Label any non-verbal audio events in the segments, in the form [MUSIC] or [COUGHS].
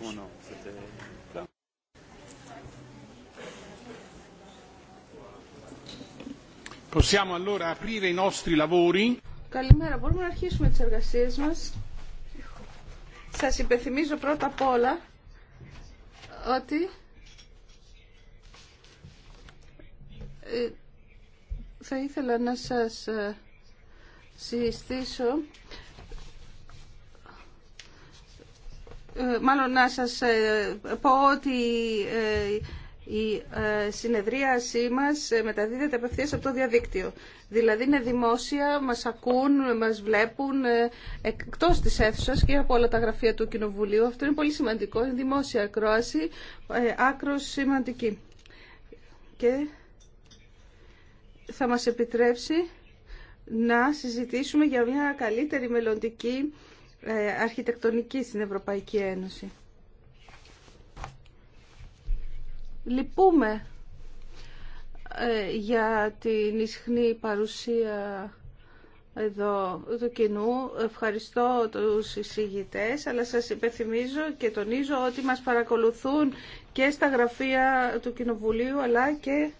non, Possiamo allora aprire i nostri lavori. Καλημέρα, μπορούμε να αρχίσουμε τις εργασίες μας. Σας υπενθυμίζω πρώτα απ' όλα ότι ε, θα ήθελα να σας ε, συστήσω Ε, μάλλον να σας ε, πω ότι ε, η συνεδρίασή μας μεταδίδεται απευθείας από το διαδίκτυο. Δηλαδή είναι δημόσια, μας ακούν, μας βλέπουν εκτός της αίθουσας και από όλα τα γραφεία του Κοινοβουλίου. Αυτό είναι πολύ σημαντικό, είναι δημόσια ακρόαση, άκρος σημαντική. Και θα μας επιτρέψει να συζητήσουμε για μια καλύτερη μελλοντική ε, αρχιτεκτονική στην Ευρωπαϊκή Ένωση. Λυπούμε ε, για την ισχνή παρουσία εδώ του κοινού. Ευχαριστώ τους εισηγητές, αλλά σας υπενθυμίζω και τονίζω ότι μας παρακολουθούν και στα γραφεία του Κοινοβουλίου, αλλά και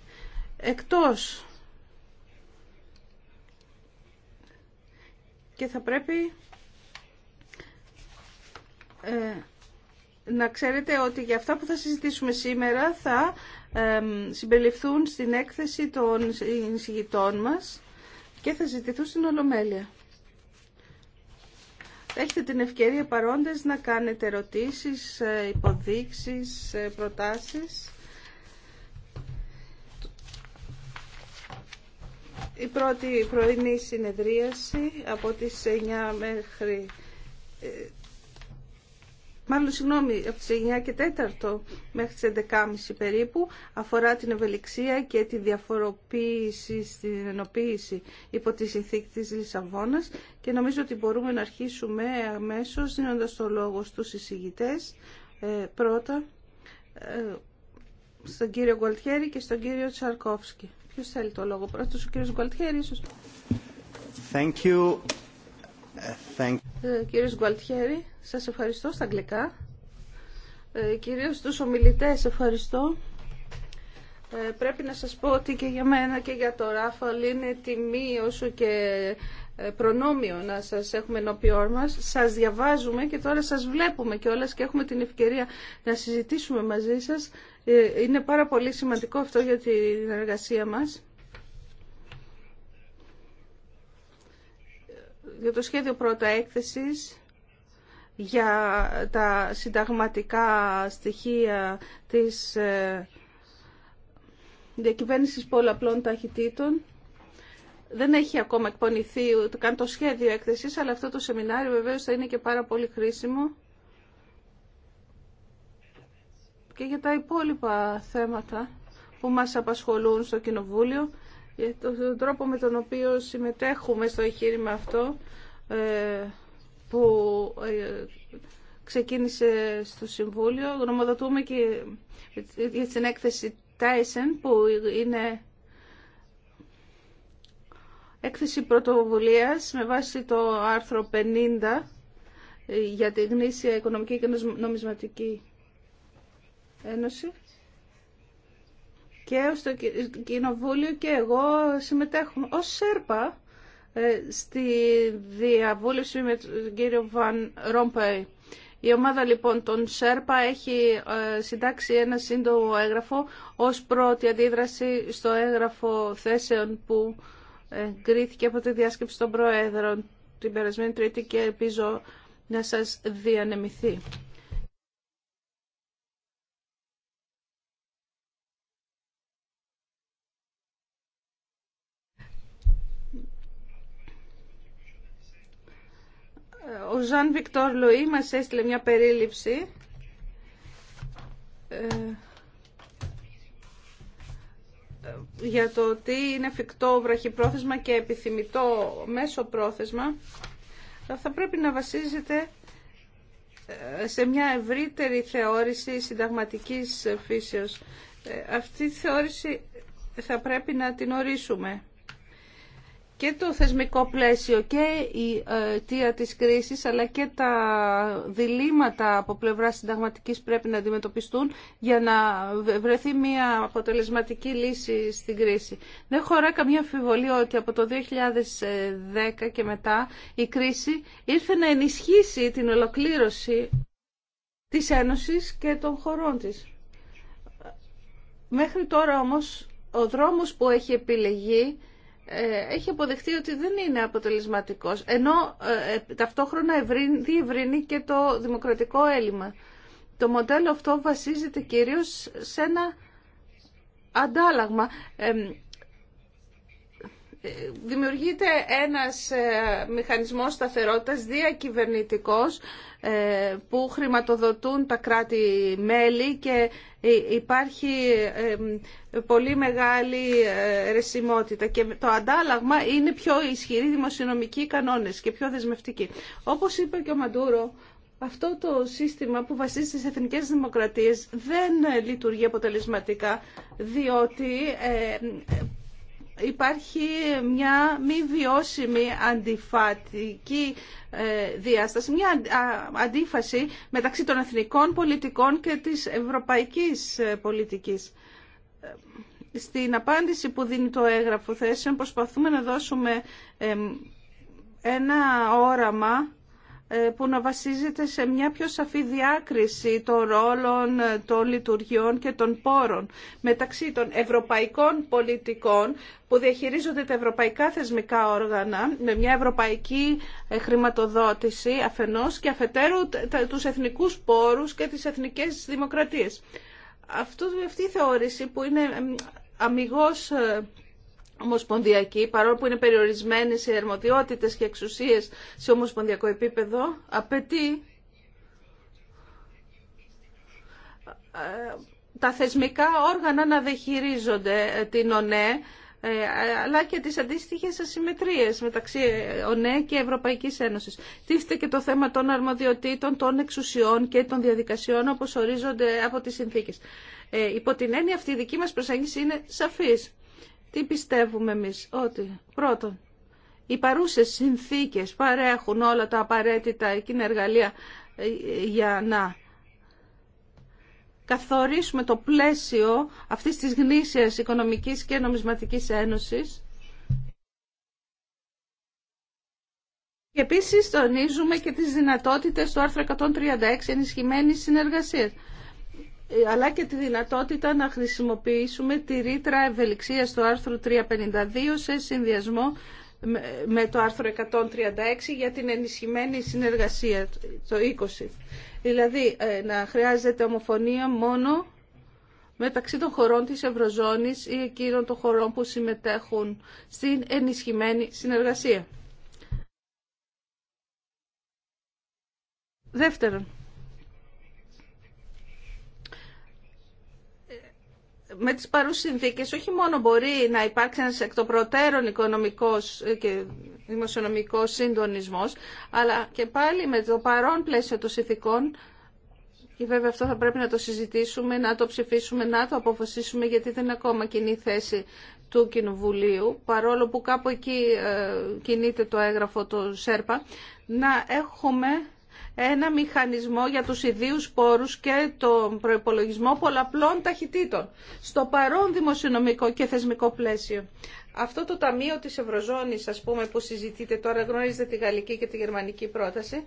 εκτός. Και θα πρέπει ε, να ξέρετε ότι για αυτά που θα συζητήσουμε σήμερα θα συμπεριληφθούν στην έκθεση των εισηγητών μας και θα ζητηθούν στην Ολομέλεια. Έχετε την ευκαιρία παρόντες να κάνετε ερωτήσεις, ε, υποδείξεις, ε, προτάσεις. Η πρώτη πρωινή συνεδρίαση από τις 9 μέχρι μάλλον συγγνώμη, από τις 9 και 4 μέχρι τις 11.30 περίπου, αφορά την ευελιξία και τη διαφοροποίηση στην ενοποίηση υπό τη συνθήκη της Λισαβόνας και νομίζω ότι μπορούμε να αρχίσουμε αμέσως δίνοντας το λόγο στους εισηγητές. Ε, πρώτα, ε, στον κύριο Γκολτιέρη και στον κύριο Τσαρκόφσκι. Ποιος θέλει το λόγο πρώτος, ο κύριος Γκολτιέρη ίσως. Thank you. Κύριε κύριος Γκουαλτιέρη, σας ευχαριστώ στα αγγλικά. Ε, κυρίως τους ομιλητές ευχαριστώ. Ε, πρέπει να σας πω ότι και για μένα και για το Ράφαλ είναι τιμή όσο και ε, προνόμιο να σας έχουμε ενώπιόν μας. Σας διαβάζουμε και τώρα σας βλέπουμε και όλες και έχουμε την ευκαιρία να συζητήσουμε μαζί σας. Ε, είναι πάρα πολύ σημαντικό αυτό για την εργασία μας. για το σχέδιο πρώτα έκθεσης για τα συνταγματικά στοιχεία της ε, διακυβέρνησης πολλαπλών ταχυτήτων. Δεν έχει ακόμα εκπονηθεί ούτε καν το σχέδιο έκθεσης, αλλά αυτό το σεμινάριο βεβαίως θα είναι και πάρα πολύ χρήσιμο και για τα υπόλοιπα θέματα που μας απασχολούν στο Κοινοβούλιο για τον τρόπο με τον οποίο συμμετέχουμε στο εγχείρημα αυτό ε, που ε, ξεκίνησε στο Συμβούλιο. Γνωμοδοτούμε και για την έκθεση Tyson που είναι έκθεση πρωτοβουλίας με βάση το άρθρο 50 ε, για τη γνήσια οικονομική και νομισματική ένωση και στο Κοινοβούλιο και εγώ συμμετέχουμε ως ΣΕΡΠΑ ε, στη διαβούλευση με τον κύριο Βαν Ρόμπεϊ. Η ομάδα λοιπόν των ΣΕΡΠΑ έχει ε, συντάξει ένα σύντομο έγγραφο ως πρώτη αντίδραση στο έγγραφο θέσεων που γκρίθηκε από τη διάσκεψη των Προέδρων την περασμένη Τρίτη και ελπίζω να σας διανεμηθεί. Ο Ζαν Βικτόρ Λουί μας έστειλε μια περίληψη ε, για το τι είναι φυκτό βραχυπρόθεσμα και επιθυμητό μέσο πρόθεσμα θα πρέπει να βασίζεται ε, σε μια ευρύτερη θεώρηση συνταγματικής φύσεως. Ε, αυτή τη θεώρηση θα πρέπει να την ορίσουμε και το θεσμικό πλαίσιο και η ε, αιτία της κρίσης αλλά και τα διλήμματα από πλευρά συνταγματικής πρέπει να αντιμετωπιστούν για να βρεθεί μια αποτελεσματική λύση στην κρίση. Δεν χωρά καμία αμφιβολία ότι από το 2010 και μετά η κρίση ήρθε να ενισχύσει την ολοκλήρωση της Ένωσης και των χωρών της. Μέχρι τώρα όμως ο δρόμος που έχει επιλεγεί ε, έχει αποδεχτεί ότι δεν είναι αποτελεσματικός, ενώ ε, ε, ταυτόχρονα διευρύνει και το δημοκρατικό έλλειμμα. Το μοντέλο αυτό βασίζεται κυρίως σε ένα αντάλλαγμα δημιουργείται ένας ε, μηχανισμός σταθερότητας διακυβερνητικός ε, που χρηματοδοτούν τα κράτη-μέλη και υπάρχει πολύ μεγάλη ε, ρεσιμότητα και το αντάλλαγμα είναι πιο ισχυροί δημοσιονομικοί κανόνες και πιο δεσμευτικοί. Όπως είπε και ο Μαντούρο, αυτό το σύστημα που βασίζεται στις εθνικές δημοκρατίες δεν λειτουργεί αποτελεσματικά διότι υπάρχει μια μη βιώσιμη αντιφατική ε, διάσταση, μια αντίφαση μεταξύ των εθνικών πολιτικών και της ευρωπαϊκής ε, πολιτικής. Ε, στην απάντηση που δίνει το έγγραφο θέσεων προσπαθούμε να δώσουμε ένα όραμα ε, που να βασίζεται σε μια πιο σαφή διάκριση των ρόλων, ε, των λειτουργιών και των πόρων μεταξύ των ευρωπαϊκών πολιτικών που διαχειρίζονται τα ευρωπαϊκά θεσμικά όργανα με μια ευρωπαϊκή ε, χρηματοδότηση αφενός και αφετέρου τους εθνικούς πόρους και τις εθνικές δημοκρατίες. αυτή η θεώρηση που είναι αμυγός ομοσπονδιακή, παρόλο που είναι περιορισμένες οι αρμοδιότητες και εξουσίες σε ομοσπονδιακό επίπεδο, απαιτεί ε, τα θεσμικά όργανα να διαχειρίζονται ε, την ΟΝΕ, ε, αλλά και τις αντίστοιχες ασυμμετρίες μεταξύ ΟΝΕ και Ευρωπαϊκής Ένωσης. Τίθεται και το θέμα των αρμοδιοτήτων, των εξουσιών και των διαδικασιών όπως ορίζονται από τις συνθήκες. Ε, υπό την έννοια αυτή η δική μας προσέγγιση είναι σαφής. Τι πιστεύουμε εμείς ότι πρώτον οι παρούσες συνθήκες παρέχουν όλα τα απαραίτητα εκείνα εργαλεία ε, για να καθορίσουμε το πλαίσιο αυτής της γνήσιας οικονομικής και νομισματικής ένωσης. Και επίσης τονίζουμε και τις δυνατότητες του άρθρου 136 ενισχυμένης συνεργασίας αλλά και τη δυνατότητα να χρησιμοποιήσουμε τη ρήτρα ευελιξία του άρθρου 352 σε συνδυασμό με το άρθρο 136 για την ενισχυμένη συνεργασία το 20. Δηλαδή ε, να χρειάζεται ομοφωνία μόνο μεταξύ των χωρών της Ευρωζώνης ή εκείνων των χωρών που συμμετέχουν στην ενισχυμένη συνεργασία. Δεύτερον, με τις παρούσες συνθήκες όχι μόνο μπορεί να υπάρξει ένας εκ των προτέρων οικονομικός και δημοσιονομικός συντονισμός, αλλά και πάλι με το παρόν πλαίσιο των συνθήκων και βέβαια αυτό θα πρέπει να το συζητήσουμε, να το ψηφίσουμε, να το αποφασίσουμε γιατί δεν είναι ακόμα κοινή θέση του Κοινοβουλίου, παρόλο που κάπου εκεί ε, κινείται το έγγραφο του ΣΕΡΠΑ, να έχουμε ένα μηχανισμό για τους ιδίους πόρους και τον προϋπολογισμό πολλαπλών ταχυτήτων στο παρόν δημοσιονομικό και θεσμικό πλαίσιο. Αυτό το Ταμείο της Ευρωζώνης, ας πούμε, που συζητείτε τώρα, γνωρίζετε τη γαλλική και τη γερμανική πρόταση,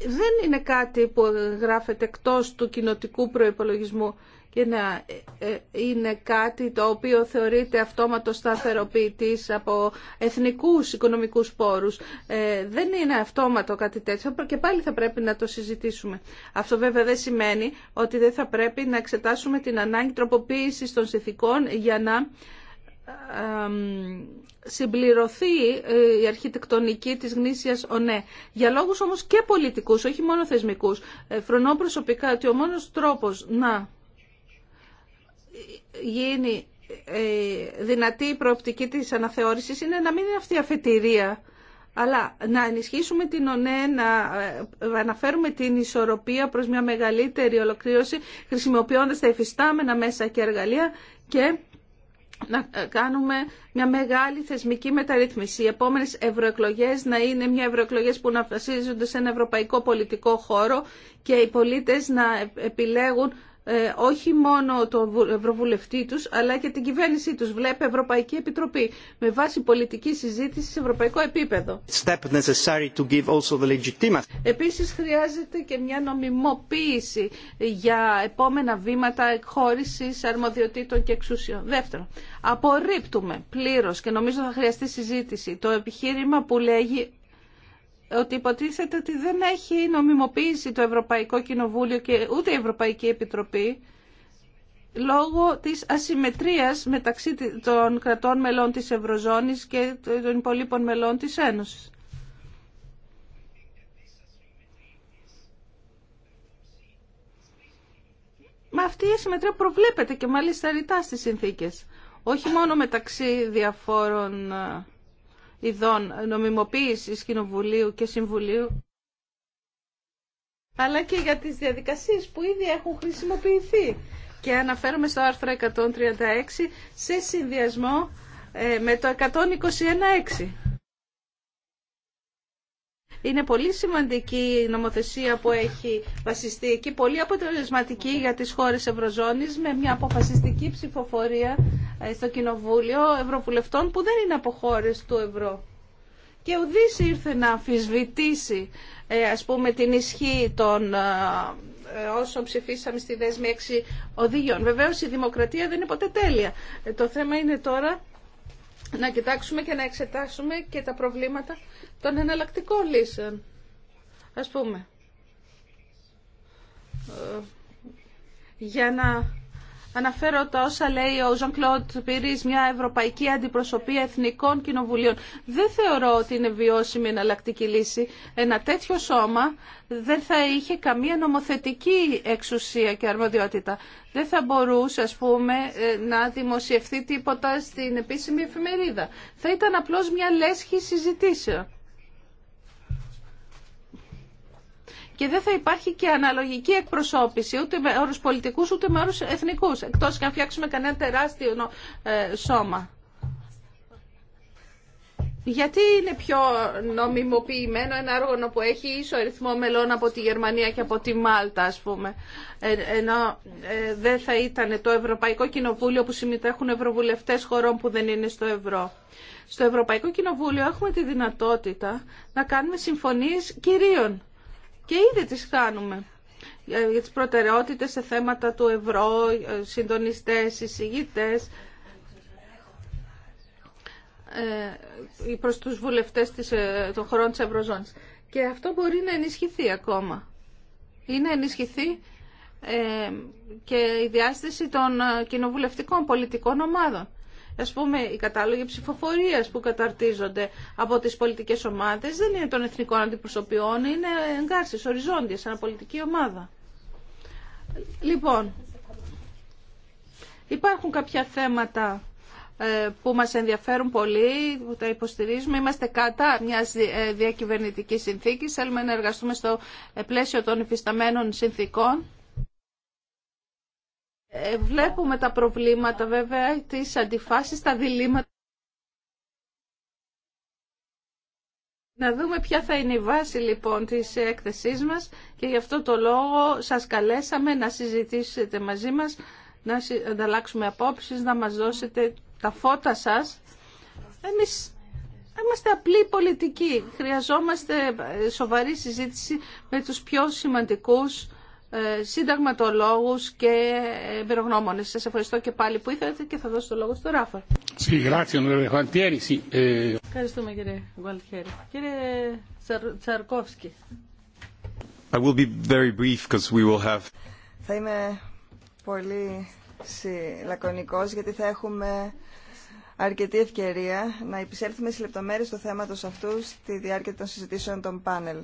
δεν είναι κάτι που γράφεται εκτός του κοινοτικού προϋπολογισμού και να ε, ε, είναι κάτι το οποίο θεωρείται αυτόματο σταθεροποιητής από εθνικούς οικονομικούς πόρους. Ε, δεν είναι αυτόματο κάτι τέτοιο και πάλι θα πρέπει να το συζητήσουμε. Αυτό βέβαια δεν σημαίνει ότι δεν θα πρέπει να εξετάσουμε την ανάγκη τροποποίηση των συνθηκών για να συμπληρωθεί η αρχιτεκτονική της γνήσιας ΟΝΕ. Για λόγους όμως και πολιτικούς, όχι μόνο θεσμικούς. Φρονώ προσωπικά ότι ο μόνος τρόπος να γίνει ε, δυνατή η προοπτική της αναθεώρησης είναι να μην είναι αυτή η αφετηρία αλλά να ενισχύσουμε την ΟΝΕ, να ε, αναφέρουμε την ισορροπία προς μια μεγαλύτερη ολοκλήρωση χρησιμοποιώντας τα εφιστάμενα μέσα και εργαλεία και να ε, κάνουμε μια μεγάλη θεσμική μεταρρύθμιση. Οι επόμενε ευρωεκλογέ να είναι μια ευρωεκλογέ που να βασίζονται σε ένα ευρωπαϊκό πολιτικό χώρο και οι πολίτε να επιλέγουν ε, όχι μόνο το Ευρωβουλευτή τους, αλλά και την κυβέρνησή τους. Βλέπει Ευρωπαϊκή Επιτροπή με βάση πολιτική συζήτηση σε ευρωπαϊκό επίπεδο. Επίσης χρειάζεται και μια νομιμοποίηση για επόμενα βήματα εκχώρησης αρμοδιοτήτων και εξουσιών. Δεύτερον, απορρίπτουμε πλήρως και νομίζω θα χρειαστεί συζήτηση το επιχείρημα που λέγει ότι υποτίθεται ότι δεν έχει νομιμοποίηση το Ευρωπαϊκό Κοινοβούλιο και ούτε η Ευρωπαϊκή Επιτροπή λόγω της ασυμμετρίας μεταξύ των κρατών μελών της Ευρωζώνης και των υπολείπων μελών της Ένωσης. Μα αυτή η ασυμμετρία προβλέπεται και μάλιστα ρητά στις συνθήκες. Όχι μόνο μεταξύ διαφόρων ειδών νομιμοποίησης Κοινοβουλίου και Συμβουλίου αλλά και για τις διαδικασίες που ήδη έχουν χρησιμοποιηθεί. Και αναφέρομαι στο άρθρο 136 σε συνδυασμό ε, με το 121.6. Είναι πολύ σημαντική η νομοθεσία που έχει βασιστεί και πολύ αποτελεσματική για τις χώρες Ευρωζώνης με μια αποφασιστική ψηφοφορία ε, στο Κοινοβούλιο Ευρωβουλευτών που δεν είναι από χώρες του Ευρώ. Και ουδής ήρθε να αμφισβητήσει ε, ας πούμε την ισχύ των ε, όσων ψηφίσαμε στη δέσμη 6 οδηγιών. Βεβαίως η δημοκρατία δεν είναι ποτέ τέλεια. Το θέμα είναι τώρα να κοιτάξουμε και να εξετάσουμε και τα προβλήματα των εναλλακτικών λύσεων. Ας πούμε, ε, για να Αναφέρω τα όσα λέει ο Ζων Κλοντ Πυρή, μια ευρωπαϊκή αντιπροσωπεία εθνικών κοινοβουλίων. Δεν θεωρώ ότι είναι βιώσιμη εναλλακτική λύση. Ένα τέτοιο σώμα δεν θα είχε καμία νομοθετική εξουσία και αρμοδιότητα. Δεν θα μπορούσε, ας πούμε, ε, να δημοσιευθεί τίποτα στην επίσημη εφημερίδα. Θα ήταν απλώ μια λέσχη συζητήσεων. και δεν θα υπάρχει και αναλογική εκπροσώπηση ούτε με όρους πολιτικούς ούτε με όρους εθνικούς εκτός και αν φτιάξουμε κανένα τεράστιο ε, σώμα. Γιατί είναι πιο νομιμοποιημένο ένα όργανο που έχει ίσο αριθμό μελών από τη Γερμανία και από τη Μάλτα, ας πούμε. Ε, ενώ ε, δεν θα ήταν το Ευρωπαϊκό Κοινοβούλιο που συμμετέχουν ευρωβουλευτές χωρών που δεν είναι στο ευρώ. Στο Ευρωπαϊκό Κοινοβούλιο έχουμε τη δυνατότητα να κάνουμε συμφωνίες κυρίων. Και ήδη τις κάνουμε για τις προτεραιότητες σε θέματα του ευρώ, ε, συντονιστές, εισηγητές, ε, προς τους βουλευτές της, ε, των χωρών της Ευρωζώνης. Και αυτό μπορεί να ενισχυθεί ακόμα. Είναι να ενισχυθεί και η διάσταση των κοινοβουλευτικών πολιτικών ομάδων. Ας πούμε, οι κατάλογοι ψηφοφορία που καταρτίζονται από τις πολιτικές ομάδες δεν είναι των εθνικών αντιπροσωπιών, είναι εγκάρσει, οριζόντιε, σαν πολιτική ομάδα. Λοιπόν, υπάρχουν κάποια θέματα ε, που μας ενδιαφέρουν πολύ, που τα υποστηρίζουμε. Είμαστε κατά μιας ε, διακυβερνητικής συνθήκης, θέλουμε να εργαστούμε στο ε, πλαίσιο των υφισταμένων συνθήκων ε, βλέπουμε τα προβλήματα βέβαια, τις αντιφάσεις, τα διλήμματα. Να δούμε ποια θα είναι η βάση λοιπόν της έκθεσής μας και γι' αυτό το λόγο σας καλέσαμε να συζητήσετε μαζί μας, να ανταλλάξουμε απόψεις, να μας δώσετε τα φώτα σας. Εμείς είμαστε απλοί πολιτικοί. Χρειαζόμαστε ε, σοβαρή συζήτηση με τους πιο σημαντικούς ε, συνταγματολόγους και εμπειρογνώμονες. Σας ευχαριστώ και πάλι που ήρθατε και θα δώσω το λόγο στον Ράφα. Ε, Ευχαριστούμε κύριε Γουαλτιέρη. Κύριε Τσαρκόφσκι. I will be very brief because we will have... Θα είμαι πολύ λακωνικός γιατί θα έχουμε αρκετή ευκαιρία να επισέλθουμε σε λεπτομέρειες του θέματος αυτού στη διάρκεια των συζητήσεων των πάνελ.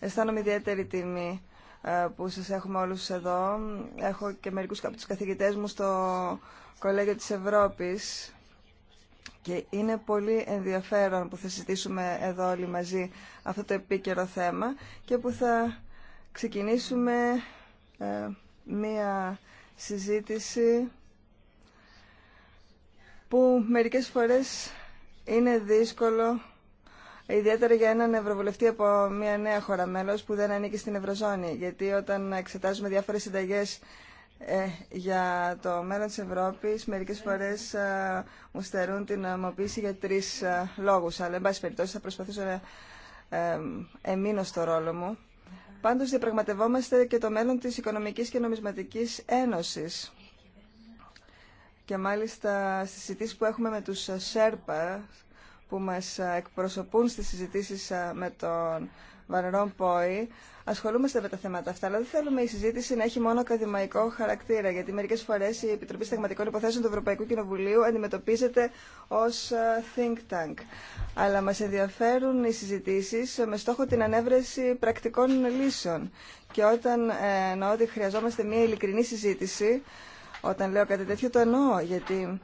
Αισθάνομαι ιδιαίτερη τιμή ε, που σας έχουμε όλους εδώ. Έχω και μερικούς από τους καθηγητές μου στο Κολέγιο της Ευρώπης και είναι πολύ ενδιαφέρον που θα συζητήσουμε εδώ όλοι μαζί αυτό το επίκαιρο θέμα και που θα ξεκινήσουμε ε, μία συζήτηση που μερικές φορές είναι δύσκολο ιδιαίτερα για έναν Ευρωβουλευτή από μια νέα χώρα μέλος που δεν ανήκει στην Ευρωζώνη. Γιατί όταν εξετάζουμε διάφορες συνταγές ε, για το μέλλον της Ευρώπης, μερικές φορές ε, μου στερούν την ομοποίηση για τρεις ε, λόγους. Αλλά, εν πάση περιπτώσει, θα προσπαθήσω να ε, εμείνω στο ρόλο μου. Πάντως, διαπραγματευόμαστε και το μέλλον της Οικονομικής και Νομισματικής Ένωσης. Και μάλιστα στις συζητήσεις που έχουμε με τους ΣΕΡΠΑ, που μας ε, εκπροσωπούν στις συζητήσεις ε, με τον Βανερόν Πόη, ασχολούμαστε με τα θέματα αυτά, αλλά δεν θέλουμε η συζήτηση να έχει μόνο ακαδημαϊκό χαρακτήρα, γιατί μερικές φορές η Επιτροπή Σταγματικών Υποθέσεων του Ευρωπαϊκού Κοινοβουλίου αντιμετωπίζεται ως ε, think tank. Αλλά μας ενδιαφέρουν οι συζητήσεις με στόχο την ανέβρεση πρακτικών λύσεων. Και όταν εννοώ ότι χρειαζόμαστε μια ειλικρινή συζήτηση, όταν λέω κάτι τέτοιο το εννοώ, γιατί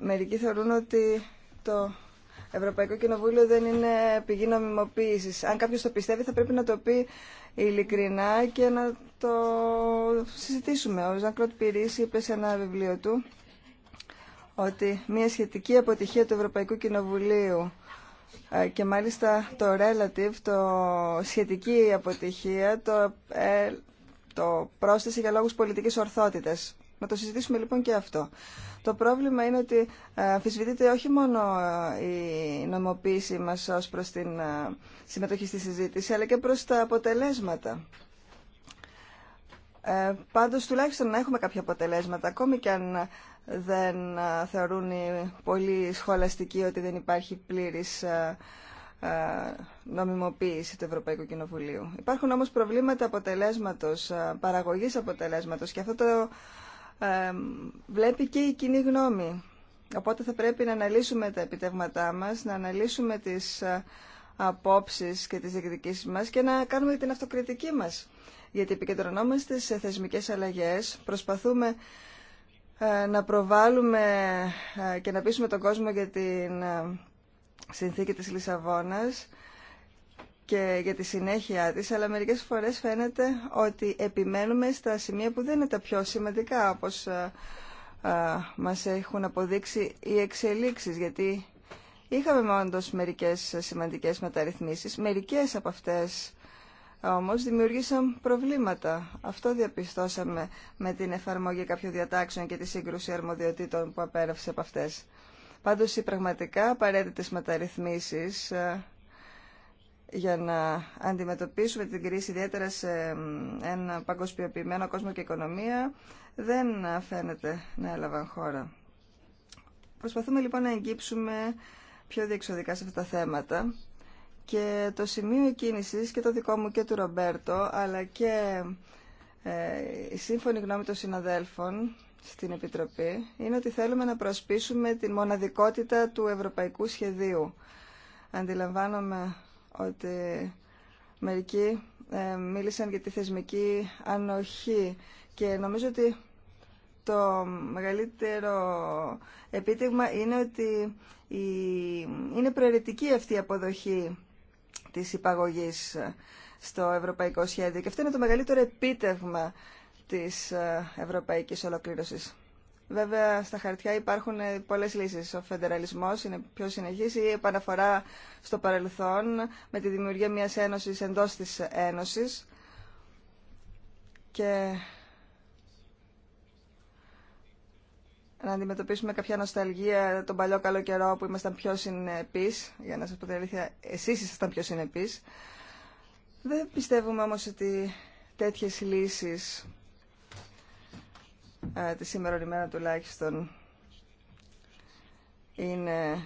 μερικοί θεωρούν ότι το Ευρωπαϊκό Κοινοβούλιο δεν είναι πηγή νομιμοποίηση. Αν κάποιο το πιστεύει, θα πρέπει να το πει ειλικρινά και να το συζητήσουμε. Ο Ζαν Κλοντ είπε σε ένα βιβλίο του ότι μια σχετική αποτυχία του Ευρωπαϊκού Κοινοβουλίου ε, και μάλιστα το relative, το σχετική αποτυχία, το, ε, το πρόσθεση για λόγους πολιτικής ορθότητας. Να το συζητήσουμε λοιπόν και αυτό. Το πρόβλημα είναι ότι ε, αμφισβητείται όχι μόνο ε, η νομοποίησή μας ως προς την ε, συμμετοχή στη συζήτηση, αλλά και προς τα αποτελέσματα. Ε, πάντως τουλάχιστον να έχουμε κάποια αποτελέσματα, ακόμη και αν δεν θεωρούν οι πολύ σχολαστικοί ότι δεν υπάρχει πλήρης νομιμοποίηση του Ευρωπαϊκού Κοινοβουλίου. Υπάρχουν όμως προβλήματα αποτελέσματος, παραγωγής αποτελέσματος και αυτό το βλέπει και η κοινή γνώμη. Οπότε θα πρέπει να αναλύσουμε τα επιτεύγματά μας, να αναλύσουμε τις ε, απόψεις και τις διεκδικήσεις μας και να κάνουμε την αυτοκριτική μας. Γιατί επικεντρωνόμαστε σε θεσμικές αλλαγές, προσπαθούμε ε, να προβάλλουμε ε, και να πείσουμε τον κόσμο για την συνθήκη της Λισαβόνας και για τη συνέχεια της, αλλά μερικές φορές φαίνεται ότι επιμένουμε στα σημεία που δεν είναι τα πιο σημαντικά, όπως α, ε, ε, μας έχουν αποδείξει οι εξελίξεις, γιατί είχαμε όντω μερικές σημαντικές μεταρρυθμίσεις. Μερικές από αυτές ε, όμως δημιουργήσαν προβλήματα. Αυτό διαπιστώσαμε με την εφαρμογή κάποιων διατάξεων και τη σύγκρουση αρμοδιοτήτων που απέρευσε από αυτές. Πάντως οι πραγματικά απαραίτητες μεταρρυθμίσεις για να αντιμετωπίσουμε την κρίση ιδιαίτερα σε ένα παγκοσμιοποιημένο κόσμο και οικονομία δεν φαίνεται να έλαβαν χώρα. Προσπαθούμε λοιπόν να εγγύψουμε πιο διεξοδικά σε αυτά τα θέματα και το σημείο κίνησης και το δικό μου και του Ρομπέρτο αλλά και ε, η σύμφωνη γνώμη των συναδέλφων στην Επιτροπή είναι ότι θέλουμε να προσπίσουμε την μοναδικότητα του ευρωπαϊκού σχεδίου. Αντιλαμβάνομαι ότι μερικοί ε, μίλησαν για τη θεσμική ανοχή και νομίζω ότι το μεγαλύτερο επίτευγμα είναι ότι είναι προαιρετική αυτή η αποδοχή της υπαγωγής στο ευρωπαϊκό σχέδιο και αυτό είναι το μεγαλύτερο επίτευγμα της ε, ευρωπαϊκής ολοκλήρωσης. Βέβαια, στα χαρτιά υπάρχουν ε, πολλέ λύσει. Ο φεντεραλισμό είναι πιο συνεχή, η επαναφορά στο παρελθόν με τη δημιουργία μια ένωση εντό τη ένωση. Και να αντιμετωπίσουμε κάποια νοσταλγία τον παλιό καλό καιρό που ήμασταν πιο συνεπείς, για να σα πω την αλήθεια, εσείς ήσασταν πιο συνεπείς. Δεν πιστεύουμε όμως ότι τέτοιες λύσεις τη σήμερα ημέρα τουλάχιστον είναι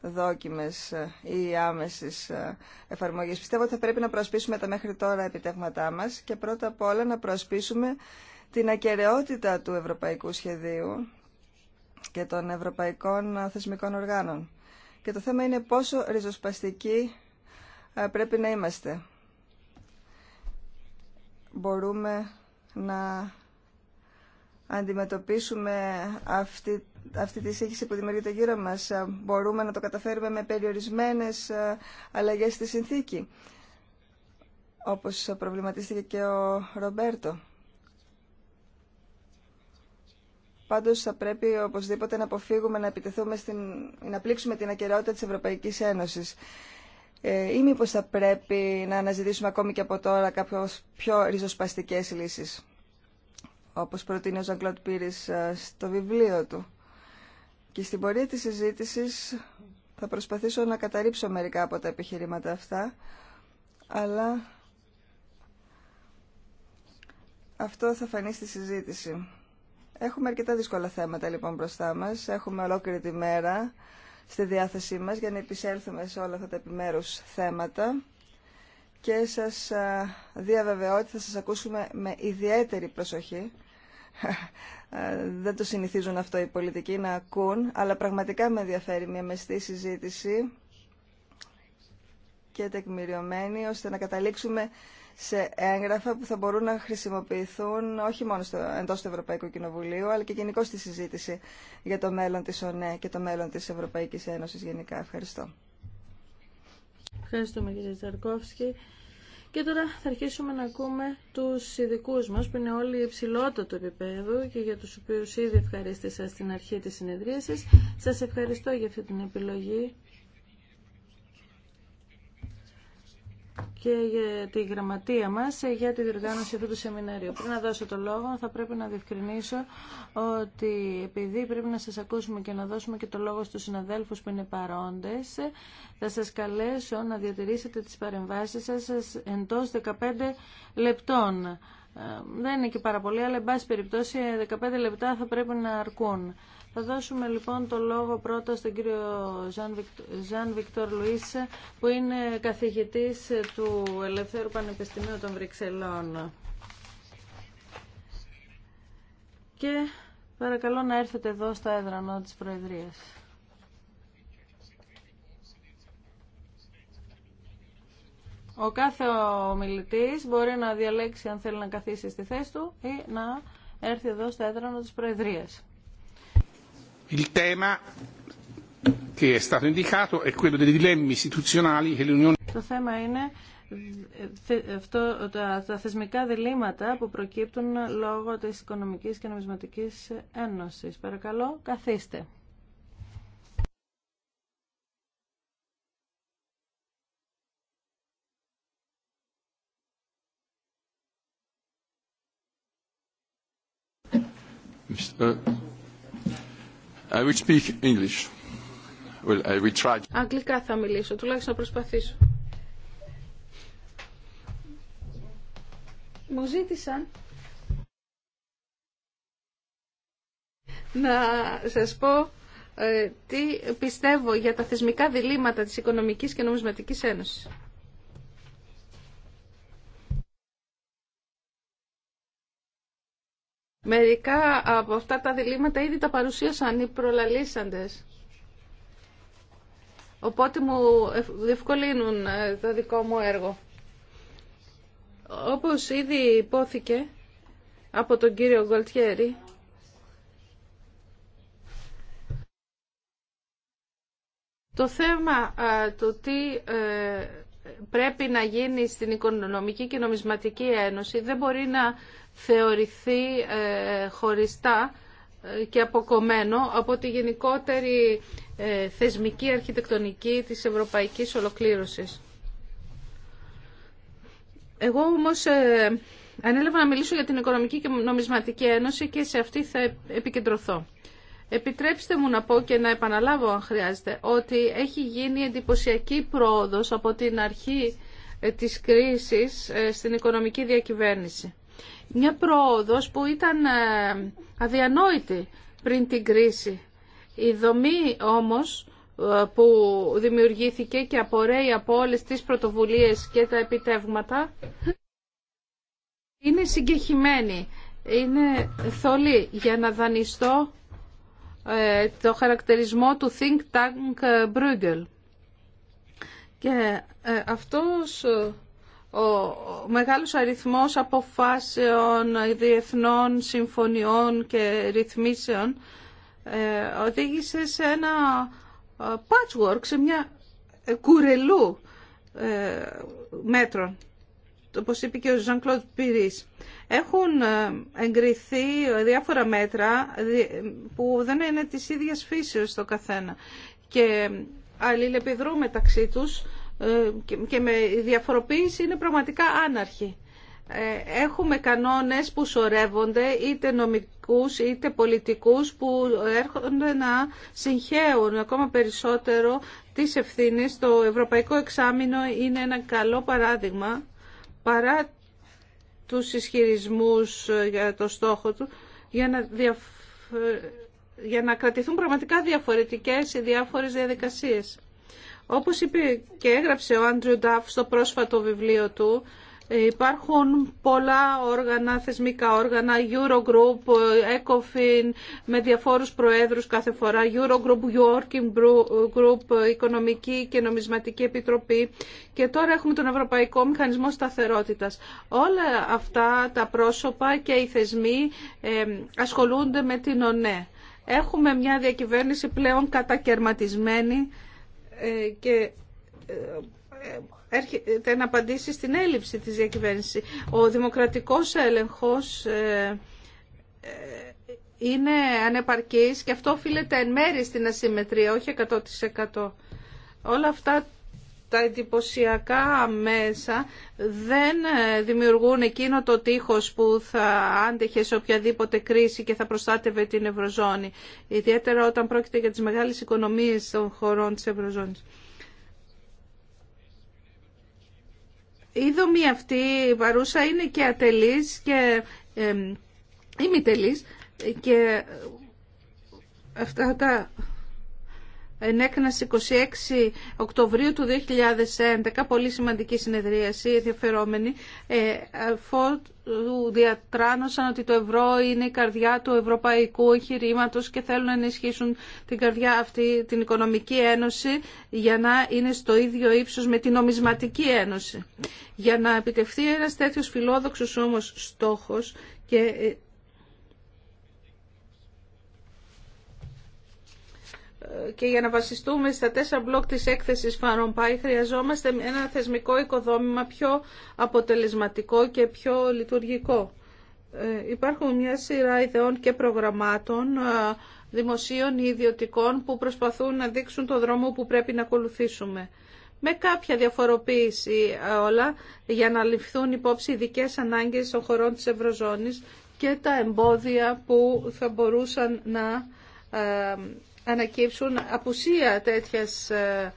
δόκιμες ε, ή άμεσης ε, εφαρμογής. Πιστεύω ότι θα πρέπει να προσπίσουμε τα μέχρι τώρα επιτεύγματά μας και πρώτα απ' όλα να προσπίσουμε την ακαιρεότητα του ευρωπαϊκού σχεδίου και των ευρωπαϊκών ε, θεσμικών οργάνων. Και το θέμα είναι πόσο ριζοσπαστικοί πρέπει να είμαστε. Μπορούμε να αντιμετωπίσουμε αυτή, αυτή τη σύγχυση που δημιουργείται γύρω μας. Ε, μπορούμε να το καταφέρουμε με περιορισμένες ε, αλλαγές στη συνθήκη, όπως προβληματίστηκε και ο Ρομπέρτο. Πάντως θα πρέπει οπωσδήποτε να αποφύγουμε να επιτεθούμε στην, να πλήξουμε την ακεραιότητα της Ευρωπαϊκής Ένωσης. Ε, ή μήπως θα πρέπει να αναζητήσουμε ακόμη και από τώρα κάποιες πιο ριζοσπαστικές λύσεις όπως προτείνει ο Ζαγκλώτ Πύρης ε, στο βιβλίο του. Και στην πορεία της συζήτησης θα προσπαθήσω να καταρρύψω μερικά από τα επιχειρήματα αυτά, αλλά αυτό θα φανεί στη συζήτηση. Έχουμε αρκετά δύσκολα θέματα λοιπόν μπροστά μας. Έχουμε ολόκληρη τη μέρα στη διάθεσή μας για να επισέλθουμε σε όλα αυτά τα επιμέρους θέματα και σας ε, διαβεβαιώ ότι θα σας ακούσουμε με ιδιαίτερη προσοχή ε, δεν το συνηθίζουν αυτό οι πολιτικοί να ακούν, αλλά πραγματικά με ενδιαφέρει μια μεστή συζήτηση και τεκμηριωμένη, ώστε να καταλήξουμε σε έγγραφα που θα μπορούν να χρησιμοποιηθούν όχι μόνο στο, εντός του Ευρωπαϊκού Κοινοβουλίου, αλλά και γενικώ στη συζήτηση για το μέλλον της ΟΝΕ και το μέλλον της Ευρωπαϊκής Ένωσης γενικά. Ευχαριστώ. Ευχαριστούμε κύριε Ζαρκόφσκι. Και τώρα θα αρχίσουμε να ακούμε τους ειδικού μας που είναι όλοι υψηλότερο του επίπεδου και για τους οποίους ήδη ευχαρίστησα στην αρχή της συνεδρίασης. Σας ευχαριστώ για αυτή την επιλογή και για τη γραμματεία μας ε, για τη διοργάνωση αυτού του σεμιναρίου. Πριν να δώσω το λόγο θα πρέπει να διευκρινίσω ότι επειδή πρέπει να σας ακούσουμε και να δώσουμε και το λόγο στους συναδέλφους που είναι παρόντες ε, θα σας καλέσω να διατηρήσετε τις παρεμβάσεις σας εντός 15 λεπτών. Ε, δεν είναι και πάρα πολύ, αλλά εν πάση περιπτώσει 15 λεπτά θα πρέπει να αρκούν. Θα δώσουμε λοιπόν το λόγο πρώτα στον κύριο Ζαν Βικτόρ Λουίς που είναι καθηγητής του Ελευθέρου Πανεπιστημίου των Βρυξελών. Και παρακαλώ να έρθετε εδώ στο έδρανο της Προεδρίας. Ο κάθε ομιλητής μπορεί να διαλέξει αν θέλει να καθίσει στη θέση του ή να έρθει εδώ στο έδρανο της Προεδρίας. Il tema che è stato indicato è quello dei dilemmi istituzionali che l'Unione Το θέμα είναι ε, ε, αυτό, τα, τα θεσμικά διλήμματα που προκύπτουν λόγω της Οικονομικής και Νομισματικής Ένωσης. Παρακαλώ, καθίστε. Mr. Αγγλικά θα μιλήσω, τουλάχιστον να προσπαθήσω. Μου ζήτησαν να σας πω ε, τι πιστεύω για τα θεσμικά διλήμματα της Οικονομικής και Νομισματικής Ένωσης. Μερικά από αυτά τα διλήμματα ήδη τα παρουσίασαν οι προλαλήσαντες. Οπότε μου διευκολύνουν ε, το δικό μου έργο. Όπως ήδη υπόθηκε από τον κύριο Γκολτιέρη, το θέμα του τι ε, πρέπει να γίνει στην Οικονομική και Νομισματική Ένωση δεν μπορεί να θεωρηθεί ε, χωριστά ε, και αποκομμένο από τη γενικότερη ε, θεσμική αρχιτεκτονική της ευρωπαϊκής ολοκλήρωσης. Εγώ όμως ανέλαβα να μιλήσω για την Οικονομική και Νομισματική Ένωση και σε αυτή θα επικεντρωθώ. Επιτρέψτε μου να πω και να επαναλάβω αν χρειάζεται ότι έχει γίνει εντυπωσιακή πρόοδος από την αρχή της κρίσης στην οικονομική διακυβέρνηση. Μια πρόοδος που ήταν ε, αδιανόητη πριν την κρίση. Η δομή όμως ε, που δημιουργήθηκε και απορρέει από όλες τις πρωτοβουλίες και τα επιτεύγματα είναι συγκεχημένη, είναι θολή για να δανειστώ ε, το χαρακτηρισμό του Think Tank Bruegel. Και αυτός ο μεγάλος αριθμός αποφάσεων, διεθνών συμφωνιών και ρυθμίσεων ε, οδήγησε σε ένα ε, patchwork, σε μια κουρελού ε, μέτρων. Όπως είπε και ο Ζαν Κλοντ Πυρίς. Έχουν εγκριθεί διάφορα μέτρα που δεν είναι της ίδιας φύσεως στο καθένα και αλληλεπιδρούν μεταξύ τους ε, και με διαφοροποίηση είναι πραγματικά άναρχη. Ε, έχουμε κανόνες που σωρεύονται είτε νομικούς είτε πολιτικούς που έρχονται να συγχαίουν ακόμα περισσότερο τις ευθύνες. Το Ευρωπαϊκό Εξάμεινο είναι ένα καλό παράδειγμα παρά τους ισχυρισμούς για το στόχο του για να, για να κρατηθούν πραγματικά διαφορετικές οι διάφορες διαδικασίες. Όπως είπε και έγραψε ο Άντριου Ντάφ στο πρόσφατο βιβλίο του, Υπάρχουν πολλά όργανα, θεσμικά όργανα, Eurogroup, ECOFIN, με διαφόρους προέδρους κάθε φορά, Eurogroup, Working Group, Οικονομική και Νομισματική Επιτροπή και τώρα έχουμε τον Ευρωπαϊκό Μηχανισμό Σταθερότητας. Όλα αυτά τα πρόσωπα και οι θεσμοί ε, ασχολούνται με την ΟΝΕ. Έχουμε μια διακυβέρνηση πλέον κατακαιρματισμένη ε, και ε, έρχεται να απαντήσει στην έλλειψη της διακυβέρνησης. Ο δημοκρατικός έλεγχος ε, είναι ανεπαρκής και αυτό οφείλεται εν μέρη στην ασυμμετρία, όχι 100%. Όλα αυτά τα εντυπωσιακά μέσα δεν ε, δημιουργούν εκείνο το τείχος που θα άντεχε σε οποιαδήποτε κρίση και θα προστάτευε την Ευρωζώνη. Ιδιαίτερα όταν πρόκειται για τις μεγάλες οικονομίες των χωρών της Ευρωζώνης. Η δομή αυτή η παρούσα είναι και ατελής και ε, ε ημιτελής και αυτά τα στις 26 Οκτωβρίου του 2011, πολύ σημαντική συνεδρίαση, ενδιαφερόμενη, ε, αφού διατράνωσαν ότι το ευρώ είναι η καρδιά του ευρωπαϊκού εγχειρήματο και θέλουν να ενισχύσουν την καρδιά αυτή, την οικονομική ένωση, για να είναι στο ίδιο ύψος με την νομισματική ένωση. Για να επιτευχθεί ένας τέτοιο φιλόδοξο όμω, στόχο. και ε, και για να βασιστούμε στα τέσσερα μπλοκ της έκθεσης Πάι χρειαζόμαστε ένα θεσμικό οικοδόμημα πιο αποτελεσματικό και πιο λειτουργικό. Ε, υπάρχουν μια σειρά ιδεών και προγραμμάτων ε, δημοσίων ή ιδιωτικών που προσπαθούν να δείξουν το δρόμο που πρέπει να ακολουθήσουμε. Με κάποια διαφοροποίηση ε, όλα για να ληφθούν υπόψη ειδικέ ανάγκες των χωρών της Ευρωζώνης και τα εμπόδια που θα μπορούσαν να ανακύψουν απουσία τέτοιας ε,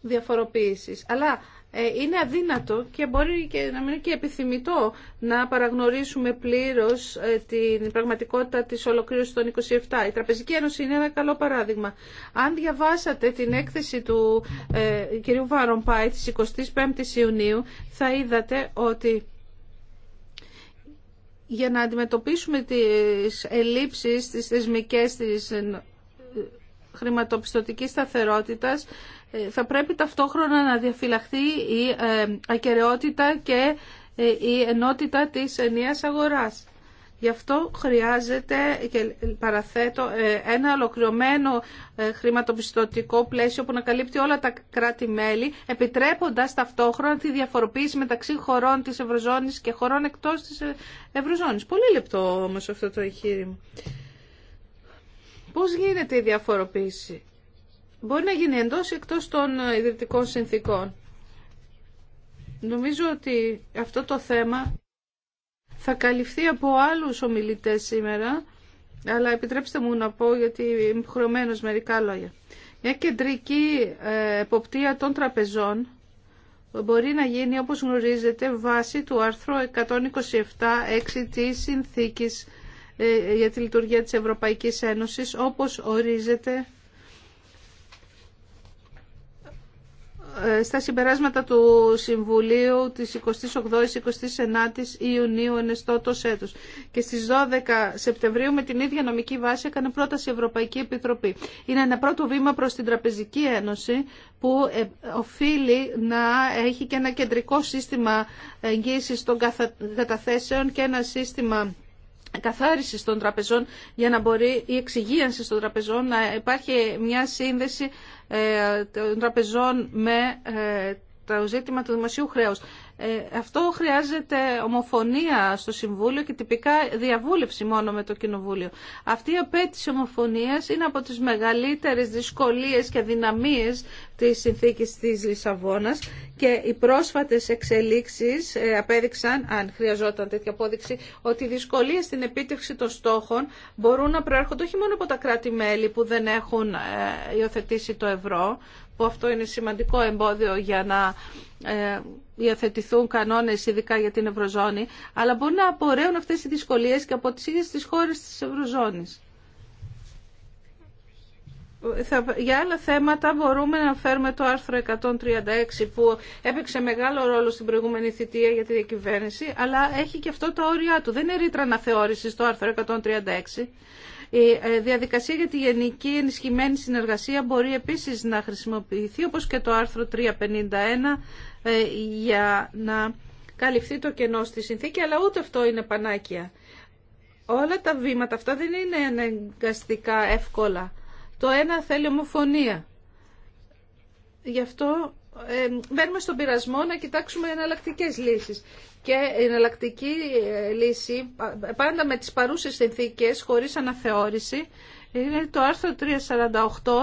διαφοροποίησης. Αλλά ε, είναι αδύνατο και μπορεί και να μην είναι και επιθυμητό να παραγνωρίσουμε πλήρως ε, την πραγματικότητα της ολοκλήρωσης των 27. Η Τραπεζική Ένωση είναι ένα καλό παράδειγμα. Αν διαβάσατε την έκθεση του ε, κ. Βάρομπάη της 25ης Ιουνίου θα είδατε ότι για να αντιμετωπίσουμε τις ελλείψεις, της θεσμικές της ε, χρηματοπιστωτικής σταθερότητας, ε, θα πρέπει ταυτόχρονα να διαφυλαχθεί η ε, ακαιρεότητα και η ενότητα της ενίας αγοράς. Γι' αυτό χρειάζεται και παραθέτω ε, ένα ολοκληρωμένο ε, χρηματοπιστωτικό πλαίσιο που να καλύπτει όλα τα κράτη-μέλη, επιτρέποντας ταυτόχρονα τη διαφοροποίηση μεταξύ χωρών της Ευρωζώνης και χωρών εκτός της ε, Ευρωζώνης. Πολύ λεπτό όμως αυτό το εγχείρημα. Πώς γίνεται η διαφοροποίηση. Μπορεί να γίνει εντός ή εκτός των ιδρυτικών συνθήκων. Νομίζω ότι αυτό το θέμα θα καλυφθεί από άλλους ομιλητές σήμερα, αλλά επιτρέψτε μου να πω γιατί είμαι χρωμένος μερικά λόγια. Μια κεντρική ε, εποπτεία των τραπεζών μπορεί να γίνει όπως γνωρίζετε βάσει του άρθρου 127.6 της Συνθήκης ε, για τη λειτουργία της Ευρωπαϊκής Ένωσης όπως ορίζεται Ε, στα συμπεράσματα του Συμβουλίου της 28ης-29ης Ιουνίου ενεστώτος έτους και στις 12 Σεπτεμβρίου με την ίδια νομική βάση έκανε πρόταση η Ευρωπαϊκή Επιτροπή. Είναι ένα πρώτο βήμα προς την Τραπεζική Ένωση που ε, οφείλει να έχει και ένα κεντρικό σύστημα εγγύησης των καταθέσεων και ένα σύστημα Καθάριση των τραπεζών για να μπορεί η εξυγίανση των τραπεζών να υπάρχει μια σύνδεση ε, των τραπεζών με ε, το ζήτημα του δημοσίου χρέους. Ε, αυτό χρειάζεται ομοφωνία στο Συμβούλιο και τυπικά διαβούλευση μόνο με το Κοινοβούλιο. Αυτή η απέτηση ομοφωνίας είναι από τις μεγαλύτερες δυσκολίες και δυναμίες της συνθήκης της Λισαβόνα. και οι πρόσφατες εξελίξεις ε, απέδειξαν, αν χρειαζόταν τέτοια απόδειξη, ότι οι δυσκολίες στην επίτευξη των στόχων μπορούν να προέρχονται όχι μόνο από τα κράτη-μέλη που δεν έχουν ε, υιοθετήσει το ευρώ, που αυτό είναι σημαντικό εμπόδιο για να διαθετηθούν ε, κανόνες ειδικά για την Ευρωζώνη, αλλά μπορεί να απορρέουν αυτές οι δυσκολίες και από τις ίδιες τις χώρες της Ευρωζώνης. Για άλλα θέματα μπορούμε να φέρουμε το άρθρο 136 που έπαιξε μεγάλο ρόλο στην προηγούμενη θητεία για τη διακυβέρνηση αλλά έχει και αυτό τα όρια του. Δεν είναι ρήτρα αναθεώρηση το άρθρο 136 η ε, διαδικασία για τη γενική ενισχυμένη συνεργασία μπορεί επίσης να χρησιμοποιηθεί όπως και το άρθρο 351 ε, για να καλυφθεί το κενό στη συνθήκη, αλλά ούτε αυτό είναι πανάκια. Όλα τα βήματα αυτά δεν είναι αναγκαστικά εύκολα. Το ένα θέλει ομοφωνία. Γι' αυτό ε, μπαίνουμε στον πειρασμό να κοιτάξουμε εναλλακτικέ λύσεις και η εναλλακτική ε, λύση, πάντα με τις παρούσες συνθήκες, χωρίς αναθεώρηση, είναι το άρθρο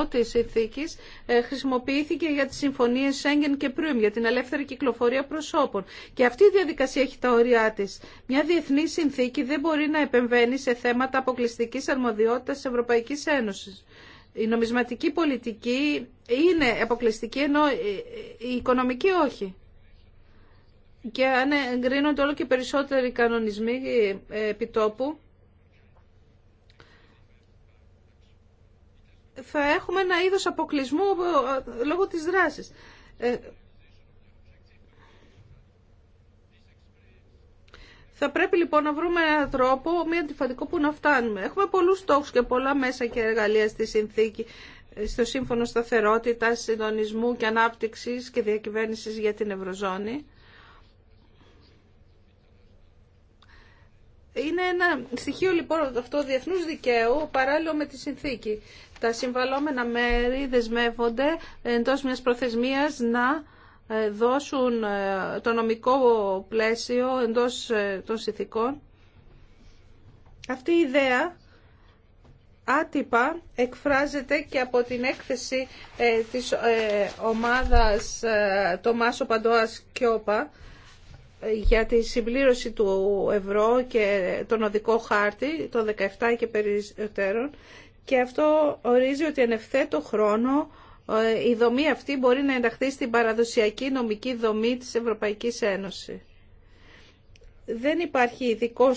348 της συνθήκης, ε, χρησιμοποιήθηκε για τις συμφωνίες Σέγγεν και Πρύμ για την ελεύθερη κυκλοφορία προσώπων. Και αυτή η διαδικασία έχει τα όρια της. Μια διεθνή συνθήκη δεν μπορεί να επεμβαίνει σε θέματα αποκλειστικής αρμοδιότητας της Ευρωπαϊκής Ένωσης. Η νομισματική πολιτική είναι αποκλειστική, ενώ η οικονομική όχι και αν εγκρίνονται όλο και περισσότεροι κανονισμοί ε, επιτόπου, θα έχουμε ένα είδος αποκλεισμού ε, λόγω της δράσης. Ε, θα πρέπει λοιπόν να βρούμε έναν τρόπο, μία αντιφατικό που να φτάνουμε. Έχουμε πολλούς στόχους και πολλά μέσα και εργαλεία στη συνθήκη, στο Σύμφωνο Σταθερότητας, Συντονισμού και Ανάπτυξης και Διακυβέρνησης για την Ευρωζώνη. Είναι ένα στοιχείο λοιπόν αυτό διεθνούς δικαίου παράλληλο με τη συνθήκη. Τα συμβαλόμενα μέρη δεσμεύονται εντός μιας προθεσμίας να ε, δώσουν ε, το νομικό πλαίσιο εντός ε, των συνθήκων. Αυτή η ιδέα άτυπα εκφράζεται και από την έκθεση της ομάδας Τομάσο Παντοάς Κιόπα για τη συμπλήρωση του ευρώ και τον οδικό χάρτη, το 17 και περισσότερων, και αυτό ορίζει ότι εν ευθέτω χρόνο ε, η δομή αυτή μπορεί να ενταχθεί στην παραδοσιακή νομική δομή της Ευρωπαϊκής Ένωσης. Δεν υπάρχει ειδικό ε,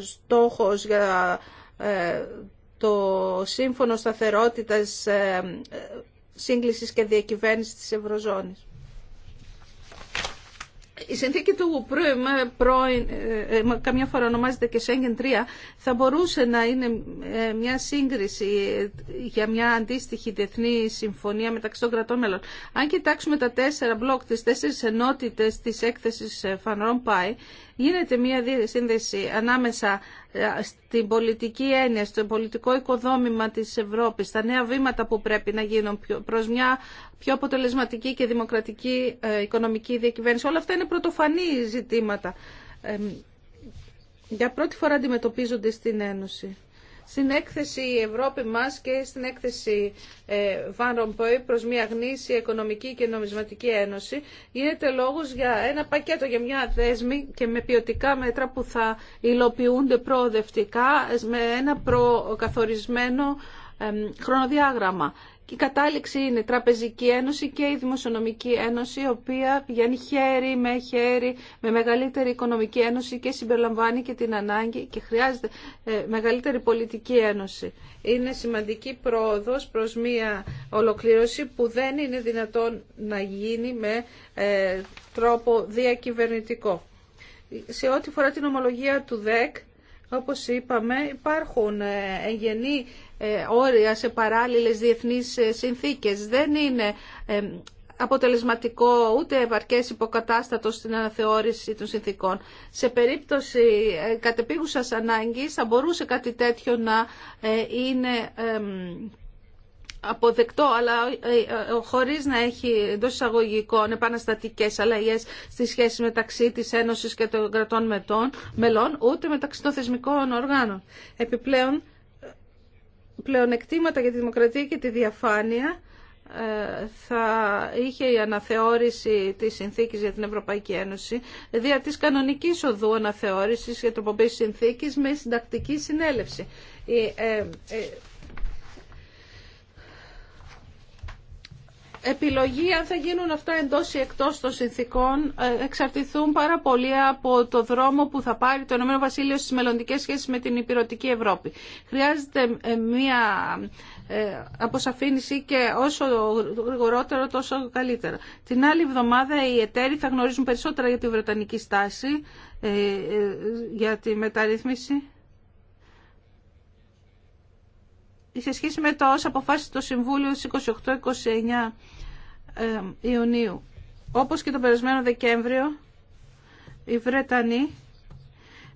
στόχος για ε, το Σύμφωνο Σταθερότητας Σύγκλησης και Διακυβέρνησης της Ευρωζώνης η συνθήκη του πρώην, ε, ε, καμιά φορά ονομάζεται και Σέγγεν θα μπορούσε να είναι ε, μια σύγκριση για μια αντίστοιχη διεθνή συμφωνία μεταξύ των κρατών μέλων. Αν κοιτάξουμε τα τέσσερα μπλοκ, τις τέσσερις ενότητες της έκθεσης Φανρόν Πάι, γίνεται μια σύνδεση ανάμεσα ε, στην πολιτική έννοια, στο πολιτικό οικοδόμημα της Ευρώπης, στα νέα βήματα που πρέπει να γίνουν προς μια πιο αποτελεσματική και δημοκρατική ε, οικονομική διακυβέρνηση. Όλα αυτά είναι πρωτοφανή ζητήματα. Ε, για πρώτη φορά αντιμετωπίζονται στην Ένωση. Στην έκθεση η Ευρώπη μας και στην έκθεση Βαν ε, Ρομπόι προς μια γνήσια οικονομική και νομισματική ένωση γίνεται λόγος για ένα πακέτο, για μια δέσμη και με ποιοτικά μέτρα που θα υλοποιούνται προοδευτικά ε, με ένα προκαθορισμένο ε, χρονοδιάγραμμα η κατάληξη είναι Τραπεζική Ένωση και η Δημοσιονομική Ένωση, η οποία πηγαίνει χέρι με χέρι με μεγαλύτερη οικονομική ένωση και συμπεριλαμβάνει και την ανάγκη και χρειάζεται ε, μεγαλύτερη πολιτική ένωση. Είναι σημαντική πρόοδος προς μία ολοκλήρωση που δεν είναι δυνατόν να γίνει με ε, τρόπο διακυβερνητικό. Σε ό,τι φορά την ομολογία του ΔΕΚ, όπως είπαμε, υπάρχουν ε, εγγενή ε, όρια σε παράλληλες διεθνείς ε, συνθήκες. Δεν είναι αποτελεσματικό ούτε ευαρκές υποκατάστατο στην αναθεώρηση των συνθήκων. Σε περίπτωση κατεπίγουσας ανάγκης θα μπορούσε κάτι τέτοιο να είναι αποδεκτό, αλλά ε, ε, χωρί να έχει εντό εισαγωγικών επαναστατικέ αλλαγές στη σχέση μεταξύ της Ένωση και των κρατών μετών, μελών, ούτε μεταξύ των θεσμικών οργάνων. Επιπλέον, ε, πλεονεκτήματα για τη δημοκρατία και τη διαφάνεια θα είχε η αναθεώρηση της συνθήκης για την Ευρωπαϊκή Ένωση δια της κανονικής οδού αναθεώρησης για τροποποίηση συνθήκης με συντακτική συνέλευση. Η επιλογή αν θα γίνουν αυτά εντός ή εκτός των συνθήκων ε, εξαρτηθούν πάρα πολύ από το δρόμο που θα πάρει το Ηνωμένο Βασίλειο στις μελλοντικές σχέσεις με την υπηρετική Ευρώπη. Χρειάζεται ε, μια ε, αποσαφήνιση και όσο γρηγορότερο τόσο καλύτερα. Την άλλη εβδομάδα οι εταίροι θα γνωρίζουν περισσότερα για τη βρετανική στάση, για τη μεταρρύθμιση. σε σχέση με το όσα αποφάσισε το Συμβούλιο 28-29 ε, Ιουνίου. Όπως και τον περασμένο Δεκέμβριο, οι Βρετανοί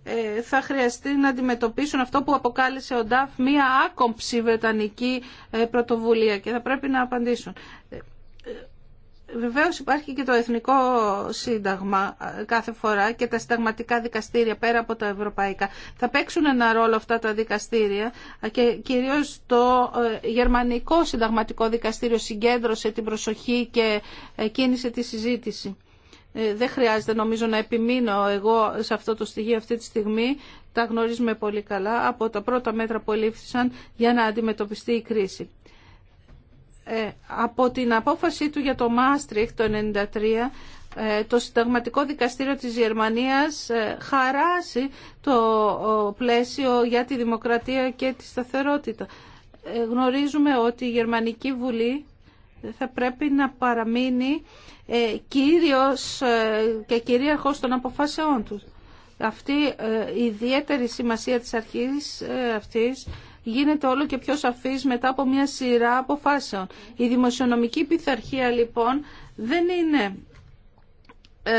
ε, θα χρειαστεί να αντιμετωπίσουν αυτό που αποκάλεσε ο Νταφ μία άκομψη βρετανική ε, πρωτοβουλία και θα πρέπει να απαντήσουν. Βεβαίως υπάρχει και το Εθνικό Σύνταγμα ε, κάθε φορά και τα συνταγματικά δικαστήρια πέρα από τα ευρωπαϊκά. Θα παίξουν ένα ρόλο αυτά τα δικαστήρια ε, και κυρίως το ε, Γερμανικό Συνταγματικό Δικαστήριο συγκέντρωσε την προσοχή και κίνησε τη συζήτηση. Δεν χρειάζεται νομίζω να επιμείνω εγώ σε αυτό το στοιχείο αυτή τη στιγμή. Τα γνωρίζουμε πολύ καλά από τα πρώτα μέτρα που ελήφθησαν για να αντιμετωπιστεί η κρίση. Ε, από την απόφαση του για το Μάστριχ το 1993 ε, το Συνταγματικό Δικαστήριο της Γερμανίας ε, χαράσει το πλαίσιο για τη δημοκρατία και τη σταθερότητα. Γνωρίζουμε ότι η Γερμανική Βουλή θα πρέπει να παραμείνει κύριος και κυρίαρχος των αποφάσεών τους. Αυτή η ιδιαίτερη σημασία της αρχής αυτής γίνεται όλο και πιο σαφής μετά από μια σειρά αποφάσεων. Η δημοσιονομική πειθαρχία λοιπόν δεν είναι ε,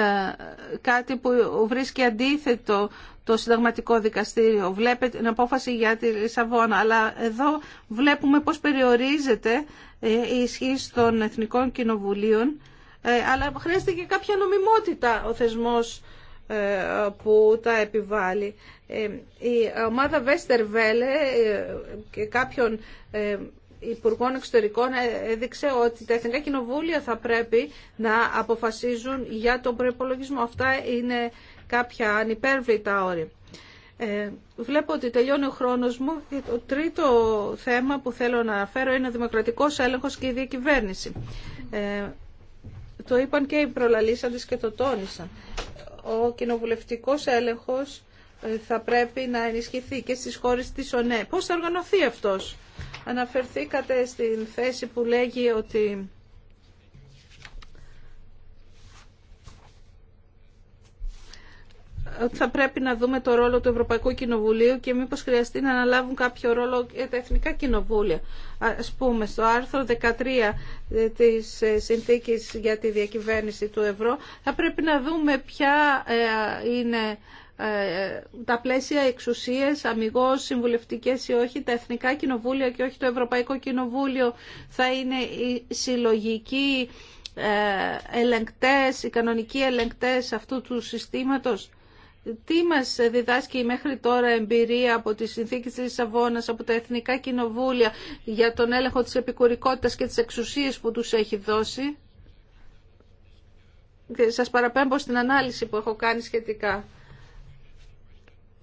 κάτι που βρίσκει αντίθετο το συνταγματικό δικαστήριο. Βλέπετε την απόφαση για τη Λισαβόνα, αλλά εδώ βλέπουμε πώς περιορίζεται ε, η ισχύ των εθνικών κοινοβουλίων, ε, αλλά χρειάζεται και κάποια νομιμότητα ο θεσμός που τα επιβάλλει. Ε, η ομάδα Βέστερβέλε και κάποιων ε, Υπουργών Εξωτερικών ε, έδειξε ότι τα Εθνικά Κοινοβούλια θα πρέπει να αποφασίζουν για τον προπολογισμό. Αυτά είναι κάποια ανυπέρβλητα όρια. Ε, βλέπω ότι τελειώνει ο χρόνος μου και το τρίτο θέμα που θέλω να αναφέρω είναι ο δημοκρατικός έλεγχος και η διακυβέρνηση. το είπαν και οι προλαλήσαντες και το τόνισαν. Ο κοινοβουλευτικός έλεγχος θα πρέπει να ενισχυθεί και στις χώρες της ΟΝΕ. Πώς θα οργανωθεί αυτός. Αναφερθήκατε στην θέση που λέγει ότι θα πρέπει να δούμε το ρόλο του Ευρωπαϊκού Κοινοβουλίου και μήπως χρειαστεί να αναλάβουν κάποιο ρόλο για τα Εθνικά Κοινοβούλια. Ας πούμε, στο άρθρο 13 της ε, Συνθήκης για τη Διακυβέρνηση του Ευρώ θα πρέπει να δούμε ποια ε, είναι ε, τα πλαίσια εξουσίες, αμυγός συμβουλευτικές ή όχι, τα Εθνικά Κοινοβούλια και όχι το Ευρωπαϊκό Κοινοβούλιο θα είναι οι συλλογικοί ε, ελεγκτές, οι κανονικοί ελεγκτές αυτού του συστήματος. Τι μας διδάσκει η μέχρι τώρα εμπειρία από τη Συνθήκη της Λισαβόνα, από τα Εθνικά Κοινοβούλια για τον έλεγχο της επικουρικότητας και τι εξουσίες που τους έχει δώσει. Σας παραπέμπω στην ανάλυση που έχω κάνει σχετικά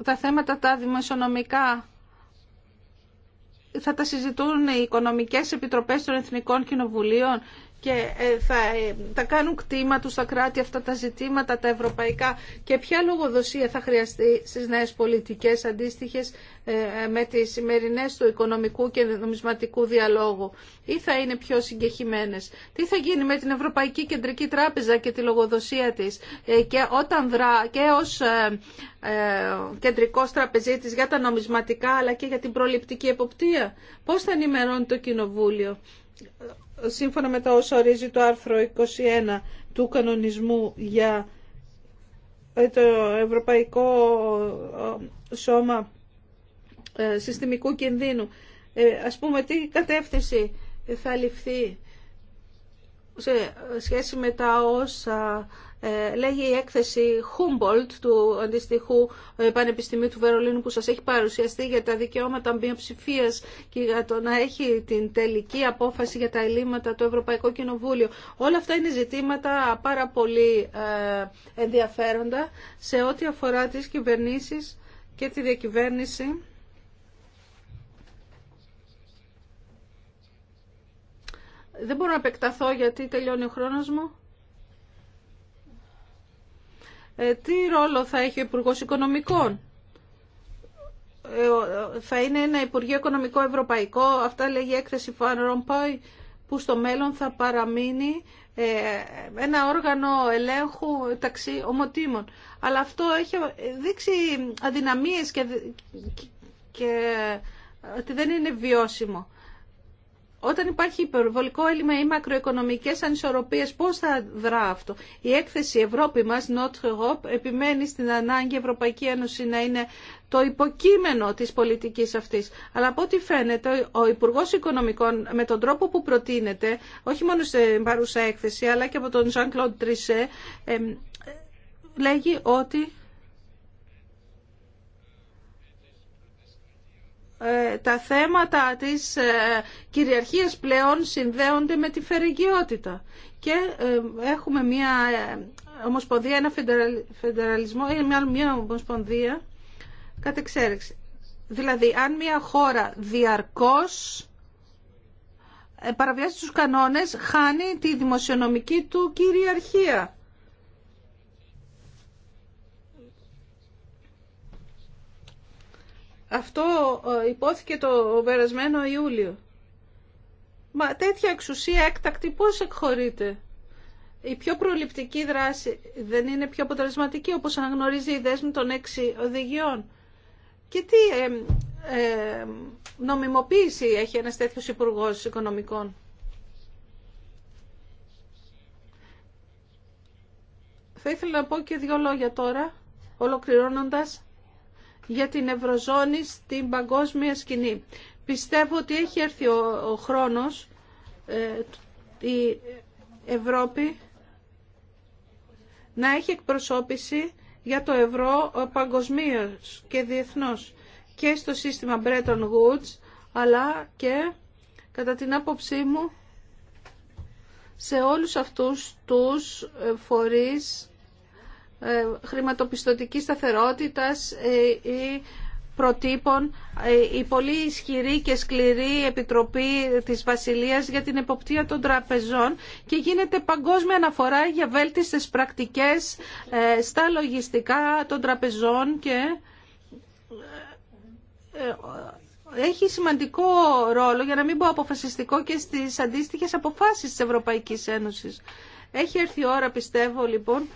τα θέματα τα δημοσιονομικά θα τα συζητούν οι οικονομικές επιτροπές των Εθνικών Κοινοβουλίων και ε, θα, ε, τα κάνουν κτήμα τους τα κράτη αυτά τα ζητήματα τα ευρωπαϊκά και ποια λογοδοσία θα χρειαστεί στις νέες πολιτικές αντίστοιχες ε, με τις σημερινές του οικονομικού και νομισματικού διαλόγου ή θα είναι πιο συγκεχημένες. Τι θα γίνει με την Ευρωπαϊκή Κεντρική Τράπεζα και τη λογοδοσία της και όταν δρά και ως κεντρικός τραπεζίτης για τα νομισματικά αλλά και για την προληπτική εποπτεία. Πώς θα ενημερώνει το Κοινοβούλιο σύμφωνα με τα όσα ορίζει το άρθρο 21 του κανονισμού για το Ευρωπαϊκό ε, Σώμα ε, Συστημικού Κινδύνου. Ε, ας πούμε τι κατεύθυνση θα ληφθεί σε σχέση με τα όσα ε, λέγει η έκθεση Humboldt του αντιστοιχού ε, Πανεπιστημίου του Βερολίνου που σας έχει παρουσιαστεί για τα δικαιώματα μειοψηφία και για το να έχει την τελική απόφαση για τα ελλείμματα του Ευρωπαϊκού Κοινοβούλιο. Όλα αυτά είναι ζητήματα πάρα πολύ ε, ενδιαφέροντα σε ό,τι αφορά τις κυβερνήσεις και τη διακυβέρνηση. Δεν μπορώ να επεκταθώ γιατί τελειώνει ο χρόνος μου. Ε, τι ρόλο θα έχει ο Υπουργό Οικονομικών. Ε, ε, θα είναι ένα Υπουργείο Οικονομικό Ευρωπαϊκό, αυτά λέγει η έκθεση Φαν Ρομπάι, που στο μέλλον θα παραμείνει ένα όργανο ελέγχου ταξί ομοτήμων. Αλλά αυτό έχει δείξει αδυναμίες και, και ότι δεν είναι βιώσιμο. Όταν υπάρχει υπερβολικό έλλειμμα ή μακροοικονομικές ανισορροπίες, πώς θα δρά αυτό. Η έκθεση Ευρώπη μα Notre Europe, επιμένει στην ανάγκη η Ευρωπαϊκή Ένωση να είναι το υποκείμενο τη πολιτική αυτή. Αλλά από ό,τι φαίνεται, ο Υπουργό Οικονομικών με τον τρόπο που προτείνεται, όχι μόνο στην παρούσα έκθεση, αλλά και από τον Jean-Claude Trisset, λέγει ότι Ε, τα θέματα της ε, κυριαρχίας πλέον συνδέονται με τη φερεγγιότητα και ε, έχουμε μια ομοσπονδία, ένα φεντεραλισμό ή μια, μια ομοσπονδία κατ' εξέρεξη. Δηλαδή, αν μια χώρα διαρκώς παραβιάζει τους κανόνες, χάνει τη δημοσιονομική του κυριαρχία. Αυτό ε, υπόθηκε το περασμένο Ιούλιο. Μα τέτοια εξουσία έκτακτη πώς εκχωρείται. Η πιο προληπτική δράση δεν είναι πιο αποτελεσματική όπως αναγνωρίζει η δέσμη των έξι οδηγιών. Και τι ε, ε, νομιμοποίηση έχει ένας τέτοιος υπουργό Οικονομικών. Θα ήθελα να πω και δύο λόγια τώρα, ολοκληρώνοντας για την Ευρωζώνη στην παγκόσμια σκηνή. Πιστεύω ότι έχει έρθει ο χρόνος ε, η Ευρώπη να έχει εκπροσώπηση για το ευρώ παγκοσμίω και διεθνώς και στο σύστημα Bretton Woods αλλά και κατά την άποψή μου σε όλους αυτούς τους ε, φορείς ε, χρηματοπιστωτικής σταθερότητας ε, ή προτύπων ε, η πολύ ισχυρή και σκληρή Επιτροπή της Βασιλείας για την εποπτεία των τραπεζών και γίνεται παγκόσμια αναφορά για βέλτιστες πρακτικές στα λογιστικά των τραπεζών και έχει σημαντικό ρόλο, για να μην πω αποφασιστικό, και στις αντίστοιχες αποφάσεις της Ευρωπαϊκής Ένωσης. Έχει έρθει η ώρα, πιστεύω, λοιπόν,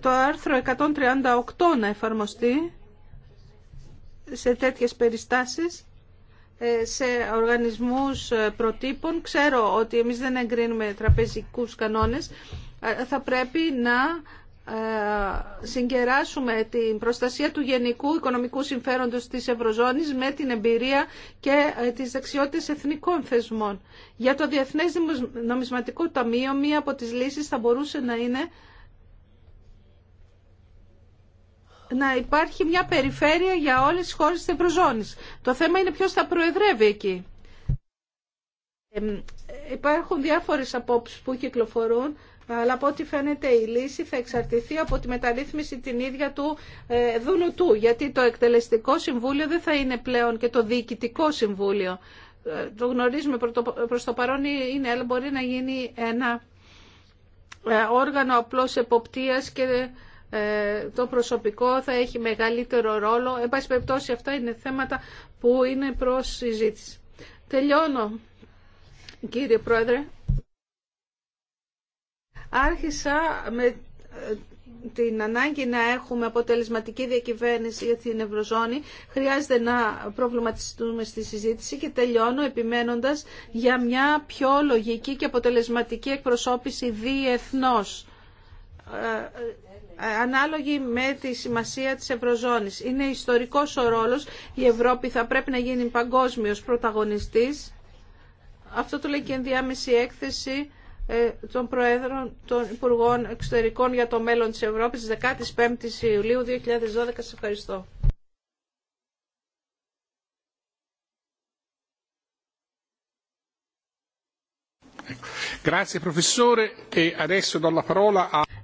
το άρθρο 138 να εφαρμοστεί σε τέτοιες περιστάσεις ε, σε οργανισμούς ε, προτύπων. Ξέρω ότι εμείς δεν εγκρίνουμε τραπεζικούς κανόνες. Ε, θα πρέπει να συγκεράσουμε την προστασία του γενικού οικονομικού συμφέροντος της Ευρωζώνης με την εμπειρία και τις δεξιότητες εθνικών θεσμών. Για το Διεθνές Νομισματικό Ταμείο μία από τις λύσεις θα μπορούσε να είναι να υπάρχει μια περιφέρεια για όλες τις χώρες της Ευρωζώνης. Το θέμα είναι ποιος θα προεδρεύει εκεί. Ε, υπάρχουν διάφορες απόψεις που κυκλοφορούν, αλλά από ό,τι φαίνεται η λύση θα εξαρτηθεί από τη μεταρρύθμιση την ίδια του ε, δούλου του, γιατί το εκτελεστικό συμβούλιο δεν θα είναι πλέον και το διοικητικό συμβούλιο. Ε, το γνωρίζουμε προς το παρόν είναι, αλλά μπορεί να γίνει ένα ε, όργανο απλώς εποπτείας και ε, το προσωπικό θα έχει μεγαλύτερο ρόλο. Εν πάση περιπτώσει αυτά είναι θέματα που είναι προς συζήτηση. Τελειώνω, κύριε Πρόεδρε. Άρχισα με ε, την ανάγκη να έχουμε αποτελεσματική διακυβέρνηση για την Ευρωζώνη χρειάζεται να προβληματιστούμε στη συζήτηση και τελειώνω επιμένοντας για μια πιο λογική και αποτελεσματική εκπροσώπηση διεθνώς ε, ανάλογη με τη σημασία της Ευρωζώνης. Είναι ιστορικός ο ρόλος, η Ευρώπη θα πρέπει να γίνει παγκόσμιος πρωταγωνιστής. Αυτό το λέει και ενδιάμεση έκθεση ε, των Προέδρων των Υπουργών Εξωτερικών για το μέλλον της Ευρώπης 15 Ιουλίου 2012. Σας ευχαριστώ. E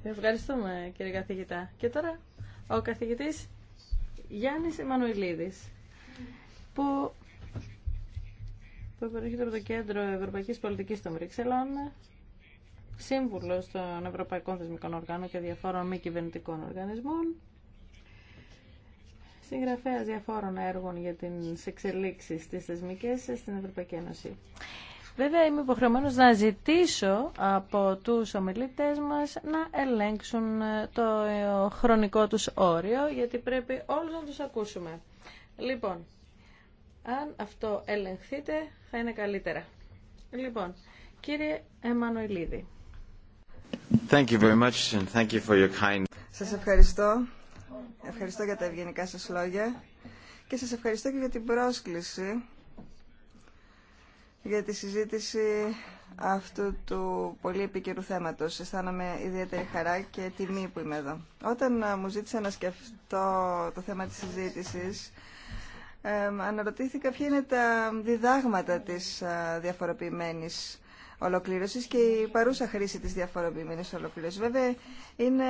Ευχαριστούμε κύριε καθηγητά. Και τώρα ο καθηγητής Γιάννης Εμμανουηλίδης που που προέρχεται από το Κέντρο Ευρωπαϊκής Πολιτικής των Βρυξελών, σύμβουλος των Ευρωπαϊκών Θεσμικών Οργάνων και διαφόρων μη κυβερνητικών οργανισμών, συγγραφέας διαφόρων έργων για τις εξελίξεις της θεσμικές στην Ευρωπαϊκή Ένωση. Βέβαια είμαι υποχρεωμένος να ζητήσω από τους ομιλητές μας να ελέγξουν ε, το ε, χρονικό τους όριο γιατί πρέπει όλους να τους ακούσουμε. Λοιπόν, αν αυτό ελεγχθείτε θα είναι καλύτερα. Λοιπόν, κύριε Εμμανουηλίδη. Thank Σας ευχαριστώ. Ευχαριστώ για τα ευγενικά σας λόγια και σας ευχαριστώ και για την πρόσκληση για τη συζήτηση αυτού του πολύ επικαιρού θέματος. Αισθάνομαι ιδιαίτερη χαρά και τιμή που είμαι εδώ. Όταν ε, μου ζήτησα να σκεφτώ το θέμα της συζήτησης, ε, αναρωτήθηκα ποια είναι τα διδάγματα της ε, διαφοροποιημένης ολοκλήρωσης και η παρούσα χρήση της διαφοροποιημένης ολοκλήρωσης. Βέβαια, είναι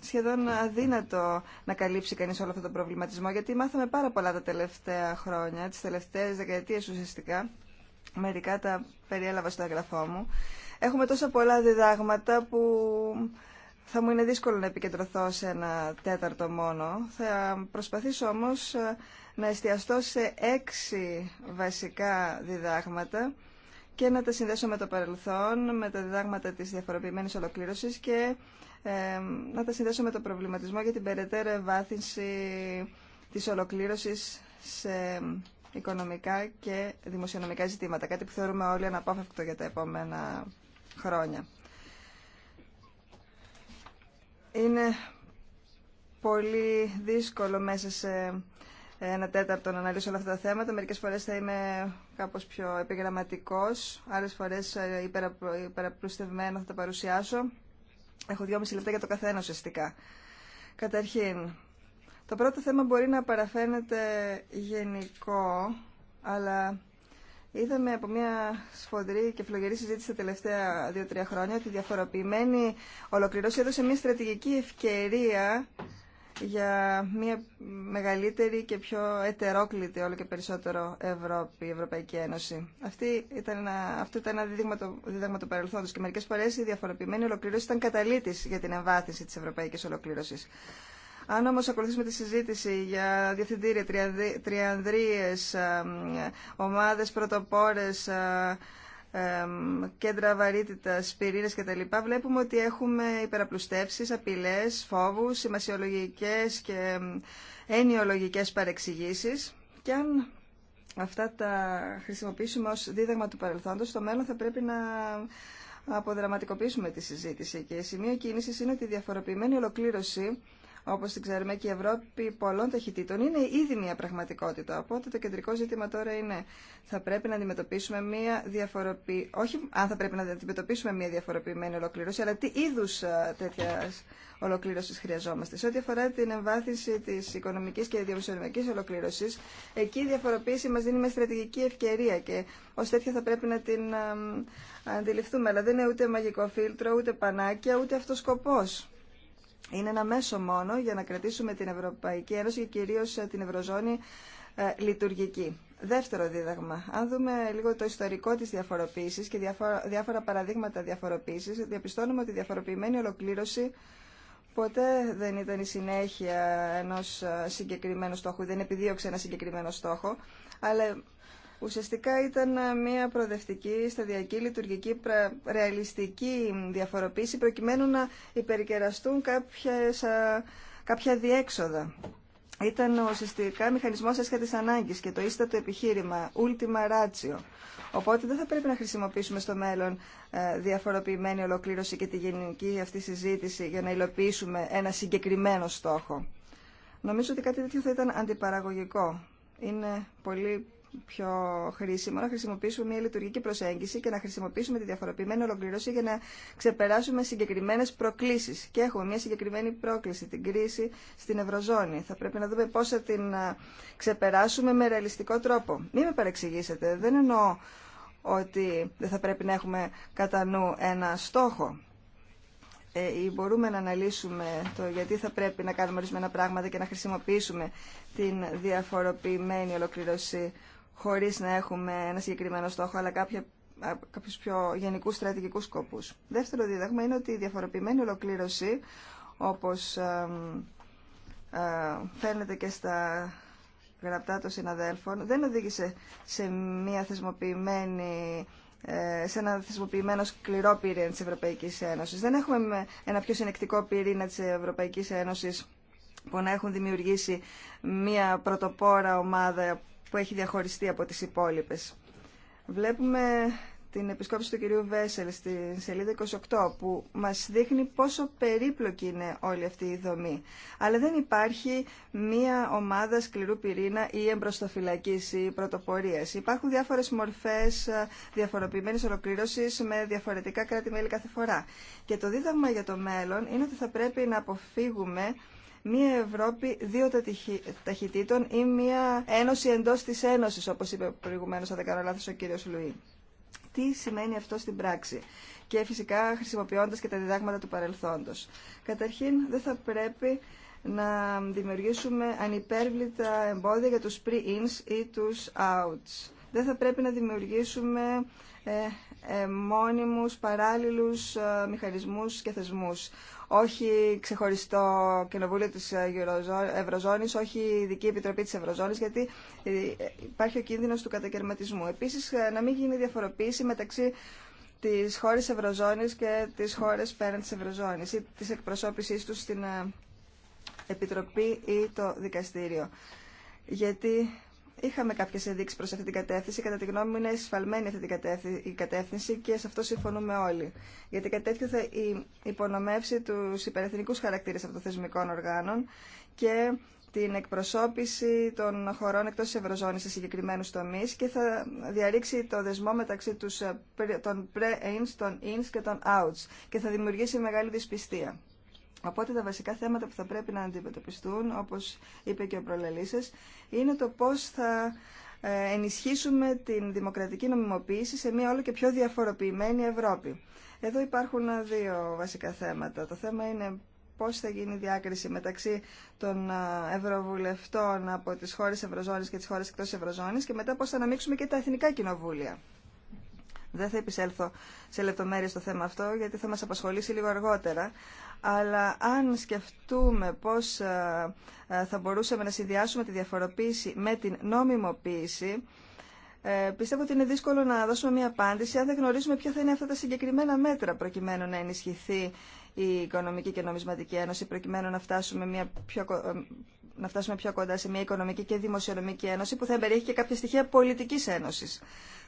σχεδόν αδύνατο να καλύψει κανείς όλο αυτό το προβληματισμό, γιατί μάθαμε πάρα πολλά τα τελευταία χρόνια, τις τελευταίες δεκαετίες ουσιαστικά, μερικά τα περιέλαβα στο εγγραφό μου. Έχουμε τόσα πολλά διδάγματα που θα μου είναι δύσκολο να επικεντρωθώ σε ένα τέταρτο μόνο. Θα προσπαθήσω όμως ε, να εστιαστώ σε έξι βασικά διδάγματα και να τα συνδέσω με το παρελθόν, με τα διδάγματα της διαφοροποιημένης ολοκλήρωσης και ε, να τα συνδέσω με το προβληματισμό για την περαιτέρω ευάθυνση της ολοκλήρωσης σε οικονομικά και δημοσιονομικά ζητήματα, κάτι που θεωρούμε όλοι αναπόφευκτο για τα επόμενα χρόνια. Είναι πολύ δύσκολο μέσα σε ένα τέταρτο να αναλύσω όλα αυτά τα θέματα. Μερικές φορές θα είμαι κάπως πιο επιγραμματικός, άλλες φορές ε, υπεραπλουστευμένο θα τα παρουσιάσω. Έχω δυόμιση λεπτά για το καθένα ουσιαστικά. Καταρχήν, το πρώτο θέμα μπορεί να παραφαίνεται γενικό, αλλά είδαμε από μια σφοδρή και φλογερή συζήτηση τα τελευταία δύο-τρία χρόνια ότι η διαφοροποιημένη ολοκληρώση έδωσε μια στρατηγική ευκαιρία για μια μεγαλύτερη και πιο ετερόκλητη όλο και περισσότερο Ευρώπη, η Ευρωπαϊκή Ένωση. Αυτή ήταν ένα, αυτό ήταν ένα δίδαγμα του, δίδαγμα του παρελθόντος και μερικές φορές η διαφοροποιημένη ολοκλήρωση ήταν καταλήτης για την εμβάθυνση της ευρωπαϊκής ολοκλήρωσης. Αν όμως ακολουθήσουμε τη συζήτηση για διευθυντήρια, τριανδρίες, ομάδες πρωτοπόρες, ε, κέντρα βαρύτητα, πυρήνε κτλ. Βλέπουμε ότι έχουμε υπεραπλουστεύσει, απειλέ, φόβου, σημασιολογικέ και ενιολογικέ παρεξηγήσει. Και αν αυτά τα χρησιμοποιήσουμε ως δίδαγμα του παρελθόντος, στο μέλλον θα πρέπει να αποδραματικοποιήσουμε τη συζήτηση. Και σημείο κίνησης είναι ότι η διαφοροποιημένη ολοκλήρωση Όπω την ξέρουμε και η Ευρώπη πολλών ταχυτήτων είναι ήδη μια πραγματικότητα. Οπότε το κεντρικό ζήτημα τώρα είναι θα πρέπει να αντιμετωπίσουμε μια διαφοροποίηση. όχι αν θα πρέπει να αντιμετωπίσουμε μια διαφοροποιημένη ολοκλήρωση, αλλά τι είδου ε, τέτοια ολοκλήρωση χρειαζόμαστε. Σε ό,τι αφορά την εμβάθυνση τη οικονομική και διαμεσονομικής ολοκλήρωση, εκεί η διαφοροποίηση μα δίνει μια στρατηγική ευκαιρία και ω τέτοια θα πρέπει να την ε, αντιληφθούμε. Αλλά δεν είναι ούτε μαγικό φίλτρο, ούτε πανάκια, ούτε αυτό. σκοπό είναι ένα μέσο μόνο για να κρατήσουμε την Ευρωπαϊκή Ένωση και κυρίως ε, την Ευρωζώνη ε, λειτουργική. Δεύτερο δίδαγμα. Αν δούμε λίγο το ιστορικό της διαφοροποίησης και διάφορα παραδείγματα διαφοροποίησης, διαπιστώνουμε ότι η διαφοροποιημένη ολοκλήρωση ποτέ δεν ήταν η συνέχεια ενός ε, συγκεκριμένου στόχου, δεν επιδίωξε ένα συγκεκριμένο στόχο, αλλά ουσιαστικά ήταν ε, μια προοδευτική, σταδιακή, λειτουργική, ρεαλιστική διαφοροποίηση προκειμένου να υπερκεραστούν κάποιες, κάποια διέξοδα. Ήταν ουσιαστικά μηχανισμός έσχατης ανάγκης και το ίστατο επιχείρημα, ultima ratio. Οπότε δεν θα πρέπει να χρησιμοποιήσουμε στο μέλλον ε, διαφοροποιημένη ολοκλήρωση και τη γενική αυτή συζήτηση για να υλοποιήσουμε ένα συγκεκριμένο στόχο. Νομίζω ότι κάτι τέτοιο θα ήταν αντιπαραγωγικό. Είναι πολύ πιο χρήσιμο να χρησιμοποιήσουμε μια λειτουργική προσέγγιση και να χρησιμοποιήσουμε τη διαφοροποιημένη ολοκληρώση για να ξεπεράσουμε συγκεκριμένε προκλήσει. Και έχουμε μια συγκεκριμένη πρόκληση, την κρίση στην Ευρωζώνη. Θα πρέπει να δούμε πώ θα την ξεπεράσουμε με ρεαλιστικό τρόπο. Μην με παρεξηγήσετε. Δεν εννοώ ότι δεν θα πρέπει να έχουμε κατά νου ένα στόχο ε, ή μπορούμε να αναλύσουμε το γιατί θα πρέπει να κάνουμε ορισμένα πράγματα και να χρησιμοποιήσουμε την διαφοροποιημένη ολοκληρώση χωρίς να έχουμε ένα συγκεκριμένο στόχο, αλλά κάποια, κάποιους πιο γενικούς στρατηγικούς σκοπούς. Δεύτερο δίδαγμα είναι ότι η διαφοροποιημένη ολοκλήρωση, όπως ε, φαίνεται και στα γραπτά των συναδέλφων, δεν οδήγησε σε, μια θεσμοποιημένη, ε, σε ένα θεσμοποιημένο σκληρό πυρήνα της Ευρωπαϊκής Ένωσης. Δεν έχουμε ένα πιο συνεκτικό πυρήνα της Ευρωπαϊκής Ένωσης που να έχουν δημιουργήσει μια πρωτοπόρα ομάδα που έχει διαχωριστεί από τις υπόλοιπες. Βλέπουμε την επισκόπηση του κυρίου Βέσελ στη σελίδα 28 που μας δείχνει πόσο περίπλοκη είναι όλη αυτή η δομή. Αλλά δεν υπάρχει μία ομάδα σκληρού πυρήνα ή εμπροστοφυλακής ή πρωτοπορίας. Υπάρχουν διάφορες μορφές ε, διαφοροποιημένης ολοκλήρωσης με διαφορετικά κράτη-μέλη κάθε φορά. Και το δίδαγμα για το μέλλον είναι ότι θα πρέπει να αποφύγουμε μία Ευρώπη δύο ταχυτήτων ή μία ένωση εντός της ένωσης, όπως είπε προηγουμένω, αν δεν κάνω λάθο, ο κύριος Λουί. Τι σημαίνει αυτό στην πράξη και φυσικά χρησιμοποιώντας και τα διδάγματα του παρελθόντος. Καταρχήν, δεν θα πρέπει να δημιουργήσουμε ανυπέρβλητα εμπόδια για τους pre-ins ή τους outs. Δεν θα πρέπει να δημιουργήσουμε ε, ε, μόνιμους, παράλληλους ε, μηχανισμούς και θεσμούς. Όχι ξεχωριστό κοινοβούλιο της ε, Ευρωζώνης, όχι η Ειδική Επιτροπή της Ευρωζώνης, γιατί υπάρχει ο κίνδυνος του κατακαιρματισμού. Επίσης, να μην γίνει διαφοροποίηση μεταξύ της χώρες Ευρωζώνης και της χώρες πέραν της Ευρωζώνης ή της εκπροσώπησής τους στην Επιτροπή ή το Δικαστήριο. Γιατί είχαμε κάποιε ενδείξει προ αυτή την κατεύθυνση. Κατά τη γνώμη μου είναι εσφαλμένη αυτή η κατεύθυνση και σε αυτό συμφωνούμε όλοι. Γιατί κάτι τέτοιο θα υπονομεύσει τους υπερεθνικούς χαρακτήρες αυτοθεσμικών οργάνων και την εκπροσώπηση των χωρών εκτό τη Ευρωζώνη σε συγκεκριμένου τομεί και θα διαρρήξει το δεσμό μεταξύ τους, ε, των pre-ins, των ins και των outs και θα δημιουργήσει μεγάλη δυσπιστία. Οπότε τα βασικά θέματα που θα πρέπει να αντιμετωπιστούν, όπως είπε και ο προλαλής είναι το πώς θα ε, ενισχύσουμε την δημοκρατική νομιμοποίηση σε μια όλο και πιο διαφοροποιημένη Ευρώπη. Εδώ υπάρχουν δύο βασικά θέματα. Το θέμα είναι πώς θα γίνει η διάκριση μεταξύ των ε, ευρωβουλευτών από τις χώρες Ευρωζώνης και τις χώρες εκτός Ευρωζώνης και μετά πώς θα αναμίξουμε και τα εθνικά κοινοβούλια. Δεν θα επισέλθω σε λεπτομέρειες στο θέμα αυτό, γιατί θα μας απασχολήσει λίγο αργότερα αλλά αν σκεφτούμε πώς ε, ε, θα μπορούσαμε να συνδυάσουμε τη διαφοροποίηση με την νόμιμοποίηση, ε, πιστεύω ότι είναι δύσκολο να δώσουμε μια απάντηση αν δεν γνωρίζουμε ποια θα είναι αυτά τα συγκεκριμένα μέτρα προκειμένου να ενισχυθεί η Οικονομική και Νομισματική Ένωση, προκειμένου να φτάσουμε, μια πιο, να φτάσουμε πιο κοντά σε μια Οικονομική και Δημοσιονομική Ένωση που θα εμπεριέχει και κάποια στοιχεία πολιτικής ένωσης.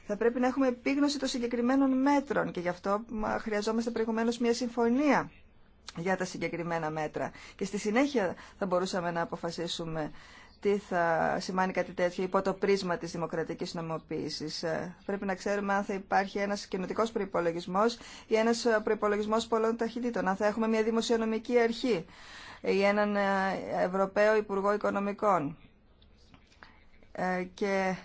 Θα πρέπει να έχουμε επίγνωση των συγκεκριμένων μέτρων και γι' αυτό χρειαζόμαστε προηγουμένως μια συμφωνία για τα συγκεκριμένα μέτρα. Και στη συνέχεια θα μπορούσαμε να αποφασίσουμε τι θα σημάνει κάτι τέτοιο υπό το πρίσμα της δημοκρατικής νομοποίησης. Ε, πρέπει να ξέρουμε αν θα υπάρχει ένας κοινωτικός προϋπολογισμός ή ένας προϋπολογισμός πολλών ταχυτήτων, αν θα έχουμε μια δημοσιονομική αρχή ή έναν ε, Ευρωπαίο Υπουργό Οικονομικών. Ε, και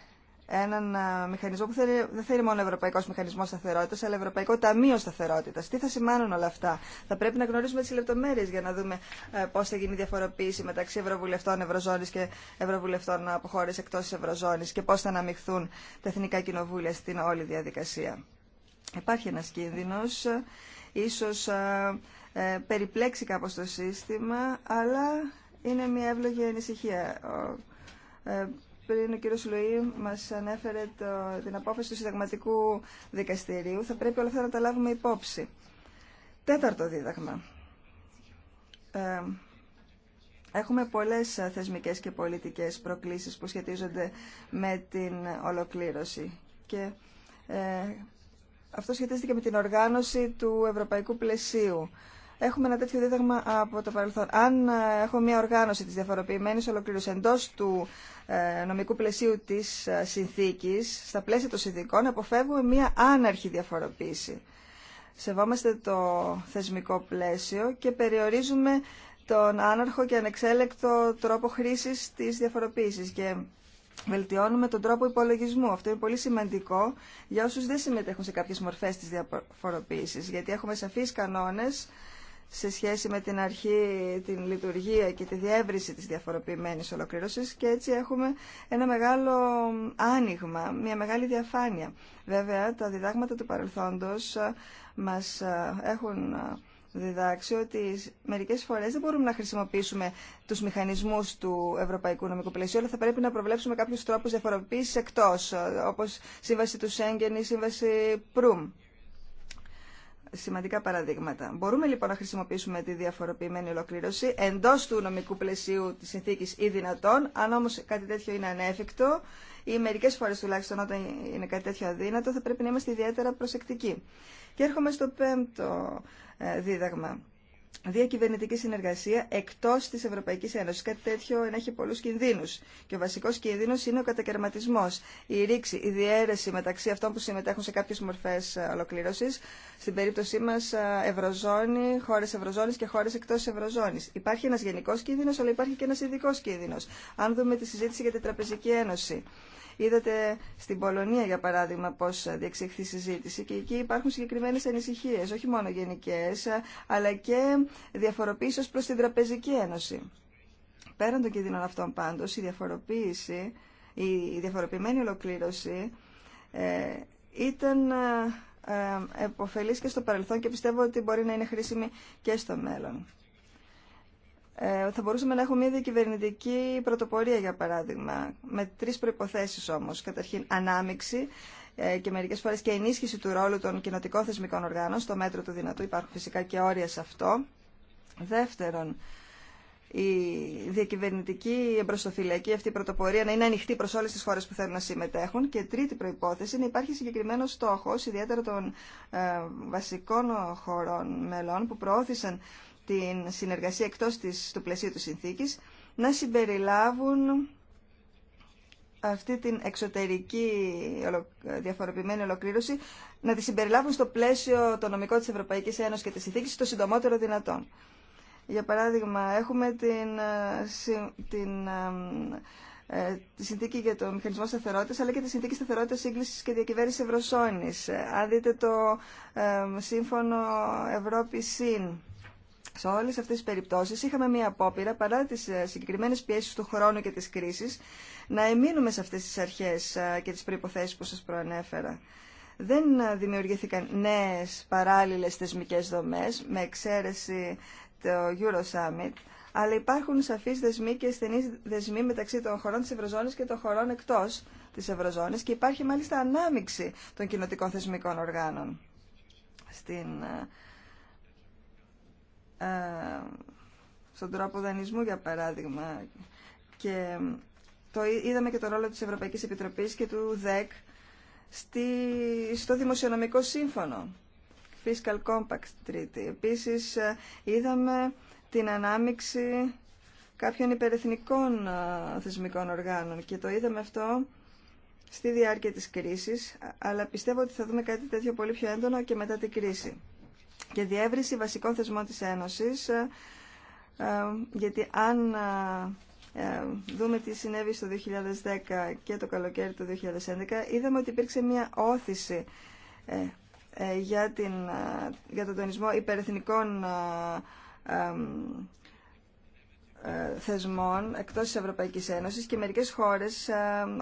έναν ε, μηχανισμό που δεν θα είναι μόνο Ευρωπαϊκό Μηχανισμό Σταθερότητα, αλλά Ευρωπαϊκό Ταμείο Σταθερότητα. Τι θα σημάνουν όλα αυτά. Θα πρέπει να γνωρίζουμε τι λεπτομέρειε για να δούμε ε, πώ θα γίνει η διαφοροποίηση μεταξύ Ευρωβουλευτών Ευρωζώνη και Ευρωβουλευτών από χώρε εκτό Ευρωζώνη και πώ θα αναμειχθούν τα εθνικά κοινοβούλια στην όλη διαδικασία. Υπάρχει ένα κίνδυνο, ίσω ε, περιπλέξει κάπως το σύστημα, αλλά είναι μια εύλογη ανησυχία πριν ο κύριος Λουί μας ανέφερε το, την απόφαση του συνταγματικού δικαστηρίου. Θα πρέπει όλα αυτά να τα λάβουμε υπόψη. Τέταρτο δίδαγμα. Ε, έχουμε πολλές θεσμικές και πολιτικές προκλήσεις που σχετίζονται με την ολοκλήρωση. Και ε, αυτό σχετίζεται και με την οργάνωση του ευρωπαϊκού πλαισίου έχουμε ένα τέτοιο δίδαγμα από το παρελθόν. Αν ε, έχουμε μια οργάνωση της διαφοροποιημένης ολοκλήρωσης εντός του ε, νομικού πλαισίου της ε, συνθήκης, στα πλαίσια των συνθήκων, αποφεύγουμε μια άναρχη διαφοροποίηση. Σεβόμαστε το θεσμικό πλαίσιο και περιορίζουμε τον άναρχο και ανεξέλεκτο τρόπο χρήσης της διαφοροποίησης και βελτιώνουμε τον τρόπο υπολογισμού. Αυτό είναι πολύ σημαντικό για όσους δεν συμμετέχουν σε κάποιες μορφές της διαφοροποίησης, γιατί έχουμε σαφείς κανόνες σε σχέση με την αρχή, την λειτουργία και τη διεύρυνση της διαφοροποιημένης ολοκλήρωσης και έτσι έχουμε ένα μεγάλο άνοιγμα, μια μεγάλη διαφάνεια. Βέβαια, τα διδάγματα του παρελθόντος ε, μας ε, έχουν ε, διδάξει ότι μερικές φορές δεν μπορούμε να χρησιμοποιήσουμε τους μηχανισμούς του Ευρωπαϊκού Νομικού Πλαισίου, αλλά θα πρέπει να προβλέψουμε κάποιους τρόπους διαφοροποίησης εκτός, όπως σύμβαση του Σέγγεν ή σύμβαση Προύμ σημαντικά παραδείγματα. Μπορούμε λοιπόν να χρησιμοποιήσουμε τη διαφοροποιημένη ολοκλήρωση εντό του νομικού πλαισίου τη συνθήκη ή δυνατόν. Αν όμω κάτι τέτοιο είναι ανέφικτο ή μερικέ φορέ τουλάχιστον όταν είναι κάτι τέτοιο αδύνατο, θα πρέπει να είμαστε ιδιαίτερα προσεκτικοί. Και έρχομαι στο πέμπτο ε, δίδαγμα διακυβερνητική συνεργασία εκτό τη Ευρωπαϊκή Ένωση. Κάτι τέτοιο ενέχει πολλού κινδύνους. Και ο βασικό κίνδυνο είναι ο κατακαιρματισμό, η ρήξη, η διαίρεση μεταξύ αυτών που συμμετέχουν σε κάποιε μορφέ ε, ολοκλήρωση Στην περίπτωσή μα ε, Ευρωζώνη, χώρε Ευρωζώνη και χώρε εκτό Ευρωζώνη. Υπάρχει ένα γενικό κίνδυνο, αλλά υπάρχει και ένα ειδικό κίνδυνο. Αν δούμε τη συζήτηση για την Τραπεζική Ένωση. Είδατε στην Πολωνία, για παράδειγμα, πώ διεξήχθη η συζήτηση και εκεί υπάρχουν συγκεκριμένε ανησυχίε, όχι μόνο γενικέ, αλλά και διαφοροποίηση ω προ την Τραπεζική Ένωση. Πέραν των κινδύνων αυτών πάντως, η διαφοροποίηση, η διαφοροποιημένη ολοκλήρωση ε, ήταν ε, ε, εποφελής και στο παρελθόν και πιστεύω ότι μπορεί να είναι χρήσιμη και στο μέλλον. Ε, θα μπορούσαμε να έχουμε μια διακυβερνητική πρωτοπορία, για παράδειγμα, με τρει προποθέσει όμω. Καταρχήν, ανάμειξη ε, και μερικέ φορέ και ενίσχυση του ρόλου των κοινοτικών θεσμικών οργάνων, στο μέτρο του δυνατού υπάρχουν φυσικά και όρια σε αυτό. Δεύτερον, η διακυβερνητική εμπροστοφυλακή αυτή η πρωτοπορία να είναι ανοιχτή προ όλε τι χώρε που θέλουν να συμμετέχουν και τρίτη προϋπόθεση να υπάρχει συγκεκριμένο στόχο, ιδιαίτερα των ε, βασικών χωρών μελών που προώθησαν την συνεργασία εκτός της, του πλαισίου της συνθήκης να συμπεριλάβουν αυτή την εξωτερική διαφοροποιημένη ολοκλήρωση να τη συμπεριλάβουν στο πλαίσιο το νομικό της Ευρωπαϊκής Ένωσης και της συνθήκης το συντομότερο δυνατόν. Για παράδειγμα, έχουμε την, ε, την, ε, ε, τη συνθήκη για το μηχανισμό σταθερότητας αλλά και τη συνθήκη σταθερότητας σύγκλησης και διακυβέρνηση Ευρωσόνη. Αν δείτε το σύμφωνο Ευρώπη-ΣΥΝ, σε όλε αυτέ τι περιπτώσει είχαμε μία απόπειρα παρά τι ε, συγκεκριμένε πιέσει του χρόνου και τη κρίση να εμείνουμε σε αυτέ τι αρχέ ε, και τι προποθέσει που σα προανέφερα. Δεν ε, δημιουργήθηκαν νέε παράλληλε θεσμικέ δομέ με εξαίρεση το Euro Summit, αλλά υπάρχουν σαφεί δεσμοί και στενεί δεσμοί μεταξύ των χωρών τη Ευρωζώνη και των χωρών εκτό τη Ευρωζώνη και υπάρχει μάλιστα ανάμειξη των κοινοτικών θεσμικών οργάνων στην ε, στον τρόπο δανεισμού, για παράδειγμα. Και ε, το είδαμε και το ρόλο της Ευρωπαϊκής Επιτροπής και του ΔΕΚ στη, στο Δημοσιονομικό Σύμφωνο, Fiscal Compact Treaty Επίσης, ε, είδαμε την ανάμιξη κάποιων υπερεθνικών θεσμικών οργάνων και το είδαμε αυτό στη διάρκεια της κρίσης, αλλά πιστεύω ότι θα δούμε κάτι τέτοιο πολύ πιο έντονο και μετά την κρίση και διεύρυνση βασικών θεσμών της Ένωσης, ε, ε, γιατί αν ε, δούμε τι συνέβη στο 2010 και το καλοκαίρι του 2011, είδαμε ότι υπήρξε μια όθηση για, την, για τον τονισμό υπερεθνικών θεσμών εκτός της Ευρωπαϊκής Ένωσης και μερικές χώρες,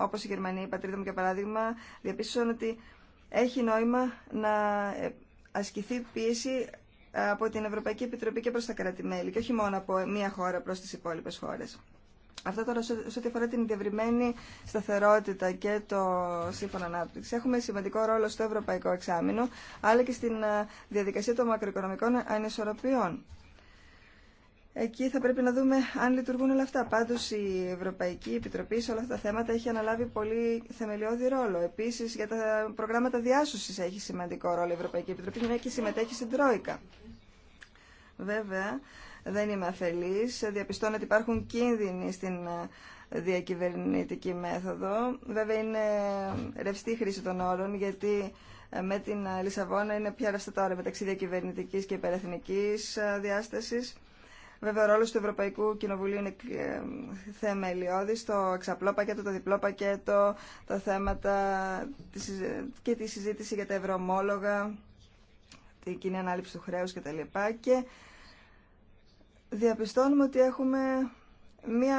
όπως η Γερμανία, η πατρίδα μου για παράδειγμα, διαπίστωσαν ότι έχει νόημα να ασκηθεί πίεση από την Ευρωπαϊκή Επιτροπή και προς τα κράτη-μέλη και όχι μόνο από μία χώρα προς τις υπόλοιπες χώρες. Αυτό τώρα σε ό,τι αφορά την διευρυμένη σταθερότητα και το σύμφωνο ανάπτυξη. Έχουμε σημαντικό ρόλο στο ευρωπαϊκό εξάμεινο, αλλά και στην ε, διαδικασία των μακροοικονομικών ανισορροπιών. Εκεί θα πρέπει να δούμε αν λειτουργούν όλα αυτά. Πάντω η Ευρωπαϊκή Επιτροπή σε όλα αυτά τα θέματα έχει αναλάβει πολύ θεμελιώδη ρόλο. Επίση για τα προγράμματα διάσωση έχει σημαντικό ρόλο η Ευρωπαϊκή Επιτροπή, μια και συμμετέχει στην Τρόικα. Βέβαια, δεν είμαι αφελή. Διαπιστώνω ότι υπάρχουν κίνδυνοι στην ε, διακυβερνητική μέθοδο. Βέβαια, είναι ρευστή χρήση των όρων, γιατί ε, με την ε, Λισαβόνα είναι πια ρευστά τα μεταξύ διακυβερνητική και υπερεθνική διάσταση. Βέβαια, ο ρόλο του Ευρωπαϊκού Κοινοβουλίου είναι ε, θεμελιώδη το εξαπλό πακέτο, το διπλό πακέτο, τα θέματα και τη συζήτηση για τα ευρωομόλογα, την κοινή ανάληψη του χρέους κτλ. Και διαπιστώνουμε ότι έχουμε μια,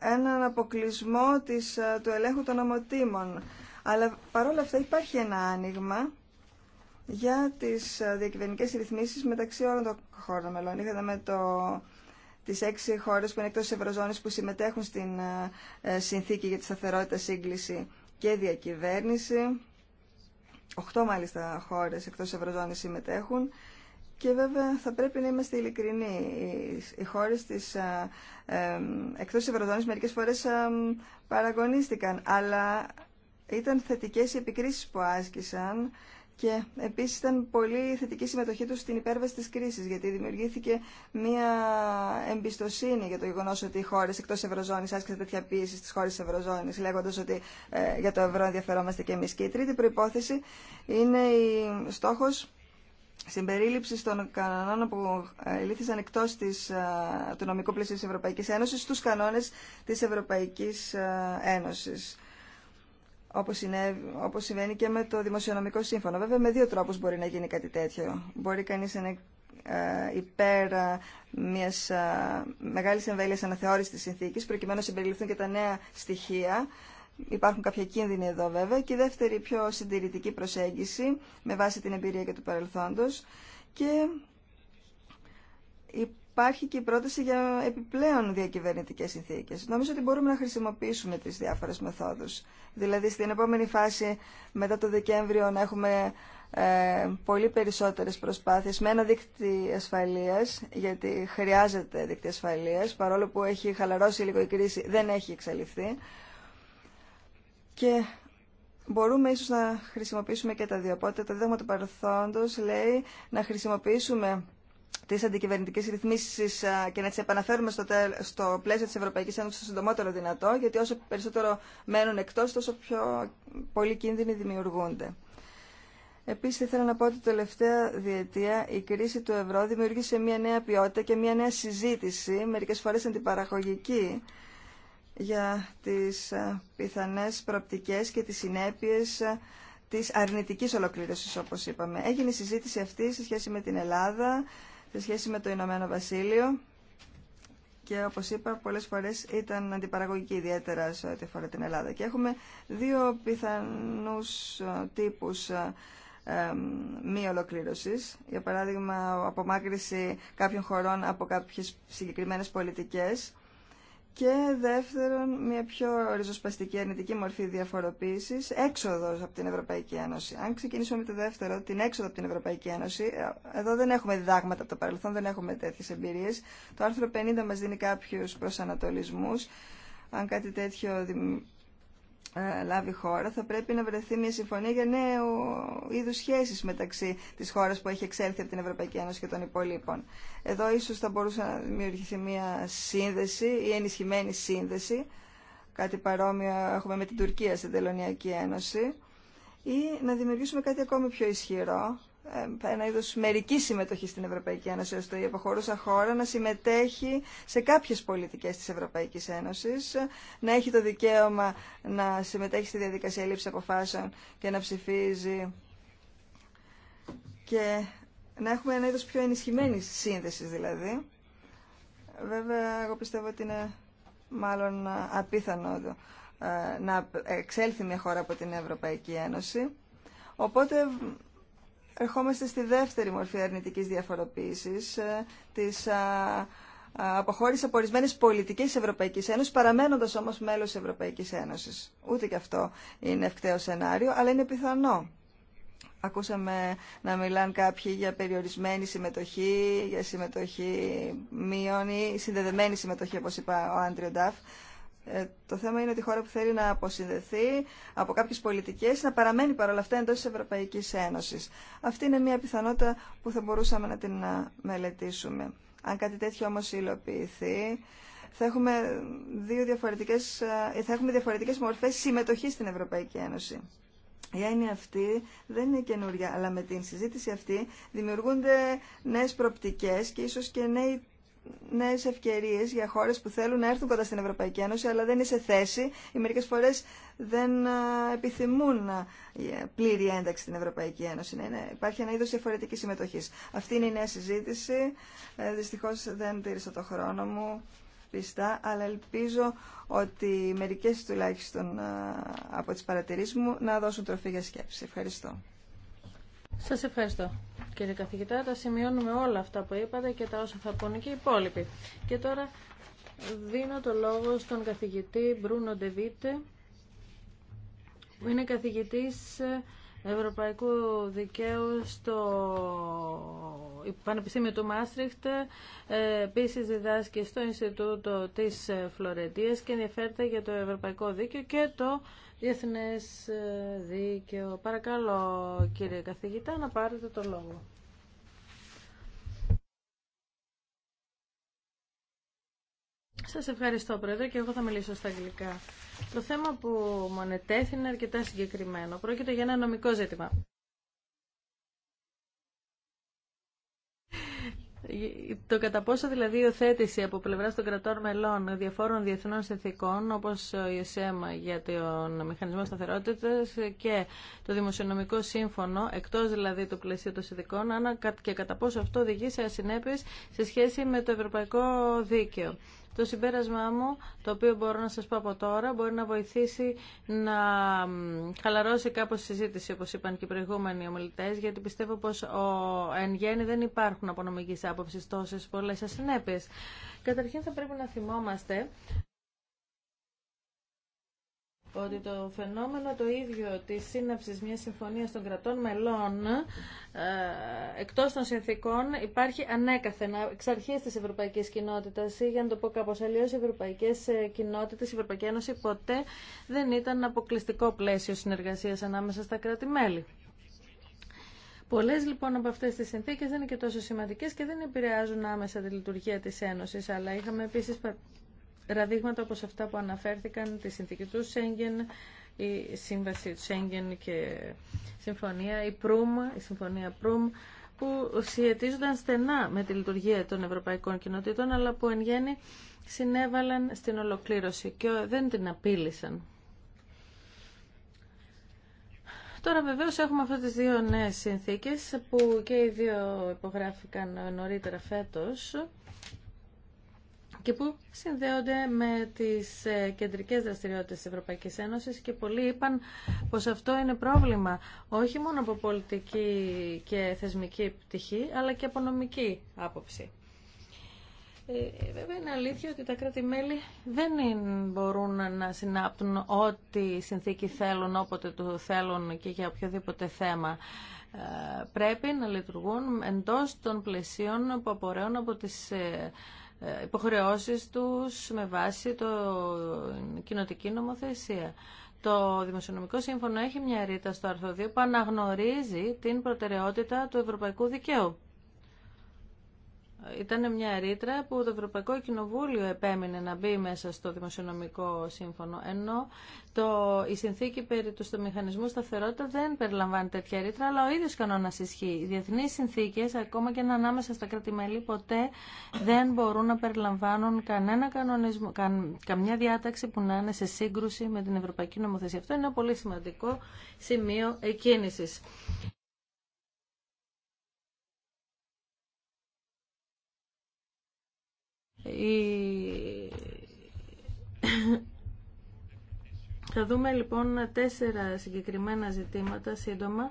έναν αποκλεισμό της, ε, του ελέγχου των ομοτήμων. Αλλά παρόλα αυτά υπάρχει ένα άνοιγμα για τι ε, διακυβερνικέ ρυθμίσει μεταξύ όλων των χώρων μελών. Είχαμε το τις έξι χώρε που είναι εκτό τη που συμμετέχουν στην ε, ε, συνθήκη για τη σταθερότητα, σύγκληση και διακυβέρνηση. Οχτώ μάλιστα χώρε εκτό τη Ευρωζώνης συμμετέχουν. Και βέβαια θα πρέπει να είμαστε ειλικρινοί. Οι χώρε τη, ε, ε, εκτός Ευρωζώνης μερικές φορές παραγωνίστηκαν, αλλά ήταν θετικές οι επικρίσεις που άσκησαν και επίση ήταν πολύ θετική συμμετοχή του στην υπέρβαση τη κρίση, γιατί δημιουργήθηκε μια εμπιστοσύνη για το γεγονό ότι οι χώρε εκτό Ευρωζώνη άσκησαν τέτοια πίεση στις χώρες Ευρωζώνη, λέγοντα ότι ε, για το ευρώ ενδιαφερόμαστε και εμεί. Και η τρίτη προπόθεση είναι η στόχος συμπερίληψη των κανόνων που ε, λύθησαν εκτό ε, του νομικού πλαισίου τη Ευρωπαϊκή Ένωση στου κανόνε τη Ευρωπαϊκή Ένωση όπως, είναι, όπως συμβαίνει και με το Δημοσιονομικό Σύμφωνο. Βέβαια, με δύο τρόπους μπορεί να γίνει κάτι τέτοιο. Μπορεί κανείς να είναι ε, υπέρ ε, μιας ε, μεγάλης εμβέλειας αναθεώρησης της συνθήκης, προκειμένου να συμπεριληφθούν και τα νέα στοιχεία. Υπάρχουν κάποια κίνδυνοι εδώ βέβαια. Και η δεύτερη πιο συντηρητική προσέγγιση, με βάση την εμπειρία και του παρελθόντος. Και υπάρχει και η πρόταση για επιπλέον διακυβερνητικές συνθήκες. Νομίζω ότι μπορούμε να χρησιμοποιήσουμε τις διάφορες μεθόδους. Δηλαδή στην επόμενη φάση μετά το Δεκέμβριο να έχουμε ε, πολύ περισσότερες προσπάθειες με ένα δίκτυ ασφαλείας, γιατί χρειάζεται δίκτυ ασφαλείας, παρόλο που έχει χαλαρώσει λίγο η κρίση, δεν έχει εξαλειφθεί. Και μπορούμε ίσως να χρησιμοποιήσουμε και τα δύο. Οπότε το δίδαγμα του παρελθόντος λέει να χρησιμοποιήσουμε τις αντικυβερνητικές ρυθμίσεις και να τις επαναφέρουμε στο, στο πλαίσιο της Ευρωπαϊκής Ένωσης το συντομότερο δυνατό, γιατί όσο περισσότερο μένουν εκτός, τόσο πιο πολλοί κίνδυνοι δημιουργούνται. Επίσης, ήθελα να πω ότι τελευταία διετία η κρίση του ευρώ δημιούργησε μια νέα ποιότητα και μια νέα συζήτηση, μερικές φορές αντιπαραγωγική, για τις πιθανές προοπτικές και τις συνέπειες της αρνητικής ολοκλήρωσης, όπως είπαμε. Έγινε η συζήτηση αυτή σε σχέση με την Ελλάδα, σε σχέση με το Ηνωμένο Βασίλειο και όπως είπα πολλές φορές ήταν αντιπαραγωγική ιδιαίτερα σε ό,τι αφορά την Ελλάδα. Και έχουμε δύο πιθανούς ε, τύπους ε, μη ολοκλήρωση. Για παράδειγμα, απομάκρυση κάποιων χωρών από κάποιες συγκεκριμένες πολιτικές και δεύτερον, μια πιο ριζοσπαστική αρνητική μορφή διαφοροποίηση, έξοδο από την Ευρωπαϊκή Ένωση. Αν ξεκινήσουμε με το δεύτερο, την έξοδο από την Ευρωπαϊκή Ένωση, ε, εδώ δεν έχουμε διδάγματα από το παρελθόν, δεν έχουμε τέτοιε εμπειρίε. Το άρθρο 50 μα δίνει κάποιου προσανατολισμού. Αν κάτι τέτοιο ε, λάβει χώρα, θα πρέπει να βρεθεί μια συμφωνία για νέο είδου σχέσει μεταξύ τη χώρα που έχει εξέλθει από την Ευρωπαϊκή Ένωση και των υπολείπων. Εδώ ίσω θα μπορούσε να δημιουργηθεί μια σύνδεση ή ενισχυμένη σύνδεση. Κάτι παρόμοιο έχουμε με την Τουρκία στην Τελωνιακή Ένωση. Ή να δημιουργήσουμε κάτι ακόμη πιο ισχυρό, ε, ένα είδο μερική συμμετοχή στην Ευρωπαϊκή Ένωση, ώστε η αποχωρούσα χώρα να συμμετέχει σε κάποιες πολιτικές της Ευρωπαϊκής Ένωσης, να έχει το δικαίωμα να συμμετέχει στη διαδικασία λήψη αποφάσεων και να ψηφίζει και να έχουμε ένα είδο πιο ενισχυμένη σύνδεση, δηλαδή. Βέβαια, εγώ πιστεύω ότι είναι μάλλον απίθανο ε, να εξέλθει μια χώρα από την Ευρωπαϊκή Ένωση. Οπότε ερχόμαστε στη δεύτερη μορφή αρνητικής διαφοροποίησης ε, της αποχώρηση από ορισμένε πολιτικέ Ευρωπαϊκή Ένωση, παραμένοντα όμω μέλο Ευρωπαϊκή Ένωση. Ούτε και αυτό είναι ευκταίο σενάριο, αλλά είναι πιθανό. Ακούσαμε να μιλάνε κάποιοι για περιορισμένη συμμετοχή, για συμμετοχή μείωνη, συνδεδεμένη συμμετοχή, όπω είπα ο Άντριο Νταφ. Ε, το θέμα είναι ότι η χώρα που θέλει να αποσυνδεθεί από κάποιες πολιτικές να παραμένει παρόλα αυτά εντός της Ευρωπαϊκής Ένωσης. Αυτή είναι μια πιθανότητα που θα μπορούσαμε να την ε, μελετήσουμε. Αν κάτι τέτοιο όμως υλοποιηθεί, θα έχουμε, δύο διαφορετικές, ε, θα έχουμε διαφορετικές μορφές συμμετοχής στην Ευρωπαϊκή Ένωση. Η έννοια αυτή δεν είναι καινούρια, αλλά με την συζήτηση αυτή δημιουργούνται νέες προπτικές και ίσως και νέοι Νέε ευκαιρίες για χώρες που θέλουν να έρθουν κοντά στην Ευρωπαϊκή Ένωση αλλά δεν είναι σε θέση ή μερικές φορές δεν επιθυμούν ε, πλήρη ένταξη στην Ευρωπαϊκή Ένωση. Ναι, υπάρχει ένα είδος διαφορετικής συμμετοχής. Αυτή είναι η νέα συζήτηση. Ε, δυστυχώς δεν επιθυμουν πληρη ενταξη στην ευρωπαικη ενωση ναι υπαρχει ενα είδο διαφορετική συμμετοχης αυτη ειναι η νεα συζητηση δυστυχως δεν τηρησα το χρόνο μου πιστά, αλλά ελπίζω ότι μερικές τουλάχιστον από τι παρατηρήσει μου να δώσουν τροφή για σκέψη. Ευχαριστώ. Σα ευχαριστώ. Κύριε καθηγητά, τα σημειώνουμε όλα αυτά που είπατε και τα όσα θα πούνε και οι υπόλοιποι. Και τώρα δίνω το λόγο στον καθηγητή Μπρούνο Ντεβίτε, που είναι καθηγητής Ευρωπαϊκού Δικαίου στο Πανεπιστήμιο του Μάστριχτ, επίση διδάσκει στο Ινστιτούτο της Φλωρεντίας και ενδιαφέρεται για το Ευρωπαϊκό Δίκαιο και το διεθνές ε, δίκαιο. Παρακαλώ κύριε καθηγητά να πάρετε το λόγο. Σας ευχαριστώ Πρόεδρε και εγώ θα μιλήσω στα αγγλικά. Το θέμα που μου ανετέθη είναι αρκετά συγκεκριμένο. Πρόκειται για ένα νομικό ζήτημα. Το κατά πόσο δηλαδή η οθέτηση από πλευρά των κρατών μελών διαφόρων διεθνών συνθήκων, όπω η ΕΣΕΜΑ για τον Μηχανισμό Σταθερότητα και το Δημοσιονομικό Σύμφωνο, εκτό δηλαδή του πλαισίου των συνθήκων, και κατά πόσο αυτό οδηγεί σε ασυνέπειε σε σχέση με το Ευρωπαϊκό Δίκαιο. Το συμπέρασμά μου, το οποίο μπορώ να σας πω από τώρα, μπορεί να βοηθήσει να χαλαρώσει κάπως η συζήτηση, όπως είπαν και οι προηγούμενοι ομιλητές, γιατί πιστεύω πως ο, εν γέννη δεν υπάρχουν από νομικής άποψης τόσες πολλές ασυνέπειες. Καταρχήν θα πρέπει να θυμόμαστε ότι το φαινόμενο το ίδιο της σύναψης μιας συμφωνίας των κρατών μελών ε, εκτός των συνθήκων υπάρχει ανέκαθεν εξ αρχής της Ευρωπαϊκής Κοινότητας ή για να το πω κάπως αλλιώς οι Ευρωπαϊκές ε, Κοινότητες, η Ευρωπαϊκή Ένωση ποτέ δεν ήταν αποκλειστικό πλαίσιο συνεργασίας ανάμεσα στα κράτη-μέλη. Πολλές λοιπόν από αυτές τις συνθήκες δεν είναι και τόσο σημαντικές και δεν επηρεάζουν άμεσα τη λειτουργία της Ένωσης, αλλά είχαμε επίσης Ραδείγματα όπως αυτά που αναφέρθηκαν, τη συνθήκη του Σέγγεν, η σύμβαση του Σέγγεν και συμφωνία, η Προύμ, η συμφωνία Προύμ, που σχετίζονταν στενά με τη λειτουργία των ευρωπαϊκών κοινοτήτων, αλλά που εν γέννη συνέβαλαν στην ολοκλήρωση και δεν την απείλησαν. Τώρα βεβαίω έχουμε αυτές τις δύο νέες συνθήκες που και οι δύο υπογράφηκαν νωρίτερα φέτος και που συνδέονται με τις ε, κεντρικές δραστηριότητες της Ευρωπαϊκής Ένωσης και πολλοί είπαν πως αυτό είναι πρόβλημα όχι μόνο από πολιτική και θεσμική πτυχή αλλά και από νομική άποψη. Ε, βέβαια είναι αλήθεια ότι τα κράτη-μέλη δεν μπορούν να συνάπτουν ό,τι συνθήκη θέλουν, όποτε το θέλουν και για οποιοδήποτε θέμα. Ε, πρέπει να λειτουργούν εντός των πλαισίων που απορρέουν από τις ε, ε, υποχρεώσεις τους με βάση το κοινοτική νομοθεσία. Το Δημοσιονομικό Σύμφωνο έχει μια ρήτα στο άρθρο που αναγνωρίζει την προτεραιότητα του ευρωπαϊκού δικαίου ήταν μια ρήτρα που το Ευρωπαϊκό Κοινοβούλιο επέμεινε να μπει μέσα στο Δημοσιονομικό Σύμφωνο, ενώ το, η συνθήκη περί του στο μηχανισμού σταθερότητα δεν περιλαμβάνει τέτοια ρήτρα, αλλά ο ίδιος κανόνας ισχύει. Οι διεθνείς συνθήκες, ακόμα και ανάμεσα στα κρατη ποτέ δεν μπορούν να περιλαμβάνουν κανένα κανονισμό, καν, καμιά διάταξη που να είναι σε σύγκρουση με την Ευρωπαϊκή Νομοθεσία. Αυτό είναι ένα πολύ σημαντικό σημείο εκκίνησης. Θα δούμε λοιπόν τέσσερα συγκεκριμένα ζητήματα σύντομα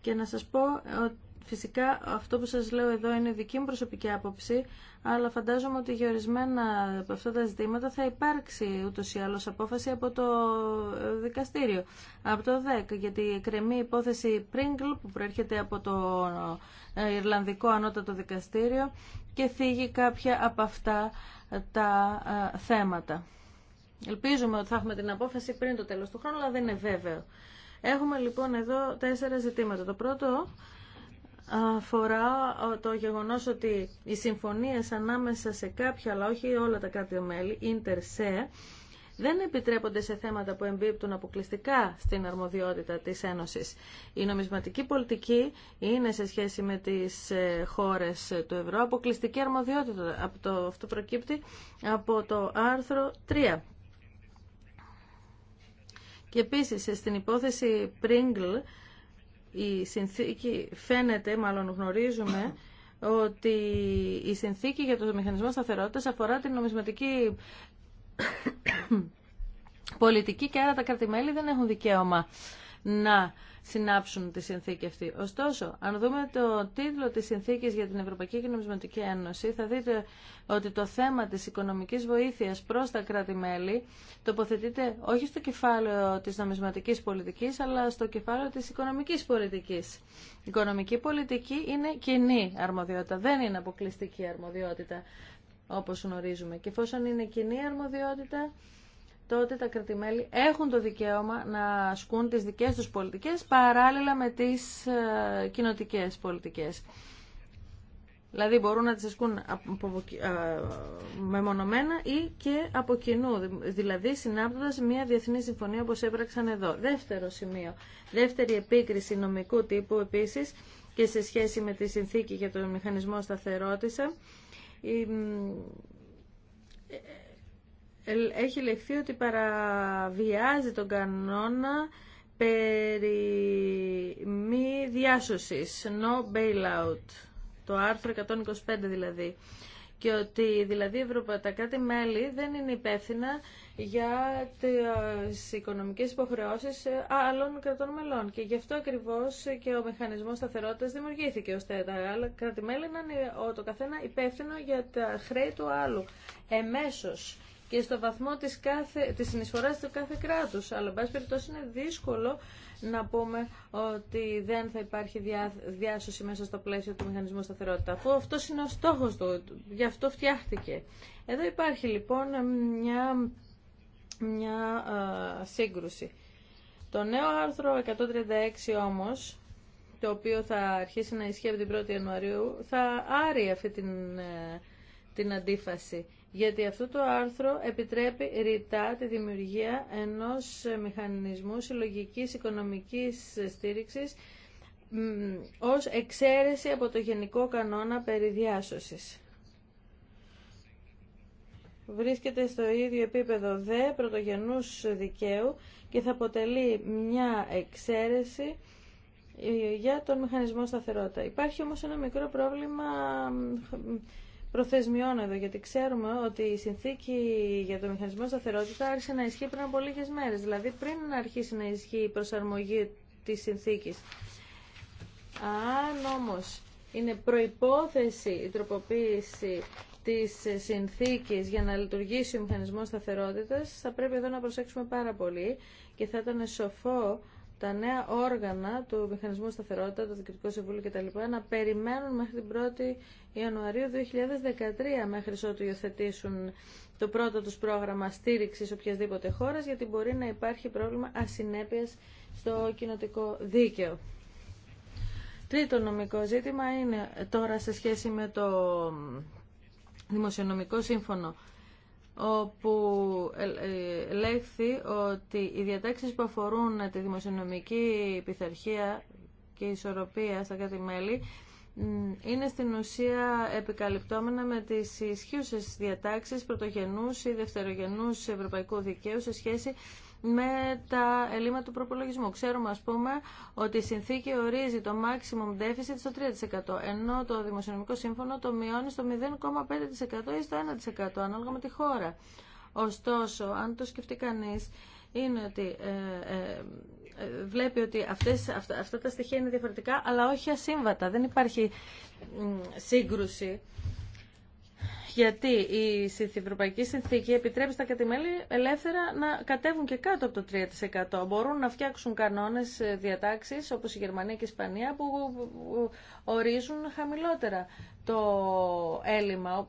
και να σας πω ότι Φυσικά αυτό που σας λέω εδώ είναι δική μου προσωπική άποψη, αλλά φαντάζομαι ότι για ορισμένα από αυτά τα ζητήματα θα υπάρξει ούτως ή άλλως απόφαση από το ε, δικαστήριο, από το ΔΕΚ, γιατί η υπόθεση Pringle που προέρχεται από το ε, Ιρλανδικό Ανώτατο Δικαστήριο και θίγει κάποια από αυτά τα ε, θέματα. Ελπίζουμε ότι θα έχουμε την απόφαση πριν το τέλος του χρόνου, αλλά δεν είναι βέβαιο. Έχουμε λοιπόν εδώ τέσσερα ζητήματα. Το πρώτο αφορά ε, το γεγονός ότι οι συμφωνίες ανάμεσα σε κάποια, αλλά όχι όλα τα κάποια μελη σε, δεν επιτρέπονται σε θέματα που εμπίπτουν αποκλειστικά στην αρμοδιότητα της Ένωσης. Η νομισματική πολιτική είναι σε σχέση με τις ε, χώρες του ευρώ αποκλειστική αρμοδιότητα. Από το, αυτό προκύπτει από το άρθρο 3. Και επίσης στην υπόθεση Pringle η συνθήκη φαίνεται, μάλλον γνωρίζουμε, ότι η συνθήκη για το μηχανισμό σταθερότητας αφορά την νομισματική [COUGHS] πολιτική και άρα τα κρατημέλη δεν έχουν δικαίωμα να συνάψουν τη συνθήκη αυτή. Ωστόσο, αν δούμε το τίτλο της συνθήκης για την Ευρωπαϊκή Νομισματική Ένωση, θα δείτε ότι το θέμα της οικονομικής βοήθειας προς τα κράτη-μέλη τοποθετείται όχι στο κεφάλαιο της νομισματικής πολιτικής, αλλά στο κεφάλαιο της οικονομικής πολιτικής. Η οικονομική πολιτική είναι κοινή αρμοδιότητα, δεν είναι αποκλειστική αρμοδιότητα όπως γνωρίζουμε. Και εφόσον είναι κοινή αρμοδιότητα, τότε τα κρατημέλη έχουν το δικαίωμα να ασκούν τις δικές τους πολιτικές παράλληλα με τις ε, κοινοτικές πολιτικές. Δηλαδή μπορούν να τις ασκούν ε, μεμονωμένα ή και από κοινού, δηλαδή συνάπτοντας μια διεθνή συμφωνία όπως έπραξαν εδώ. Δεύτερο σημείο, δεύτερη επίκριση νομικού τύπου επίσης και σε σχέση με τη συνθήκη για τον μηχανισμό σταθερότητα έχει λεχθεί ότι παραβιάζει τον κανόνα περί μη διάσωσης, no bailout, το άρθρο 125 δηλαδή. Και ότι δηλαδή τα κράτη-μέλη δεν είναι υπεύθυνα για τις οικονομικές υποχρεώσεις άλλων κρατών μελών. Και γι' αυτό ακριβώς και ο μηχανισμός σταθερότητας δημιουργήθηκε, ώστε τα άλλα κράτη-μέλη να είναι το καθένα υπεύθυνο για τα χρέη του άλλου. Εμέσως και στο βαθμό της, κάθε, της συνεισφοράς του κάθε κράτους. Αλλά, εν πάση περιπτώσει, είναι δύσκολο να πούμε ότι δεν θα υπάρχει διάσωση μέσα στο πλαίσιο του μηχανισμού σταθερότητα. Αφού αυτό είναι ο στόχος του, γι' αυτό φτιάχτηκε. Εδώ υπάρχει λοιπόν μια, μια α, σύγκρουση. Το νέο άρθρο 136 όμως, το οποίο θα αρχίσει να ισχύει από την 1η Ιανουαρίου, θα άρει αυτή την, ε, την αντίφαση γιατί αυτό το άρθρο επιτρέπει ρητά τη δημιουργία ενός μηχανισμού συλλογικής οικονομικής στήριξης ως εξαίρεση από το γενικό κανόνα περί διάσωσης. Βρίσκεται στο ίδιο επίπεδο δε πρωτογενούς δικαίου και θα αποτελεί μια εξαίρεση ε, για τον μηχανισμό σταθερότητα. Υπάρχει όμως ένα μικρό πρόβλημα προθεσμιών εδώ, γιατί ξέρουμε ότι η συνθήκη για το μηχανισμό σταθερότητα άρχισε να ισχύει πριν από λίγε μέρε, δηλαδή πριν να αρχίσει να ισχύει η προσαρμογή τη συνθήκη. Αν όμω είναι προπόθεση η τροποποίηση τη συνθήκη για να λειτουργήσει ο μηχανισμό σταθερότητα, θα πρέπει εδώ να προσέξουμε πάρα πολύ και θα ήταν σοφό τα νέα όργανα του Μηχανισμού Σταθερότητα, το Διοικητικό Συμβούλιο κτλ. να περιμένουν μέχρι την 1η Ιανουαρίου 2013 μέχρι ότου υιοθετήσουν το πρώτο τους πρόγραμμα στήριξης οποιασδήποτε χώρα γιατί μπορεί να υπάρχει πρόβλημα ασυνέπειας στο κοινοτικό δίκαιο. Τρίτο νομικό ζήτημα είναι τώρα σε σχέση με το Δημοσιονομικό Σύμφωνο όπου ε, λέχθη ότι οι διατάξεις που αφορούν τη δημοσιονομική πειθαρχία και ισορροπία στα κάτι μέλη είναι στην ουσία επικαλυπτόμενα με τις ισχύουσες διατάξεις πρωτογενούς ή δευτερογενούς ευρωπαϊκού δικαίου σε σχέση με τα ελλείμματα του προπολογισμού. Ξέρουμε, ας πούμε, ότι η συνθήκη ορίζει το maximum deficit στο 3%, ενώ το Δημοσιονομικό Σύμφωνο το μειώνει στο 0,5% ή στο 1%, ανάλογα με τη χώρα. Ωστόσο, αν το σκεφτεί κανεί, είναι ότι ε, ε, ε, βλέπει ότι αυτές, αυτά, αυτά τα στοιχεία είναι διαφορετικά, αλλά όχι ασύμβατα. Δεν υπάρχει σύγκρουση γιατί η Ευρωπαϊκή Συνθήκη επιτρέπει στα κατημέλη ελεύθερα να κατέβουν και κάτω από το 3%. Μπορούν να φτιάξουν κανόνες ε, διατάξεις όπως η Γερμανία και η Ισπανία που ορίζουν χαμηλότερα το έλλειμμα.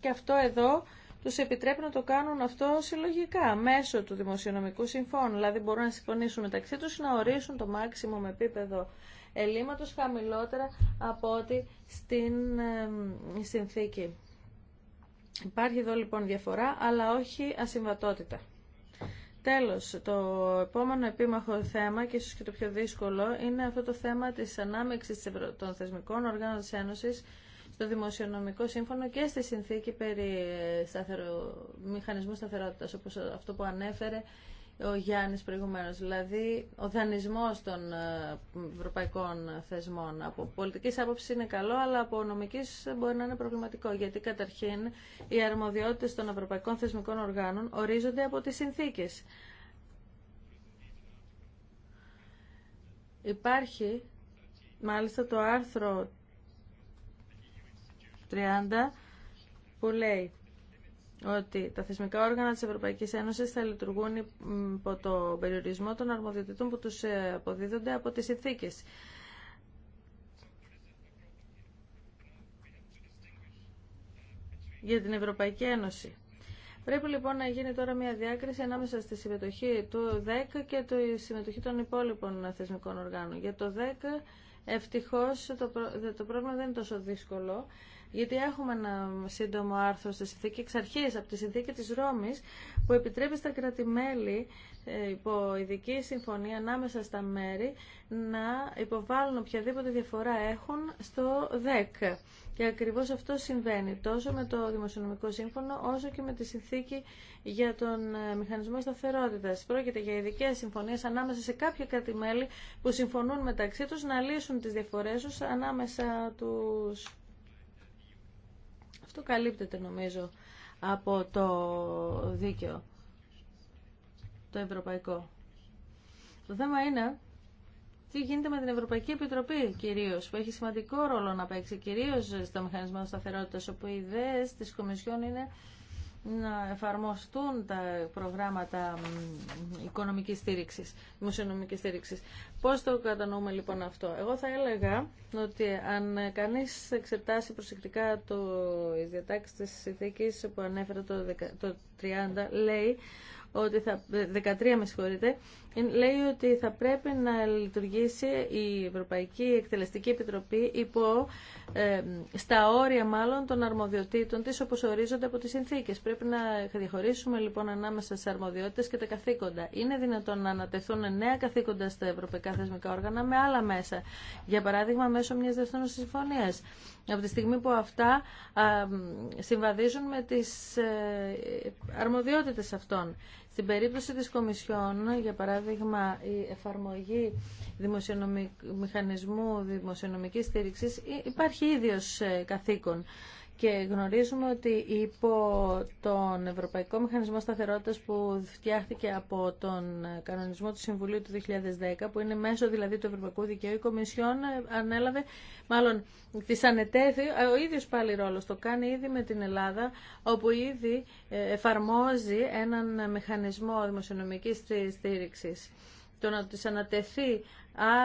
Και αυτό εδώ τους επιτρέπει να το κάνουν αυτό συλλογικά, μέσω του Δημοσιονομικού Συμφώνου. Δηλαδή μπορούν να συμφωνήσουν μεταξύ τους να ορίσουν το μάξιμο με επίπεδο ελλείμματος χαμηλότερα από ό,τι στην συνθήκη. Υπάρχει εδώ λοιπόν διαφορά, αλλά όχι ασυμβατότητα. Τέλος, το επόμενο επίμαχο θέμα και ίσως και το πιο δύσκολο είναι αυτό το θέμα της ανάμεξης των θεσμικών οργάνων της Ένωσης στο Δημοσιονομικό Σύμφωνο και στη Συνθήκη περί σταθερο... Μηχανισμού Σταθερότητας, όπως αυτό που ανέφερε ο Γιάννης προηγουμένως, δηλαδή ο δανεισμός των ε, ευρωπαϊκών θεσμών. Από πολιτικής άποψη είναι καλό, αλλά από νομικής μπορεί να είναι προβληματικό, γιατί καταρχήν οι αρμοδιότητες των ευρωπαϊκών θεσμικών οργάνων ορίζονται από τις συνθήκες. Υπάρχει μάλιστα το άρθρο 30 που λέει ότι τα θεσμικά όργανα της Ευρωπαϊκής Ένωσης θα λειτουργούν υπό το περιορισμό των αρμοδιοτήτων που τους ε, αποδίδονται από τις συνθήκες. για την Ευρωπαϊκή Ένωση. Πρέπει λοιπόν να γίνει τώρα μια διάκριση ανάμεσα στη συμμετοχή του ΔΕΚ και τη συμμετοχή των υπόλοιπων θεσμικών οργάνων. Για το ΔΕΚ ευτυχώς το, το πρόβλημα δεν είναι τόσο δύσκολο γιατί έχουμε ένα σύντομο άρθρο στη συνθήκη εξ αρχή από τη συνθήκη της Ρώμης που επιτρέπει στα κρατημέλη ε, υπό ειδική συμφωνία ανάμεσα στα μέρη να υποβάλουν οποιαδήποτε διαφορά έχουν στο ΔΕΚ. Και ακριβώς αυτό συμβαίνει τόσο με το Δημοσιονομικό Σύμφωνο όσο και με τη συνθήκη για τον ε, Μηχανισμό Σταθερότητας. Πρόκειται για ειδικέ συμφωνίες ανάμεσα σε κάποια κρατημέλη που συμφωνούν μεταξύ τους να λύσουν τις διαφορές τους ανάμεσα τους το καλύπτεται νομίζω από το δίκαιο, το ευρωπαϊκό. Το θέμα είναι τι γίνεται με την Ευρωπαϊκή Επιτροπή κυρίω, που έχει σημαντικό ρόλο να παίξει κυρίω στο μηχανισμό σταθερότητα, όπου οι ιδέε τη Κομισιόν είναι να εφαρμοστούν τα προγράμματα οικονομικής στήριξης, δημοσιονομικής στήριξης. Πώς το κατανοούμε λοιπόν αυτό. Εγώ θα έλεγα ότι αν κανείς εξετάσει προσεκτικά το, τις διατάξεις της που ανέφερε το, το 30, λέει ότι θα, 13 με συγχωρείτε, λέει ότι θα πρέπει να λειτουργήσει η Ευρωπαϊκή Εκτελεστική Επιτροπή υπό, ε, στα όρια μάλλον των αρμοδιοτήτων της όπως ορίζονται από τις συνθήκες. Πρέπει να διαχωρίσουμε λοιπόν ανάμεσα στις αρμοδιότητες και τα καθήκοντα. Είναι δυνατόν να ανατεθούν νέα καθήκοντα στα ευρωπαϊκά θεσμικά όργανα με άλλα μέσα. Για παράδειγμα μέσω μιας δευτερόνωσης συμφωνίας από τη στιγμή που αυτά συμβαδίζουν με τις ε, αρμοδιότητες αυτών. Στην περίπτωση της Κομισιόν, για παράδειγμα, η εφαρμογή μηχανισμού δημοσιονομικής στήριξης υπάρχει ίδιος ε, καθήκον και γνωρίζουμε ότι υπό τον Ευρωπαϊκό Μηχανισμό Σταθερότητας που φτιάχτηκε από τον κανονισμό του Συμβουλίου του 2010, που είναι μέσω δηλαδή του Ευρωπαϊκού Δικαίου, η Κομισιόν ανέλαβε, μάλλον τη ανετέθη, ε, ο ίδιος πάλι ρόλος το κάνει ήδη με την Ελλάδα, όπου ήδη ε, εφαρμόζει έναν μηχανισμό δημοσιονομικής στήριξης το να της ανατεθεί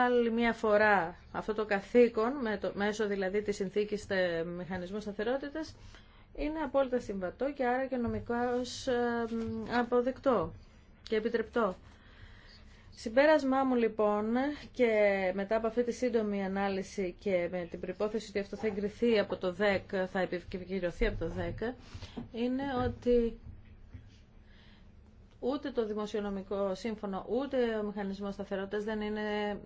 άλλη μια φορά αυτό το καθήκον, με το, μέσω δηλαδή της συνθήκης μηχανισμού σταθερότητας, είναι απόλυτα συμβατό και άρα και νομικά ως αποδεκτό και επιτρεπτό. Συμπέρασμά μου λοιπόν και μετά από αυτή τη σύντομη ανάλυση και με την προπόθεση ότι αυτό θα εγκριθεί από το 10, θα επικυρωθεί από το 10, είναι ότι Ούτε το δημοσιονομικό σύμφωνο, ούτε ο μηχανισμός σταθερότητας δεν, είναι,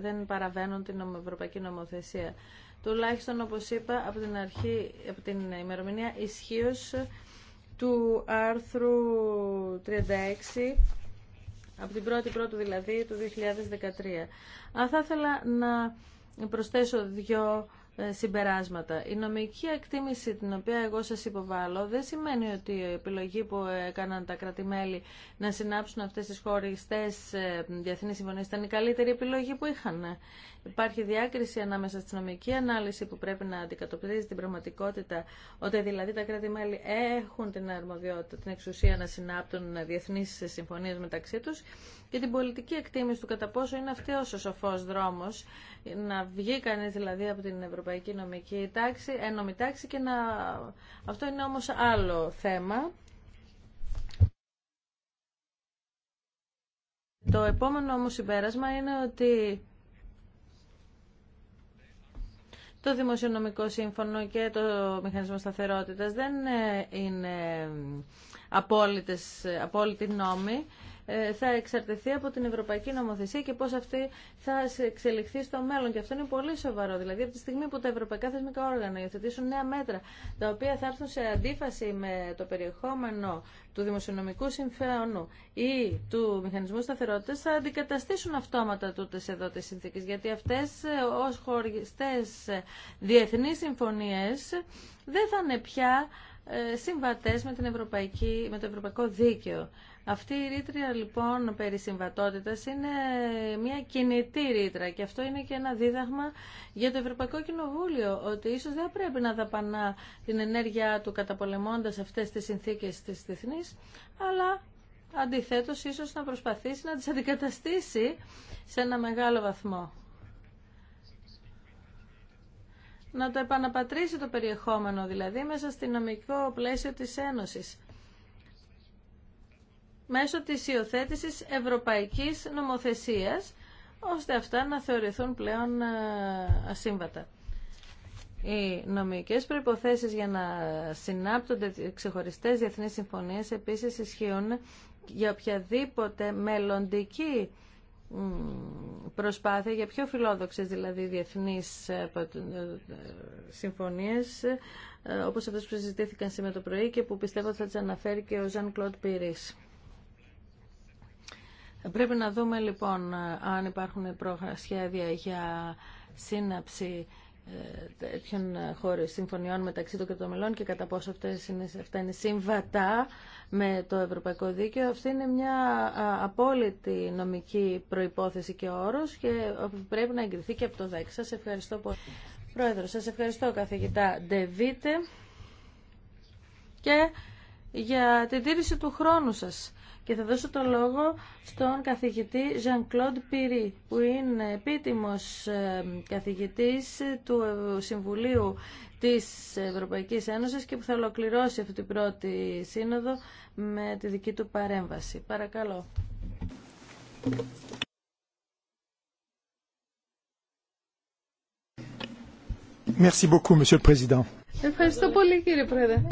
δεν παραβαίνουν την ευρωπαϊκή νομοθεσία. Τουλάχιστον, όπως είπα, από την, αρχή, από την ημερομηνία ισχύω του άρθρου 36 από την 1η δηλαδή του 2013. Αν θα ήθελα να προσθέσω δύο ε, συμπεράσματα. Η νομική εκτίμηση την οποία εγώ σας υποβάλλω δεν σημαίνει ότι η επιλογή που έκαναν τα κρατημέλη να συνάψουν αυτές τις χωριστές ε, διεθνείς συμφωνίες ήταν η καλύτερη επιλογή που είχαν. Υπάρχει διάκριση ανάμεσα στην νομική ανάλυση που πρέπει να αντικατοπτρίζει την πραγματικότητα, ότι δηλαδή τα κράτη-μέλη έχουν την αρμοδιότητα, την εξουσία να συνάπτουν διεθνεί συμφωνίε μεταξύ του, και την πολιτική εκτίμηση του κατά πόσο είναι αυτό ο σοφό δρόμο, να βγει κανεί δηλαδή από την ευρωπαϊκή νομική τάξη, ένομη ε, τάξη και να. Αυτό είναι όμω άλλο θέμα. Το επόμενο όμως συμπέρασμα είναι ότι το Δημοσιονομικό Σύμφωνο και το Μηχανισμό Σταθερότητας δεν ε, είναι απόλυτες, απόλυτη ε, θα εξαρτηθεί από την Ευρωπαϊκή Νομοθεσία και πώ αυτή θα εξελιχθεί στο μέλλον. Και αυτό είναι πολύ σοβαρό. Δηλαδή, από τη στιγμή που τα ευρωπαϊκά θεσμικά όργανα υιοθετήσουν νέα μέτρα, τα οποία θα έρθουν σε αντίφαση με το περιεχόμενο του δημοσιονομικού συμφέρονου ή του μηχανισμού σταθερότητα, θα αντικαταστήσουν αυτόματα τούτε εδώ τι συνθήκε. Γιατί αυτέ ε, ω χωριστέ διεθνεί συμφωνίε δεν θα είναι πια ε, συμβατές με, την με το Ευρωπαϊκό Δίκαιο. Αυτή η ρήτρια λοιπόν περί συμβατότητας είναι μια κινητή ρήτρα και αυτό είναι και ένα δίδαγμα για το Ευρωπαϊκό Κοινοβούλιο ότι ίσως δεν πρέπει να δαπανά την ενέργειά του καταπολεμώντας αυτές τις συνθήκες της τεχνής αλλά αντιθέτως ίσως να προσπαθήσει να τις αντικαταστήσει σε ένα μεγάλο βαθμό. Να το επαναπατρίσει το περιεχόμενο δηλαδή μέσα στην νομικό πλαίσιο της Ένωσης μέσω της υιοθέτησης ευρωπαϊκής νομοθεσίας, ώστε αυτά να θεωρηθούν πλέον ε, ασύμβατα. Οι νομικές προϋποθέσεις για να συνάπτονται ξεχωριστές διεθνείς συμφωνίες επίσης ισχύουν για οποιαδήποτε μελλοντική προσπάθεια για πιο φιλόδοξες δηλαδή διεθνείς ε, ε, συμφωνίες όπως αυτές που συζητήθηκαν σήμερα το πρωί και που πιστεύω θα τις αναφέρει και ο Ζαν Κλοντ Πυρίς. Πρέπει να δούμε λοιπόν αν υπάρχουν σχέδια για σύναψη ε, τέτοιων χώρων συμφωνιών μεταξύ των κρατομελών και κατά πόσο είναι, αυτά είναι συμβατά με το ευρωπαϊκό δίκαιο. Αυτή είναι μια απόλυτη νομική προϋπόθεση και όρος και ε, πρέπει να εγκριθεί και από το ΔΕΚ. Σας ευχαριστώ πολύ. Πρόεδρο, σας ευχαριστώ καθηγητά Ντεβίτε και για την τήρηση του χρόνου σας. Και θα δώσω το λόγο στον καθηγητή Jean-Claude Piri, που είναι επίτιμος ε, καθηγητής του Συμβουλίου της Ευρωπαϊκής Ένωσης και που θα ολοκληρώσει αυτή την πρώτη σύνοδο με τη δική του παρέμβαση. Παρακαλώ. Ευχαριστώ πολύ κύριε Πρόεδρε.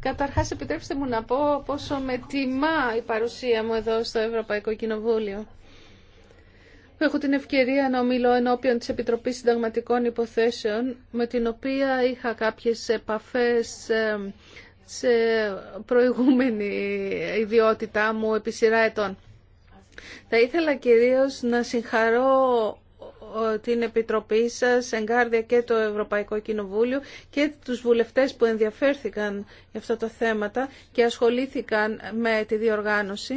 Καταρχά επιτρέψτε μου να πω πόσο με τιμά η παρουσία μου εδώ στο Ευρωπαϊκό Κοινοβούλιο. Έχω την ευκαιρία να ομιλώ ενώπιον της Επιτροπής Συνταγματικών Υποθέσεων με την οποία είχα κάποιες επαφές ε, σε προηγούμενη ιδιότητά μου επί σειρά ετών. Θα ήθελα κυρίως να συγχαρώ την Επιτροπή σας, Εγκάρδια και το Ευρωπαϊκό Κοινοβούλιο και τους βουλευτές που ενδιαφέρθηκαν για αυτά τα θέματα και ασχολήθηκαν με τη διοργάνωση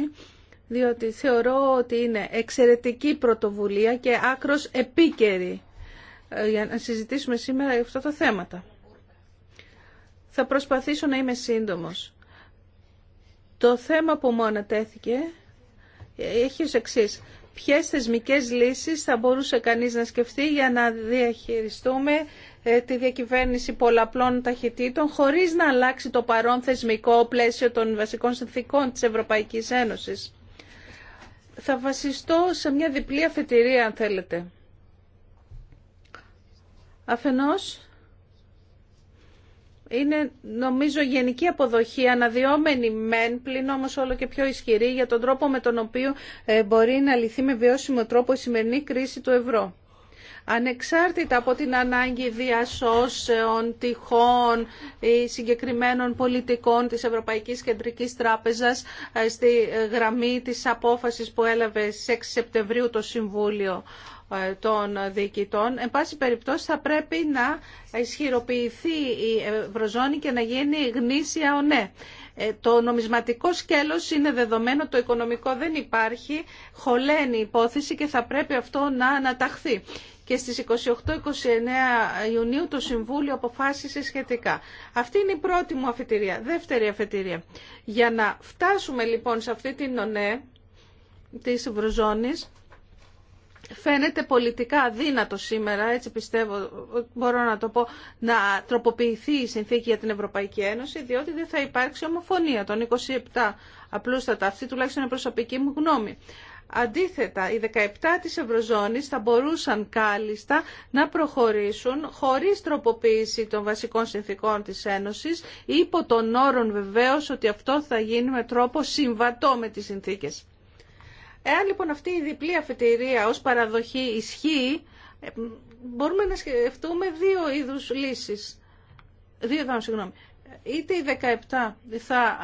διότι θεωρώ ότι είναι εξαιρετική πρωτοβουλία και άκρος επίκαιρη ε, για να συζητήσουμε σήμερα για αυτά τα θέματα. Θα προσπαθήσω να είμαι σύντομος. Το θέμα που μου ανατέθηκε έχει ως εξής ποιες θεσμικές λύσεις θα μπορούσε κανείς να σκεφτεί για να διαχειριστούμε ε, τη διακυβέρνηση πολλαπλών ταχυτήτων χωρίς να αλλάξει το παρόν θεσμικό πλαίσιο των βασικών συνθήκων της Ευρωπαϊκής Ένωσης. Θα βασιστώ σε μια διπλή αφετηρία αν θέλετε. Αφενός, είναι νομίζω γενική αποδοχή, αναδυόμενη μεν, πλην όμως όλο και πιο ισχυρή για τον τρόπο με τον οποίο ε, μπορεί να λυθεί με βιώσιμο τρόπο η σημερινή κρίση του ευρώ. Ανεξάρτητα από την ανάγκη διασώσεων, τυχών ή συγκεκριμένων πολιτικών της Ευρωπαϊκής Κεντρικής Τράπεζας ε, στη ε, γραμμή της απόφασης που έλαβε 6 Σεπτεμβρίου το Συμβούλιο ε, των διοικητών. Εν πάση περιπτώσει θα πρέπει να ισχυροποιηθεί η Ευρωζώνη και να γίνει γνήσια ο ναι. Ε, το νομισματικό σκέλος είναι δεδομένο, το οικονομικό δεν υπάρχει, χωλαίνει η υπόθεση και θα πρέπει αυτό να αναταχθεί. Και στις 28-29 Ιουνίου το Συμβούλιο αποφάσισε σχετικά. Αυτή είναι η πρώτη μου αφετηρία, δεύτερη αφετηρία. Για να φτάσουμε λοιπόν σε αυτή την ονέ ναι της Ευρωζώνης, φαίνεται πολιτικά αδύνατο σήμερα, έτσι πιστεύω, μπορώ να το πω, να τροποποιηθεί η συνθήκη για την Ευρωπαϊκή Ένωση, διότι δεν θα υπάρξει ομοφωνία των 27 απλούστατα. Αυτή τουλάχιστον είναι προσωπική μου γνώμη. Αντίθετα, οι 17 της Ευρωζώνης θα μπορούσαν κάλλιστα να προχωρήσουν χωρίς τροποποίηση των βασικών συνθήκων της Ένωσης, υπό τον όρον βεβαίως ότι αυτό θα γίνει με τρόπο συμβατό με τις συνθήκες. Εάν λοιπόν αυτή η διπλή αφετηρία ως παραδοχή ισχύει, ε, μπορούμε να σκεφτούμε δύο είδους λύσεις. Δύο, δάμε, συγγνώμη. Είτε οι 17 θα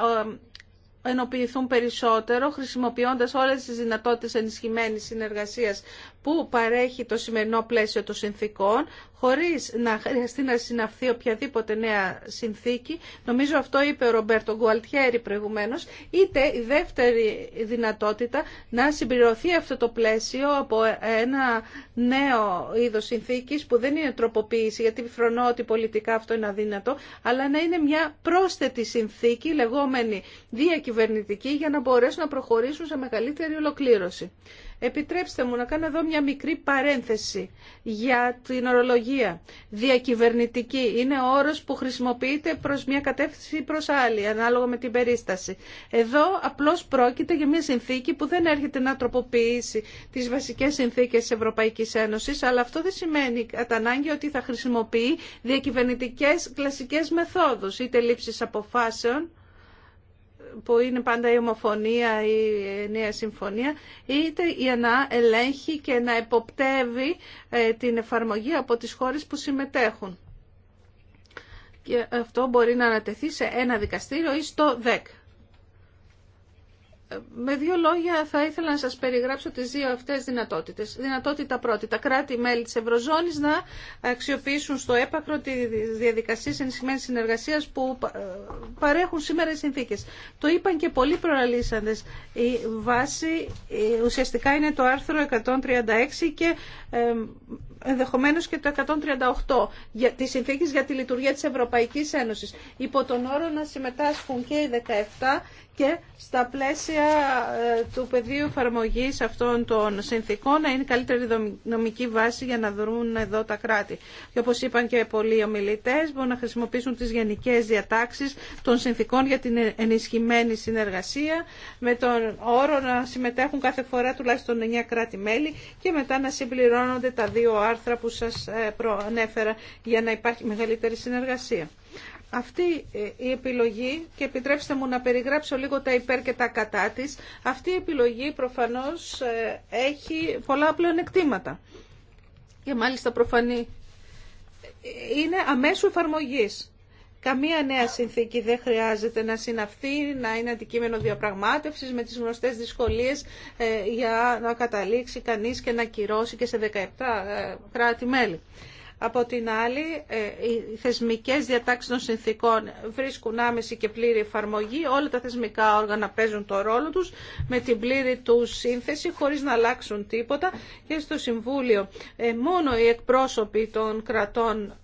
ε, ενοποιηθούν περισσότερο, χρησιμοποιώντας όλες τις δυνατότητες ενισχυμένης συνεργασίας που παρέχει το σημερινό πλαίσιο των συνθήκων, χωρίς να χρειαστεί να συναυθεί οποιαδήποτε νέα συνθήκη, νομίζω αυτό είπε ο Ρομπέρτο Γκουαλτιέρη προηγουμένως, είτε η δεύτερη δυνατότητα να συμπληρωθεί αυτό το πλαίσιο από ένα νέο είδος συνθήκης που δεν είναι τροποποίηση, γιατί φρονώ ότι πολιτικά αυτό είναι αδύνατο, αλλά να είναι μια πρόσθετη συνθήκη, λεγόμενη διακυβερνητική, για να μπορέσουν να προχωρήσουν σε μεγαλύτερη ολοκλήρωση. Επιτρέψτε μου να κάνω εδώ μια μικρή παρένθεση για την ορολογία. Διακυβερνητική είναι ο όρος που χρησιμοποιείται προς μια κατεύθυνση ή προς άλλη, ανάλογα με την περίσταση. Εδώ απλώς πρόκειται για μια συνθήκη που δεν έρχεται να τροποποιήσει τις βασικές συνθήκες της Ευρωπαϊκής Ένωσης, αλλά αυτό δεν σημαίνει κατά ανάγκη ότι θα χρησιμοποιεί διακυβερνητικές κλασικές μεθόδους, είτε λήψης αποφάσεων, που είναι πάντα η ομοφωνία ή η νέα συμφωνία, είτε για να ελέγχει και να εποπτεύει ε, την εφαρμογή από τις χώρες που συμμετέχουν. Και αυτό μπορεί να ανατεθεί σε ένα δικαστήριο ή στο ΔΕΚ με δύο λόγια θα ήθελα να σας περιγράψω τις δύο αυτές δυνατότητες. Δυνατότητα πρώτη, τα κράτη-μέλη της Ευρωζώνης να αξιοποιήσουν στο έπακρο τη διαδικασία ενισχυμένη συνεργασίας που ε, παρέχουν σήμερα οι συνθήκες. Το είπαν και πολλοί προαλήσαντες, Η βάση ε, ουσιαστικά είναι το άρθρο 136 και ε, ενδεχομένω και το 138 για τις συνθήκες για τη λειτουργία της Ευρωπαϊκής Ένωσης. Υπό τον όρο να συμμετάσχουν και οι 17 και στα πλαίσια ε, του πεδίου εφαρμογή αυτών των συνθήκων να είναι καλύτερη νομική βάση για να δρουν εδώ τα κράτη. Και όπως είπαν και πολλοί ομιλητές, μπορούν να χρησιμοποιήσουν τις γενικές διατάξεις των συνθήκων για την ενισχυμένη συνεργασία με τον όρο να συμμετέχουν κάθε φορά τουλάχιστον 9 κράτη-μέλη και μετά να συμπληρώνονται τα δύο άρθρα που σας ε, προανέφερα για να υπάρχει μεγαλύτερη συνεργασία. Αυτή ε, η επιλογή, και επιτρέψτε μου να περιγράψω λίγο τα υπέρ και τα κατά της, αυτή η επιλογή προφανώς ε, έχει πολλά εκτίματα. Και μάλιστα προφανή ε, είναι αμέσου εφαρμογής. Καμία νέα συνθήκη δεν χρειάζεται να συναυθεί, να είναι αντικείμενο διαπραγμάτευσης με τις γνωστές δυσκολίες για να καταλήξει κανείς και να κυρώσει και σε 17 κράτη-μέλη. Από την άλλη, ε, οι θεσμικές διατάξεις των συνθήκων βρίσκουν άμεση και πλήρη εφαρμογή. Όλα τα θεσμικά όργανα παίζουν το ρόλο τους με την πλήρη του σύνθεση χωρίς να αλλάξουν τίποτα. Και στο Συμβούλιο ε, μόνο οι εκπρόσωποι των κρατών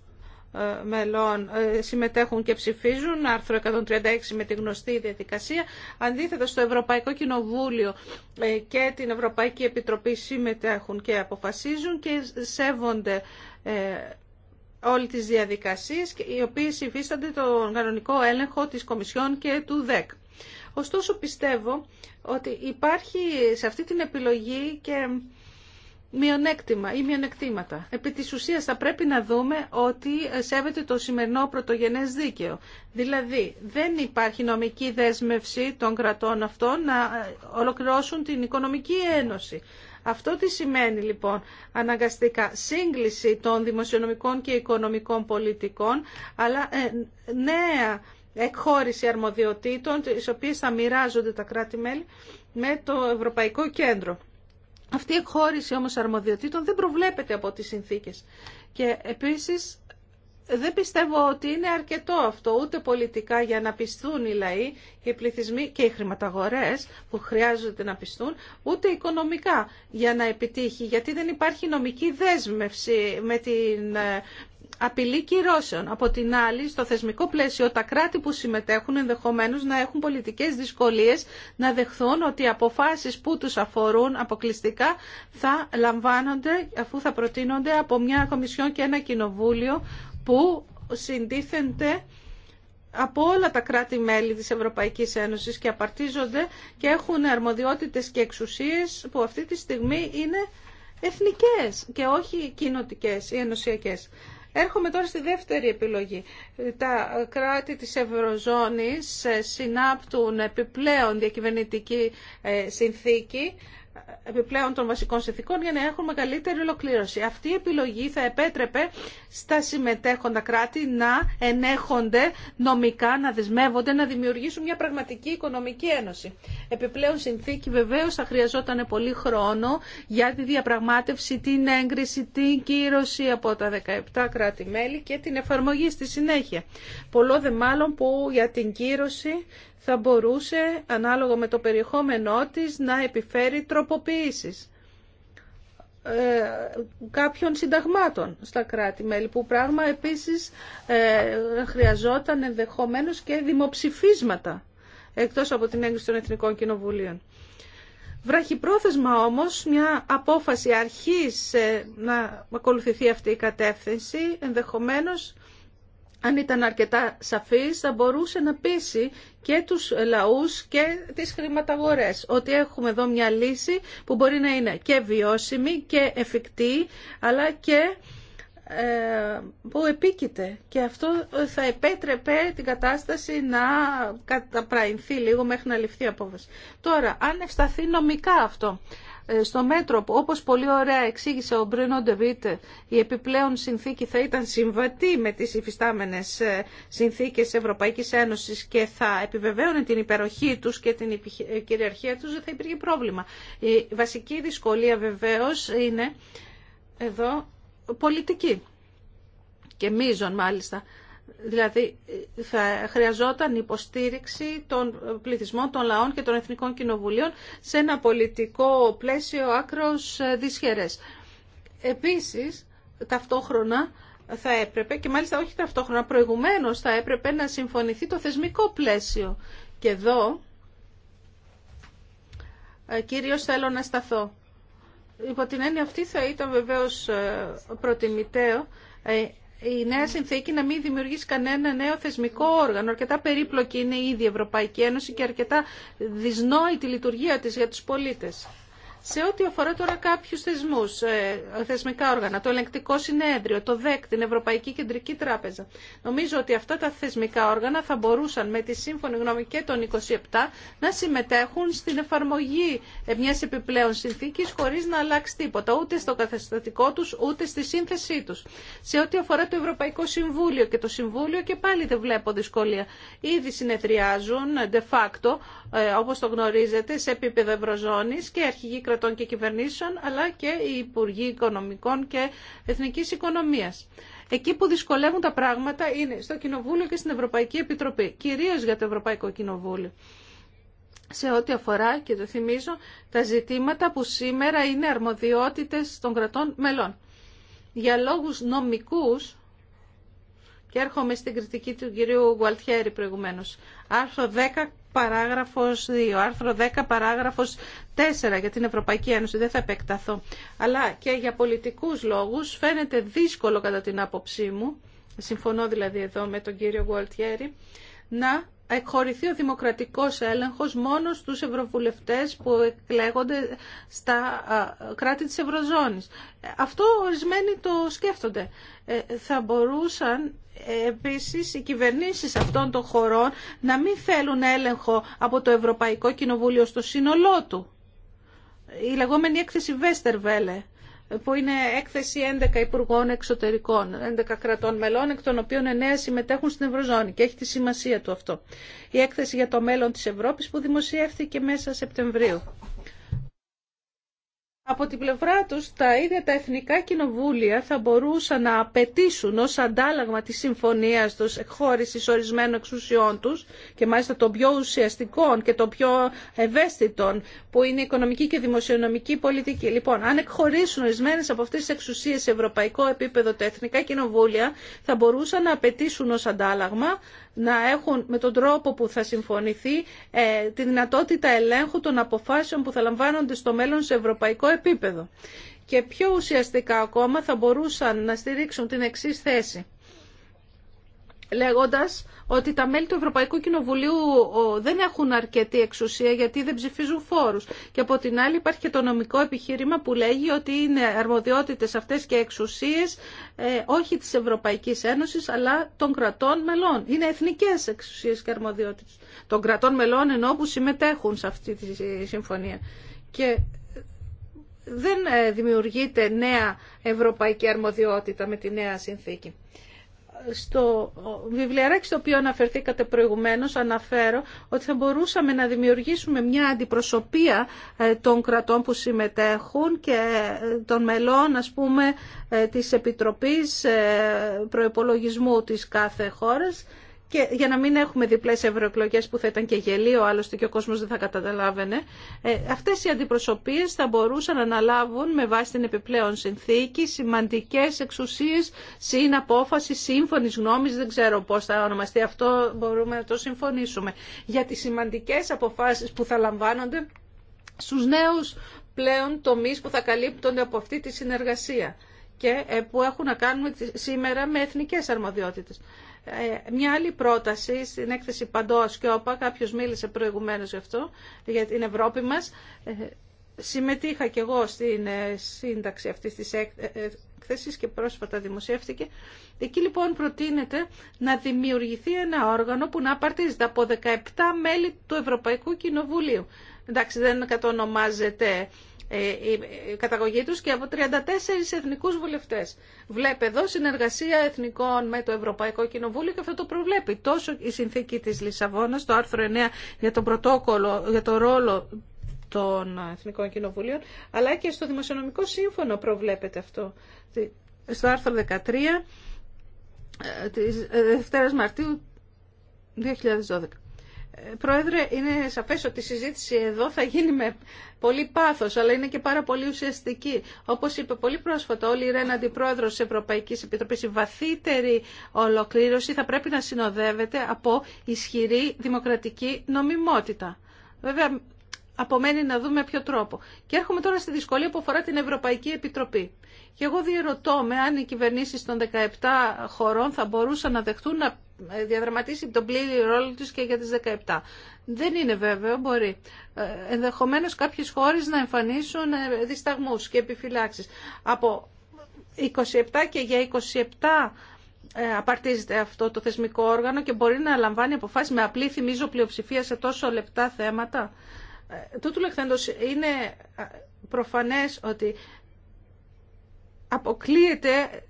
ε, μελών ε, συμμετέχουν και ψηφίζουν, άρθρο 136 με τη γνωστή διαδικασία. Αντίθετα, στο Ευρωπαϊκό Κοινοβούλιο ε, και την Ευρωπαϊκή Επιτροπή συμμετέχουν και αποφασίζουν και σέβονται όλη τις διαδικασίες, οι οποίες υφίστανται τον κανονικό έλεγχο της Κομισιόν και του ΔΕΚ. Ωστόσο, πιστεύω ότι υπάρχει σε αυτή την επιλογή και μειονέκτημα ή μειονεκτήματα. Επί της ουσίας θα πρέπει να δούμε ότι σέβεται το σημερινό πρωτογενές δίκαιο. Δηλαδή δεν υπάρχει νομική δέσμευση των κρατών αυτών να ε, ολοκληρώσουν την οικονομική ένωση. Αυτό τι σημαίνει λοιπόν αναγκαστικά σύγκληση των δημοσιονομικών και οικονομικών πολιτικών, αλλά ε, νέα εκχώρηση αρμοδιοτήτων, τις οποίες θα μοιράζονται τα κράτη-μέλη, με το Ευρωπαϊκό Κέντρο. Αυτή η εκχώρηση όμως αρμοδιοτήτων δεν προβλέπεται από τις συνθήκες. Και επίσης δεν πιστεύω ότι είναι αρκετό αυτό ούτε πολιτικά για να πιστούν οι λαοί, οι πληθυσμοί και οι χρηματαγορές που χρειάζονται να πιστούν, ούτε οικονομικά για να επιτύχει, γιατί δεν υπάρχει νομική δέσμευση με την ε, απειλή κυρώσεων. Από την άλλη, στο θεσμικό πλαίσιο, τα κράτη που συμμετέχουν ενδεχομένω να έχουν πολιτικές δυσκολίε να δεχθούν ότι οι αποφάσεις που τους αφορούν αποκλειστικά θα λαμβάνονται, αφού θα προτείνονται από μια Κομισιόν και ένα Κοινοβούλιο που συντίθενται από όλα τα κράτη-μέλη της Ευρωπαϊκής Ένωσης και απαρτίζονται και έχουν αρμοδιότητες και εξουσίες που αυτή τη στιγμή είναι εθνικές και όχι κοινοτικές ή ενωσιακές. Έρχομαι τώρα στη δεύτερη επιλογή. Τα κράτη της Ευρωζώνης ε, συνάπτουν επιπλέον διακυβερνητική ε, συνθήκη επιπλέον των βασικών συνθήκων για να έχουν μεγαλύτερη ολοκλήρωση. Αυτή η επιλογή θα επέτρεπε στα συμμετέχοντα κράτη να ενέχονται νομικά, να δεσμεύονται, να δημιουργήσουν μια πραγματική οικονομική ένωση. Επιπλέον συνθήκη βεβαίω θα χρειαζόταν πολύ χρόνο για τη διαπραγμάτευση, την έγκριση, την κύρωση από τα 17 κράτη-μέλη και την εφαρμογή στη συνέχεια. Πολλό δε μάλλον που για την κύρωση θα μπορούσε, ανάλογο με το περιεχόμενό της, να επιφέρει τροποποιήσεις ε, κάποιων συνταγμάτων στα κράτη-μέλη, που πράγμα επίσης ε, χρειαζόταν ενδεχομένως και δημοψηφίσματα, εκτός από την έγκριση των Εθνικών Κοινοβουλίων. Βραχυπρόθεσμα όμως μια απόφαση αρχής ε, να ακολουθηθεί αυτή η κατεύθυνση, ενδεχομένως αν ήταν αρκετά σαφής, θα μπορούσε να πείσει και τους λαούς και τις χρηματαγορές ότι έχουμε εδώ μια λύση που μπορεί να είναι και βιώσιμη και εφικτή, αλλά και ε, που επίκειται. Και αυτό θα επέτρεπε την κατάσταση να καταπραϊνθεί λίγο μέχρι να ληφθεί απόφαση. Τώρα, αν ευσταθεί νομικά αυτό, στο μέτρο που όπως πολύ ωραία εξήγησε ο Μπρίνο Ντεβίτε η επιπλέον συνθήκη θα ήταν συμβατή με τις υφιστάμενες ε, συνθήκες Ευρωπαϊκής Ένωσης και θα επιβεβαίωνε την υπεροχή τους και την ε, κυριαρχία τους δεν θα υπήρχε πρόβλημα. Η βασική δυσκολία βεβαίως είναι εδώ πολιτική και μίζων μάλιστα. Δηλαδή θα χρειαζόταν υποστήριξη των πληθυσμών, των λαών και των εθνικών κοινοβουλίων σε ένα πολιτικό πλαίσιο άκρος δυσχερές. Επίσης, ταυτόχρονα θα έπρεπε, και μάλιστα όχι ταυτόχρονα, προηγουμένως θα έπρεπε να συμφωνηθεί το θεσμικό πλαίσιο. Και εδώ, ε, κυρίως θέλω να σταθώ. Υπό την έννοια αυτή θα ήταν βεβαίως ε, προτιμητέο ε, η νέα συνθήκη να μην δημιουργήσει κανένα νέο θεσμικό όργανο. Αρκετά περίπλοκη είναι η ίδια η Ευρωπαϊκή Ένωση και αρκετά δυσνόητη λειτουργία της για τους πολίτες. Σε ό,τι αφορά τώρα κάποιου θεσμού, ε, θεσμικά όργανα, το ελεγκτικό συνέδριο, το ΔΕΚ, την Ευρωπαϊκή Κεντρική Τράπεζα, νομίζω ότι αυτά τα θεσμικά όργανα θα μπορούσαν με τη σύμφωνη γνώμη και των 27 να συμμετέχουν στην εφαρμογή ε, μια επιπλέον συνθήκη χωρί να αλλάξει τίποτα, ούτε στο καθεστατικό του, ούτε στη σύνθεσή του. Σε ό,τι αφορά το Ευρωπαϊκό Συμβούλιο και το Συμβούλιο και πάλι δεν βλέπω δυσκολία. Ήδη συνεδριάζουν ε, de facto, όπω το γνωρίζετε, σε επίπεδο Ευρωζώνη και αρχηγή κρατών και κυβερνήσεων, αλλά και οι Υπουργοί Οικονομικών και Εθνικής Οικονομίας. Εκεί που δυσκολεύουν τα πράγματα είναι στο Κοινοβούλιο και στην Ευρωπαϊκή Επιτροπή, κυρίως για το Ευρωπαϊκό Κοινοβούλιο σε ό,τι αφορά, και το θυμίζω, τα ζητήματα που σήμερα είναι αρμοδιότητες των κρατών μελών. Για λόγους νομικούς, και έρχομαι στην κριτική του κυρίου Γουαλτιέρη προηγουμένως, άρθρο 10, παράγραφος 2, άρθρο 10 παράγραφος 4 για την Ευρωπαϊκή Ένωση, δεν θα επεκταθώ. Αλλά και για πολιτικούς λόγους φαίνεται δύσκολο κατά την άποψή μου, συμφωνώ δηλαδή εδώ με τον κύριο Γουαλτιέρη, να εκχωρηθεί ο δημοκρατικός έλεγχος μόνο στους ευρωβουλευτές που εκλέγονται στα κράτη της Ευρωζώνης. Αυτό ορισμένοι το σκέφτονται. Ε, θα μπορούσαν επίσης οι κυβερνήσεις αυτών των χωρών να μην θέλουν έλεγχο από το Ευρωπαϊκό Κοινοβούλιο στο σύνολό του. Η λεγόμενη έκθεση Βέστερβέλε που είναι έκθεση 11 υπουργών εξωτερικών, 11 κρατών μελών, εκ των οποίων 9 συμμετέχουν στην Ευρωζώνη και έχει τη σημασία του αυτό. Η έκθεση για το μέλλον της Ευρώπης που δημοσιεύθηκε μέσα Σεπτεμβρίου από την πλευρά τους τα ίδια τα εθνικά κοινοβούλια θα μπορούσαν να απαιτήσουν ως αντάλλαγμα της συμφωνίας τους εκχώρησης ορισμένων εξουσιών τους και μάλιστα των πιο ουσιαστικών και των πιο ευαίσθητων που είναι η οικονομική και δημοσιονομική πολιτική. Λοιπόν, αν εκχωρήσουν ορισμένες από αυτές τις εξουσίες σε ευρωπαϊκό επίπεδο τα εθνικά κοινοβούλια θα μπορούσαν να απαιτήσουν ως αντάλλαγμα να έχουν με τον τρόπο που θα συμφωνηθεί ε, τη δυνατότητα ελέγχου των αποφάσεων που θα λαμβάνονται στο μέλλον σε ευρωπαϊκό επίπεδο. Και πιο ουσιαστικά ακόμα θα μπορούσαν να στηρίξουν την εξή θέση λέγοντας ότι τα μέλη του Ευρωπαϊκού Κοινοβουλίου δεν έχουν αρκετή εξουσία γιατί δεν ψηφίζουν φόρους. Και από την άλλη υπάρχει και το νομικό επιχείρημα που λέγει ότι είναι αρμοδιότητες αυτές και εξουσίες ε, όχι της Ευρωπαϊκής Ένωσης αλλά των κρατών μελών. Είναι εθνικές εξουσίες και αρμοδιότητες των κρατών μελών ενώ που συμμετέχουν σε αυτή τη συμφωνία. Και δεν ε, δημιουργείται νέα ευρωπαϊκή αρμοδιότητα με τη νέα συνθήκη. Στο βιβλιαράκι στο οποίο αναφερθήκατε προηγουμένως αναφέρω ότι θα μπορούσαμε να δημιουργήσουμε μια αντιπροσωπεία ε, των κρατών που συμμετέχουν και ε, των μελών ας πούμε της Επιτροπής Προϋπολογισμού της κάθε χώρας και για να μην έχουμε διπλές ευρωεκλογές που θα ήταν και γελίο, άλλωστε και ο κόσμος δεν θα καταλάβαινε, ε, αυτές οι αντιπροσωπείες θα μπορούσαν να αναλάβουν με βάση την επιπλέον συνθήκη σημαντικές εξουσίες συν απόφαση σύμφωνης γνώμης, δεν ξέρω πώς θα ονομαστεί αυτό, μπορούμε να το συμφωνήσουμε, για τις σημαντικές αποφάσεις που θα λαμβάνονται στους νέους πλέον τομείς που θα καλύπτονται από αυτή τη συνεργασία και ε, που έχουν να κάνουν σήμερα με εθνικές αρμοδιότητες. Ε, μια άλλη πρόταση στην έκθεση Παντό Όπα, κάποιο μίλησε προηγουμένως γι' αυτό, για την Ευρώπη μας. Ε, συμμετείχα κι εγώ στην ε, σύνταξη αυτή της έκθεσης και πρόσφατα δημοσιεύτηκε. Εκεί λοιπόν προτείνεται να δημιουργηθεί ένα όργανο που να απαρτίζεται από 17 μέλη του Ευρωπαϊκού Κοινοβουλίου. Εντάξει, δεν κατονομάζεται ε, η καταγωγή τους και από 34 εθνικούς βουλευτές. Βλέπε εδώ συνεργασία εθνικών με το Ευρωπαϊκό Κοινοβούλιο και αυτό το προβλέπει τόσο η συνθήκη της Λισαβόνας, το άρθρο 9 για τον πρωτόκολλο, για το ρόλο των Εθνικών Κοινοβουλίων, αλλά και στο Δημοσιονομικό Σύμφωνο προβλέπεται αυτό. Στο άρθρο 13 ε, της ε, Δευτέρας Μαρτίου 2012. Πρόεδρε, είναι σαφές ότι η συζήτηση εδώ θα γίνει με πολύ πάθος, αλλά είναι και πάρα πολύ ουσιαστική. Όπως είπε πολύ πρόσφατα όλοι η ΡΕΝ Αντιπρόεδρος της Ευρωπαϊκής Επιτροπής, η βαθύτερη ολοκλήρωση θα πρέπει να συνοδεύεται από ισχυρή δημοκρατική νομιμότητα. Βέβαια, απομένει να δούμε ποιο τρόπο. Και έρχομαι τώρα στη δυσκολία που αφορά την Ευρωπαϊκή Επιτροπή. Και εγώ διερωτώ με αν οι κυβερνήσεις των 17 χωρών θα μπορούσαν να δεχτούν να διαδραματίσει τον πλήρη ρόλο τους και για τις 17. Δεν είναι βέβαιο, μπορεί. Ε, ενδεχομένως κάποιες χώρες να εμφανίσουν ε, δισταγμούς και επιφυλάξεις. Από 27 και για 27 ε, απαρτίζεται αυτό το θεσμικό όργανο και μπορεί να λαμβάνει αποφάσεις με απλή θυμίζω πλειοψηφία σε τόσο λεπτά θέματα. Τούτου λεχθέντος είναι προφανές ότι αποκλείεται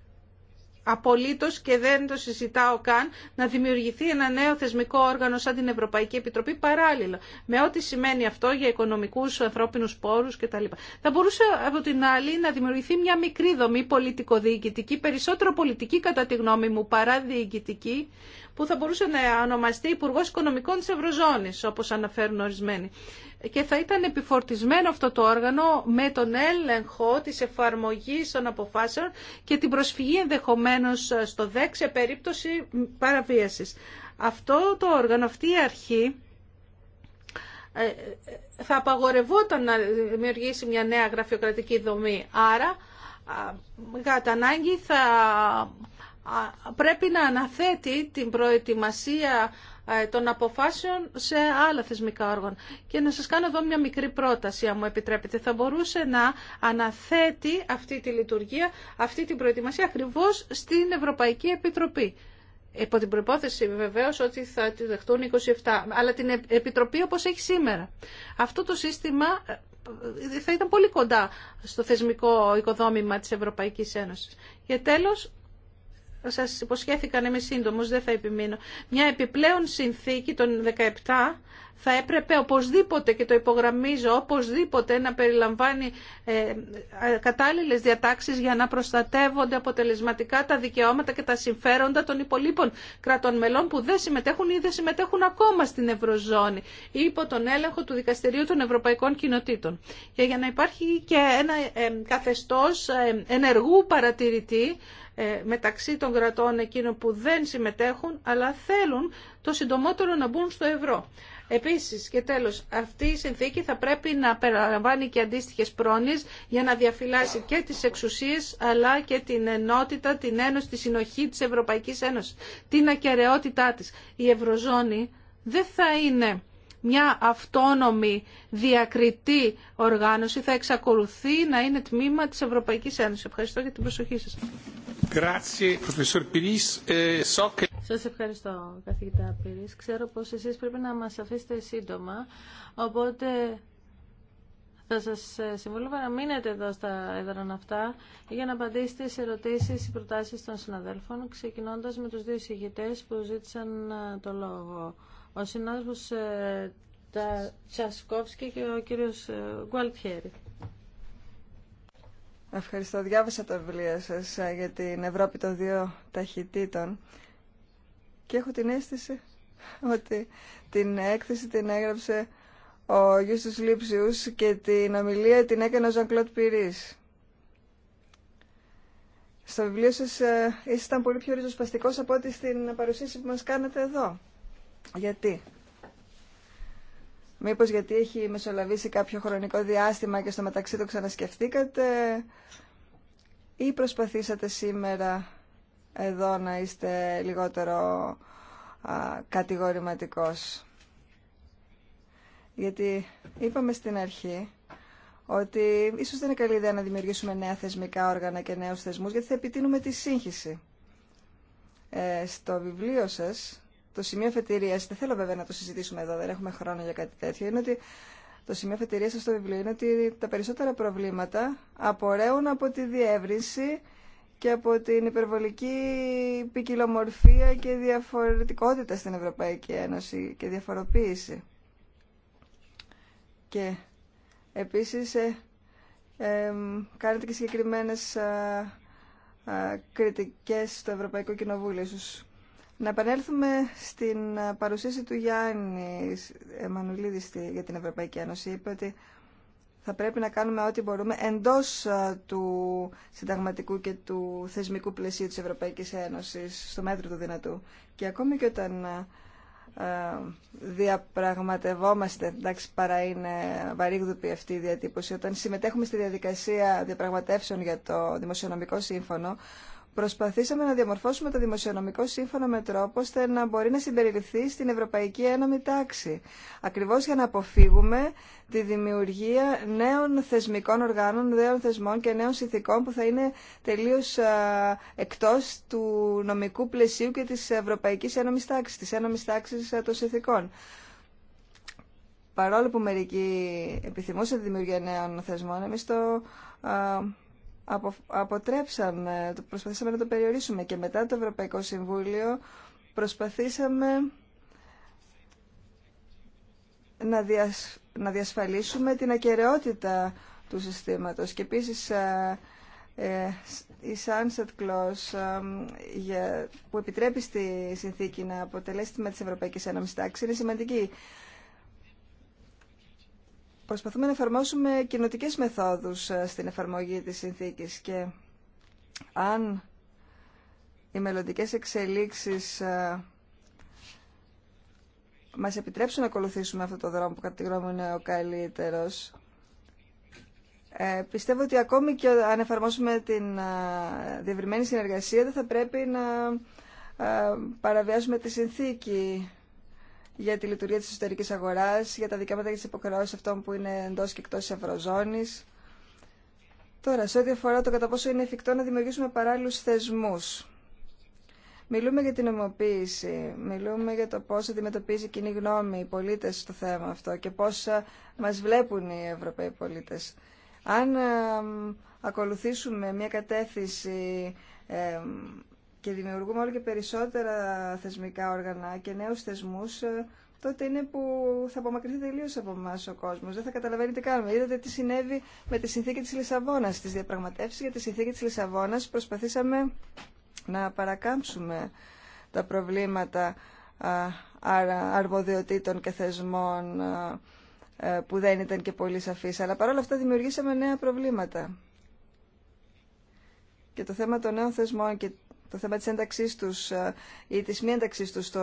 απολύτως και δεν το συζητάω καν να δημιουργηθεί ένα νέο θεσμικό όργανο σαν την Ευρωπαϊκή Επιτροπή παράλληλα με ό,τι σημαίνει αυτό για οικονομικούς, ανθρώπινους πόρους κτλ. Θα μπορούσε από την άλλη να δημιουργηθεί μια μικρή δομή πολιτικοδιοικητική, περισσότερο πολιτική κατά τη γνώμη μου παρά διοικητική, που θα μπορούσε να ονομαστεί Υπουργό Οικονομικών της Ευρωζώνης, όπως αναφέρουν ορισμένοι και θα ήταν επιφορτισμένο αυτό το όργανο με τον έλεγχο της εφαρμογής των αποφάσεων και την προσφυγή ενδεχομένως στο ΔΕΚ σε περίπτωση παραβίασης. Αυτό το όργανο, αυτή η αρχή ε, θα απαγορευόταν να δημιουργήσει μια νέα γραφειοκρατική δομή. Άρα, κατά ανάγκη θα πρέπει να αναθέτει την προετοιμασία ε, των αποφάσεων σε άλλα θεσμικά όργανα. Και να σας κάνω εδώ μια μικρή πρόταση, αν μου επιτρέπετε. Θα μπορούσε να αναθέτει αυτή τη λειτουργία, αυτή την προετοιμασία ακριβώς στην Ευρωπαϊκή Επιτροπή. Υπό την προπόθεση βεβαίως ότι θα τη δεχτούν 27, αλλά την Επιτροπή όπως έχει σήμερα. Αυτό το σύστημα ε, θα ήταν πολύ κοντά στο θεσμικό οικοδόμημα της Ευρωπαϊκής Ένωσης. Και τέλος, σας υποσχέθηκα να είμαι σύντομος, δεν θα επιμείνω, μια επιπλέον συνθήκη των 17 θα έπρεπε οπωσδήποτε και το υπογραμμίζω οπωσδήποτε να περιλαμβάνει ε, κατάλληλες διατάξεις για να προστατεύονται αποτελεσματικά τα δικαιώματα και τα συμφέροντα των υπολείπων κρατών μελών που δεν συμμετέχουν ή δεν συμμετέχουν ακόμα στην Ευρωζώνη ή υπό τον έλεγχο του Δικαστηρίου των Ευρωπαϊκών Κοινοτήτων. Και για να υπάρχει και ένα ε, καθεστώς ε, ενεργού παρατηρητή ε, μεταξύ των κρατών εκείνων που δεν συμμετέχουν αλλά θέλουν το συντομότερο να μπουν στο ευρώ. Επίσης και τέλος, αυτή η συνθήκη θα πρέπει να περιλαμβάνει και αντίστοιχε πρόνοιε για να διαφυλάσει και τις εξουσίες αλλά και την ενότητα, την ένωση, τη συνοχή της Ευρωπαϊκής Ένωσης, την ακαιρεότητά της. Η Ευρωζώνη δεν θα είναι μια αυτόνομη διακριτή οργάνωση θα εξακολουθεί να είναι τμήμα της Ευρωπαϊκής Ένωσης. Ευχαριστώ για την προσοχή σας. Ε, σας ευχαριστώ, καθηγητά Πυρίς. Ξέρω πως εσείς πρέπει να μας αφήσετε σύντομα, οπότε θα σας ε, συμβούλευα να μείνετε εδώ στα έδρανα αυτά για να απαντήσετε σε ερωτήσεις ή προτάσεις των συναδέλφων, ξεκινώντας με τους δύο εισηγητές που ζήτησαν ε, το λόγο ο συνάδελφος ε, τα Τσασκόφσκι και ο κύριος ε, Γκουαλτιέρη. Ευχαριστώ. Διάβασα τα βιβλία σας ε, για την Ευρώπη των δύο ταχυτήτων και έχω την αίσθηση ότι την έκθεση την έγραψε ο Γιώστος Λίψιους και την ομιλία την έκανε ο Ζαν Κλωτ Πυρίς. Στο βιβλίο σας ήσασταν πολύ πιο ριζοσπαστικός από ό,τι στην παρουσίαση που μας κάνατε εδώ. Γιατί. Μήπως γιατί έχει μεσολαβήσει κάποιο χρονικό διάστημα και στο μεταξύ το ξανασκεφτήκατε ή προσπαθήσατε σήμερα εδώ να είστε λιγότερο α, κατηγορηματικός. Γιατί είπαμε στην αρχή ότι ίσως δεν είναι καλή ιδέα να δημιουργήσουμε νέα θεσμικά όργανα και νέους θεσμούς γιατί θα επιτείνουμε τη σύγχυση. Ε, στο βιβλίο σας το σημείο αφετηρία, δεν θέλω βέβαια να το συζητήσουμε εδώ, δεν έχουμε χρόνο για κάτι τέτοιο, είναι ότι το σημείο αφετηρία στο βιβλίο είναι ότι τα περισσότερα προβλήματα απορρέουν από τη διεύρυνση και από την υπερβολική ποικιλομορφία και διαφορετικότητα στην Ευρωπαϊκή Ένωση και διαφοροποίηση. Και επίσης ε, κάνετε και συγκεκριμένες κριτικές στο Ευρωπαϊκό Κοινοβούλιο. Ίσως να επανέλθουμε στην παρουσίαση του Γιάννη Εμμανουλίδη για την Ευρωπαϊκή Ένωση. Είπε ότι θα πρέπει να κάνουμε ό,τι μπορούμε εντός ε, του συνταγματικού και του θεσμικού πλαισίου της Ευρωπαϊκής Ένωσης, στο μέτρο του δυνατού. Και ακόμη και όταν ε, ε, διαπραγματευόμαστε, εντάξει παρά είναι βαρύγδουπη αυτή η διατύπωση, όταν συμμετέχουμε στη διαδικασία διαπραγματεύσεων για το Δημοσιονομικό Σύμφωνο, Προσπαθήσαμε να διαμορφώσουμε το δημοσιονομικό σύμφωνο με τρόπο ώστε να μπορεί να συμπεριληφθεί στην Ευρωπαϊκή Ένωμη Τάξη. Ακριβώ για να αποφύγουμε τη δημιουργία νέων θεσμικών οργάνων, νέων θεσμών και νέων συνθηκών που θα είναι τελείω εκτό του νομικού πλαισίου και τη Ευρωπαϊκή Ένωμη Τάξη, τη Ένωμη Τάξη των Συνθηκών. Παρόλο που μερικοί επιθυμούσαν τη δημιουργία νέων θεσμών, εμεί το αποτρέψαμε, προσπαθήσαμε να το περιορίσουμε και μετά το Ευρωπαϊκό Συμβούλιο προσπαθήσαμε να, διασ... να διασφαλίσουμε την ακαιρεότητα του συστήματος και επίσης ε, ε, η sunset clause ε, που επιτρέπει στη συνθήκη να αποτελέσει τη με της Ευρωπαϊκής Ένωσης Τάξης είναι σημαντική προσπαθούμε να εφαρμόσουμε κοινοτικέ μεθόδους ε, στην εφαρμογή της συνθήκης και αν οι μελλοντικέ εξελίξεις ε, μας επιτρέψουν να ακολουθήσουμε αυτό το δρόμο που κατά τη γνώμη είναι ο καλύτερος, ε, πιστεύω ότι ακόμη και αν εφαρμόσουμε την α, διευρυμένη συνεργασία δεν θα πρέπει να παραβιάσουμε τη συνθήκη για τη λειτουργία της εσωτερικής αγοράς, για τα δικαιώματα και τι υποχρεώσει αυτών που είναι εντός και εκτός ευρωζώνη. Τώρα, σε ό,τι αφορά το κατά πόσο είναι εφικτό να δημιουργήσουμε παράλληλου θεσμούς. Μιλούμε για την νομοποίηση, μιλούμε για το πώς αντιμετωπίζει η κοινή γνώμη οι πολίτες στο θέμα αυτό και πώς ε, μας βλέπουν οι Ευρωπαίοι πολίτες. Αν ε, ακολουθήσουμε μια κατεύθυνση ε, και δημιουργούμε όλο και περισσότερα θεσμικά όργανα και νέους θεσμούς, ε, τότε είναι που θα απομακρυνθεί τελείω από εμά ο κόσμο. Δεν θα καταλαβαίνει τι κάνουμε. Είδατε τι συνέβη με τη συνθήκη τη Λισαβόνα. Στι διαπραγματεύσει για τη συνθήκη τη Λισαβόνα προσπαθήσαμε να παρακάμψουμε τα προβλήματα αρμοδιοτήτων και θεσμών ε, που δεν ήταν και πολύ σαφείς. Αλλά παρόλα αυτά δημιουργήσαμε νέα προβλήματα. Και το θέμα των νέων θεσμών και το θέμα της ένταξής τους ε, ή της μη ένταξής τους στο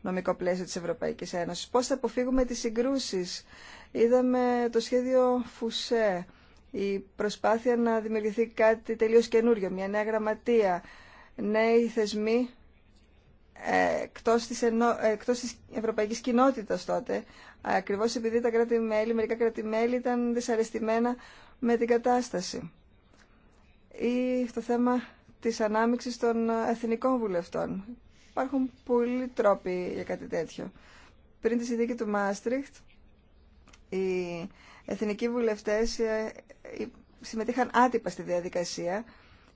νομικό πλαίσιο της Ευρωπαϊκής Ένωσης. Πώς θα αποφύγουμε τις συγκρούσεις. Είδαμε το σχέδιο Φουσέ, η προσπάθεια να δημιουργηθεί κάτι τελείως καινούριο, μια νέα γραμματεία, νέοι θεσμοί ε, εκτός της, ενο... Ε, εκτός ευρωπαϊκής κοινότητας τότε, ακριβώς επειδή τα κράτη-μέλη, μερικά κράτη-μέλη ήταν δυσαρεστημένα με την κατάσταση. Ή το θέμα της ανάμειξης των εθνικών βουλευτών. Υπάρχουν πολλοί τρόποι για κάτι τέτοιο. Πριν τη συνθήκη του Μάστριχτ, οι εθνικοί βουλευτές ε, ε, συμμετείχαν άτυπα στη διαδικασία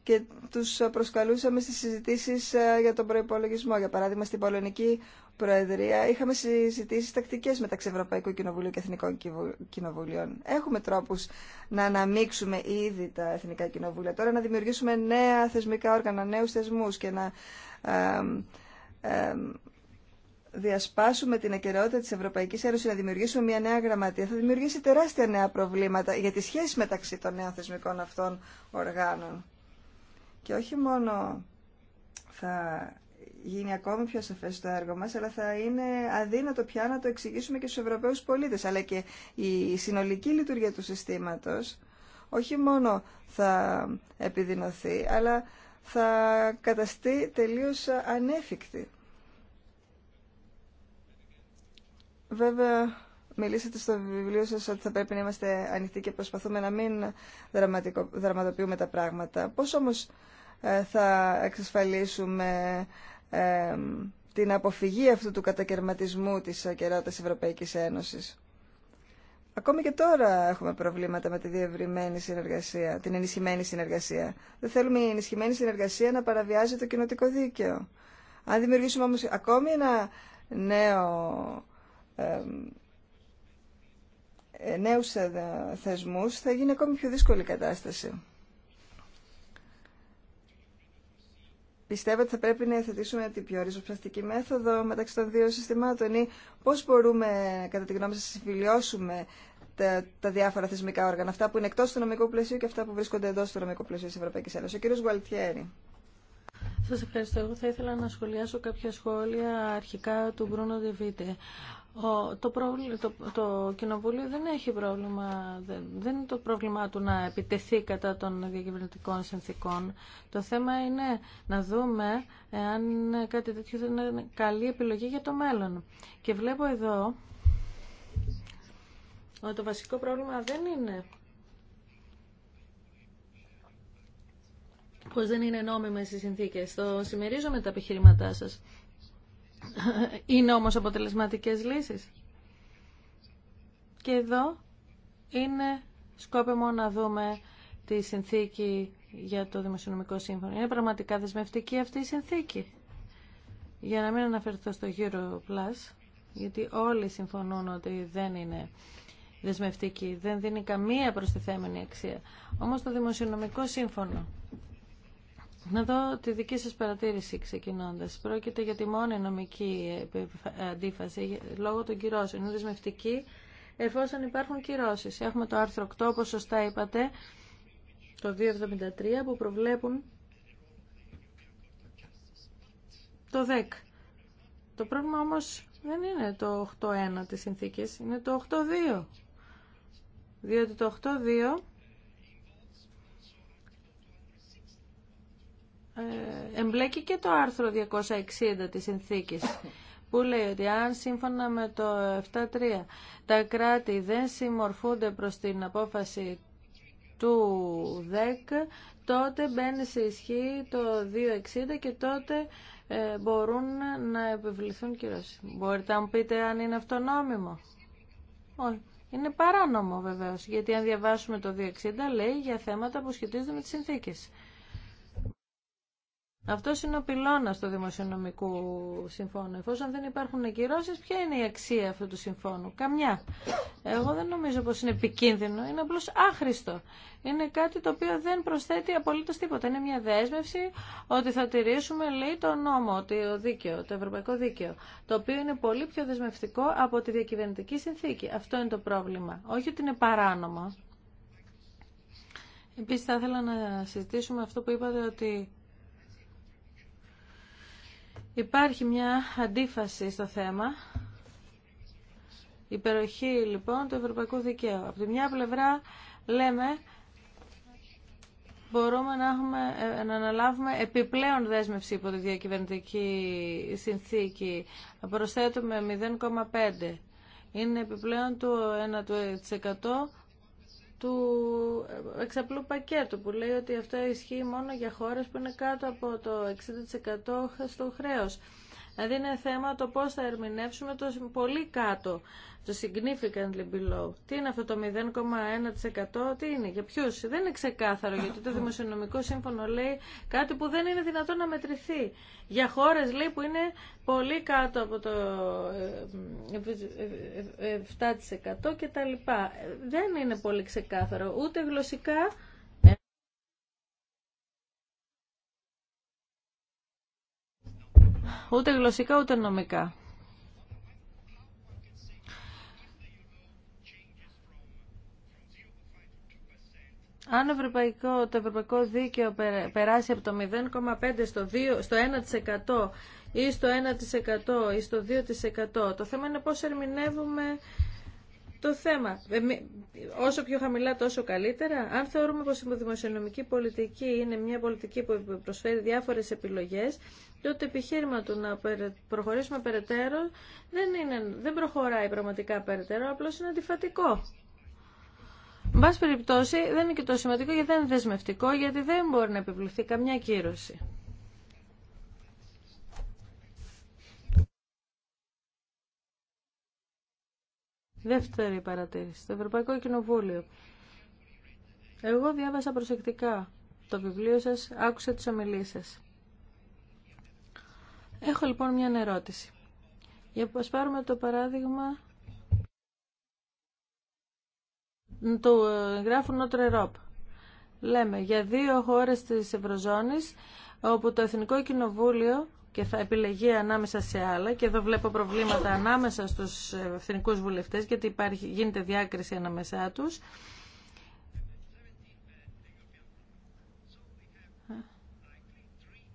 και τους προσκαλούσαμε στις συζητήσεις ε, για τον προϋπολογισμό. Για παράδειγμα, στην Πολωνική Προεδρία είχαμε συζητήσεις τακτικές μεταξύ Ευρωπαϊκού Κοινοβουλίου και Εθνικών Κοινοβουλίων. Έχουμε τρόπους να αναμίξουμε ήδη τα Εθνικά Κοινοβούλια. Τώρα να δημιουργήσουμε νέα θεσμικά όργανα, νέους θεσμούς και να ε, ε, διασπάσουμε την ακεραιότητα της Ευρωπαϊκής Ένωσης, να δημιουργήσουμε μια νέα γραμματεία, θα δημιουργήσει τεράστια νέα προβλήματα για τις σχέσεις μεταξύ των νέων θεσμικών αυτών οργάνων. Και όχι μόνο θα γίνει ακόμη πιο σαφέ το έργο μας, αλλά θα είναι αδύνατο πια να το εξηγήσουμε και στου ευρωπαίου πολίτε. αλλά και η συνολική λειτουργία του συστήματος όχι μόνο θα επιδεινωθεί, αλλά θα καταστεί τελείω ανέφικτη. Βέβαια, μιλήσατε στο βιβλίο σας ότι θα πρέπει να είμαστε ανοιχτοί και προσπαθούμε να μην δραματοποιούμε τα πράγματα. Πώς όμως ε, θα εξασφαλίσουμε ε, την αποφυγή αυτού του κατακαιρματισμού της ακεράτας Ευρωπαϊκής Ένωσης. Ακόμη και τώρα έχουμε προβλήματα με τη διευρυμένη συνεργασία, την ενισχυμένη συνεργασία. Δεν θέλουμε η ενισχυμένη συνεργασία να παραβιάζει το κοινοτικό δίκαιο. Αν δημιουργήσουμε όμως ακόμη ένα νέο, ε, νέους ε, θεσμούς, θα γίνει ακόμη πιο δύσκολη κατάσταση. πιστεύετε ότι θα πρέπει να εθετήσουμε την πιο ριζοσπαστική μέθοδο μεταξύ των δύο συστημάτων ή πώς μπορούμε, κατά τη γνώμη σας, συμφιλιώσουμε τα, τα διάφορα θεσμικά όργανα, αυτά που είναι εκτός του νομικού πλαισίου και αυτά που βρίσκονται εντός του νομικού πλαισίου της Ευρωπαϊκής Ένωσης. Ο κύριος Γουαλτιέρη. Σας ευχαριστώ. Εγώ θα ήθελα να σχολιάσω κάποια σχόλια αρχικά του Μπρούνο Δεβίτε. το, πρόβλημα, το, κοινοβούλιο δεν έχει πρόβλημα, δεν, δεν είναι το πρόβλημά του να επιτεθεί κατά των διακυβερνητικών συνθήκων. Το θέμα είναι να δούμε αν κάτι τέτοιο θα είναι καλή επιλογή για το μέλλον. Και βλέπω εδώ ότι το βασικό πρόβλημα δεν είναι Πώ δεν είναι νόμιμε οι συνθήκε. Το με τα επιχειρήματά σα. Είναι όμως αποτελεσματικές λύσεις. Και εδώ είναι σκόπιμο να δούμε τη συνθήκη για το Δημοσιονομικό Σύμφωνο. Είναι πραγματικά δεσμευτική αυτή η συνθήκη. Για να μην αναφερθώ στο γύρο Plus, γιατί όλοι συμφωνούν ότι δεν είναι δεσμευτική, δεν δίνει καμία προστιθέμενη αξία. Όμως το Δημοσιονομικό Σύμφωνο να δω τη δική σας παρατήρηση ξεκινώντας. Πρόκειται για τη μόνη νομική αντίφαση λόγω των κυρώσεων. Είναι δεσμευτική εφόσον υπάρχουν κυρώσεις. Έχουμε το άρθρο 8, όπως σωστά είπατε, το 273 που προβλέπουν το 10. Το πρόβλημα όμως δεν είναι το 8.1 της συνθήκης, είναι το 8.2. Διότι το 8.2 Ε, εμπλέκει και το άρθρο 260 της συνθήκης που λέει ότι αν σύμφωνα με το 7.3 τα κράτη δεν συμμορφούνται προς την απόφαση του ΔΕΚ, τότε μπαίνει σε ισχύ το 2.60 και τότε ε, μπορούν να επιβληθούν κυρώσεις. Μπορείτε να μου πείτε αν είναι αυτό νόμιμο. Είναι παράνομο βεβαίως, γιατί αν διαβάσουμε το 2.60 λέει για θέματα που σχετίζονται με τις συνθήκες. Αυτό είναι ο πυλώνα του δημοσιονομικού συμφώνου. Εφόσον δεν υπάρχουν ακυρώσει, ποια είναι η αξία αυτού του συμφώνου. Καμιά. Εγώ δεν νομίζω πω είναι επικίνδυνο. Είναι απλώ άχρηστο. Είναι κάτι το οποίο δεν προσθέτει απολύτω τίποτα. Είναι μια δέσμευση ότι θα τηρήσουμε, λέει, το νόμο, ότι το δίκαιο, το ευρωπαϊκό δίκαιο. Το οποίο είναι πολύ πιο δεσμευτικό από τη διακυβερνητική συνθήκη. Αυτό είναι το πρόβλημα. Όχι ότι είναι παράνομο. Επίση, θα ήθελα να συζητήσουμε αυτό που είπατε ότι Υπάρχει μια αντίφαση στο θέμα. Υπεροχή λοιπόν του ευρωπαϊκού δικαίου. Από τη μια πλευρά λέμε μπορούμε να, έχουμε, ε, να αναλάβουμε επιπλέον δέσμευση υπό τη διακυβερνητική συνθήκη. Προσθέτουμε 0,5. Είναι επιπλέον του 1% του εξαπλού πακέτου που λέει ότι αυτό ισχύει μόνο για χώρες που είναι κάτω από το 60% στο χρέος. Δηλαδή είναι θέμα το πώς θα ερμηνεύσουμε το πολύ κάτω, το significantly below. Τι είναι αυτό το 0,1%, τι είναι, για ποιους. Δεν είναι ξεκάθαρο γιατί το Δημοσιονομικό Σύμφωνο λέει κάτι που δεν είναι δυνατό να μετρηθεί. Για χώρες λέει που είναι πολύ κάτω από το 7% ε, ε, ε, και τα λοιπά. Δεν είναι πολύ ξεκάθαρο ούτε γλωσσικά ούτε γλωσσικά ούτε νομικά. Αν το ευρωπαϊκό δίκαιο περάσει από το 0,5 στο, 2, στο 1% ή στο 1% ή στο 2%, το θέμα είναι πώς ερμηνεύουμε το θέμα. Ε, όσο πιο χαμηλά τόσο καλύτερα. Αν θεωρούμε πως η δημοσιονομική πολιτική είναι μια πολιτική που προσφέρει διάφορες επιλογές, τότε το επιχείρημα του να προχωρήσουμε περαιτέρω δεν, είναι, δεν προχωράει πραγματικά περαιτέρω, απλώς είναι αντιφατικό. Εν πάση περιπτώσει δεν είναι και το σημαντικό γιατί δεν είναι δεσμευτικό, γιατί δεν μπορεί να επιβληθεί καμιά κύρωση. Δεύτερη παρατήρηση. Το Ευρωπαϊκό Κοινοβούλιο. Εγώ διάβασα προσεκτικά το βιβλίο σας, άκουσα τις ομιλίες σας. Έχω λοιπόν μια ερώτηση. Για πώς πάρουμε το παράδειγμα του γράφου Νότρε Europe. Λέμε για δύο χώρες της Ευρωζώνης όπου το Εθνικό Κοινοβούλιο και θα επιλεγεί ανάμεσα σε άλλα και εδώ βλέπω προβλήματα ανάμεσα στους εθνικούς βουλευτές γιατί υπάρχει, γίνεται διάκριση ανάμεσά τους.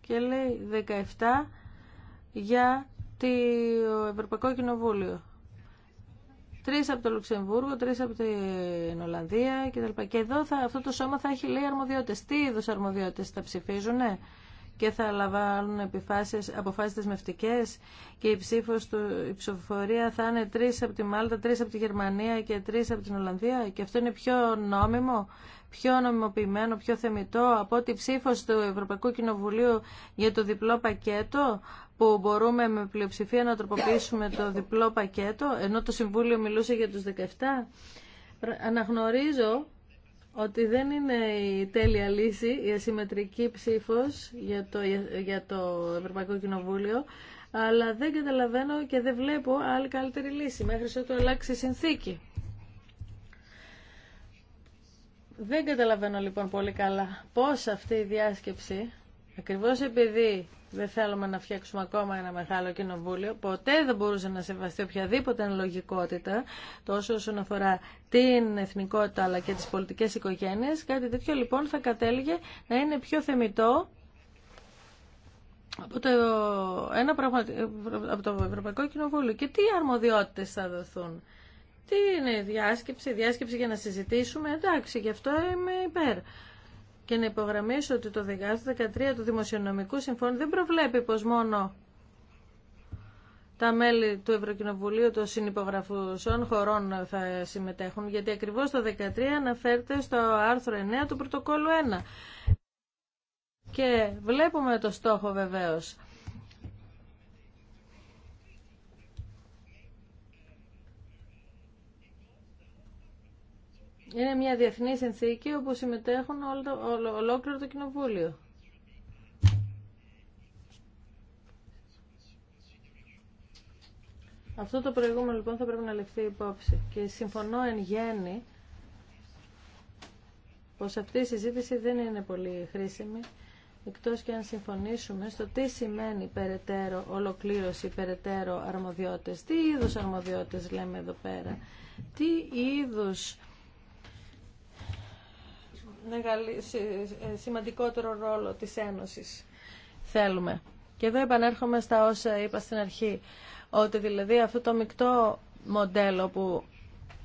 Και λέει 17 για το Ευρωπαϊκό Κοινοβούλιο. Τρει από το Λουξεμβούργο, τρει από την Ολλανδία κτλ. Και εδώ θα, αυτό το σώμα θα έχει λέει αρμοδιότητες. Τι είδου αρμοδιότητε θα ψηφίζουνε και θα λαμβάνουν επιφάσεις, αποφάσεις δεσμευτικές και η, ψήφος του, η ψηφοφορία θα είναι τρεις από τη Μάλτα, τρεις από τη Γερμανία και τρεις από την Ολλανδία και αυτό είναι πιο νόμιμο, πιο νομιμοποιημένο, πιο θεμητό από ότι η ψήφος του Ευρωπαϊκού Κοινοβουλίου για το διπλό πακέτο που μπορούμε με πλειοψηφία να τροποποιήσουμε το διπλό πακέτο ενώ το Συμβούλιο μιλούσε για τους 17. Αναγνωρίζω ότι δεν είναι η τέλεια λύση η ασυμμετρική ψήφος για το, για το Ευρωπαϊκό Κοινοβούλιο, αλλά δεν καταλαβαίνω και δεν βλέπω άλλη καλύτερη λύση μέχρι ότου αλλάξει η συνθήκη. Δεν καταλαβαίνω λοιπόν πολύ καλά πώς αυτή η διάσκεψη, ακριβώς επειδή δεν θέλουμε να φτιάξουμε ακόμα ένα μεγάλο κοινοβούλιο. Ποτέ δεν μπορούσε να σεβαστεί οποιαδήποτε λογικότητα, τόσο όσον αφορά την εθνικότητα αλλά και τις πολιτικές οικογένειες. Κάτι τέτοιο λοιπόν θα κατέληγε να είναι πιο θεμητό από το, ένα πραγμα... από το Ευρωπαϊκό Κοινοβούλιο. Και τι αρμοδιότητες θα δοθούν. Τι είναι η διάσκεψη, η διάσκεψη για να συζητήσουμε. Εντάξει, γι' αυτό είμαι υπέρ και να υπογραμμίσω ότι το δικάστρο 13 του Δημοσιονομικού Συμφώνου δεν προβλέπει πως μόνο τα μέλη του Ευρωκοινοβουλίου των συνυπογραφουσών χωρών θα συμμετέχουν, γιατί ακριβώς το 13 αναφέρεται στο άρθρο 9 του Πρωτοκόλλου 1. Και βλέπουμε το στόχο βεβαίως. Είναι μια διεθνή συνθήκη όπου συμμετέχουν όλο, ολόκληρο το κοινοβούλιο. Αυτό το προηγούμενο λοιπόν θα πρέπει να ληφθεί υπόψη. Και συμφωνώ εν γέννη πως αυτή η συζήτηση δεν είναι πολύ χρήσιμη εκτός και αν συμφωνήσουμε στο τι σημαίνει περαιτέρω ολοκλήρωση, περαιτέρω αρμοδιότητες, τι είδους αρμοδιότητες λέμε εδώ πέρα, τι είδους ε, σημαντικότερο ρόλο της Ένωσης θέλουμε. Και εδώ επανέρχομαι στα όσα είπα στην αρχή, ότι δηλαδή αυτό το μεικτό μοντέλο που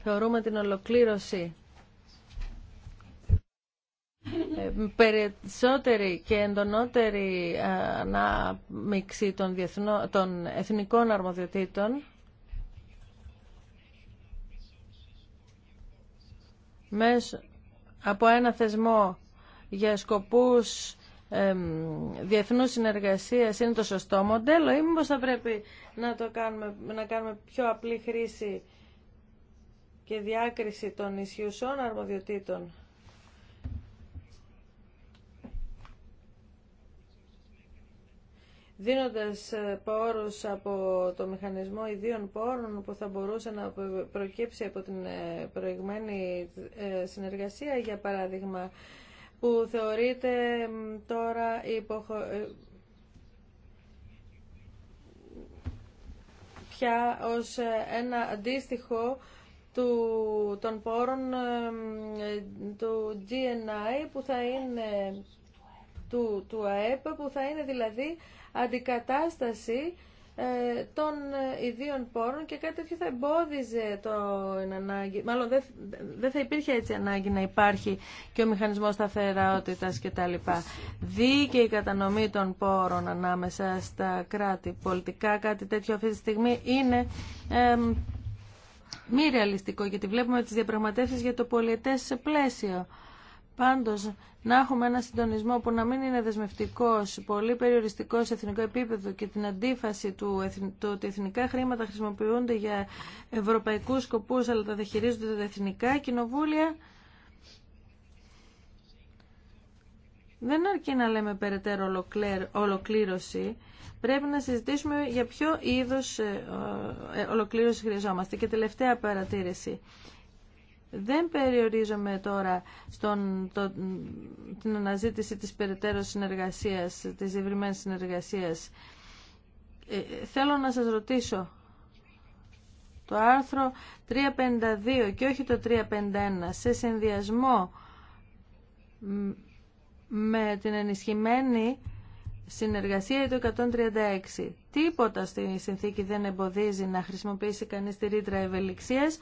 θεωρούμε την ολοκλήρωση ε, περισσότερη και εντονότερη ανάμειξη των, των εθνικών αρμοδιοτήτων μέσω από ένα θεσμό για σκοπούς διεθνούς συνεργασίας είναι το σωστό μοντέλο ή μήπως θα πρέπει να, το κάνουμε, να κάνουμε πιο απλή χρήση και διάκριση των ισχυουσών αρμοδιοτήτων. δίνοντας ε, πόρους από το μηχανισμό ιδίων πόρων που θα μπορούσε να προκύψει από την ε, προηγμένη ε, συνεργασία, για παράδειγμα, που θεωρείται τώρα υποχω... πια ως ένα αντίστοιχο του, των πόρων του GNI που θα είναι του, του ΑΕΠ που θα είναι δηλαδή αντικατάσταση ε, των ε, ιδίων πόρων και κάτι τέτοιο θα εμπόδιζε το ανάγκη. Μάλλον δεν, δεν θα υπήρχε έτσι ανάγκη να υπάρχει και ο μηχανισμό σταθερότητα κτλ. Δίκαιη κατανομή των πόρων ανάμεσα στα κράτη πολιτικά, κάτι τέτοιο αυτή τη στιγμή είναι. μη ρεαλιστικό γιατί βλέπουμε τις διαπραγματεύσεις για το σε πλαίσιο. Πάντως, να έχουμε ένα συντονισμό που να μην είναι δεσμευτικός, πολύ περιοριστικός σε εθνικό επίπεδο και την αντίφαση του, ότι εθνικά χρήματα χρησιμοποιούνται για ευρωπαϊκούς σκοπούς αλλά τα διαχειρίζονται τα εθνικά κοινοβούλια. Δεν αρκεί να λέμε περαιτέρω ολοκλήρωση. Πρέπει να συζητήσουμε για ποιο είδος ε, ε, ολοκλήρωση χρειαζόμαστε. Και τελευταία παρατήρηση. Δεν περιορίζομαι τώρα στον, την αναζήτηση της περαιτέρω συνεργασίας, της διευρυμένης συνεργασίας. Ε, θέλω να σας ρωτήσω το άρθρο 352 και όχι το 351 σε συνδυασμό με την ενισχυμένη συνεργασία του 136. Τίποτα στη συνθήκη δεν εμποδίζει να χρησιμοποιήσει κανείς τη ρήτρα ευελιξίας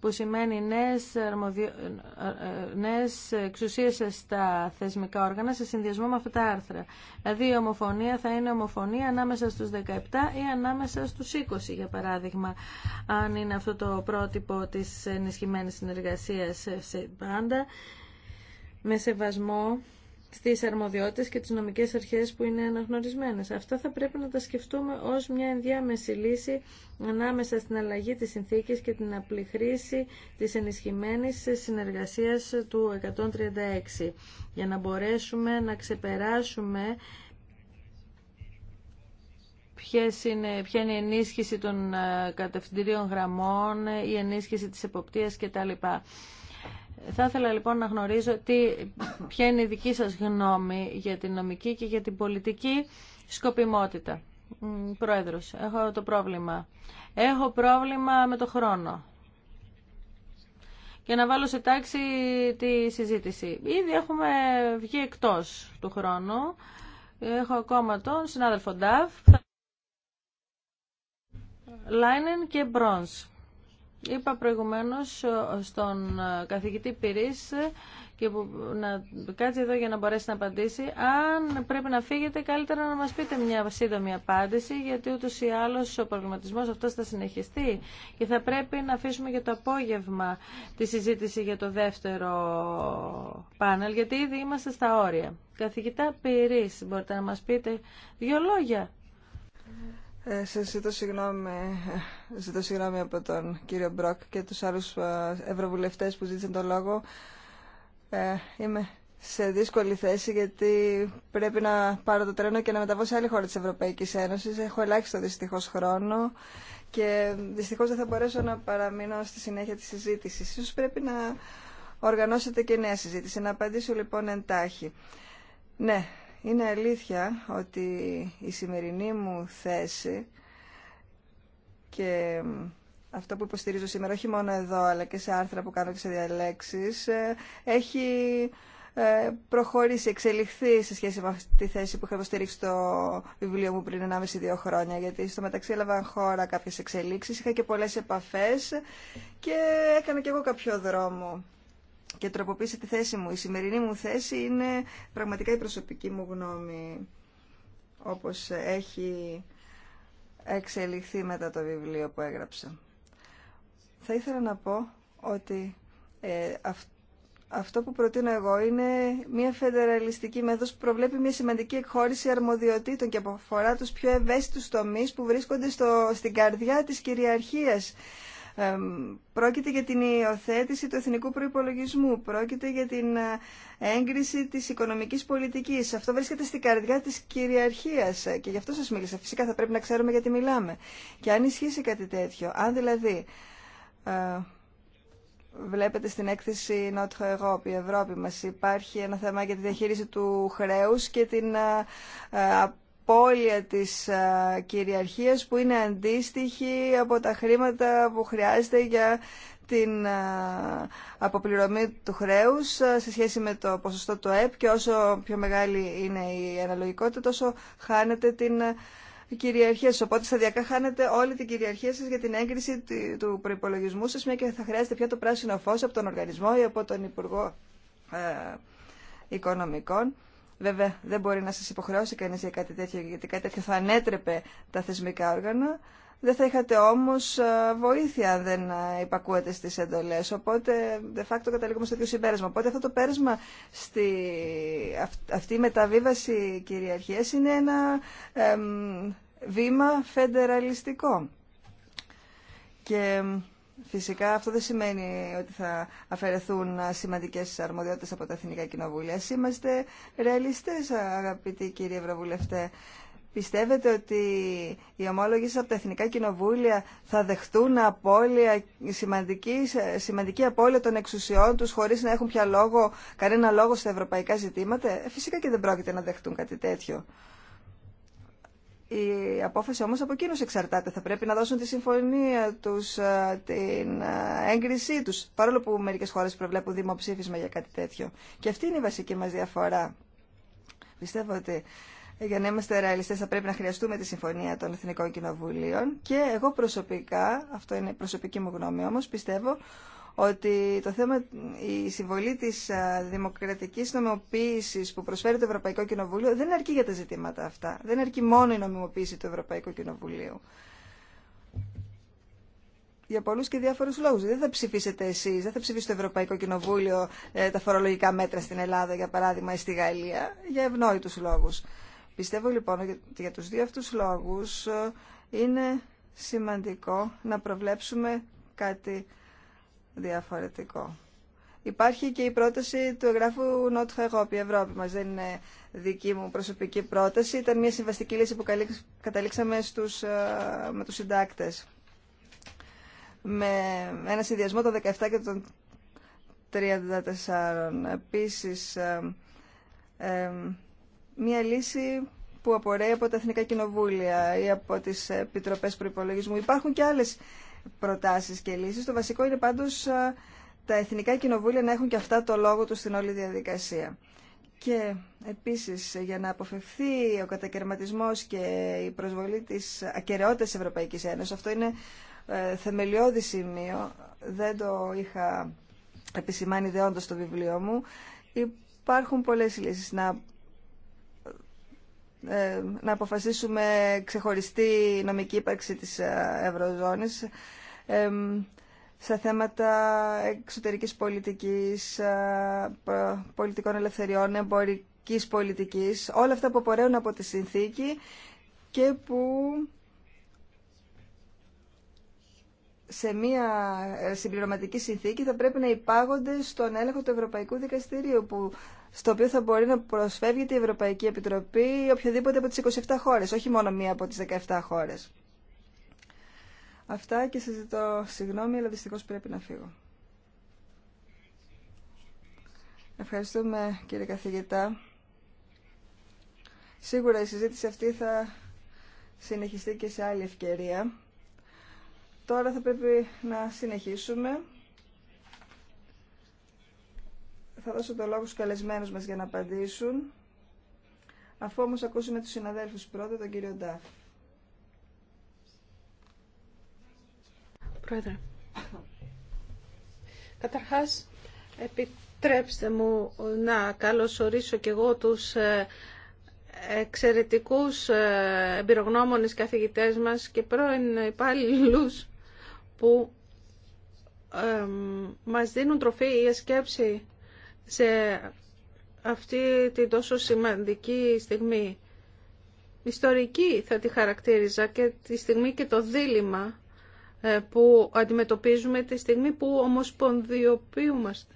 που σημαίνει νέες, αρμοδιο... Ε, νέες εξουσίες στα θεσμικά όργανα σε συνδυασμό με αυτά τα άρθρα. Δηλαδή η ομοφωνία θα είναι ομοφωνία ανάμεσα στους 17 ή ανάμεσα στους 20 για παράδειγμα αν είναι αυτό το πρότυπο της ενισχυμένης συνεργασίας σε πάντα με σεβασμό στις αρμοδιότητες και τις νομικές αρχές που είναι αναγνωρισμένες. Αυτά θα πρέπει να τα σκεφτούμε ως μια ενδιάμεση λύση ανάμεσα στην αλλαγή της συνθήκης και την απλή χρήση της ενισχυμένης συνεργασίας του 136 για να μπορέσουμε να ξεπεράσουμε είναι, ποια είναι η ενίσχυση των ε, κατευθυντηρίων γραμμών, η ενίσχυση της εποπτείας κτλ. Θα ήθελα λοιπόν να γνωρίζω τι, ποια είναι η δική σας γνώμη για την νομική και για την πολιτική σκοπιμότητα. Πρόεδρος, έχω το πρόβλημα. Έχω πρόβλημα με το χρόνο. Και να βάλω σε τάξη τη συζήτηση. Ήδη έχουμε βγει εκτός του χρόνου. Έχω ακόμα τον συνάδελφο τάβ Λάινεν και Μπρόνς. Είπα προηγουμένως ε, στον ε, καθηγητή Πυρής ε, και που να κάτσει εδώ για να μπορέσει να απαντήσει. Αν πρέπει να φύγετε, καλύτερα να μας πείτε μια σύντομη απάντηση, γιατί ούτως ή άλλως ο προβληματισμός αυτός θα συνεχιστεί και θα πρέπει να αφήσουμε για το απόγευμα τη συζήτηση για το δεύτερο πάνελ, γιατί ήδη είμαστε στα όρια. Καθηγητά Πυρής, μπορείτε να μας πείτε δύο λόγια Σα ε, σας ζητώ συγγνώμη, ε, ζητώ συγγνώμη από τον κύριο Μπροκ και τους άλλους ε, ευρωβουλευτέ που ζήτησαν τον λόγο. είμαι σε δύσκολη θέση γιατί πρέπει να πάρω το τρένο και να μεταβώ σε άλλη χώρα τη Ευρωπαϊκή Ένωση. Έχω ελάχιστο δυστυχώ χρόνο και δυστυχώ δεν θα μπορέσω να παραμείνω στη συνέχεια τη συζήτηση. Σω πρέπει να οργανώσετε και νέα συζήτηση. Να απαντήσω λοιπόν εντάχει. Ναι, είναι αλήθεια ότι η σημερινή μου θέση και αυτό που υποστηρίζω σήμερα, όχι μόνο εδώ, αλλά και σε άρθρα που κάνω και σε διαλέξεις, ε, έχει ε, προχωρήσει, εξελιχθεί σε σχέση με αυτή τη θέση που είχα υποστηρίξει στο βιβλίο μου πριν 1,5-2 χρόνια. Γιατί στο μεταξύ έλαβαν χώρα κάποιες εξελίξει, είχα και πολλές επαφές και έκανα και εγώ κάποιο δρόμο και τροποποίησε τη θέση μου. Η σημερινή μου θέση είναι πραγματικά η προσωπική μου γνώμη όπως έχει εξελιχθεί μετά το βιβλίο που έγραψα. Θα ήθελα να πω ότι ε, αυτό που προτείνω εγώ είναι μια φεδεραλιστικη μέθοδος που προβλέπει μια σημαντική εκχώρηση αρμοδιοτήτων και αφορά τους πιο ευαίσθητους τομείς που βρίσκονται στο, στην καρδιά της κυριαρχίας πρόκειται για την υιοθέτηση του εθνικού προϋπολογισμού, πρόκειται για την ε, έγκριση της οικονομικής πολιτικής. Αυτό βρίσκεται στην καρδιά της κυριαρχίας ε, και γι' αυτό σας μίλησα. Φυσικά θα πρέπει να ξέρουμε γιατί μιλάμε. Και αν ισχύσει κάτι τέτοιο, αν δηλαδή ε, βλέπετε στην έκθεση «Νότχο Ευρώπη, η Ευρώπη μας υπάρχει ένα θέμα για τη διαχείριση του χρέους και την απώλεια της κυριαρχίας που είναι αντίστοιχη από τα χρήματα που χρειάζεται για την αποπληρωμή του χρέους σε σχέση με το ποσοστό του ΕΠ και όσο πιο μεγάλη είναι η αναλογικότητα τόσο χάνεται την κυριαρχία σας. Οπότε σταδιακά χάνετε όλη την κυριαρχία σας για την έγκριση του προϋπολογισμού σας μια και θα χρειάζεται πια το πράσινο φως από τον οργανισμό ή από τον Υπουργό Οικονομικών Βέβαια, δεν μπορεί να σας υποχρεώσει κανείς για κάτι τέτοιο, γιατί κάτι τέτοιο θα ανέτρεπε τα θεσμικά όργανα. Δεν θα είχατε όμως ε, βοήθεια αν δεν ε, υπακούετε στις εντολές. Οπότε, de facto, καταλήγουμε στο ίδιο συμπέρασμα. Οπότε αυτό το πέρασμα, στη... αυτή η μεταβίβαση κυριαρχία είναι ένα βήμα φεντεραλιστικό. Και Φυσικά αυτό δεν σημαίνει ότι θα αφαιρεθούν σημαντικές αρμοδιότητες από τα Εθνικά Κοινοβούλια. είμαστε ρεαλιστές αγαπητοί κύριοι Ευρωβουλευτέ. Πιστεύετε ότι οι ομόλογοι από τα Εθνικά Κοινοβούλια θα δεχτούν απώλεια, σημαντική, σημαντική απώλεια των εξουσιών τους χωρίς να έχουν πια λόγο, κανένα λόγο στα ευρωπαϊκά ζητήματα. Ε, φυσικά και δεν πρόκειται να δεχτούν κάτι τέτοιο. Η απόφαση όμως από εκείνους εξαρτάται. Θα πρέπει να δώσουν τη συμφωνία τους, ε, την ε, έγκρισή τους, παρόλο που μερικές χώρες προβλέπουν δημοψήφισμα για κάτι τέτοιο. Και αυτή είναι η βασική μας διαφορά. Πιστεύω ότι ε, για να είμαστε ρεαλιστές θα πρέπει να χρειαστούμε τη συμφωνία των Εθνικών Κοινοβουλίων. Και εγώ προσωπικά, αυτό είναι προσωπική μου γνώμη όμως, πιστεύω ότι το θέμα, η συμβολή τη ε, δημοκρατική νομιμοποίηση που προσφέρει το Ευρωπαϊκό Κοινοβούλιο δεν αρκεί για τα ζητήματα αυτά. Δεν αρκεί μόνο η νομιμοποίηση του Ευρωπαϊκού Κοινοβουλίου. Για πολλού και διάφορου λόγου. Δεν θα ψηφίσετε εσεί, δεν θα ψηφίσει το Ευρωπαϊκό Κοινοβούλιο ε, τα φορολογικά μέτρα στην Ελλάδα, για παράδειγμα, ή στη Γαλλία, για ευνόητου λόγου. Πιστεύω λοιπόν ότι για του δύο αυτού λόγου ε, είναι σημαντικό να προβλέψουμε κάτι διαφορετικό. Υπάρχει και η πρόταση του εγγράφου Νότου Ευρώπη, Ευρώπη μα. Δεν είναι δική μου προσωπική πρόταση. Ήταν μια συμβαστική λύση που καταλήξαμε στους, ε, με τους συντάκτες. Με ένα συνδυασμό των 17 και των 34. Επίσης, ε, ε, μια λύση που απορρέει από τα Εθνικά Κοινοβούλια ή από τις Επιτροπές Προϋπολογισμού. Υπάρχουν και άλλες προτάσεις και λύσεις. Το βασικό είναι πάντως τα εθνικά κοινοβούλια να έχουν και αυτά το λόγο του στην όλη διαδικασία. Και επίσης για να αποφευθεί ο κατακαιρματισμός και η προσβολή της ακαιρεότητας της Ευρωπαϊκής Ένωσης, αυτό είναι ε, θεμελιώδη σημείο, δεν το είχα επισημάνει δεόντως στο βιβλίο μου, υπάρχουν πολλές λύσεις. Να ε, να αποφασίσουμε ξεχωριστή νομική ύπαρξη της ε, Ευρωζώνης ε, σε θέματα εξωτερικής πολιτικής, πολιτικών ελευθεριών, εμπορικής πολιτικής, όλα αυτά που απορρέουν από τη συνθήκη και που σε μια συμπληρωματική συνθήκη θα πρέπει να υπάγονται στον έλεγχο του Ευρωπαϊκού Δικαστηρίου που στο οποίο θα μπορεί να προσφεύγεται η Ευρωπαϊκή Επιτροπή ή οποιαδήποτε από τις 27 χώρες, όχι μόνο μία από τις 17 χώρες. Αυτά και σας ζητώ συγγνώμη, αλλά δυστυχώς πρέπει να φύγω. Ευχαριστούμε κύριε καθηγητά. Σίγουρα η συζήτηση αυτή θα συνεχιστεί και σε άλλη ευκαιρία. Τώρα θα πρέπει να συνεχίσουμε. θα δώσω το λόγο στους καλεσμένους μας για να απαντήσουν. Αφού όμως ακούσουμε τους συναδέλφους πρώτα, τον κύριο Ντάφ. Πρόεδρε, καταρχάς επιτρέψτε μου να καλωσορίσω και εγώ τους ε, εξαιρετικούς ε, εμπειρογνώμονες καθηγητές μας και πρώην υπάλληλου που μας δίνουν τροφή για σκέψη σε αυτή τη τόσο σημαντική στιγμή. Ιστορική θα τη χαρακτήριζα και τη στιγμή και το δίλημα ε, που αντιμετωπίζουμε τη στιγμή που ομοσπονδιοποιούμαστε.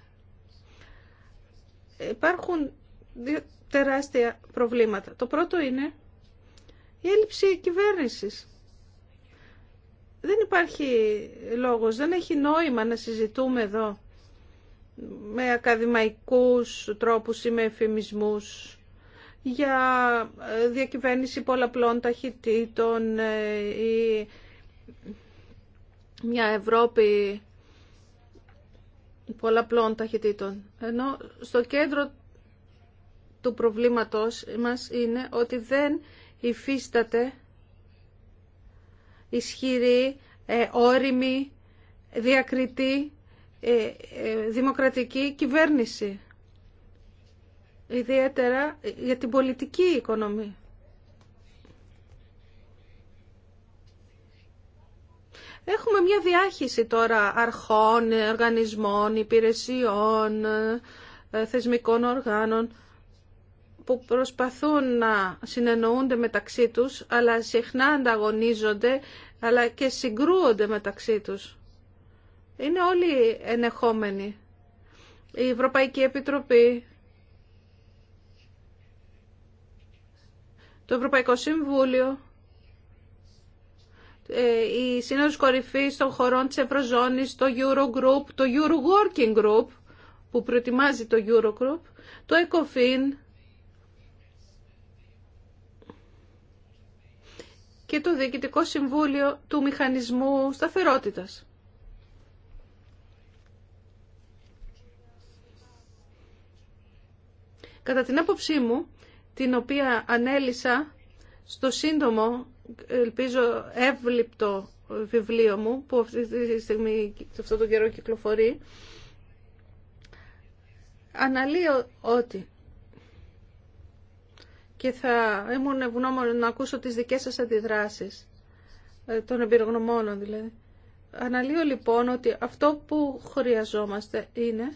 Υπάρχουν δύο τεράστια προβλήματα. Το πρώτο είναι η έλλειψη κυβέρνησης. Δεν υπάρχει λόγος, δεν έχει νόημα να συζητούμε εδώ με ακαδημαϊκούς τρόπους ή με εφημισμούς για ε, διακυβέρνηση πολλαπλών ταχυτήτων ε, ή μια Ευρώπη πολλαπλών ταχυτήτων. Ενώ στο κέντρο του προβλήματος μας είναι ότι δεν υφίσταται ισχυρή, ε, όρημη, διακριτή ε, ε, δημοκρατική κυβέρνηση. Ιδιαίτερα για την πολιτική οικονομία. Έχουμε μια διάχυση τώρα αρχών, οργανισμών, υπηρεσιών, ε, θεσμικών οργάνων που προσπαθούν να συνεννοούνται μεταξύ τους, αλλά συχνά ανταγωνίζονται, αλλά και συγκρούονται μεταξύ τους είναι όλοι ενεχόμενοι. Η Ευρωπαϊκή Επιτροπή, το Ευρωπαϊκό Συμβούλιο, ε, η Σύνοδος Κορυφής των χωρών της Ευρωζώνης, το Eurogroup, το Euroworking Group που προετοιμάζει το Eurogroup, το ECOFIN και το Διοικητικό Συμβούλιο του Μηχανισμού Σταθερότητας. Κατά την άποψή μου, την οποία ανέλησα στο σύντομο, ελπίζω εύληπτο βιβλίο μου, που αυτή τη στιγμή, σε αυτόν τον καιρό κυκλοφορεί, αναλύω ότι και θα ήμουν ευγνώμων να ακούσω τις δικές σας αντιδράσεις, ε, των εμπειρογνωμόνων δηλαδή. Αναλύω λοιπόν ότι αυτό που χρειαζόμαστε είναι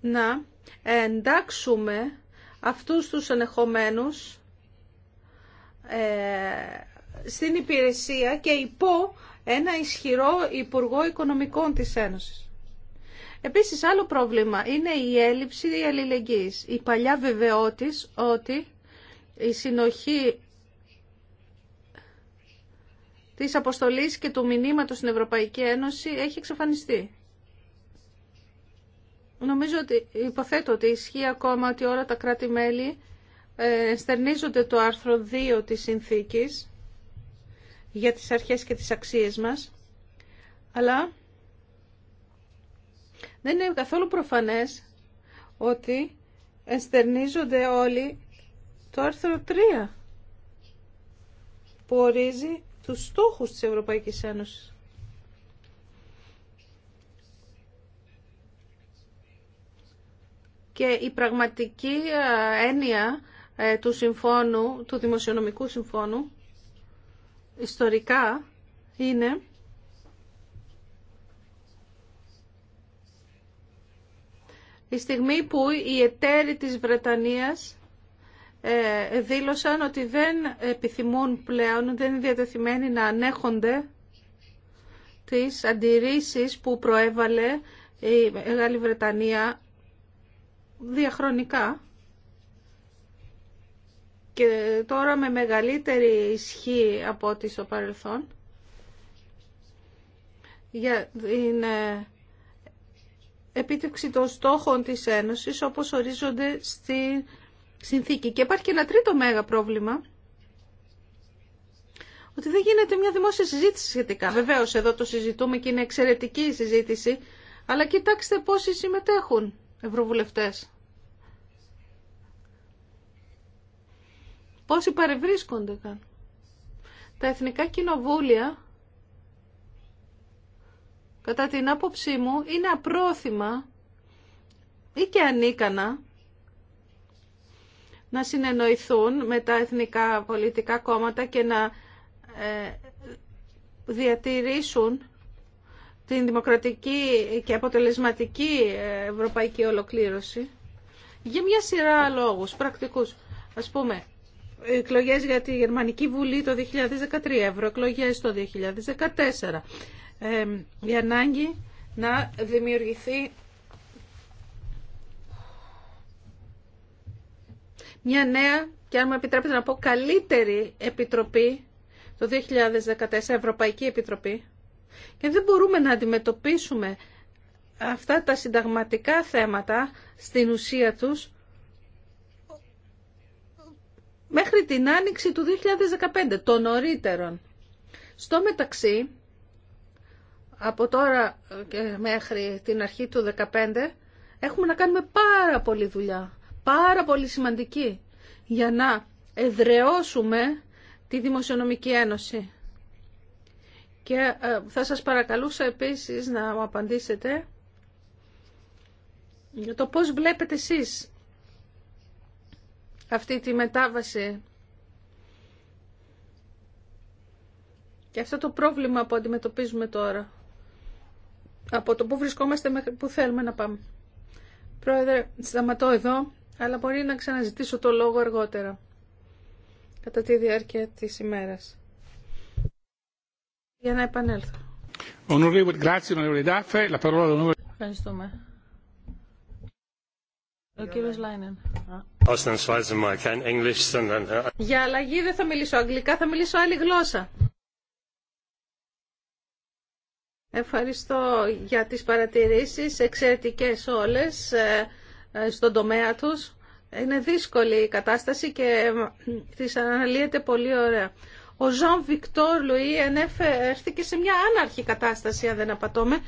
να εντάξουμε αυτούς τους ενεχομένους ε, στην υπηρεσία και υπό ένα ισχυρό Υπουργό Οικονομικών της Ένωσης. Επίσης, άλλο πρόβλημα είναι η έλλειψη η αλληλεγγύης. Η παλιά βεβαιότης ότι η συνοχή της αποστολής και του μηνύματος στην Ευρωπαϊκή Ένωση έχει εξαφανιστεί. Νομίζω ότι υποθέτω ότι ισχύει ακόμα ότι όλα τα κράτη-μέλη ε, στερνίζονται το άρθρο 2 της συνθήκης για τις αρχές και τις αξίες μας, αλλά δεν είναι καθόλου προφανές ότι εστερνίζονται όλοι το άρθρο 3 που ορίζει τους στόχους της Ευρωπαϊκής Ένωσης. και η πραγματική ε, έννοια ε, του συμφώνου, του δημοσιονομικού συμφώνου, ιστορικά είναι η στιγμή που οι εταίροι της Βρετανίας ε, δήλωσαν ότι δεν επιθυμούν πλέον, δεν είναι διατεθειμένοι να ανέχονται τις αντιρρήσεις που προέβαλε η Μεγάλη Βρετανία διαχρονικά και τώρα με μεγαλύτερη ισχύ από ό,τι στο παρελθόν για την ε, επίτευξη των στόχων της Ένωσης όπως ορίζονται στη συνθήκη. Και υπάρχει και ένα τρίτο μέγα πρόβλημα ότι δεν γίνεται μια δημόσια συζήτηση σχετικά. Βεβαίως εδώ το συζητούμε και είναι εξαιρετική η συζήτηση αλλά κοιτάξτε πόσοι συμμετέχουν ευρωβουλευτές. Πόσοι παρευρίσκονται καν. Τα εθνικά κοινοβούλια, κατά την άποψή μου, είναι απρόθυμα ή και ανίκανα να συνεννοηθούν με τα εθνικά πολιτικά κόμματα και να ε, διατηρήσουν την δημοκρατική και αποτελεσματική ε, ευρωπαϊκή ολοκλήρωση για μια σειρά λόγους πρακτικούς. Ας πούμε, εκλογέ για τη Γερμανική Βουλή το 2013, ευρωεκλογέ το 2014. Ε, η ανάγκη να δημιουργηθεί μια νέα και αν μου επιτρέπετε να πω καλύτερη επιτροπή το 2014, Ευρωπαϊκή Επιτροπή. Και δεν μπορούμε να αντιμετωπίσουμε αυτά τα συνταγματικά θέματα στην ουσία τους μέχρι την άνοιξη του 2015, των νωρίτερων. Στο μεταξύ, από τώρα και μέχρι την αρχή του 2015, έχουμε να κάνουμε πάρα πολλή δουλειά, πάρα πολύ σημαντική, για να εδραιώσουμε τη Δημοσιονομική Ένωση. Και ε, θα σας παρακαλούσα επίσης να μου απαντήσετε για το πώς βλέπετε εσείς αυτή τη μετάβαση και αυτό το πρόβλημα που αντιμετωπίζουμε τώρα από το που βρισκόμαστε μέχρι που θέλουμε να πάμε. Πρόεδρε, σταματώ εδώ, αλλά μπορεί να ξαναζητήσω το λόγο αργότερα, κατά τη διάρκεια της ημέρας, για να επανέλθω. Ευχαριστούμε. Για αλλαγή δεν θα μιλήσω αγγλικά, θα μιλήσω άλλη γλώσσα. Ευχαριστώ για τις παρατηρήσεις, εξαιρετικές όλες ε, ε, στον τομέα τους. Είναι δύσκολη η κατάσταση και ε, τις αναλύεται πολύ ωραία. Ο Ζαν Βικτόρ Λουί ενέφερθηκε σε μια άναρχη κατάσταση, αν δεν απατώμε,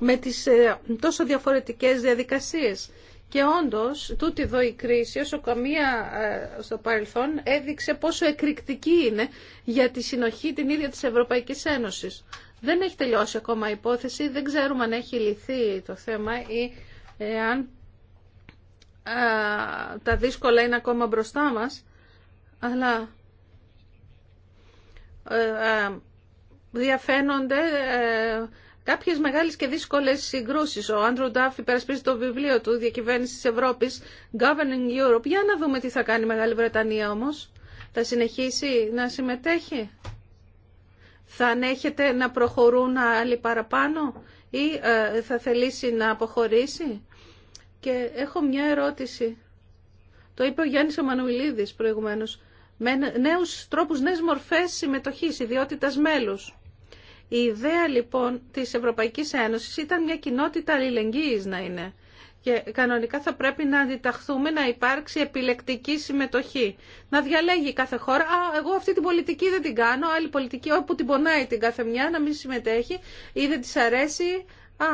με τις τόσο διαφορετικές διαδικασίες. Και όντω τούτη εδώ η κρίση, όσο καμία ε, στο παρελθόν, έδειξε πόσο εκρηκτική είναι για τη συνοχή την ίδια της Ευρωπαϊκής Ένωσης. Δεν έχει τελειώσει ακόμα η υπόθεση, δεν ξέρουμε αν έχει λυθεί το θέμα ή ε, αν ε, τα δύσκολα είναι ακόμα μπροστά μας, αλλά διαφαίνονται κάποιες μεγάλες και δύσκολες συγκρούσεις. Ο Άντρου Ντάφ υπερασπίζει το βιβλίο του «Διακυβέρνηση της Ευρώπης» Governing Europe. Για να δούμε τι θα κάνει η Μεγάλη Βρετανία όμως. Θα συνεχίσει να συμμετέχει. Θα ανέχεται να προχωρούν άλλοι παραπάνω ή ε, θα θελήσει να αποχωρήσει. Και έχω μια ερώτηση. Το είπε ο Γιάννης Αμανουηλίδης προηγουμένως. Με νέους τρόπους, νέες μορφές συμμετοχής, ιδιότητας μέλους. Η ιδέα λοιπόν της Ευρωπαϊκής Ένωσης ήταν μια κοινότητα αλληλεγγύης να είναι. Και κανονικά θα πρέπει να αντιταχθούμε να υπάρξει επιλεκτική συμμετοχή. Να διαλέγει κάθε χώρα, α, εγώ αυτή την πολιτική δεν την κάνω, άλλη πολιτική όπου την πονάει την κάθε μια να μην συμμετέχει ή δεν της αρέσει. Α,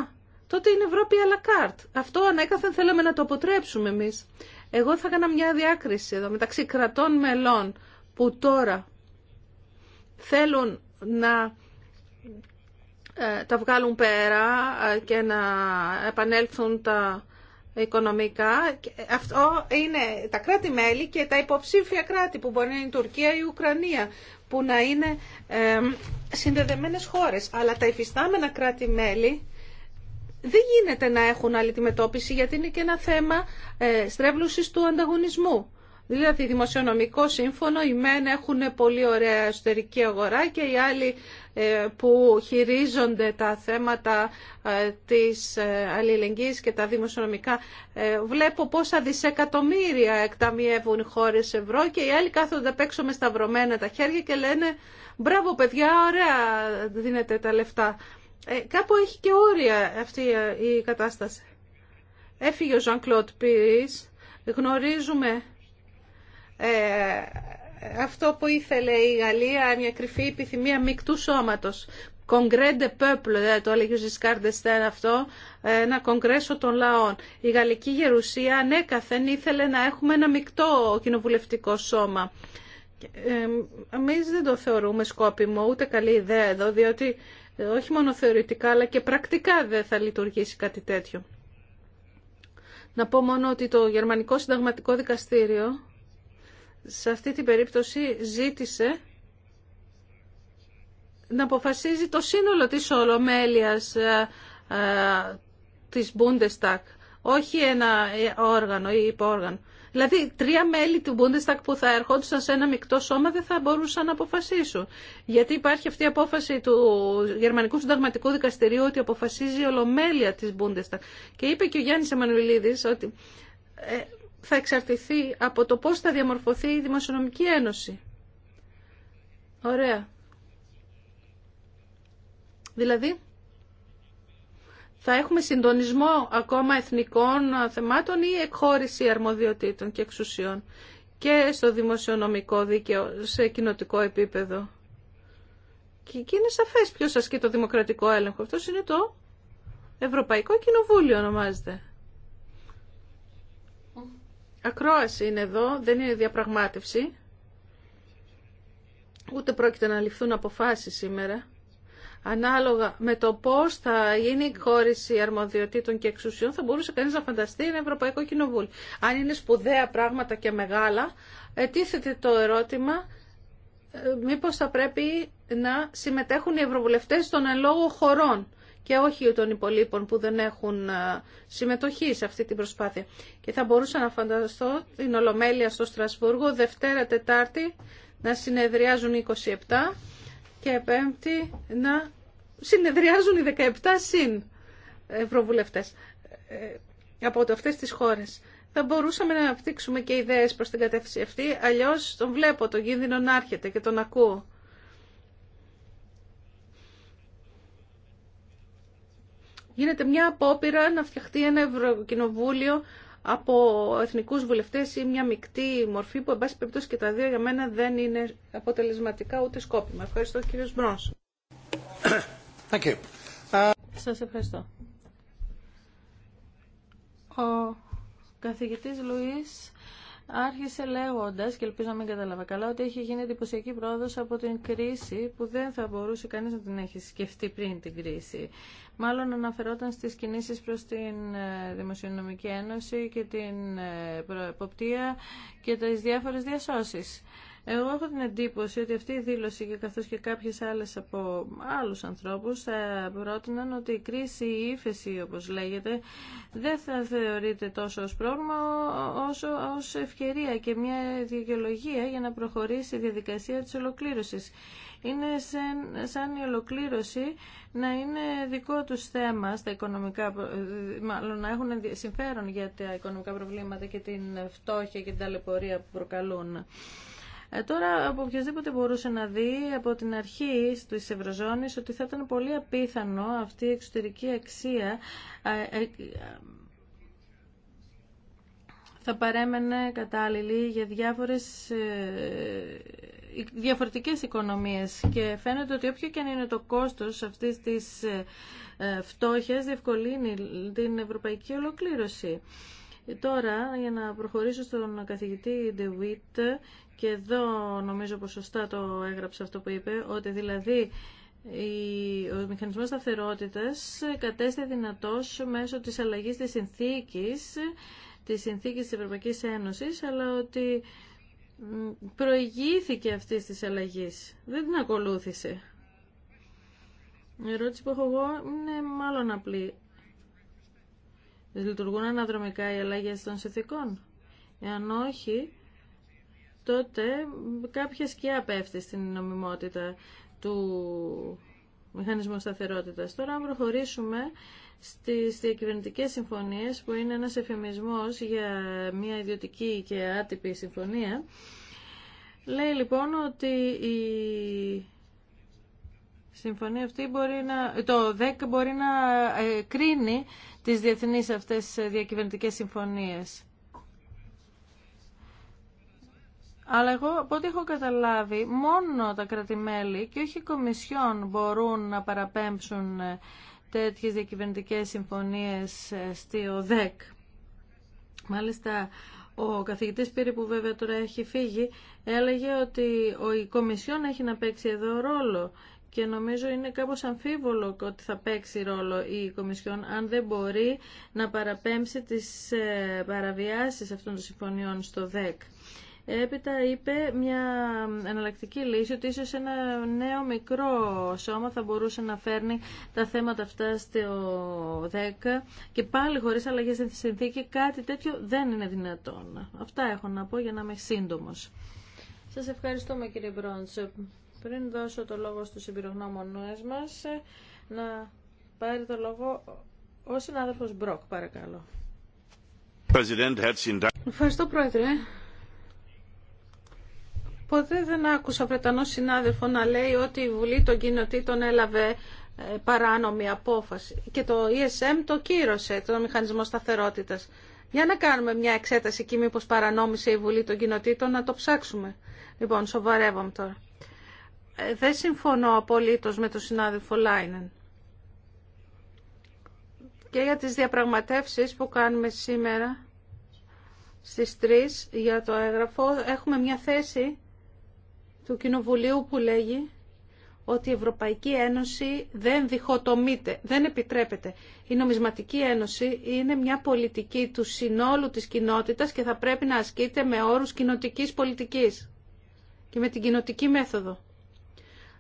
τότε είναι Ευρώπη à la carte. Αυτό ανέκαθεν θέλαμε να το αποτρέψουμε εμείς. Εγώ θα έκανα μια διάκριση εδώ μεταξύ κρατών μελών που τώρα θέλουν να ε, τα βγάλουν πέρα ε, και να επανέλθουν τα οικονομικά. Αυτό είναι τα κράτη-μέλη και τα υποψήφια κράτη που μπορεί να είναι η Τουρκία ή η Ουκρανία που να είναι ε, συνδεδεμένες χώρες. Αλλά τα υφιστάμενα κράτη-μέλη δεν γίνεται να έχουν άλλη τη γιατί είναι και ένα θέμα ε, στρέβλωσης του ανταγωνισμού. Δηλαδή, δημοσιονομικό σύμφωνο, οι μεν έχουν πολύ ωραία εσωτερική αγορά και οι άλλοι ε, που χειρίζονται τα θέματα ε, της ε, αλληλεγγύης και τα δημοσιονομικά. Βλέπω πόσα δισεκατομμύρια εκταμιεύουν οι χώρες ευρώ και οι άλλοι κάθονται απ' έξω με σταυρωμένα τα χέρια και λένε «Μπράβο παιδιά, ωραία δίνετε τα λεφτά». Κάπου έχει και όρια αυτή η κατάσταση. Έφυγε ο Ζαν Κλοντ Γνωρίζουμε ε, αυτό που ήθελε η Γαλλία, μια κρυφή επιθυμία μεικτού σώματος. Κογκρέντε Πέπλο, το έλεγε ο Ζισκάρ αυτό, ένα κογκρέσο των λαών. Η γαλλική γερουσία ανέκαθεν ναι, ήθελε να έχουμε ένα μεικτό κοινοβουλευτικό σώμα. Ε, Εμεί δεν το θεωρούμε σκόπιμο, ούτε καλή ιδέα εδώ, διότι όχι μόνο θεωρητικά, αλλά και πρακτικά δεν θα λειτουργήσει κάτι τέτοιο. Να πω μόνο ότι το Γερμανικό Συνταγματικό Δικαστήριο σε αυτή την περίπτωση ζήτησε να αποφασίζει το σύνολο της ολομέλειας ε, ε, της Bundestag, όχι ένα όργανο ή υπόργανο. Δηλαδή, τρία μέλη του Bundestag που θα ερχόντουσαν σε ένα μεικτό σώμα δεν θα μπορούσαν να αποφασίσουν. Γιατί υπάρχει αυτή η απόφαση του Γερμανικού Συνταγματικού Δικαστηρίου ότι αποφασίζει η ολομέλεια της Bundestag. Και είπε και ο Γιάννης Εμμανουηλίδης ότι ε, θα εξαρτηθεί από το πώς θα διαμορφωθεί η Δημοσιονομική Ένωση. Ωραία. Δηλαδή, θα έχουμε συντονισμό ακόμα εθνικών θεμάτων ή εκχώρηση αρμοδιοτήτων και εξουσιών και στο δημοσιονομικό δίκαιο σε κοινοτικό επίπεδο. Και εκεί είναι σαφές ποιος ασκεί το δημοκρατικό έλεγχο. Αυτό είναι το Ευρωπαϊκό Κοινοβούλιο ονομάζεται. Ακρόαση είναι εδώ, δεν είναι διαπραγμάτευση. Ούτε πρόκειται να ληφθούν αποφάσεις σήμερα. Ανάλογα με το πώς θα γίνει η χώριση αρμοδιοτήτων και εξουσιών θα μπορούσε κανείς να φανταστεί ένα Ευρωπαϊκό Κοινοβούλιο. Αν είναι σπουδαία πράγματα και μεγάλα, ετίθεται το ερώτημα ε, μήπως θα πρέπει να συμμετέχουν οι ευρωβουλευτές των εν χωρών και όχι των υπολείπων που δεν έχουν συμμετοχή σε αυτή την προσπάθεια. Και θα μπορούσα να φανταστώ την Ολομέλεια στο Στρασβούργο Δευτέρα Τετάρτη να συνεδριάζουν 27 και Πέμπτη να συνεδριάζουν οι 17 συν ευρωβουλευτές ε, από αυτές τις χώρες. Θα μπορούσαμε να αναπτύξουμε και ιδέες προς την κατεύθυνση αυτή, αλλιώς τον βλέπω, τον κίνδυνο να έρχεται και τον ακούω. Γίνεται μια απόπειρα να φτιαχτεί ένα Ευρωκοινοβούλιο από εθνικούς βουλευτές ή μια μεικτή μορφή που, εν πάση περιπτώσει, και τα δύο για μένα δεν είναι αποτελεσματικά ούτε σκόπιμα. Ευχαριστώ, κύριος Μπρόνς. [COUGHS] Ε, σας ευχαριστώ. Ο καθηγητής Λουίς άρχισε λέγοντας, και ελπίζω να μην κατάλαβα καλά, ότι έχει γίνει εντυπωσιακή πρόοδος από την κρίση που δεν θα μπορούσε κανείς να την έχει σκεφτεί πριν την κρίση. Μάλλον αναφερόταν στις κινήσεις προς την ε, Δημοσιονομική Ένωση και την ε, προεποπτεία και τις διάφορες διασώσεις. Εγώ έχω την εντύπωση ότι αυτή η δήλωση και καθώς και κάποιες άλλες από άλλους ανθρώπους θα πρότειναν ότι η κρίση, η ύφεση όπως λέγεται δεν θα θεωρείται τόσο ως πρόβλημα όσο ως ευκαιρία και μια δικαιολογία για να προχωρήσει η διαδικασία της ολοκλήρωσης. Είναι σαν η ολοκλήρωση να είναι δικό τους θέμα στα οικονομικά, μάλλον να έχουν συμφέρον για τα οικονομικά προβλήματα και την φτώχεια και την ταλαιπωρία που προκαλούν. Ε, τώρα από οποιοδήποτε μπορούσε να δει από την αρχή τη Ευρωζώνης ότι θα ήταν πολύ απίθανο αυτή η εξωτερική αξία ε, ε, θα παρέμενε κατάλληλη για διάφορες διαφορετικές οικονομίες και φαίνεται ότι όποιο και αν είναι το κόστος αυτής της φτώχειας διευκολύνει την ευρωπαϊκή ολοκλήρωση. Τώρα, για να προχωρήσω στον καθηγητή Ντεβίτ και εδώ νομίζω πως σωστά το έγραψε αυτό που είπε, ότι δηλαδή ο μηχανισμός σταθερότητας κατέστη δυνατός μέσω της αλλαγής της συνθήκης, της συνθήκης της Ευρωπαϊκής Ένωσης, αλλά ότι προηγήθηκε αυτής της αλλαγής. Δεν την ακολούθησε. Η ερώτηση που έχω εγώ είναι μάλλον απλή. Λειτουργούν αναδρομικά οι αλλαγές των συνθήκων. Εάν όχι, τότε κάποια σκιά πέφτει στην νομιμότητα του μηχανισμού σταθερότητας. Τώρα αν προχωρήσουμε στις διακυβερνητικές συμφωνίες που είναι ένας εφημισμός για μια ιδιωτική και άτυπη συμφωνία λέει λοιπόν ότι η συμφωνία αυτή μπορεί να, το ΔΕΚ μπορεί να ε, κρίνει τις διεθνείς αυτές διακυβερνητικές συμφωνίες. Αλλά εγώ από ό,τι έχω καταλάβει, μόνο τα κρατημέλη και όχι οι κομισιόν μπορούν να παραπέμψουν ε, τέτοιες διακυβερνητικές συμφωνίες ε, στη ΟΔΕΚ. Μάλιστα, ο καθηγητής Πύρη που βέβαια τώρα έχει φύγει έλεγε ότι η Κομισιόν έχει να παίξει εδώ ρόλο και νομίζω είναι κάπως αμφίβολο ότι θα παίξει ρόλο η Κομισιόν αν δεν μπορεί να παραπέμψει τις ε, παραβιάσεις αυτών των συμφωνιών στο ΔΕΚ. Έπειτα είπε μια εναλλακτική λύση ότι ίσως ένα νέο μικρό σώμα θα μπορούσε να φέρνει τα θέματα αυτά στο 10 και πάλι χωρίς αλλαγές στη συνθήκη κάτι τέτοιο δεν είναι δυνατόν. Αυτά έχω να πω για να είμαι σύντομος. Σας ευχαριστούμε κύριε Μπρόντς. Πριν δώσω το λόγο στους εμπειρογνώμονές μας, να πάρει το λόγο ο συνάδελφος Μπρόκ, παρακαλώ. Ευχαριστώ πρόεδρε. Ποτέ δεν άκουσα Βρετανό συνάδελφο να λέει ότι η Βουλή των Κοινοτήτων έλαβε ε, παράνομη απόφαση και το ESM το κύρωσε, το Μηχανισμό Σταθερότητας. Για να κάνουμε μια εξέταση εκεί μήπως παρανόμησε η Βουλή των Κοινοτήτων να το ψάξουμε. Λοιπόν, σοβαρεύομαι τώρα. Ε, δεν συμφωνώ απολύτως με τον συνάδελφο Λάινεν. Και για τις διαπραγματεύσεις που κάνουμε σήμερα στις 3 για το έγγραφο έχουμε μια θέση του Κοινοβουλίου που λέγει ότι η Ευρωπαϊκή Ένωση δεν διχοτομείται, δεν επιτρέπεται. Η Νομισματική Ένωση είναι μια πολιτική του συνόλου της κοινότητας και θα πρέπει να ασκείται με όρους κοινοτικής πολιτικής και με την κοινοτική μέθοδο.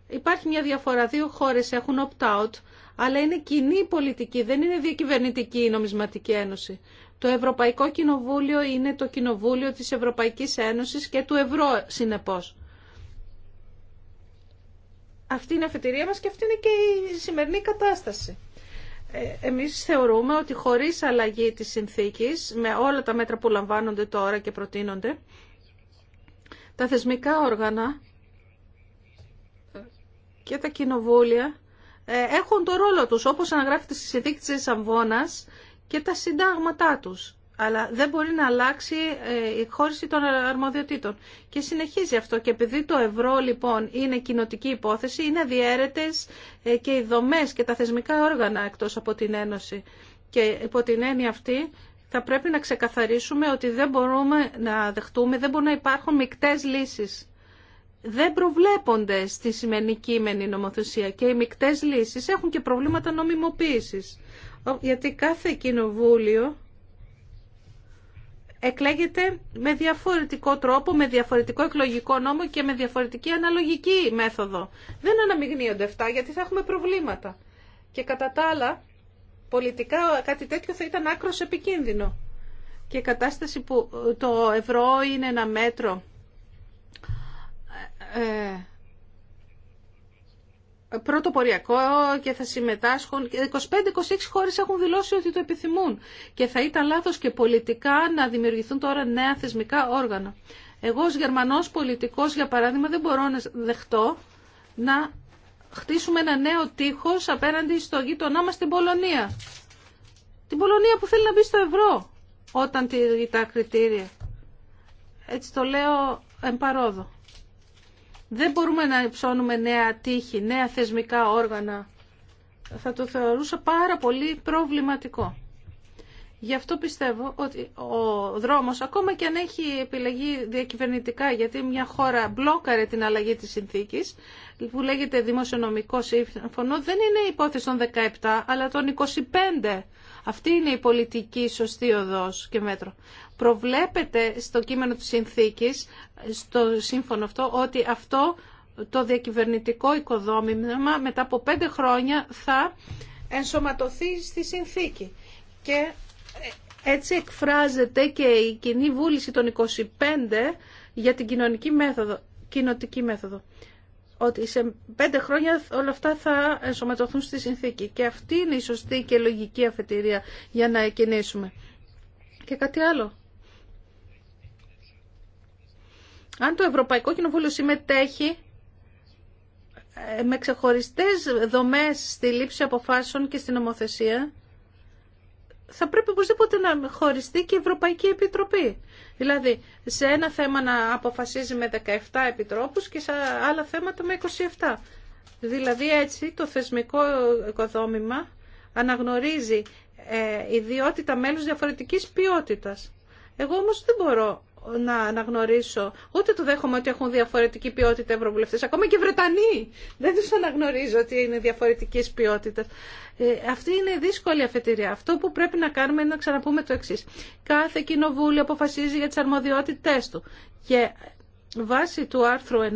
Υπάρχει μια διαφορά. Δύο χώρες έχουν opt-out, αλλά είναι κοινή πολιτική, δεν είναι διακυβερνητική η Νομισματική Ένωση. Το Ευρωπαϊκό Κοινοβούλιο είναι το Κοινοβούλιο της Ευρωπαϊκής Ένωσης και του Ευρώ, συνεπώς. Αυτή είναι η αφετηρία μας και αυτή είναι και η σημερινή κατάσταση. Ε, εμείς θεωρούμε ότι χωρίς αλλαγή της συνθήκης, με όλα τα μέτρα που λαμβάνονται τώρα και προτείνονται, τα θεσμικά όργανα και τα κοινοβούλια ε, έχουν το ρόλο τους, όπως αναγράφεται στη συνθήκη της Σαμβώνας και τα συντάγματά τους αλλά δεν μπορεί να αλλάξει ε, η χώριση των αρμοδιοτήτων. Και συνεχίζει αυτό. Και επειδή το ευρώ λοιπόν είναι κοινοτική υπόθεση, είναι αδιέρετες ε, και οι δομές και τα θεσμικά όργανα εκτός από την Ένωση. Και υπό την έννοια αυτή θα πρέπει να ξεκαθαρίσουμε ότι δεν μπορούμε να δεχτούμε, δεν μπορούν να υπάρχουν μικτές λύσεις. Δεν προβλέπονται στη σημερινή κείμενη νομοθεσία και οι μικτές λύσεις έχουν και προβλήματα νομιμοποίησης. Γιατί κάθε κοινοβούλιο εκλέγεται με διαφορετικό τρόπο, με διαφορετικό εκλογικό νόμο και με διαφορετική αναλογική μέθοδο. Δεν αναμειγνύονται αυτά γιατί θα έχουμε προβλήματα. Και κατά τα άλλα, πολιτικά κάτι τέτοιο θα ήταν άκρο επικίνδυνο. Και η κατάσταση που το ευρώ είναι ένα μέτρο ε, ε, πρωτοποριακό και θα συμμετάσχουν. 25-26 χώρες έχουν δηλώσει ότι το επιθυμούν και θα ήταν λάθος και πολιτικά να δημιουργηθούν τώρα νέα θεσμικά όργανα. Εγώ ως Γερμανός πολιτικός, για παράδειγμα, δεν μπορώ να δεχτώ να χτίσουμε ένα νέο τείχος απέναντι στο γείτονά μας την Πολωνία. Την Πολωνία που θέλει να μπει στο ευρώ όταν τη τα κριτήρια. Έτσι το λέω εμπαρόδο. Δεν μπορούμε να υψώνουμε νέα τείχη, νέα θεσμικά όργανα. Θα το θεωρούσα πάρα πολύ προβληματικό. Γι' αυτό πιστεύω ότι ο δρόμος, ακόμα και αν έχει επιλεγεί διακυβερνητικά, γιατί μια χώρα μπλόκαρε την αλλαγή της συνθήκης, που λέγεται δημοσιονομικό σύμφωνο, δεν είναι η υπόθεση των 17, αλλά των 25. Αυτή είναι η πολιτική σωστή οδός και μέτρο προβλέπεται στο κείμενο της συνθήκης, στο σύμφωνο αυτό, ότι αυτό το διακυβερνητικό οικοδόμημα μετά από πέντε χρόνια θα ενσωματωθεί στη συνθήκη. Και ε, έτσι εκφράζεται και η κοινή βούληση των 25 για την κοινωνική μέθοδο, κοινοτική μέθοδο. Ότι σε πέντε χρόνια όλα αυτά θα ενσωματωθούν στη συνθήκη. Και αυτή είναι η σωστή και λογική αφετηρία για να εκκινήσουμε. Και κάτι άλλο. αν το Ευρωπαϊκό Κοινοβούλιο συμμετέχει ε, με ξεχωριστές δομές στη λήψη αποφάσεων και στην νομοθεσία, θα πρέπει οπωσδήποτε να χωριστεί και η Ευρωπαϊκή Επιτροπή. Δηλαδή, σε ένα θέμα να αποφασίζει με 17 επιτρόπους και σε άλλα θέματα με 27. Δηλαδή, έτσι το θεσμικό οικοδόμημα αναγνωρίζει ε, ιδιότητα μέλους διαφορετικής ποιότητας. Εγώ όμως δεν μπορώ να αναγνωρίσω. Ούτε το δέχομαι ότι έχουν διαφορετική ποιότητα ευρωβουλευτέ. Ακόμα και Βρετανοί. Δεν του αναγνωρίζω ότι είναι διαφορετικής ποιότητα. Ε, αυτή είναι η δύσκολη αφετηρία. Αυτό που πρέπει να κάνουμε είναι να ξαναπούμε το εξή. Κάθε κοινοβούλιο αποφασίζει για τι αρμοδιότητέ του. Και βάσει του άρθρου 9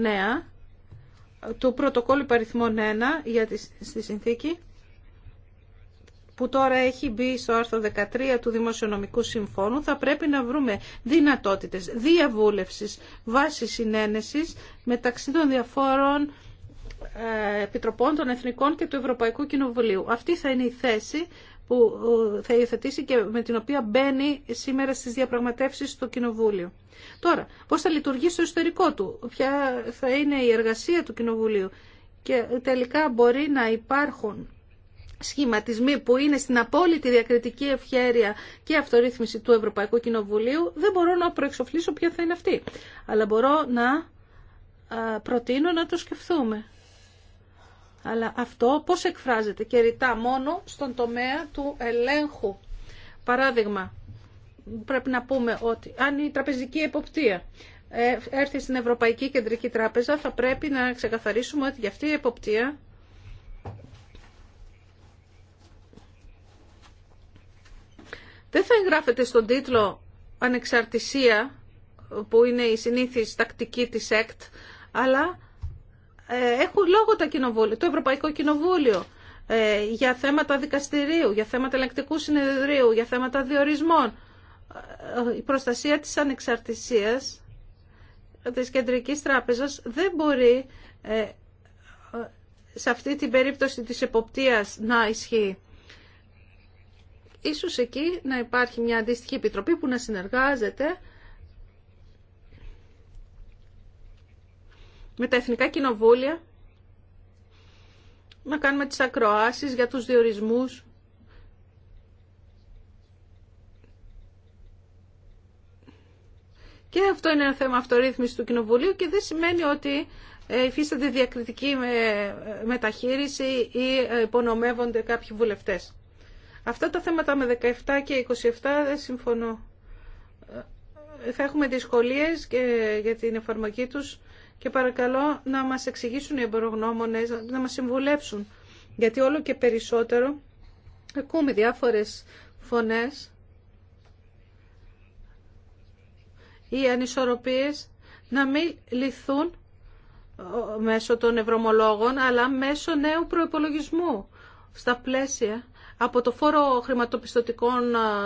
του πρωτοκόλλου παριθμών 1 για στη συνθήκη που τώρα έχει μπει στο άρθρο 13 του Δημοσιονομικού Συμφώνου, θα πρέπει να βρούμε δυνατότητες διαβούλευσης βάσης συνένεσης μεταξύ των διαφόρων ε, επιτροπών των Εθνικών και του Ευρωπαϊκού Κοινοβουλίου. Αυτή θα είναι η θέση που ε, θα υιοθετήσει και με την οποία μπαίνει σήμερα στις διαπραγματεύσεις στο Κοινοβούλιο. Τώρα, πώς θα λειτουργήσει το εσωτερικό του, ποια θα είναι η εργασία του Κοινοβουλίου και τελικά μπορεί να υπάρχουν σχηματισμοί που είναι στην απόλυτη διακριτική ευχέρεια και αυτορύθμιση του Ευρωπαϊκού Κοινοβουλίου, δεν μπορώ να προεξοφλήσω ποια θα είναι αυτή. Αλλά μπορώ να προτείνω να το σκεφτούμε. Αλλά αυτό πώς εκφράζεται και ρητά μόνο στον τομέα του ελέγχου. Παράδειγμα, πρέπει να πούμε ότι αν η τραπεζική εποπτεία ε, έρθει στην Ευρωπαϊκή Κεντρική Τράπεζα, θα πρέπει να ξεκαθαρίσουμε ότι για αυτή η εποπτεία δεν θα εγγράφεται στον τίτλο ανεξαρτησία που είναι η συνήθις τακτική της ΕΚΤ, αλλά ε, έχουν λόγο τα κοινοβούλια, το Ευρωπαϊκό Κοινοβούλιο ε, για θέματα δικαστηρίου, για θέματα ελεκτικού συνεδρίου, για θέματα διορισμών. Ε, η προστασία της ανεξαρτησίας της Κεντρικής Τράπεζας δεν μπορεί σε αυτή την περίπτωση της εποπτείας να ισχύει ίσως εκεί να υπάρχει μια αντίστοιχη επιτροπή που να συνεργάζεται με τα εθνικά κοινοβούλια, να κάνουμε τις ακροάσεις για τους διορισμούς. Και αυτό είναι ένα θέμα αυτορύθμισης του Κοινοβουλίου και δεν σημαίνει ότι ε, υφίστανται διακριτική ε, μεταχείριση ή ε, υπονομεύονται κάποιοι βουλευτές. Αυτά τα θέματα με 17 και 27 δεν συμφωνώ. Ε, θα έχουμε δυσκολίες για την εφαρμογή τους και παρακαλώ να μας εξηγήσουν οι εμπορογνώμονες, να μας συμβουλέψουν. Γιατί όλο και περισσότερο ακούμε διάφορες φωνές ή ανισορροπίες να μην λυθούν ε, μέσω των ευρωμολόγων, αλλά μέσω νέου προϋπολογισμού στα πλαίσια από το φόρο χρηματοπιστωτικών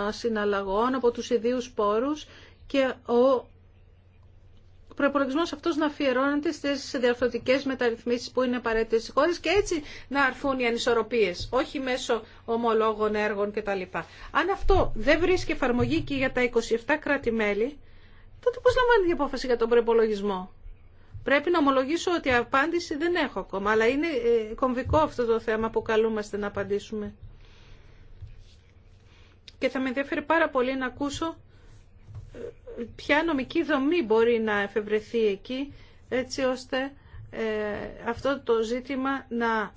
συναλλαγών, από τους ιδίους πόρους και ο προπολογισμό αυτό να αφιερώνεται στι διαρθρωτικέ μεταρρυθμίσει που είναι απαραίτητε στι χώρε και έτσι να αρθούν οι ανισορροπίε, όχι μέσω ομολόγων, έργων κτλ. Αν αυτό δεν βρίσκει εφαρμογή και για τα 27 κράτη-μέλη, τότε πώ λαμβάνεται η απόφαση για τον προπολογισμό. Πρέπει να ομολογήσω ότι απάντηση δεν έχω ακόμα, αλλά είναι ε, κομβικό αυτό το θέμα που καλούμαστε να απαντήσουμε και θα με ενδιαφέρει πάρα πολύ να ακούσω ε, ποια νομική δομή μπορεί να εφευρεθεί εκεί έτσι ώστε ε, αυτό το ζήτημα να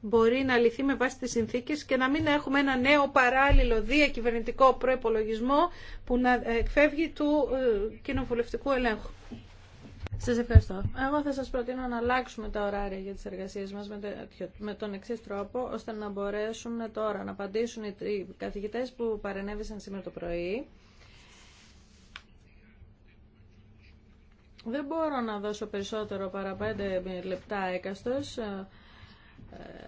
μπορεί να λυθεί με βάση τις συνθήκες και να μην έχουμε ένα νέο παράλληλο διακυβερνητικό προϋπολογισμό που να εκφεύγει του ε, κοινοβουλευτικού ελέγχου. Σα ευχαριστώ. Εγώ θα σα προτείνω να αλλάξουμε τα ωράρια για τις εργασίες μα με, τον εξή τρόπο, ώστε να μπορέσουν τώρα να απαντήσουν οι καθηγητέ που παρενέβησαν σήμερα το πρωί. Δεν μπορώ να δώσω περισσότερο παρά 5 λεπτά έκαστος, ε,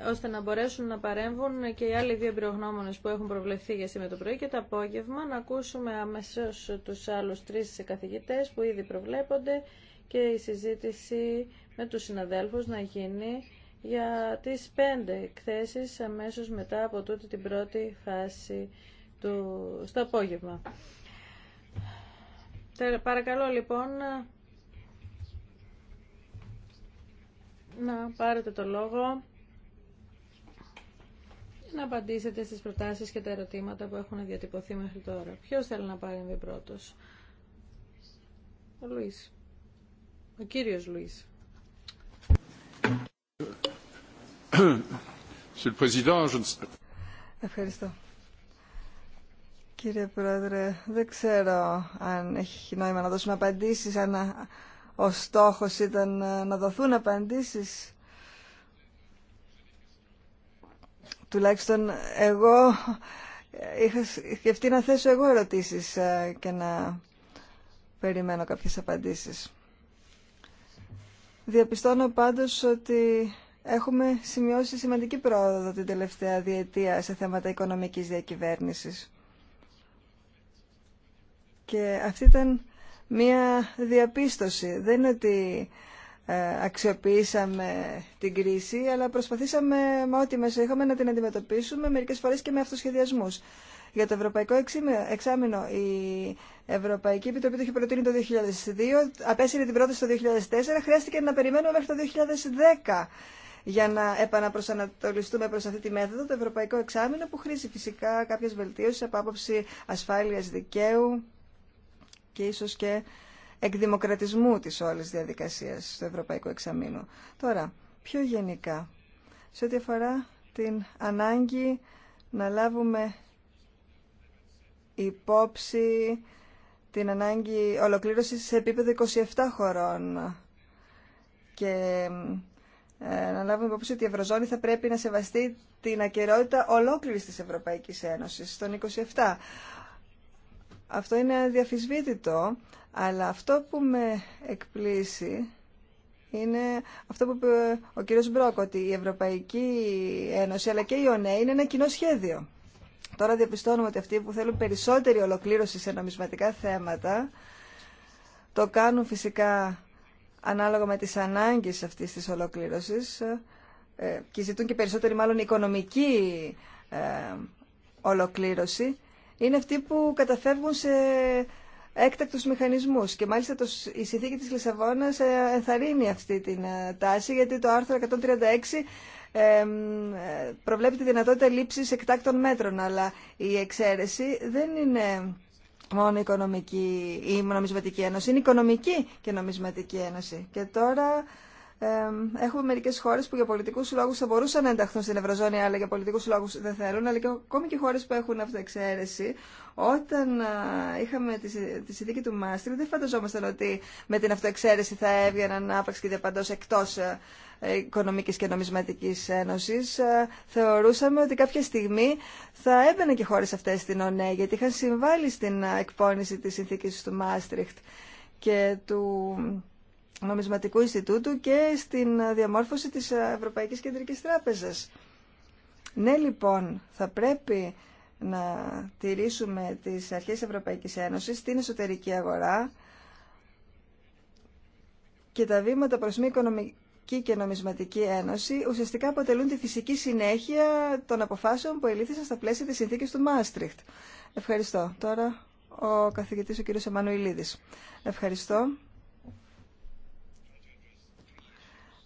ε, ώστε να μπορέσουν να παρέμβουν και οι άλλοι δύο εμπειρογνώμονε που έχουν προβλεφθεί για σήμερα το πρωί και το απόγευμα να ακούσουμε αμέσω του άλλου τρει καθηγητέ που ήδη προβλέπονται και η συζήτηση με τους συναδέλφους να γίνει για τις πέντε εκθέσεις αμέσως μετά από τούτη την πρώτη φάση του, στο απόγευμα. Παρακαλώ λοιπόν να πάρετε το λόγο να απαντήσετε στις προτάσεις και τα ερωτήματα που έχουν διατυπωθεί μέχρι τώρα. Ποιος θέλει να πάρει πρώτος. Ο Λουίς. Ο κύριος Λουίς. Ευχαριστώ. Κύριε Πρόεδρε, δεν ξέρω αν έχει νόημα να δώσουμε απαντήσεις, αν ο στόχος ήταν να δοθούν απαντήσεις. Τουλάχιστον εγώ είχα σκεφτεί να θέσω εγώ ερωτήσεις ε, και να περιμένω κάποιες απαντήσεις. Διαπιστώνω πάντως ότι έχουμε σημειώσει σημαντική πρόοδο την τελευταία διετία σε θέματα οικονομικής διακυβέρνησης. Και αυτή ήταν μία διαπίστωση. Δεν είναι ότι ε, αξιοποιήσαμε την κρίση, αλλά προσπαθήσαμε με ό,τι μέσα είχαμε να την αντιμετωπίσουμε μερικές φορές και με αυτοσχεδιασμούς. Για το Ευρωπαϊκό Εξάμεινο η Ευρωπαϊκή Επιτροπή το είχε προτείνει το 2002, απέσυρε την πρόταση το 2004, χρειάστηκε να περιμένουμε μέχρι το 2010 για να επαναπροσανατολιστούμε προς αυτή τη μέθοδο, το Ευρωπαϊκό Εξάμεινο που χρήζει φυσικά κάποιες βελτίωσεις από άποψη ασφάλειας δικαίου και ίσως και εκδημοκρατισμού της όλης διαδικασίας του Ευρωπαϊκού Εξαμήνου. Τώρα, πιο γενικά, σε ό,τι αφορά την ανάγκη να λάβουμε υπόψη την ανάγκη ολοκλήρωσης σε επίπεδο 27 χωρών και ε, να λάβουμε υπόψη ότι η Ευρωζώνη θα πρέπει να σεβαστεί την ακαιρεότητα ολόκληρης της Ευρωπαϊκής Ένωσης, των 27. Αυτό είναι διαφυσβήτητο, αλλά αυτό που με εκπλήσει είναι αυτό που είπε ο κύριος Μπρόκ, ότι η Ευρωπαϊκή Ένωση αλλά και η ΟΝΕ είναι ένα κοινό σχέδιο. Τώρα διαπιστώνουμε ότι αυτοί που θέλουν περισσότερη ολοκλήρωση σε νομισματικά θέματα το κάνουν φυσικά ανάλογα με τις ανάγκες αυτής της ολοκλήρωσης ε, και ζητούν και περισσότερη μάλλον οικονομική ε, ολοκλήρωση είναι αυτοί που καταφεύγουν σε έκτακτους μηχανισμούς και μάλιστα το, η συνθήκη της Λισαβόνας ε, ενθαρρύνει αυτή την τάση γιατί το άρθρο 136 προβλέπει τη δυνατότητα λήψης εκτάκτων μέτρων, αλλά η εξαίρεση δεν είναι μόνο οικονομική ή νομισματική ένωση, είναι οικονομική και νομισματική ένωση. Και τώρα ε, έχουμε μερικέ χώρε που για πολιτικού λόγου θα μπορούσαν να ενταχθούν στην Ευρωζώνη, αλλά για πολιτικού λόγου δεν θέλουν. Αλλά και ακόμη και χώρε που έχουν αυτοεξαίρεση. Όταν είχαμε τη, τη συνθήκη του Μάστρικ, δεν φανταζόμασταν ότι με την αυτοεξαίρεση θα έβγαιναν άπαξ και διαπαντό εκτό ε, Οικονομικής και Νομισματικής Ένωσης, ε, θεωρούσαμε ότι κάποια στιγμή θα έμπαιναν και χώρες αυτές στην ΟΝΕ, γιατί είχαν συμβάλει στην εκπόνηση της συνθήκης του Μάστριχτ και του Νομισματικού Ινστιτούτου και στην διαμόρφωση της Ευρωπαϊκής Κεντρικής Τράπεζας. Ναι, λοιπόν, θα πρέπει να τηρήσουμε τις αρχές Ευρωπαϊκής Ένωσης στην εσωτερική αγορά και τα βήματα προς μια Οικονομική και Νομισματική Ένωση ουσιαστικά αποτελούν τη φυσική συνέχεια των αποφάσεων που ελήφθησαν στα πλαίσια της συνθήκης του Μάστριχτ. Ευχαριστώ. Τώρα ο καθηγητής ο κ. Εμμανουηλίδης. Ευχαριστώ.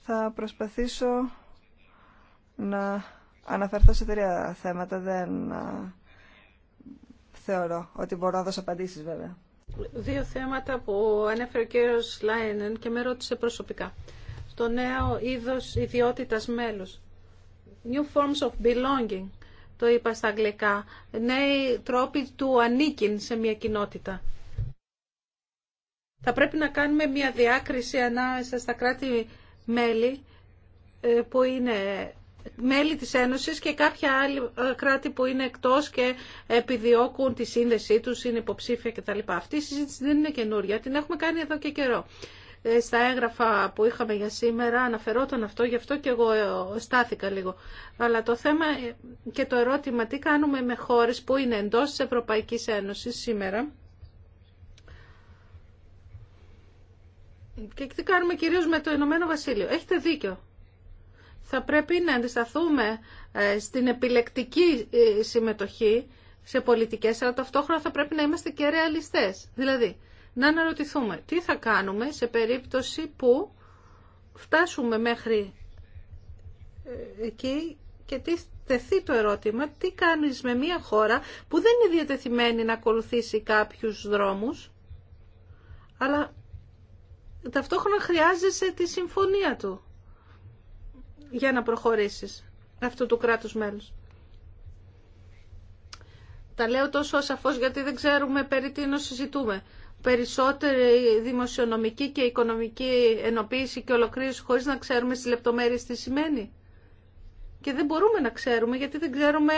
Θα προσπαθήσω να αναφερθώ σε τρία θέματα. Δεν θεωρώ ότι μπορώ να δώσω απαντήσεις βέβαια. Δύο θέματα που ανέφερε ο κύριος Λάινεν και με ρώτησε προσωπικά το νέο είδος ιδιότητας μέλους. New forms of belonging, το είπα στα αγγλικά. Νέοι τρόποι του ανήκειν σε μια κοινότητα. Θα πρέπει να κάνουμε μια διάκριση ανάμεσα στα κράτη-μέλη ε, που είναι μέλη της Ένωσης και κάποια άλλη ε, κράτη που είναι εκτός και επιδιώκουν τη σύνδεσή τους, είναι υποψήφια κτλ. Αυτή η συζήτηση δεν είναι καινούρια, την έχουμε κάνει εδώ και καιρό. Ε, στα έγγραφα που είχαμε για σήμερα αναφερόταν αυτό, γι' αυτό και εγώ ε, στάθηκα λίγο. Αλλά το θέμα ε, και το ερώτημα τι κάνουμε με χώρες που είναι εντός της Ευρωπαϊκής Ένωσης σήμερα και τι κάνουμε κυρίως με το Ηνωμένο Βασίλειο. Έχετε δίκιο. Θα πρέπει να αντισταθούμε στην επιλεκτική συμμετοχή σε πολιτικές, αλλά ταυτόχρονα θα πρέπει να είμαστε και ρεαλιστές. Δηλαδή, να αναρωτηθούμε τι θα κάνουμε σε περίπτωση που φτάσουμε μέχρι ε, εκεί και τι θεθεί το ερώτημα τι κάνεις με μια χώρα που δεν είναι διατεθειμένη να ακολουθήσει κάποιους δρόμους αλλά ταυτόχρονα χρειάζεσαι τη συμφωνία του για να προχωρήσεις αυτού του κράτους μέλους. Τα λέω τόσο ασαφώς γιατί δεν ξέρουμε περί τίνος συζητούμε περισσότερη δημοσιονομική και οικονομική ενοποίηση και ολοκλήρωση χωρίς να ξέρουμε στις λεπτομέρειες τι σημαίνει. Και δεν μπορούμε να ξέρουμε γιατί δεν ξέρουμε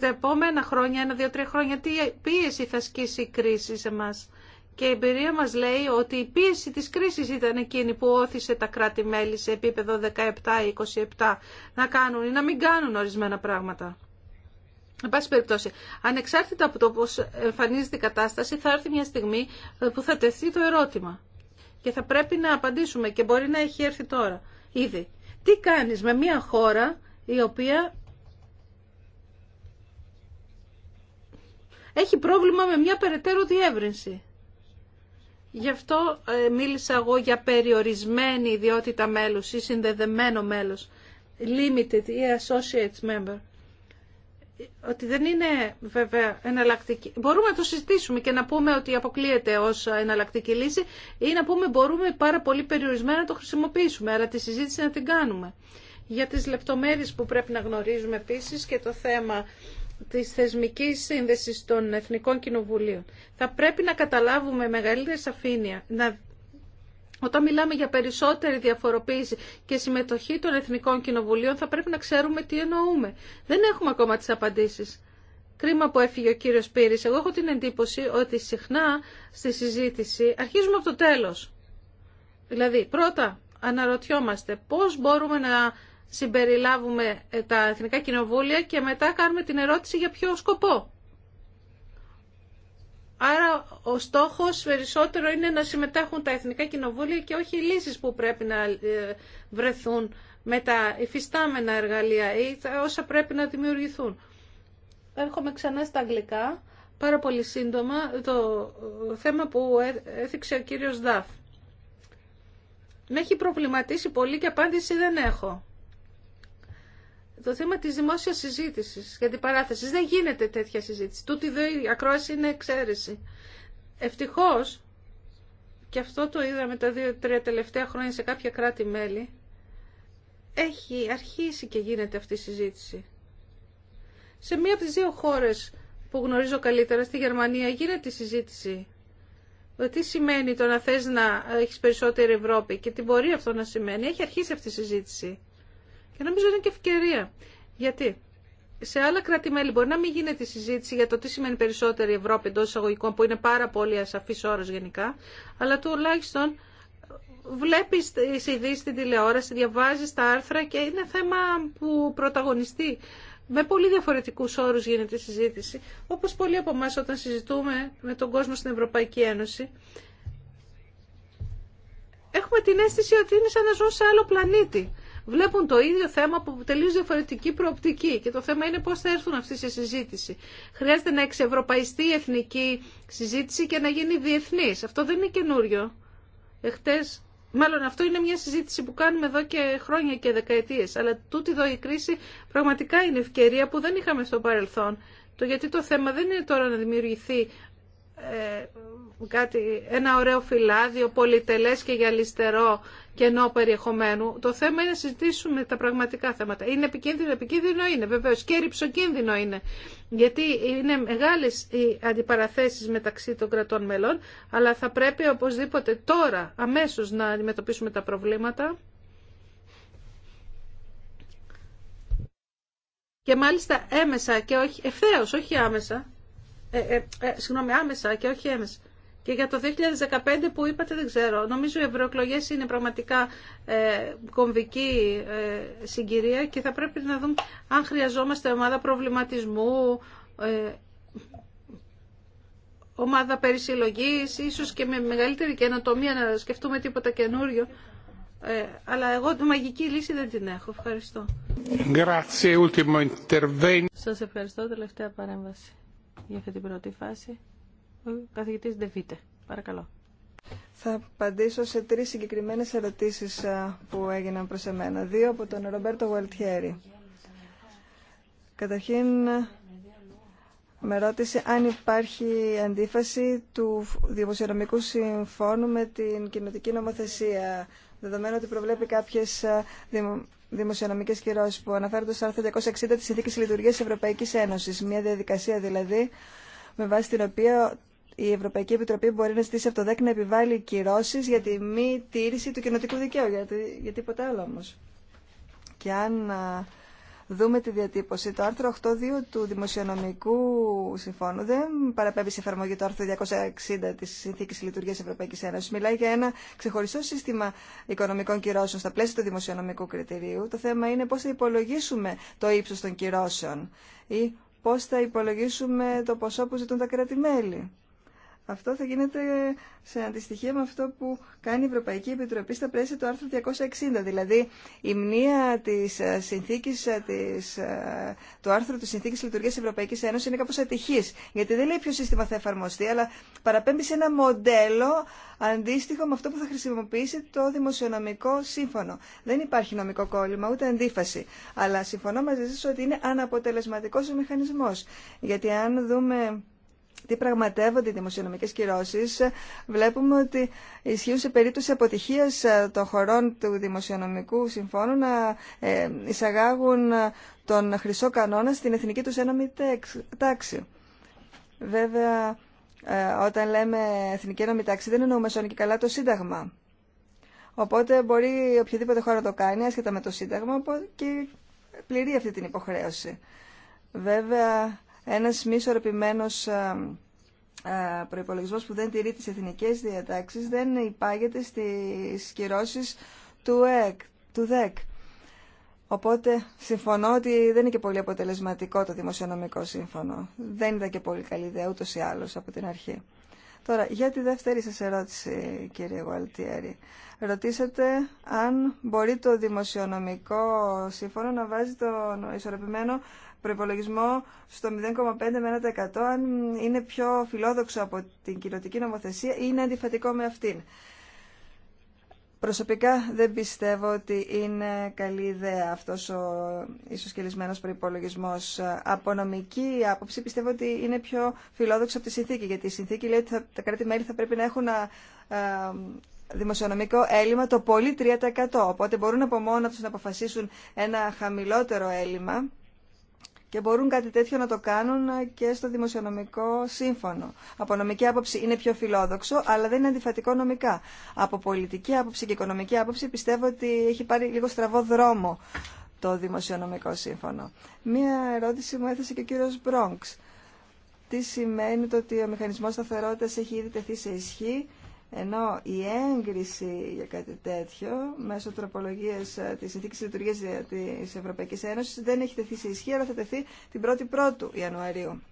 τα επόμενα χρόνια, ένα, δύο, τρία χρόνια, τι πίεση θα ασκήσει η κρίση σε μας. Και η εμπειρία μας λέει ότι η πίεση της κρίσης ήταν εκείνη που όθησε τα κράτη-μέλη σε επίπεδο 17-27 να κάνουν ή να μην κάνουν ορισμένα πράγματα. Εν πάση περιπτώσει, ανεξάρτητα από το πώς εμφανίζεται η κατάσταση, θα έρθει μια στιγμή ε, που θα τεθεί το ερώτημα. Και θα πρέπει να απαντήσουμε και μπορεί να έχει έρθει τώρα, ήδη. Τι κάνεις με μια χώρα η οποία έχει πρόβλημα με μια περαιτέρω διεύρυνση. Γι' αυτό ε, μίλησα εγώ για περιορισμένη ιδιότητα μέλους ή συνδεδεμένο μέλος. Limited ή member ότι δεν είναι βέβαια εναλλακτική. Μπορούμε να το συζητήσουμε και να πούμε ότι αποκλείεται ως εναλλακτική λύση ή να πούμε μπορούμε πάρα πολύ περιορισμένα να το χρησιμοποιήσουμε, αλλά τη συζήτηση να την κάνουμε. Για τις λεπτομέρειες που πρέπει να γνωρίζουμε επίσης και το θέμα της θεσμικής σύνδεσης των Εθνικών Κοινοβουλίων. Θα πρέπει να καταλάβουμε μεγαλύτερη σαφήνεια, να όταν μιλάμε για περισσότερη διαφοροποίηση και συμμετοχή των εθνικών κοινοβουλίων, θα πρέπει να ξέρουμε τι εννοούμε. Δεν έχουμε ακόμα τις απαντήσεις. Κρίμα που έφυγε ο κύριος Πύρης. Εγώ έχω την εντύπωση ότι συχνά στη συζήτηση αρχίζουμε από το τέλος. Δηλαδή, πρώτα αναρωτιόμαστε πώς μπορούμε να συμπεριλάβουμε τα εθνικά κοινοβούλια και μετά κάνουμε την ερώτηση για ποιο σκοπό. Άρα ο στόχος περισσότερο είναι να συμμετέχουν τα εθνικά κοινοβούλια και όχι οι λύσεις που πρέπει να ε, βρεθούν με τα υφιστάμενα εργαλεία ή όσα πρέπει να δημιουργηθούν. Έρχομαι ξανά στα αγγλικά, πάρα πολύ σύντομα, το θέμα που έθιξε ο κύριος Δαφ. Με έχει προβληματίσει πολύ και απάντηση δεν έχω το θέμα της δημόσιας συζήτησης για την παράθεση. Δεν γίνεται τέτοια συζήτηση. Τούτη δε η ακρόαση είναι εξαίρεση. Ευτυχώς, και αυτό το είδαμε τα δύο-τρία τελευταία χρόνια σε κάποια κράτη-μέλη, έχει αρχίσει και γίνεται αυτή η συζήτηση. Σε μία από τις δύο χώρες που γνωρίζω καλύτερα, στη Γερμανία, γίνεται η συζήτηση. Τι σημαίνει το να θες να έχεις περισσότερη Ευρώπη και τι μπορεί αυτό να σημαίνει. Έχει αρχίσει αυτή η συζήτηση. Και νομίζω είναι και ευκαιρία. Γιατί σε άλλα κράτη-μέλη μπορεί να μην γίνεται η συζήτηση για το τι σημαίνει περισσότερη Ευρώπη εντό εισαγωγικών, που είναι πάρα πολύ ασαφή όρο γενικά, αλλά τουλάχιστον βλέπει τι ειδήσει στην τηλεόραση, διαβάζει τα άρθρα και είναι θέμα που πρωταγωνιστεί. Με πολύ διαφορετικού όρου γίνεται η συζήτηση, όπω πολλοί από εμά όταν συζητούμε με τον κόσμο στην Ευρωπαϊκή Ένωση. Έχουμε την αίσθηση ότι είναι σαν να ζω σε άλλο πλανήτη βλέπουν το ίδιο θέμα από τελείω διαφορετική προοπτική και το θέμα είναι πώς θα έρθουν αυτοί σε συζήτηση. Χρειάζεται να εξευρωπαϊστεί η εθνική συζήτηση και να γίνει διεθνής. Αυτό δεν είναι καινούριο. Εχθέ, Μάλλον αυτό είναι μια συζήτηση που κάνουμε εδώ και χρόνια και δεκαετίες, αλλά τούτη εδώ η κρίση πραγματικά είναι ευκαιρία που δεν είχαμε στο παρελθόν. Το γιατί το θέμα δεν είναι τώρα να δημιουργηθεί ε, κάτι, ένα ωραίο φυλάδιο πολυτελές και γυαλιστερό κενό περιεχομένου. Το θέμα είναι να συζητήσουμε τα πραγματικά θέματα. Είναι επικίνδυνο, επικίνδυνο είναι βεβαίως και ρηψοκίνδυνο είναι. Γιατί είναι μεγάλες οι αντιπαραθέσεις μεταξύ των κρατών μελών, αλλά θα πρέπει οπωσδήποτε τώρα αμέσως να αντιμετωπίσουμε τα προβλήματα. Και μάλιστα έμεσα και όχι ευθέως, όχι άμεσα. Ε, ε, ε, συγγνώμη, άμεσα και όχι έμεσα. Και για το 2015 που είπατε δεν ξέρω. Νομίζω οι ευρωεκλογέ είναι πραγματικά ε, κομβική συγκυρία και θα πρέπει να δούμε αν χρειαζόμαστε ομάδα προβληματισμού, ομάδα περισυλλογή, ίσως και με μεγαλύτερη καινοτομία να σκεφτούμε τίποτα καινούριο. αλλά εγώ τη μαγική λύση δεν την έχω. Ευχαριστώ. Σα ευχαριστώ. Τελευταία παρέμβαση για αυτή την πρώτη φάση. Ο καθηγητής Ντεβίτε. Παρακαλώ. Θα απαντήσω σε τρεις συγκεκριμένες ερωτήσεις που έγιναν προς εμένα. Δύο από τον Ρομπέρτο Γουαλτιέρη. Καταρχήν, με ρώτησε αν υπάρχει αντίφαση του Δημοσιονομικού Συμφώνου με την κοινοτική νομοθεσία, δεδομένου ότι προβλέπει κάποιες δημοσιονομικέ κυρώσει που αναφέρονται στο άρθρο 260 τη Συνθήκη Λειτουργία Ευρωπαϊκή Ένωση. Μια διαδικασία δηλαδή με βάση την οποία η Ευρωπαϊκή Επιτροπή μπορεί να ζητήσει από το ΔΕΚ να επιβάλλει κυρώσει για τη μη τήρηση του κοινοτικού δικαίου, για, για τίποτα άλλο όμω. Και αν δούμε τη διατύπωση, το άρθρο 8.2 του Δημοσιονομικού Συμφώνου δεν παραπέμπει σε εφαρμογή το άρθρο 260 της συνθήκη Λειτουργίας Ευρωπαϊκή Ένωση. Μιλάει για ένα ξεχωριστό σύστημα οικονομικών κυρώσεων στα πλαίσια του δημοσιονομικού κριτηρίου. Το θέμα είναι πώς θα υπολογίσουμε το ύψος των κυρώσεων ή πώς θα υπολογίσουμε το ποσό που ζητούν τα κράτη-μέλη. Αυτό θα γίνεται σε αντιστοιχεία με αυτό που κάνει η Ευρωπαϊκή Επιτροπή στα πλαίσια του άρθρου 260. Δηλαδή, η μνήα της ε, συνθήκης, ε, της, ε, του άρθρου της Συνθήκης Λειτουργίας Ευρωπαϊκής Ένωσης είναι κάπως ατυχής. Γιατί δεν λέει ποιο σύστημα θα εφαρμοστεί, αλλά παραπέμπει σε ένα μοντέλο αντίστοιχο με αυτό που θα χρησιμοποιήσει το Δημοσιονομικό Σύμφωνο. Δεν υπάρχει νομικό κόλλημα, ούτε αντίφαση. Αλλά συμφωνώ μαζί σας ότι είναι αναποτελεσματικό ο μηχανισμός. Γιατί αν δούμε τι πραγματεύονται οι δημοσιονομικές κυρώσεις, βλέπουμε ότι ισχύουν σε περίπτωση αποτυχίας ε, των χωρών του δημοσιονομικού συμφώνου να ε, εισαγάγουν ε, τον χρυσό κανόνα στην εθνική τους ένωμη τάξη. Βέβαια, όταν λέμε εθνική ένωμη τάξη δεν εννοούμε σαν και καλά το Σύνταγμα. Οπότε μπορεί οποιοδήποτε χώρα το κάνει, άσχετα με το Σύνταγμα, και πληρεί αυτή την υποχρέωση. Βέβαια, ένας μη ισορροπημένος ε, ε, προϋπολογισμός που δεν τηρεί τις εθνικές διατάξεις δεν υπάγεται στις κυρώσεις του, ΕΚ, του ΔΕΚ. Οπότε συμφωνώ ότι δεν είναι και πολύ αποτελεσματικό το δημοσιονομικό σύμφωνο. Δεν ήταν και πολύ καλή ιδέα ούτως ή άλλως από την αρχή. Τώρα, για τη δεύτερη σας ερώτηση, κύριε Γουαλτιέρη. Ρωτήσατε αν μπορεί το δημοσιονομικό σύμφωνο να βάζει τον ισορροπημένο προπολογισμό στο 0,5 με 1% αν είναι πιο φιλόδοξο από την κοινοτική νομοθεσία ή είναι αντιφατικό με αυτήν. Προσωπικά δεν πιστεύω ότι είναι καλή ιδέα αυτός ο ισοσκελισμένος προϋπολογισμός. Από νομική άποψη πιστεύω ότι είναι πιο φιλόδοξο από τη συνθήκη, γιατί η συνθήκη λέει ότι τα κράτη-μέλη θα πρέπει να έχουν δημοσιονομικό έλλειμμα το πολύ 3%. Οπότε μπορούν από μόνο τους να αποφασίσουν ένα χαμηλότερο έλλειμμα και μπορούν κάτι τέτοιο να το κάνουν και στο δημοσιονομικό σύμφωνο. Από νομική άποψη είναι πιο φιλόδοξο, αλλά δεν είναι αντιφατικό νομικά. Από πολιτική άποψη και οικονομική άποψη πιστεύω ότι έχει πάρει λίγο στραβό δρόμο το δημοσιονομικό σύμφωνο. Μία ερώτηση μου έθεσε και ο κύριος Μπρόγκς. Τι σημαίνει το ότι ο μηχανισμός σταθερότητας έχει ήδη τεθεί σε ισχύ ενώ η έγκριση για κάτι τέτοιο μέσω τροπολογία ε, τη συνθήκη λειτουργία ε, τη Ευρωπαϊκή Ένωση δεν έχει τεθεί σε ισχύ, αλλά θα τεθεί την 1η Πρώτου Ιανουαρίου.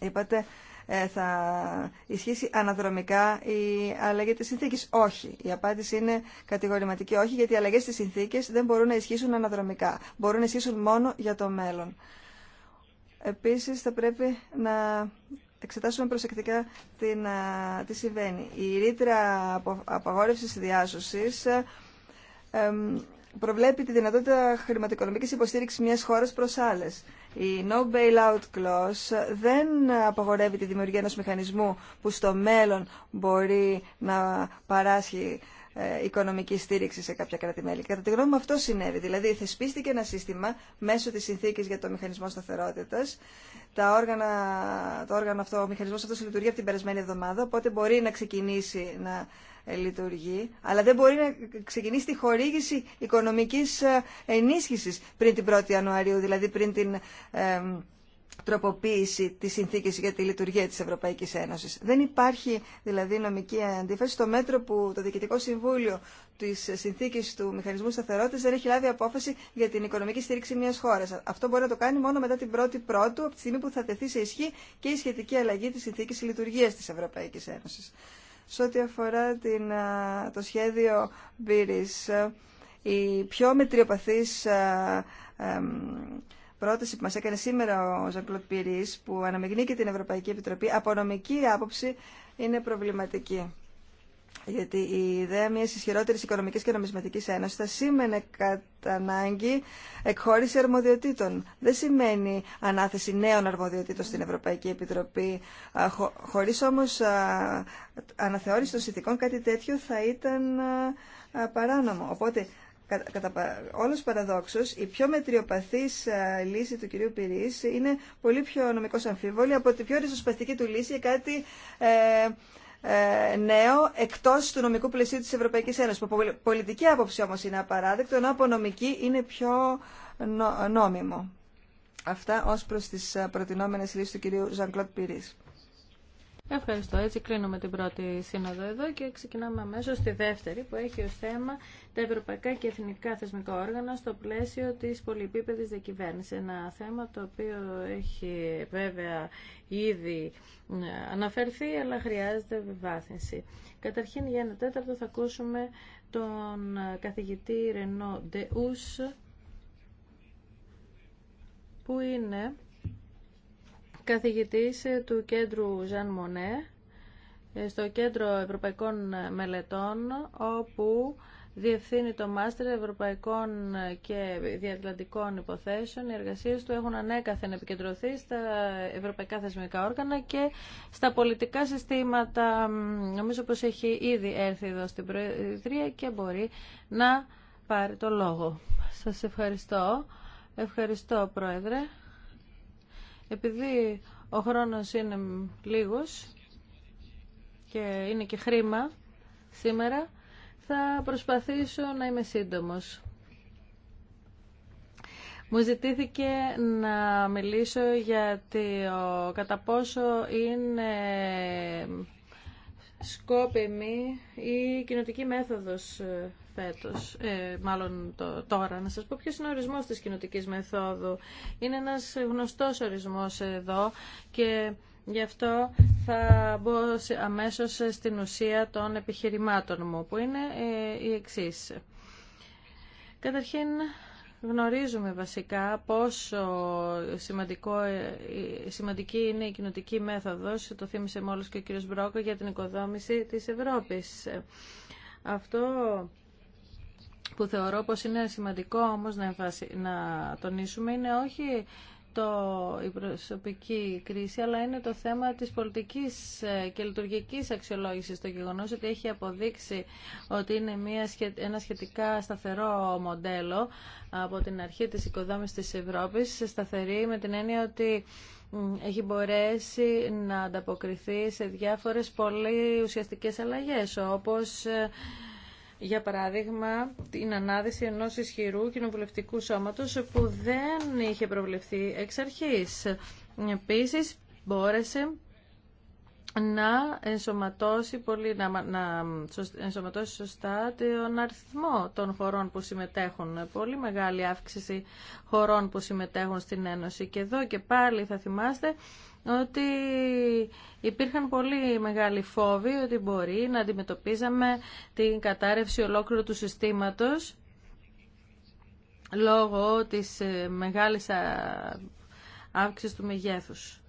Είπατε, ε, θα ισχύσει αναδρομικά η αλλαγή τη συνθήκη. Όχι. Η απάντηση είναι κατηγορηματική όχι, γιατί οι αλλαγέ τη συνθήκε δεν μπορούν να ισχύσουν αναδρομικά. Μπορούν να ισχύσουν μόνο για το μέλλον. Επίσης θα πρέπει να εξετάσουμε προσεκτικά την, τι συμβαίνει. Η ρήτρα απο, απαγόρευσης διάσωσης ε, προβλέπει τη δυνατότητα χρηματοοικονομικής υποστήριξης μιας χώρας προς άλλες. Η no bailout clause δεν απαγορεύει τη δημιουργία ενός μηχανισμού που στο μέλλον μπορεί να παράσχει ε, οικονομική στήριξη σε κάποια κράτη-μέλη. Κατά τη γνώμη μου αυτό συνέβη. Δηλαδή θεσπίστηκε ένα σύστημα μέσω της συνθήκης για το μηχανισμό σταθερότητας. Τα όργανα, το όργανο αυτό, ο μηχανισμός αυτός λειτουργεί από την περασμένη εβδομάδα, οπότε μπορεί να ξεκινήσει να ε, λειτουργεί, αλλά δεν μπορεί να ξεκινήσει τη χορήγηση οικονομικής ε, ενίσχυσης πριν την 1η Ιανουαρίου, δηλαδή πριν την τροποποίηση της συνθήκης για τη λειτουργία τη Ευρωπαϊκή Ένωση. Δεν υπάρχει δηλαδή νομική αντίφαση στο μέτρο που το Διοικητικό Συμβούλιο τη συνθήκη του Μηχανισμού Σταθερότητα δεν έχει λάβει απόφαση για την οικονομική στήριξη μια χώρα. Αυτό μπορεί να το κάνει μόνο μετά την πρώτη πρώτου από τη στιγμή που θα τεθεί σε ισχύ και η σχετική αλλαγή τη συνθήκη λειτουργία τη Ευρωπαϊκή Ένωση. Σε ό,τι αφορά την, το σχέδιο Μπύρης, οι πιο μετριοπαθή πρόταση που μας έκανε σήμερα ο Ζανκλοντ Πυρίς, που αναμειγνύει και την Ευρωπαϊκή Επιτροπή, από νομική άποψη είναι προβληματική. Γιατί η ιδέα μια ισχυρότερη οικονομική και νομισματική ένωση θα σήμαινε κατά ανάγκη εκχώρηση αρμοδιοτήτων. Δεν σημαίνει ανάθεση νέων αρμοδιοτήτων στην Ευρωπαϊκή Επιτροπή. Χωρί όμω αναθεώρηση των συνθηκών κάτι τέτοιο θα ήταν παράνομο κατά όλους η πιο μετριοπαθής ε, λύση του κυρίου Πυρής είναι πολύ πιο νομικός αμφίβολη από τη πιο ριζοσπαστική του λύση κάτι ε, ε, νέο εκτός του νομικού πλαισίου της Ευρωπαϊκής Ένωσης. Από πολιτική άποψη όμως είναι απαράδεκτο, ενώ από νομική είναι πιο νόμιμο. Αυτά ως προς τις ε, προτινόμενες λύσεις του κυρίου Ζαν-Κλοντ Πυρής. Ευχαριστώ. Έτσι κλείνουμε την πρώτη σύνοδο εδώ και ξεκινάμε αμέσω στη δεύτερη που έχει ως θέμα τα ευρωπαϊκά και εθνικά θεσμικά όργανα στο πλαίσιο της πολυεπίπεδη διακυβέρνηση. Ένα θέμα το οποίο έχει βέβαια ήδη ε, αναφερθεί αλλά χρειάζεται βάθυνση. Καταρχήν για ένα τέταρτο θα ακούσουμε τον καθηγητή Ρενό Ντεούς που είναι καθηγητής ε, του κέντρου Ζαν Μονέ ε, στο Κέντρο Ευρωπαϊκών Μελετών όπου διευθύνει το μάστερ ευρωπαϊκών και διατλαντικών υποθέσεων. Οι εργασίες του έχουν ανέκαθεν επικεντρωθεί στα ευρωπαϊκά θεσμικά όργανα και στα πολιτικά συστήματα. Νομίζω πως έχει ήδη έρθει εδώ στην Προεδρία και μπορεί να πάρει το λόγο. Σας ευχαριστώ. Ευχαριστώ, Πρόεδρε. Επειδή ο χρόνος είναι λίγος και είναι και χρήμα σήμερα, θα προσπαθήσω να είμαι σύντομος. Μου ζητήθηκε να μιλήσω για το κατά πόσο είναι σκόπιμη η κοινοτική μέθοδος ε, μάλλον το, τώρα. Να σα πω ποιο είναι ο ορισμό της κοινοτική μεθόδου. Είναι ένα γνωστό ορισμό εδώ και γι' αυτό θα μπω αμέσω στην ουσία των επιχειρημάτων μου, που είναι ε, η εξής. Καταρχήν, Γνωρίζουμε βασικά πόσο σημαντικό, ε, σημαντική είναι η κοινοτική μέθοδος, το θύμισε μόλις και ο κύριος Μπρόκο, για την οικοδόμηση της Ευρώπης. Αυτό που θεωρώ πως είναι σημαντικό όμως να, να τονίσουμε είναι όχι το, η προσωπική κρίση, αλλά είναι το θέμα της πολιτικής ε, και λειτουργικής αξιολόγησης. Το γεγονός ότι έχει αποδείξει ότι είναι μια, ένα σχετικά σταθερό μοντέλο από την αρχή της οικοδόμησης της Ευρώπης, σταθερή με την έννοια ότι έχει μπορέσει να ανταποκριθεί σε διάφορες πολύ ουσιαστικές αλλαγές, όπως ε, για παράδειγμα την ανάδυση ενός ισχυρού κοινοβουλευτικού σώματος που δεν είχε προβλεφθεί εξ αρχής. Επίσης, μπόρεσε να ενσωματώσει, πολύ, να, να ενσωματώσει σωστά τον αριθμό των χωρών που συμμετέχουν. Πολύ μεγάλη αύξηση χωρών που συμμετέχουν στην Ένωση. Και εδώ και πάλι θα θυμάστε ότι υπήρχαν πολύ μεγάλοι φόβοι ότι μπορεί να αντιμετωπίζαμε την κατάρρευση ολόκληρου του συστήματος λόγω της ε, μεγάλης αύξησης του μεγέθους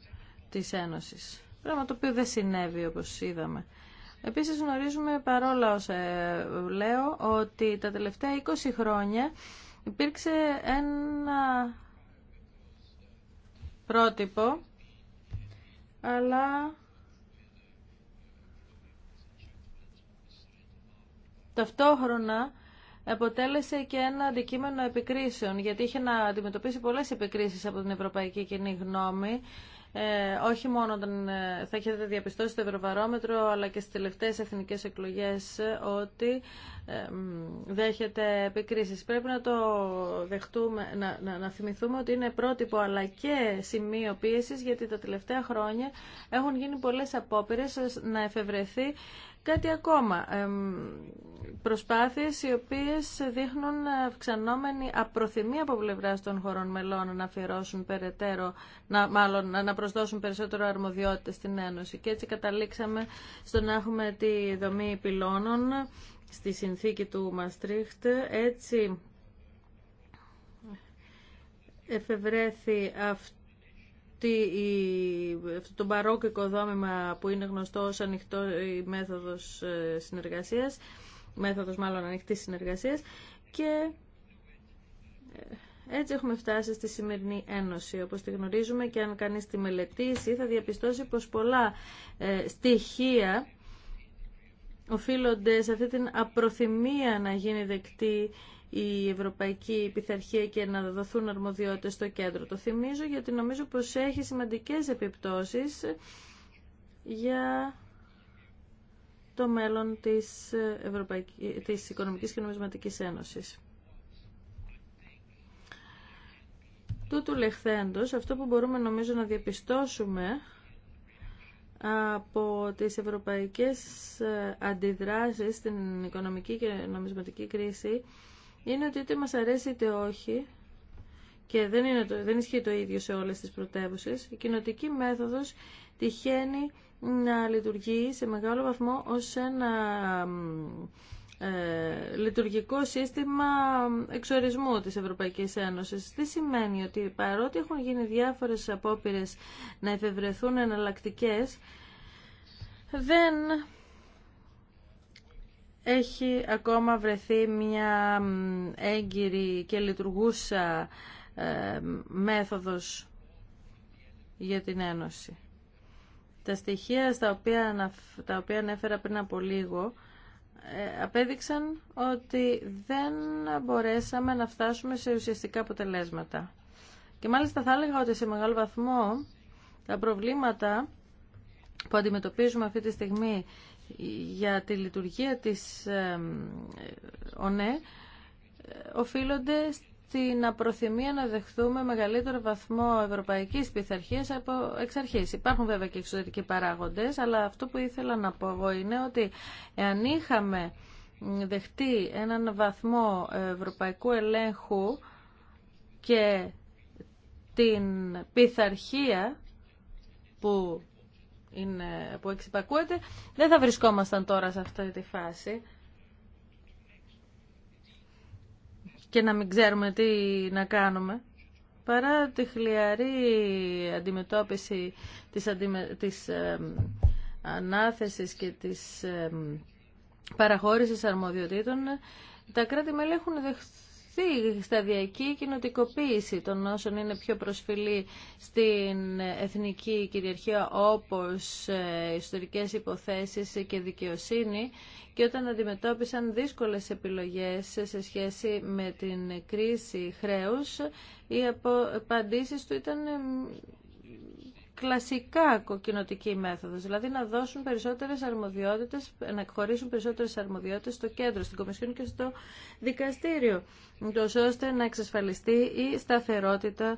της Ένωσης. Πράγμα το οποίο δεν συνέβη όπως είδαμε. Επίσης γνωρίζουμε παρόλα όσα ε, λέω ότι τα τελευταία 20 χρόνια υπήρξε ένα πρότυπο αλλά ταυτόχρονα αποτέλεσε και ένα αντικείμενο επικρίσεων, γιατί είχε να αντιμετωπίσει πολλές επικρίσεις από την ευρωπαϊκή κοινή γνώμη ε, όχι μόνο όταν ε, θα έχετε διαπιστώσει στο Ευρωβαρόμετρο, αλλά και στις τελευταίες εθνικές εκλογές ότι ε, δέχεται επικρίσεις. Πρέπει να το δεχτούμε, να, να, να θυμηθούμε ότι είναι πρότυπο αλλά και σημείο πίεσης, γιατί τα τελευταία χρόνια έχουν γίνει πολλές απόπειρες να εφευρεθεί Κάτι ακόμα. Προσπάθειες οι οποίες δείχνουν αυξανόμενη απροθυμία από πλευρά των χωρών μελών να αφιερώσουν περαιτέρω, να, μάλλον να προσδώσουν περισσότερο αρμοδιότητα στην Ένωση. Και έτσι καταλήξαμε στο να έχουμε τη δομή πυλώνων στη συνθήκη του Μαστρίχτ. Έτσι εφευρέθη αυτό αυτό το μπαρόκικο δόμημα που είναι γνωστό ως ανοιχτό η μέθοδος ε, συνεργασίας, μέθοδος μάλλον ανοιχτής συνεργασίας και ε, έτσι έχουμε φτάσει στη σημερινή ένωση. Όπως τη γνωρίζουμε και αν κανείς τη μελετήσει θα διαπιστώσει πως πολλά ε, στοιχεία οφείλονται σε αυτή την απροθυμία να γίνει δεκτή η ευρωπαϊκή πειθαρχία και να δοθούν αρμοδιότητες στο κέντρο. Το θυμίζω γιατί νομίζω πως έχει σημαντικές επιπτώσεις για το μέλλον της, Ευρωπαϊκής, της Οικονομικής και Νομισματικής Ένωσης. Τούτου λεχθέντος, αυτό που μπορούμε νομίζω να διαπιστώσουμε από τις ευρωπαϊκές ε, αντιδράσεις στην οικονομική και νομισματική κρίση είναι ότι είτε μας αρέσει είτε όχι και δεν, είναι δεν ισχύει το ίδιο σε όλες τις πρωτεύουσε. η κοινοτική μέθοδος τυχαίνει να λειτουργεί σε μεγάλο βαθμό ως ένα ε, λειτουργικό σύστημα εξορισμού της Ευρωπαϊκής Ένωσης. Τι σημαίνει ότι παρότι έχουν γίνει διάφορες απόπειρες να εφευρεθούν εναλλακτικέ, δεν έχει ακόμα βρεθεί μια έγκυρη και λειτουργούσα ε, μέθοδος για την Ένωση. Τα στοιχεία στα οποία, τα οποία ανέφερα πριν από λίγο ε, απέδειξαν ότι δεν μπορέσαμε να φτάσουμε σε ουσιαστικά αποτελέσματα. Και μάλιστα θα έλεγα ότι σε μεγάλο βαθμό τα προβλήματα που αντιμετωπίζουμε αυτή τη στιγμή για τη λειτουργία της ε, ε, ΟΝΕ οφείλονται την απροθυμία να δεχθούμε μεγαλύτερο βαθμό ευρωπαϊκής πειθαρχίας από εξ αρχής. Υπάρχουν βέβαια και εξωτερικοί παράγοντες, αλλά αυτό που ήθελα να πω εγώ είναι ότι εάν είχαμε δεχτεί έναν βαθμό ευρωπαϊκού ελέγχου και την πειθαρχία που, είναι, που εξυπακούεται, δεν θα βρισκόμασταν τώρα σε αυτή τη φάση. και να μην ξέρουμε τι να κάνουμε παρά τη χλιαρή αντιμετώπιση της, αντιμε... της ανάθεσης και της ε, παραχώρησης αρμοδιοτήτων, τα κράτη-μέλη έχουν δεχθεί προωθηθεί σταδιακή κοινοτικοποίηση των όσων είναι πιο προσφυλή στην εθνική κυριαρχία όπως ε, ιστορικές υποθέσεις και δικαιοσύνη και όταν αντιμετώπισαν δύσκολες επιλογές σε σχέση με την κρίση χρέους οι απαντήσεις του ήταν ε, κλασικά κοκκινοτική μέθοδος, δηλαδή να δώσουν περισσότερες αρμοδιότητες, να χωρίσουν περισσότερες αρμοδιότητες στο κέντρο, στην Κομισιόν και στο δικαστήριο, το ώστε να εξασφαλιστεί η σταθερότητα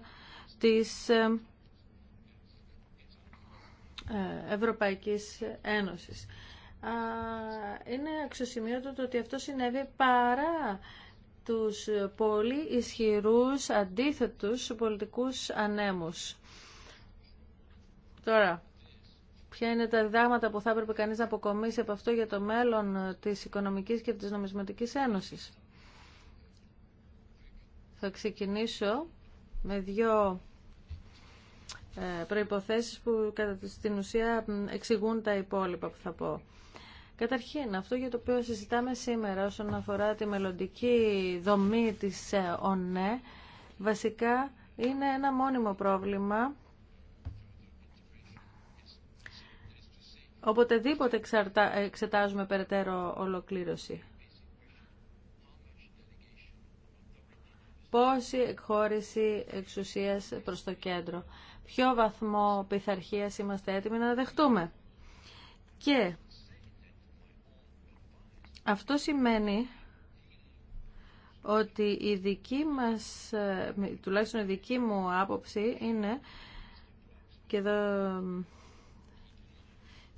της ε, ε, Ευρωπαϊκής Ένωσης. Είναι αξιοσημείωτο το ότι αυτό συνέβη παρά τους πολύ ισχυρούς αντίθετους πολιτικούς ανέμους. Τώρα, ποια είναι τα διδάγματα που θα έπρεπε κανείς να αποκομίσει από αυτό για το μέλλον της Οικονομικής και της Νομισματικής Ένωσης. Θα ξεκινήσω με δύο ε, προϋποθέσεις που κατά την ουσία εξηγούν τα υπόλοιπα που θα πω. Καταρχήν, αυτό για το οποίο συζητάμε σήμερα όσον αφορά τη μελλοντική δομή της ε, ΟΝΕ, βασικά είναι ένα μόνιμο πρόβλημα Οποτεδήποτε εξετάζουμε περαιτέρω ολοκλήρωση. Πόση εκχώρηση εξουσίας προς το κέντρο. Ποιο βαθμό πειθαρχία είμαστε έτοιμοι να δεχτούμε. Και αυτό σημαίνει ότι η δική μας, ε, τουλάχιστον η δική μου άποψη είναι, και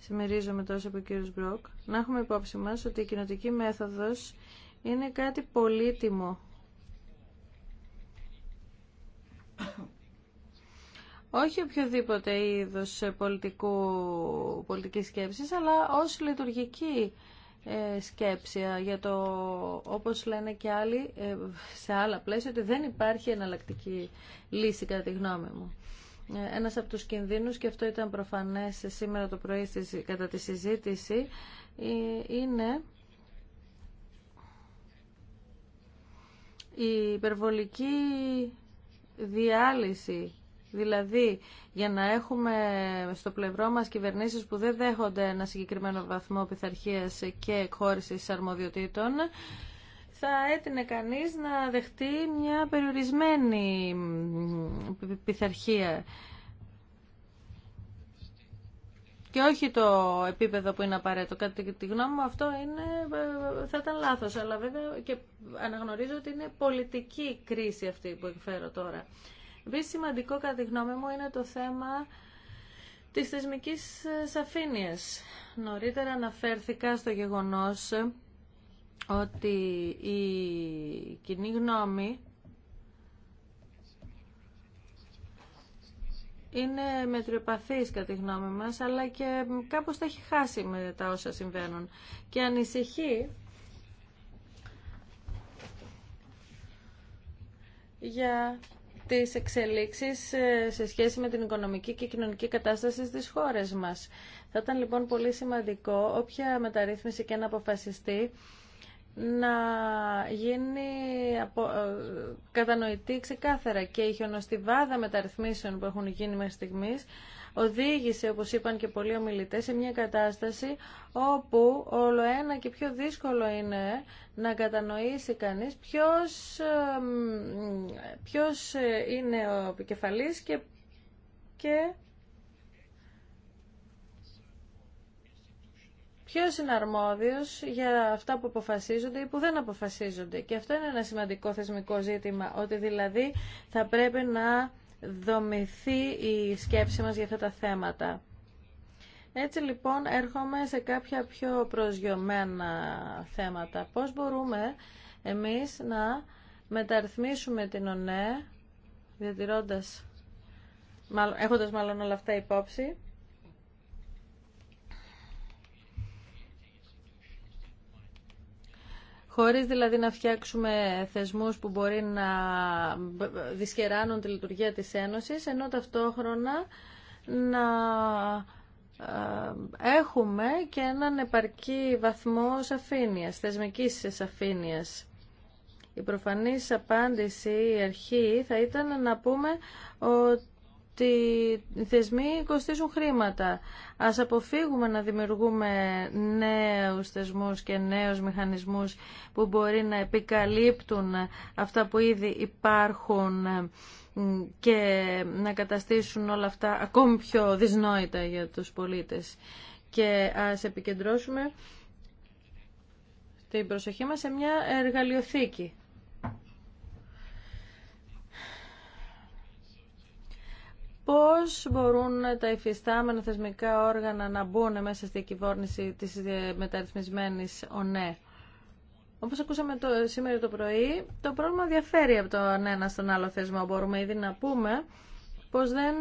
συμμερίζομαι τόσο από ο κύριο Μπροκ, να έχουμε υπόψη μας ότι η κοινοτική μέθοδος είναι κάτι πολύτιμο. Όχι οποιοδήποτε είδος πολιτικού, πολιτικής σκέψης, αλλά ως λειτουργική ε, σκέψη για το, όπως λένε και άλλοι, ε, σε άλλα πλαίσια, ότι δεν υπάρχει εναλλακτική λύση κατά τη γνώμη μου. Ένας από τους κινδύνους, και αυτό ήταν προφανές σήμερα το πρωί κατά τη συζήτηση, ε, είναι η υπερβολική διάλυση Δηλαδή, για να έχουμε στο πλευρό μας κυβερνήσεις που δεν δέχονται ένα συγκεκριμένο βαθμό πειθαρχία και εκχώρησης αρμοδιοτήτων, θα έτεινε κανείς να δεχτεί μια περιορισμένη πειθαρχία και όχι το επίπεδο που είναι απαραίτητο. Κατά τη γνώμη μου αυτό είναι, ε, θα ήταν λάθος, αλλά βέβαια και αναγνωρίζω ότι είναι πολιτική κρίση αυτή που εκφέρω τώρα. Επίσης σημαντικό κατά τη γνώμη μου είναι το θέμα της θεσμικής ε, σαφήνειας. Νωρίτερα αναφέρθηκα στο γεγονός ότι η κοινή γνώμη είναι μετριοπαθής κατά τη γνώμη μας, αλλά και κάπως τα έχει χάσει με τα όσα συμβαίνουν. Και ανησυχεί για τις εξελίξεις ε, σε σχέση με την οικονομική και κοινωνική κατάσταση στις χώρες μας. Θα ήταν λοιπόν πολύ σημαντικό όποια μεταρρύθμιση και να αποφασιστεί να γίνει απο... Ε, κατανοητή ξεκάθαρα και η χιονοστιβάδα μεταρρυθμίσεων που έχουν γίνει μέχρι στιγμή, οδήγησε, όπως είπαν και πολλοί ομιλητές, σε μια κατάσταση όπου όλο ένα και πιο δύσκολο είναι να κατανοήσει κανείς ποιος, ποιος ε, είναι ο επικεφαλής και, και Ποιο είναι αρμόδιο για αυτά που αποφασίζονται ή που δεν αποφασίζονται. Και αυτό είναι ένα σημαντικό θεσμικό ζήτημα, ότι δηλαδή θα πρέπει να δομηθεί η σκέψη μας για αυτά τα θέματα. Έτσι λοιπόν έρχομαι σε κάποια πιο προσγειωμένα θέματα. Πώς μπορούμε εμείς να μεταρρυθμίσουμε την ΟΝΕ, διατηρώντας, μάλλον, έχοντας μάλλον όλα αυτά υπόψη, χωρίς δηλαδή να φτιάξουμε θεσμούς που μπορεί να δυσκεράνουν τη λειτουργία της Ένωσης, ενώ ταυτόχρονα να ε, έχουμε και έναν επαρκή βαθμό σαφήνειας, θεσμικής σαφήνειας. Η προφανής απάντηση, η αρχή, θα ήταν να πούμε ότι ότι οι θεσμοί κοστίζουν χρήματα. Ας αποφύγουμε να δημιουργούμε νέους θεσμούς και νέους μηχανισμούς που μπορεί να επικαλύπτουν αυτά που ήδη υπάρχουν και να καταστήσουν όλα αυτά ακόμη πιο δυσνόητα για τους πολίτες. Και ας επικεντρώσουμε την προσοχή μας σε μια εργαλειοθήκη πώς μπορούν τα υφιστάμενα θεσμικά όργανα να μπουν μέσα στη κυβέρνηση της μεταρρυθμισμένης ΟΝΕ. Όπως ακούσαμε το, σήμερα το πρωί, το πρόβλημα διαφέρει από τον ένα στον άλλο θεσμό. Μπορούμε ήδη να πούμε πως δεν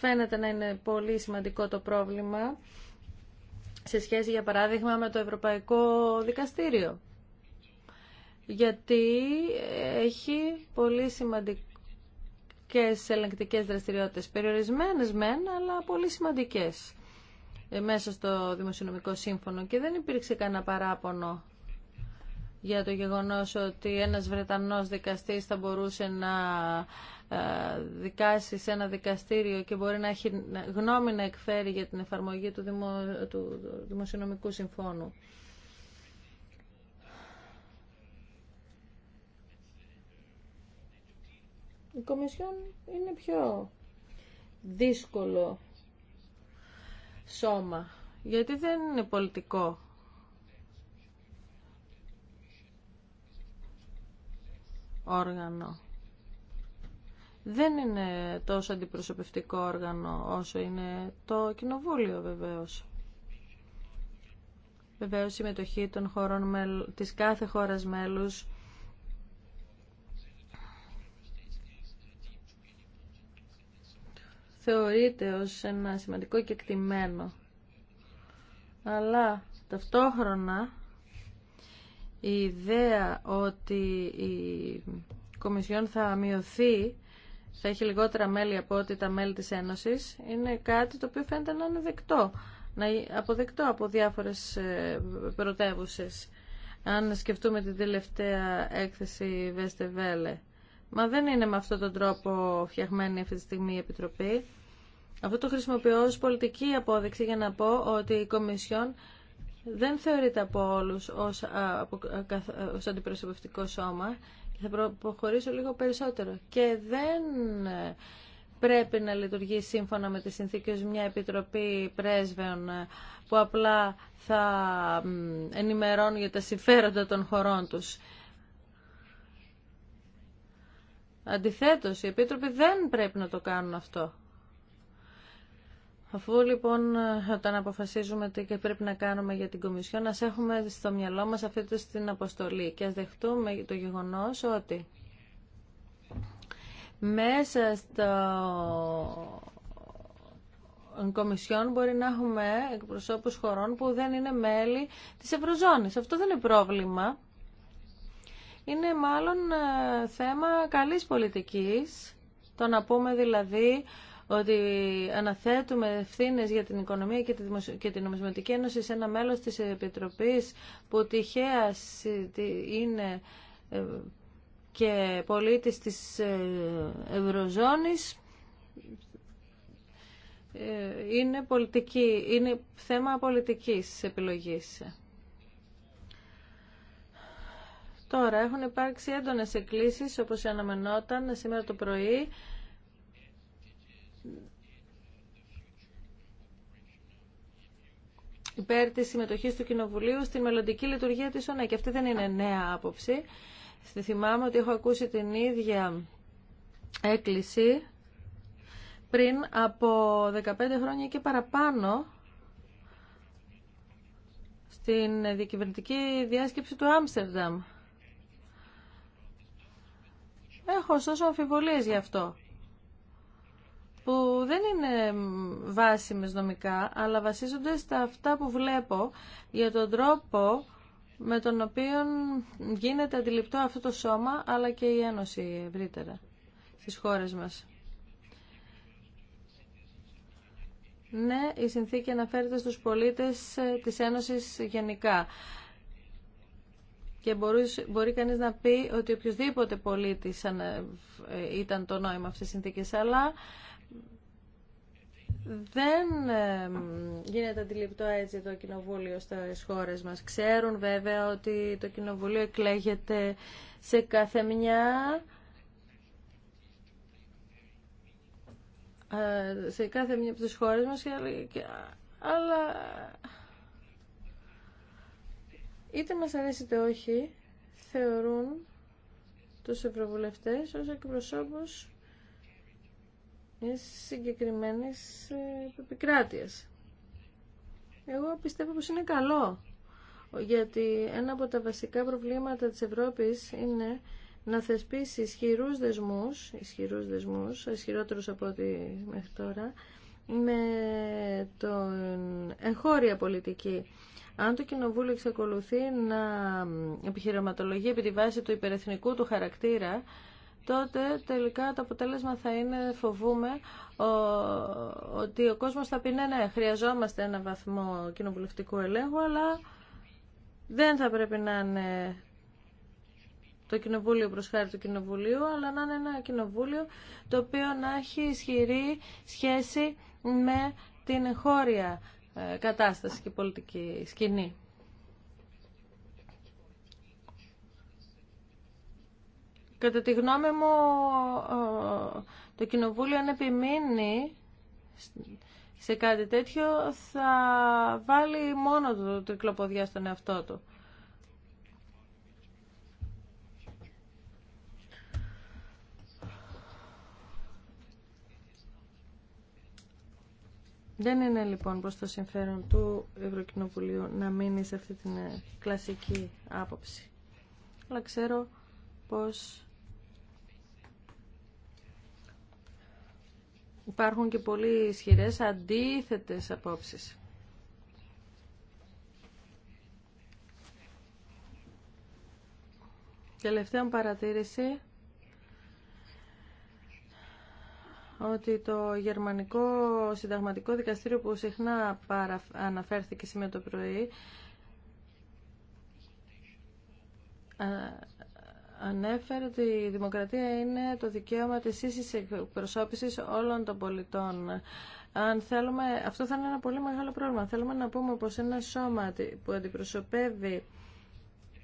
φαίνεται να είναι πολύ σημαντικό το πρόβλημα σε σχέση, για παράδειγμα, με το Ευρωπαϊκό Δικαστήριο. Γιατί έχει πολύ σημαντικό σε ελεγκτικές δραστηριότητες, περιορισμένες μεν, αλλά πολύ σημαντικές ε, μέσα στο Δημοσιονομικό Σύμφωνο και δεν υπήρξε κανένα παράπονο για το γεγονός ότι ένας Βρετανός δικαστής θα μπορούσε να ε, δικάσει σε ένα δικαστήριο και μπορεί να έχει γνώμη να εκφέρει για την εφαρμογή του, του Δημοσιονομικού Συμφώνου. Η Κομισιόν είναι πιο δύσκολο σώμα, γιατί δεν είναι πολιτικό. όργανο. Δεν είναι τόσο αντιπροσωπευτικό όργανο όσο είναι το κοινοβούλιο βεβαίως. Βεβαίως η συμμετοχή των χωρών της κάθε χώρας μέλους θεωρείται ως ένα σημαντικό και κεκτημένο. Αλλά ταυτόχρονα η ιδέα ότι η Κομισιόν θα μειωθεί, θα έχει λιγότερα μέλη από ό,τι τα μέλη της Ένωσης, είναι κάτι το οποίο φαίνεται να είναι δεκτό, να αποδεκτό από διάφορες ε, πρωτεύουσες. Αν σκεφτούμε την τελευταία έκθεση Βέστε Βέλε, Μα δεν είναι με αυτόν τον τρόπο φτιαγμένη αυτή τη στιγμή η Επιτροπή. Αυτό το χρησιμοποιώ ως πολιτική απόδειξη για να πω ότι η Κομισιόν δεν θεωρείται από όλους ως, ως αντιπροσωπευτικό σώμα και θα προχωρήσω λίγο περισσότερο. Και δεν ε, πρέπει να λειτουργεί σύμφωνα με τις συνθήκες μια επιτροπή πρέσβεων ε, που απλά θα ενημερώνει για τα συμφέροντα των χωρών τους. Αντιθέτως, οι επίτροποι δεν πρέπει να το κάνουν αυτό. Αφού λοιπόν όταν αποφασίζουμε τι και πρέπει να κάνουμε για την Κομισιό, να έχουμε στο μυαλό μας αυτή την αποστολή και ας δεχτούμε το γεγονός ότι μέσα στο Κομισιόν μπορεί να έχουμε εκπροσώπους χωρών που δεν είναι μέλη της Ευρωζώνης. Αυτό δεν είναι πρόβλημα είναι μάλλον ε, θέμα καλής πολιτικής. Το να πούμε δηλαδή ότι αναθέτουμε ευθύνε για την οικονομία και την Νομισματική Ένωση σε ένα μέλος της Επιτροπής που τυχαία είναι ε, και πολίτης της ε, Ευρωζώνης είναι, πολιτική, είναι θέμα πολιτικής επιλογής. Τώρα έχουν υπάρξει έντονε εκκλήσει όπω αναμενόταν σήμερα το πρωί. υπέρ της συμμετοχής του Κοινοβουλίου στη μελλοντική λειτουργία της ΟΝΕ. Και αυτή δεν είναι νέα άποψη. Στη θυμάμαι ότι έχω ακούσει την ίδια έκκληση πριν από 15 χρόνια και παραπάνω στην διακυβερνητική διάσκεψη του Άμστερνταμ. Έχω ωστόσο αμφιβολίε γι' αυτό που δεν είναι βάσιμε νομικά, αλλά βασίζονται στα αυτά που βλέπω για τον τρόπο με τον οποίο γίνεται αντιληπτό αυτό το σώμα, αλλά και η Ένωση ευρύτερα στις χώρες μας. Ναι, η συνθήκη αναφέρεται στους πολίτες ε, της Ένωσης γενικά. Και μπορεί, μπορεί κανείς να πει ότι οποιοδήποτε πολίτης ε, ε, ήταν το νόημα αυτής της συνθήκης, αλλά δεν ε, γίνεται αντιληπτό έτσι το κοινοβούλιο στις χώρες μας. Ξέρουν βέβαια ότι το κοινοβούλιο εκλέγεται σε κάθε μια σε κάθε μια από τις χώρες μας αλλά είτε μας αρέσει είτε όχι, θεωρούν τους ευρωβουλευτές ως εκπροσώπους μιας συγκεκριμένης ε, επικράτειας. Εγώ πιστεύω πως είναι καλό, γιατί ένα από τα βασικά προβλήματα της Ευρώπης είναι να θεσπίσει ισχυρούς δεσμούς, ισχυρούς δεσμούς, ισχυρότερους από ό,τι μέχρι τώρα, με τον εγχώρια πολιτική. Αν το Κοινοβούλιο εξακολουθεί να επιχειρηματολογεί επί τη βάση του υπερεθνικού του χαρακτήρα, τότε τελικά το αποτέλεσμα θα είναι, φοβούμε, ότι ο κόσμος θα πει ναι, ναι, χρειαζόμαστε ένα βαθμό κοινοβουλευτικού ελέγχου, αλλά δεν θα πρέπει να είναι το κοινοβούλιο προς χάρη του κοινοβουλίου, αλλά να είναι ένα κοινοβούλιο το οποίο να έχει ισχυρή σχέση με την χώρια ε, κατάσταση και πολιτική σκηνή. Κατά τη γνώμη μου, το Κοινοβούλιο αν επιμείνει σε κάτι τέτοιο θα βάλει μόνο του τρικλοποδιά στον εαυτό του. Δεν είναι λοιπόν προς το συμφέρον του Ευρωκοινοβουλίου να μείνει σε αυτή την ε, κλασική άποψη. Αλλά ξέρω πως υπάρχουν και πολύ ισχυρές αντίθετες απόψεις. Τελευταία παρατήρηση ότι το γερμανικό συνταγματικό δικαστήριο που συχνά αναφέρθηκε σήμερα το πρωί ανέφερε ότι η δημοκρατία είναι το δικαίωμα της ίσης εκπροσώπησης όλων των πολιτών. Αν θέλουμε, αυτό θα είναι ένα πολύ μεγάλο πρόβλημα. Θέλουμε να πούμε πως ένα σώμα που αντιπροσωπεύει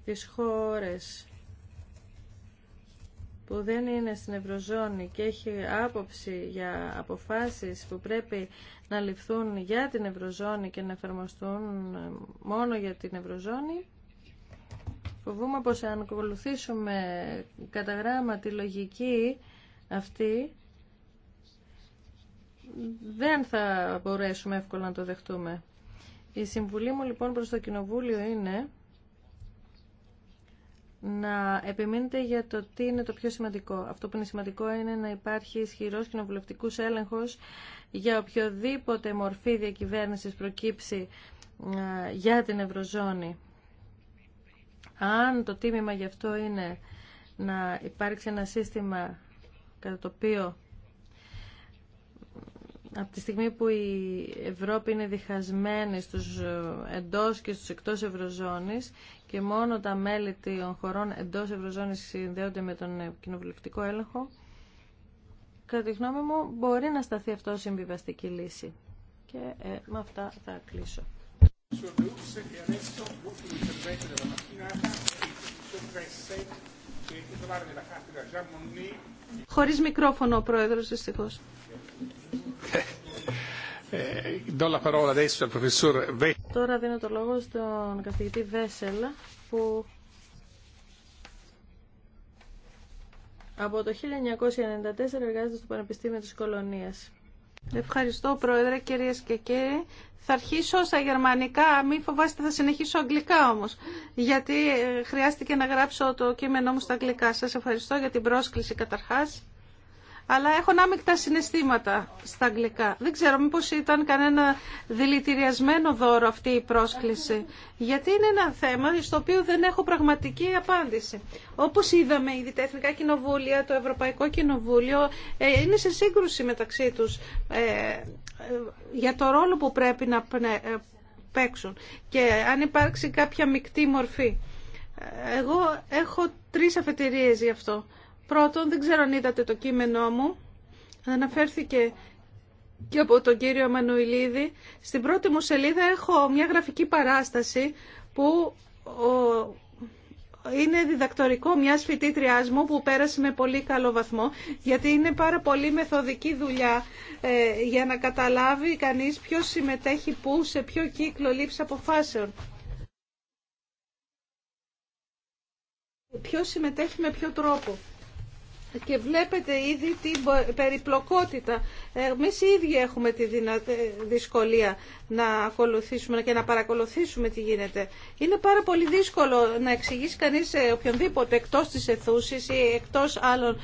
τις χώρες που δεν είναι στην Ευρωζώνη και έχει άποψη για αποφάσεις που πρέπει να ληφθούν για την Ευρωζώνη και να εφαρμοστούν ε, μόνο για την Ευρωζώνη, φοβούμαι πως αν ακολουθήσουμε κατά γράμμα τη λογική αυτή, δεν θα μπορέσουμε εύκολα να το δεχτούμε. Η συμβουλή μου λοιπόν προς το Κοινοβούλιο είναι να επιμείνετε για το τι είναι το πιο σημαντικό. Αυτό που είναι σημαντικό είναι να υπάρχει ισχυρός κοινοβουλευτικός έλεγχος για οποιοδήποτε μορφή διακυβέρνησης προκύψει για την Ευρωζώνη. Αν το τίμημα γι' αυτό είναι να υπάρξει ένα σύστημα κατά το οποίο από τη στιγμή που η Ευρώπη είναι διχασμένη στους ε, εντός και στους εκτός Ευρωζώνης και μόνο τα μέλη των χωρών εντός Ευρωζώνης συνδέονται με τον κοινοβουλευτικό έλεγχο, κατά τη γνώμη μου μπορεί να σταθεί αυτό συμβιβαστική λύση. Και ε, με αυτά θα κλείσω. Χωρίς μικρόφωνο ο Πρόεδρος, δυστυχώς. [LAUGHS] Eh, Τώρα δίνω το λόγο στον καθηγητή Βέσελ που από το 1994 εργάζεται στο Πανεπιστήμιο της Κολονίας. Ευχαριστώ Πρόεδρε, κυρίες και κύριοι. Θα αρχίσω στα γερμανικά, μη φοβάστε θα συνεχίσω αγγλικά όμως, γιατί ε, χρειάστηκε να γράψω το κείμενό μου στα αγγλικά. Σας ευχαριστώ για την πρόσκληση καταρχάς αλλά έχουν άμυκτα συναισθήματα στα αγγλικά. Δεν ξέρω μήπως ήταν κανένα δηλητηριασμένο δώρο αυτή η πρόσκληση, γιατί είναι ένα θέμα στο οποίο δεν έχω πραγματική απάντηση. Όπως είδαμε, η Διτεθνικά Κοινοβούλια, το Ευρωπαϊκό Κοινοβούλιο ε, είναι σε σύγκρουση μεταξύ τους ε, ε, για το ρόλο που πρέπει να παίξουν και αν υπάρξει κάποια μεικτή μορφή. Εγώ έχω τρεις αφετηρίες γι' αυτό. Πρώτον, δεν ξέρω αν είδατε το κείμενό μου, αναφέρθηκε και από τον κύριο Μανουηλίδη. Στην πρώτη μου σελίδα έχω μια γραφική παράσταση που είναι διδακτορικό μιας φοιτήτριά μου που πέρασε με πολύ καλό βαθμό γιατί είναι πάρα πολύ μεθοδική δουλειά ε, για να καταλάβει κανείς ποιος συμμετέχει πού, σε ποιο κύκλο λήψη αποφάσεων. Ποιος συμμετέχει με ποιο τρόπο και βλέπετε ήδη την περιπλοκότητα. Εμείς οι ίδιοι έχουμε τη ε, δυσκολία να ακολουθήσουμε και να παρακολουθήσουμε τι γίνεται. Είναι πάρα πολύ δύσκολο να εξηγήσει κανείς ε, οποιονδήποτε εκτός της Εθούσης ή εκτός άλλων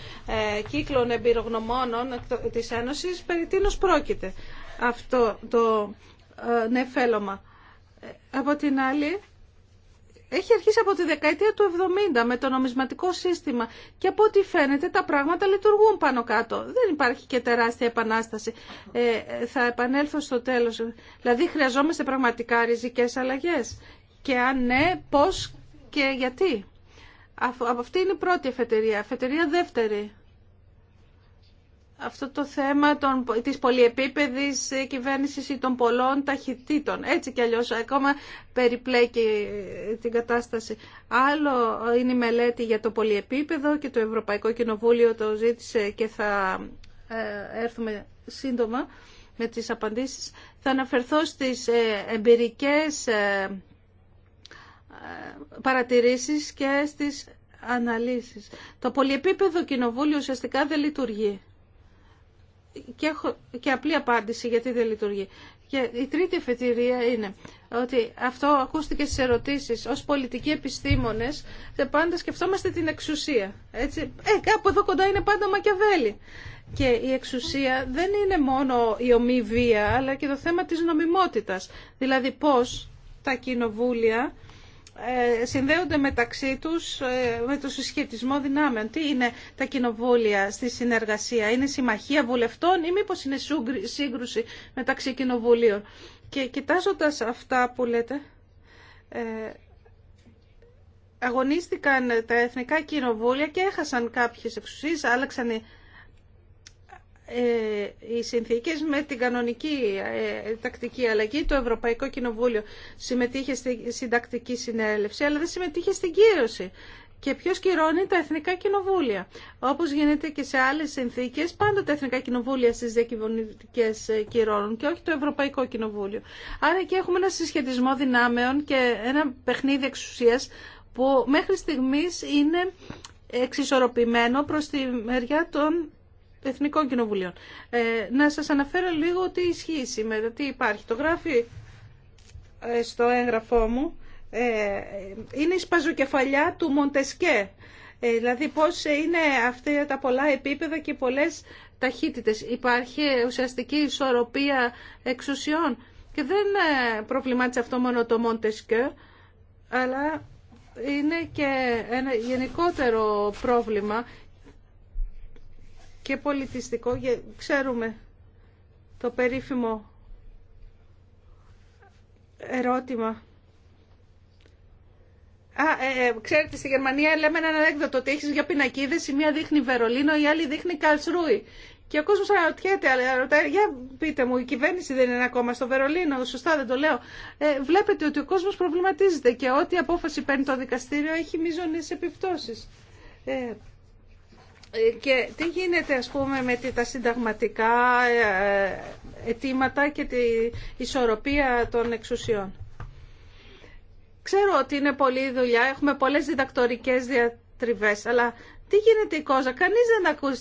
ε, κύκλων εμπειρογνωμόνων της Ένωσης περί πρόκειται αυτό το νεφέλωμα. Από την άλλη, έχει αρχίσει από τη δεκαετία του 70 με το νομισματικό σύστημα και από ό,τι φαίνεται τα πράγματα λειτουργούν πάνω κάτω. Δεν υπάρχει και τεράστια επανάσταση. Ε, θα επανέλθω στο τέλος. Δηλαδή χρειαζόμαστε πραγματικά ριζικές αλλαγές. Και αν ναι, πώς και γιατί. Αυτή είναι η πρώτη εφετερία. Εφετερία δεύτερη αυτό το θέμα των, της πολυεπίπεδης κυβέρνησης ή των πολλών ταχυτήτων. Έτσι κι αλλιώς ακόμα περιπλέκει την κατάσταση. Άλλο είναι η μελέτη για το πολυεπίπεδο και το Ευρωπαϊκό Κοινοβούλιο το ζήτησε και θα ε, έρθουμε σύντομα με τις απαντήσεις. Θα αναφερθώ στις ε, εμπειρικές ε, παρατηρήσεις και στις αναλύσεις. Το πολυεπίπεδο κοινοβούλιο ουσιαστικά δεν λειτουργεί και και απλή απάντηση γιατί δεν λειτουργεί. Και η τρίτη εφετηρία είναι ότι αυτό ακούστηκε στις ερωτήσεις ως πολιτικοί επιστήμονες πάντα σκεφτόμαστε την εξουσία. Έτσι, ε, κάπου εδώ κοντά είναι πάντα μακιαβέλη. Και η εξουσία δεν είναι μόνο η ομοιβία αλλά και το θέμα της νομιμότητας. Δηλαδή πώς τα κοινοβούλια ε, συνδέονται μεταξύ τους ε, με το συσχετισμό δυνάμεων. Τι είναι τα κοινοβούλια στη συνεργασία, είναι συμμαχία βουλευτών ή μήπως είναι σύγκρουση μεταξύ κοινοβουλίων. Και κοιτάζοντας αυτά που λέτε, ε, αγωνίστηκαν τα εθνικά κοινοβούλια και έχασαν κάποιες εξουσίες, άλλαξαν οι ε, οι συνθήκες με την κανονική ε, τακτική αλλαγή. Το Ευρωπαϊκό Κοινοβούλιο συμμετείχε στη συντακτική συνέλευση, αλλά δεν συμμετείχε στην κύρωση. Και ποιο κυρώνει τα εθνικά κοινοβούλια. Όπω γίνεται και σε άλλε συνθήκε, πάντα τα εθνικά κοινοβούλια στι διακυβερνητικέ ε, κυρώνουν και όχι το Ευρωπαϊκό Κοινοβούλιο. Άρα εκεί έχουμε ένα συσχετισμό δυνάμεων και ένα παιχνίδι εξουσία που μέχρι στιγμή είναι εξισορροπημένο προ τη μεριά των Εθνικών Κοινοβουλίων. Ε, να σας αναφέρω λίγο τι ισχύει σήμερα, τι υπάρχει. Το γράφει ε, στο έγγραφό μου, ε, είναι η σπαζοκεφαλιά του Μοντεσκέ. δηλαδή πώς είναι αυτά τα πολλά επίπεδα και πολλές ταχύτητες. Υπάρχει ουσιαστική ισορροπία εξουσιών. Και δεν προβλημάτισε αυτό μόνο το Μοντεσκέ, αλλά είναι και ένα γενικότερο πρόβλημα και πολιτιστικό. Ξέρουμε το περίφημο ερώτημα. Α, ε, ε ξέρετε, στη Γερμανία λέμε ένα έκδοτο ότι έχεις για πινακίδες, η μία δείχνει Βερολίνο, η άλλη δείχνει Καλσρούι. Και ο κόσμος αναρωτιέται, αλλά ρωτάει, για πείτε μου, η κυβέρνηση δεν είναι ακόμα στο Βερολίνο, σωστά δεν το λέω. Ε, βλέπετε ότι ο κόσμος προβληματίζεται και ό,τι απόφαση παίρνει το δικαστήριο έχει μείζονε επιπτώσεις. Ε, και τι γίνεται ας πούμε με τα συνταγματικά ε, αιτήματα και τη ισορροπία των εξουσιών. Ξέρω ότι είναι πολλή δουλειά, έχουμε πολλές διδακτορικές διατριβές, αλλά τι γίνεται η Κόζα, κανείς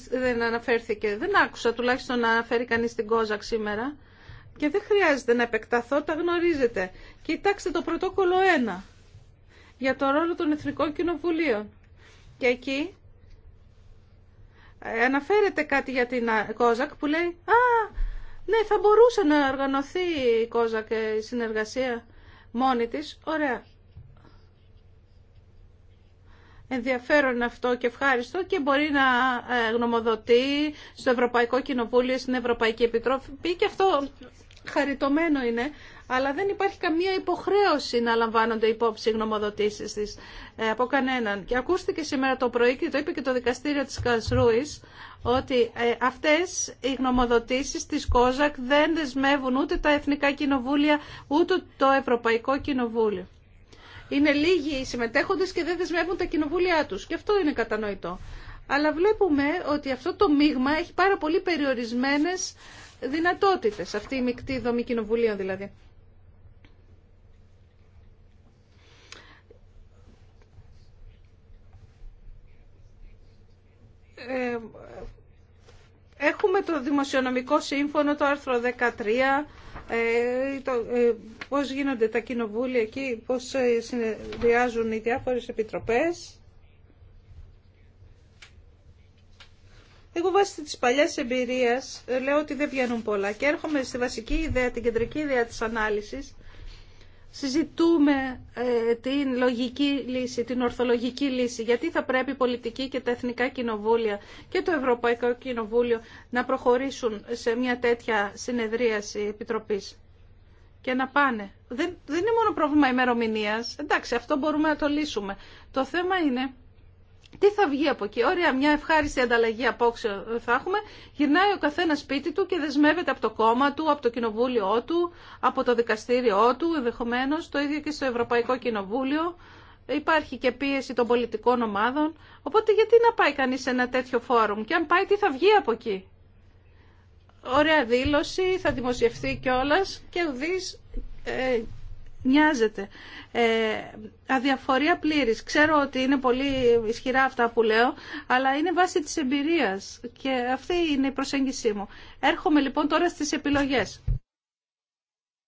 δεν, δεν αναφέρθηκε, δεν άκουσα τουλάχιστον να αναφέρει κανείς την Κόζα σήμερα και δεν χρειάζεται να επεκταθώ, τα γνωρίζετε. Κοιτάξτε το πρωτόκολλο 1 για το ρόλο των Εθνικών Κοινοβουλίων και εκεί αναφέρεται κάτι για την Κόζακ που λέει «Α, ναι, θα μπορούσε να οργανωθεί η Κόζακ ε, η συνεργασία μόνη της». Ωραία. Ενδιαφέρον αυτό και ευχάριστο και μπορεί να ε, γνωμοδοτεί στο Ευρωπαϊκό Κοινοβούλιο, στην Ευρωπαϊκή Επιτροπή και αυτό χαριτωμένο είναι αλλά δεν υπάρχει καμία υποχρέωση να λαμβάνονται υπόψη οι τη της ε, από κανέναν. Και ακούστηκε σήμερα το πρωί και το είπε και το δικαστήριο τη Καλσρούη ότι ε, αυτέ οι γνωμοδοτήσει τη ΚΟΖΑΚ δεν δεσμεύουν ούτε τα Εθνικά Κοινοβούλια ούτε το Ευρωπαϊκό Κοινοβούλιο. Είναι λίγοι οι συμμετέχοντες και δεν δεσμεύουν τα κοινοβούλια τους. Και αυτό είναι κατανοητό. Αλλά βλέπουμε ότι αυτό το μείγμα έχει πάρα πολύ περιορισμένες δυνατότητες, αυτή η μεικτή δομή κοινοβουλίων δηλαδή. Ε, έχουμε το Δημοσιονομικό Σύμφωνο, το άρθρο 13, ε, το, ε, πώς γίνονται τα κοινοβούλια εκεί, πώς συνδυάζουν οι διάφορες επιτροπές. Εγώ βάσει της παλιάς εμπειρίας λέω ότι δεν βγαίνουν πολλά και έρχομαι στη βασική ιδέα, την κεντρική ιδέα της ανάλυσης συζητούμε ε, την λογική λύση, την ορθολογική λύση, γιατί θα πρέπει η πολιτική και τα εθνικά κοινοβούλια και το Ευρωπαϊκό Κοινοβούλιο να προχωρήσουν σε μια τέτοια συνεδρίαση επιτροπής και να πάνε. Δεν, δεν είναι μόνο πρόβλημα ημερομηνία. Εντάξει, αυτό μπορούμε να το λύσουμε. Το θέμα είναι τι θα βγει από εκεί. Ωραία, μια ευχάριστη ανταλλαγή απόξε θα έχουμε. Γυρνάει ο καθένα σπίτι του και δεσμεύεται από το κόμμα του, από το κοινοβούλιο του, από το δικαστήριό του, ενδεχομένω το ίδιο και στο Ευρωπαϊκό Κοινοβούλιο. Υπάρχει και πίεση των πολιτικών ομάδων. Οπότε γιατί να πάει κανεί σε ένα τέτοιο φόρουμ και αν πάει τι θα βγει από εκεί. Ωραία δήλωση, θα δημοσιευθεί κιόλα και Μοιάζεται. Ε, αδιαφορία πλήρης. Ξέρω ότι είναι πολύ ισχυρά αυτά που λέω, αλλά είναι βάση της εμπειρίας και αυτή είναι η προσέγγιση μου. Έρχομαι λοιπόν τώρα στις επιλογές.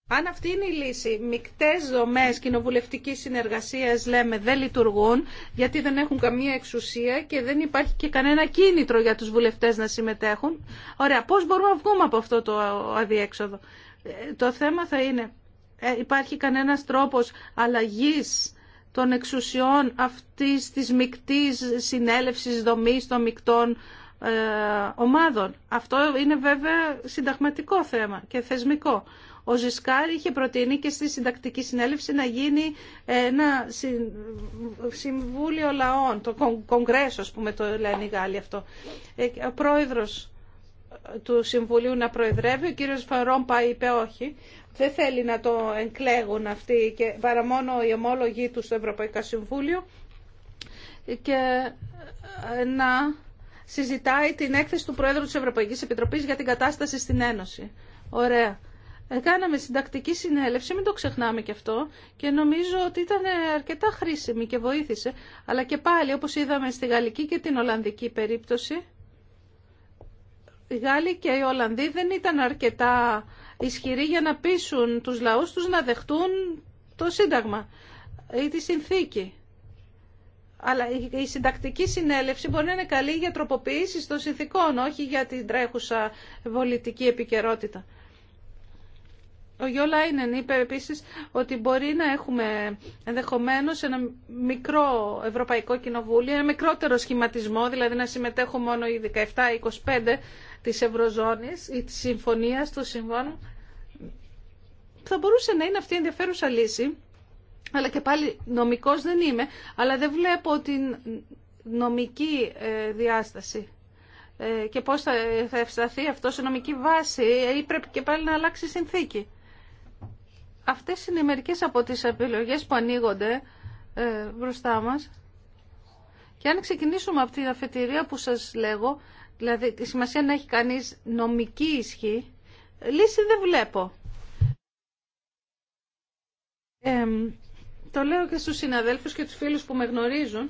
Αν αυτή είναι η λύση, μικτές δομές κοινοβουλευτική συνεργασίας λέμε δεν λειτουργούν γιατί δεν έχουν καμία εξουσία και δεν υπάρχει και κανένα κίνητρο για τους βουλευτές να συμμετέχουν. Ωραία, πώς μπορούμε να βγούμε από αυτό το αδιέξοδο. Ε, το θέμα θα είναι ε, υπάρχει κανένας τρόπος αλλαγής των εξουσιών αυτής της μικτής συνέλευσης δομής των μικτών ε, ομάδων. Αυτό είναι βέβαια συνταγματικό θέμα και θεσμικό. Ο Ζισκάρη είχε προτείνει και στη συντακτική συνέλευση να γίνει ένα συμβούλιο λαών, το κογκρέσο, που πούμε το λένε οι Γάλλοι αυτό. Ε, ο πρόεδρος του Συμβουλίου να προεδρεύει. Ο κύριος Φαρόμπα είπε όχι. Δεν θέλει να το εγκλέγουν αυτοί και παρά μόνο οι ομόλογοι του στο Ευρωπαϊκό Συμβούλιο και ε, να συζητάει την έκθεση του Πρόεδρου της Ευρωπαϊκής Επιτροπής για την κατάσταση στην Ένωση. Ωραία. Ε, κάναμε συντακτική συνέλευση, μην το ξεχνάμε και αυτό, και νομίζω ότι ήταν αρκετά χρήσιμη και βοήθησε. Αλλά και πάλι, όπως είδαμε στη γαλλική και την ολλανδική περίπτωση, οι Γάλλοι και οι Ολλανδοί δεν ήταν αρκετά ισχυροί για να πείσουν τους λαούς τους να δεχτούν το Σύνταγμα ή τη Συνθήκη. Αλλά η συντακτική συνέλευση μπορεί να είναι καλή για τροποποίηση των συνθήκων, όχι για την τρέχουσα πολιτική επικαιρότητα. Ο Γιώ Λάινεν είπε επίση ότι μπορεί να έχουμε ενδεχομένω ένα μικρό Ευρωπαϊκό Κοινοβούλιο, ένα μικρότερο σχηματισμό, δηλαδή να συμμετέχουν μόνο οι 17-25 της Ευρωζώνης ή της Συμφωνίας του Συμβάνου θα μπορούσε να είναι αυτή η ενδιαφέρουσα λύση αλλά και πάλι νομικός δεν είμαι αλλά δεν βλέπω την νομική ε, διάσταση ε, και πώς θα, θα ευσταθεί αυτό σε νομική βάση ε, ή πρέπει και πάλι να αλλάξει συνθήκη. Αυτές είναι μερικές από τις επιλογές που ανοίγονται μπροστά μας. Και αν ξεκινήσουμε από την αφετηρία που σας λέγω, δηλαδή η σημασία να έχει κανείς νομική ισχύ, λύση δεν βλέπω. το λέω και στους συναδέλφους και τους φίλους που με γνωρίζουν.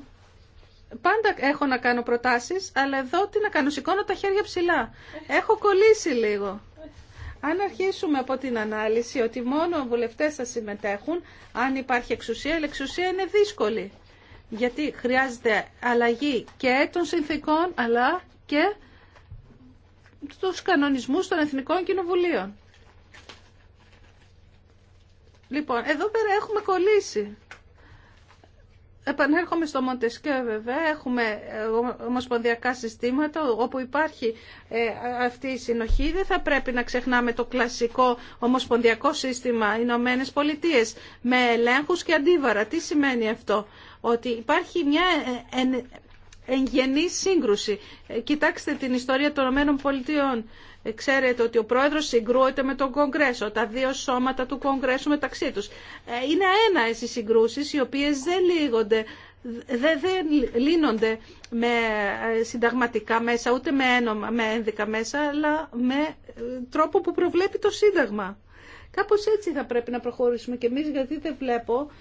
Πάντα έχω να κάνω προτάσεις, αλλά εδώ τι να κάνω, σηκώνω τα χέρια ψηλά. Έχω κολλήσει λίγο. Αν αρχίσουμε από την ανάλυση ότι μόνο οι βουλευτές θα συμμετέχουν, αν υπάρχει εξουσία, η εξουσία είναι δύσκολη. Γιατί χρειάζεται αλλαγή και των συνθήκων, αλλά και τους κανονισμούς των Εθνικών Κοινοβουλίων. Λοιπόν, εδώ πέρα έχουμε κολλήσει. Επανέρχομαι στο Μοντεσκέ βέβαια, έχουμε ε, ομοσπονδιακά συστήματα όπου υπάρχει ε, αυτή η συνοχή. Δεν θα πρέπει να ξεχνάμε το κλασικό ομοσπονδιακό σύστημα Ηνωμένε Πολιτείε με ελέγχους και αντίβαρα. Τι σημαίνει αυτό, ότι υπάρχει μια ε, εγγενή σύγκρουση. Ε, κοιτάξτε την ιστορία των ΗΠΑ. Πολιτειών. Ε, ξέρετε ότι ο πρόεδρο συγκρούεται με τον Κογκρέσο, τα δύο σώματα του Κογκρέσου μεταξύ τους. Ε, είναι ένα οι συγκρούσει, οι οποίε δεν λύγονται, δεν, λύνονται με συνταγματικά μέσα, ούτε με, με ένδικα μέσα, αλλά με τρόπο που προβλέπει το Σύνταγμα. Κάπως έτσι θα πρέπει να προχωρήσουμε και εμείς, γιατί δεν βλέπω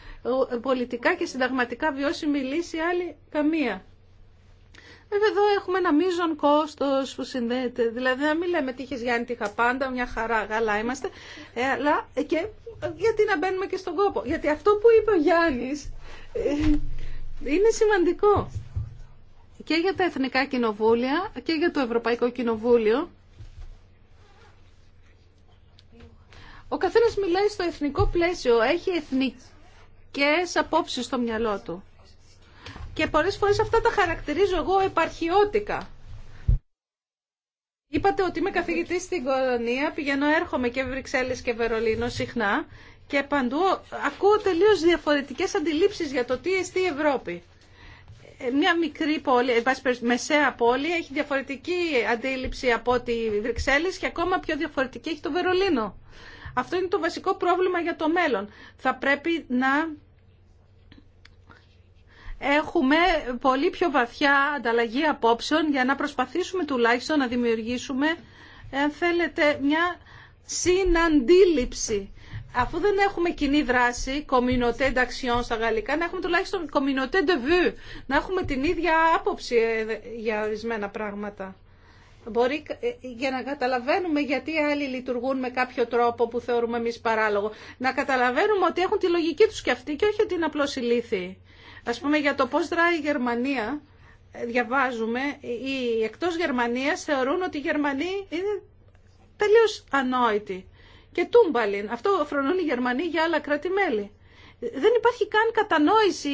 πολιτικά και συνταγματικά βιώσιμη λύση άλλη καμία εδώ έχουμε ένα μείζον κόστο που συνδέεται. Δηλαδή να μην λέμε τύχες Γιάννη τύχα πάντα, μια χαρά γαλά είμαστε. Ε, αλλά και γιατί να μπαίνουμε και στον κόπο. Γιατί αυτό που είπε ο Γιάννης ε, είναι σημαντικό και για τα Εθνικά Κοινοβούλια και για το Ευρωπαϊκό Κοινοβούλιο. Ο καθένας μιλάει στο εθνικό πλαίσιο, έχει εθνικές απόψεις στο μυαλό του και πολλές φορές αυτά τα χαρακτηρίζω εγώ επαρχιώτικα. Είπατε ότι είμαι καθηγητής στην Κολονία, πηγαίνω έρχομαι και Βρυξέλλες και Βερολίνο συχνά και παντού ακούω τελείως διαφορετικές αντιλήψεις για το τι εστί η Ευρώπη. Ε, μια μικρή πόλη, μεσαία πόλη, έχει διαφορετική αντίληψη από ότι η Βρυξέλλες και ακόμα πιο διαφορετική έχει το Βερολίνο. Αυτό είναι το βασικό πρόβλημα για το μέλλον. Θα πρέπει να έχουμε πολύ πιο βαθιά ανταλλαγή απόψεων για να προσπαθήσουμε τουλάχιστον να δημιουργήσουμε, αν θέλετε, μια συναντήληψη. Αφού δεν έχουμε κοινή δράση, communauté d'action στα γαλλικά, να έχουμε τουλάχιστον communauté de vue, να έχουμε την ίδια άποψη ε, για ορισμένα πράγματα. Μπορεί ε, για να καταλαβαίνουμε γιατί άλλοι λειτουργούν με κάποιο τρόπο που θεωρούμε εμείς παράλογο. Να καταλαβαίνουμε ότι έχουν τη λογική τους και αυτή και όχι ότι είναι απλώς ηλίθιοι. Ας πούμε για το πώς δράει η Γερμανία, ε, διαβάζουμε, οι εκτός Γερμανίας θεωρούν ότι οι Γερμανοί είναι τελείως ανόητοι. Και τούμπαλιν, αυτό φρονούν οι Γερμανοί για άλλα κράτη-μέλη. Δεν υπάρχει καν κατανόηση,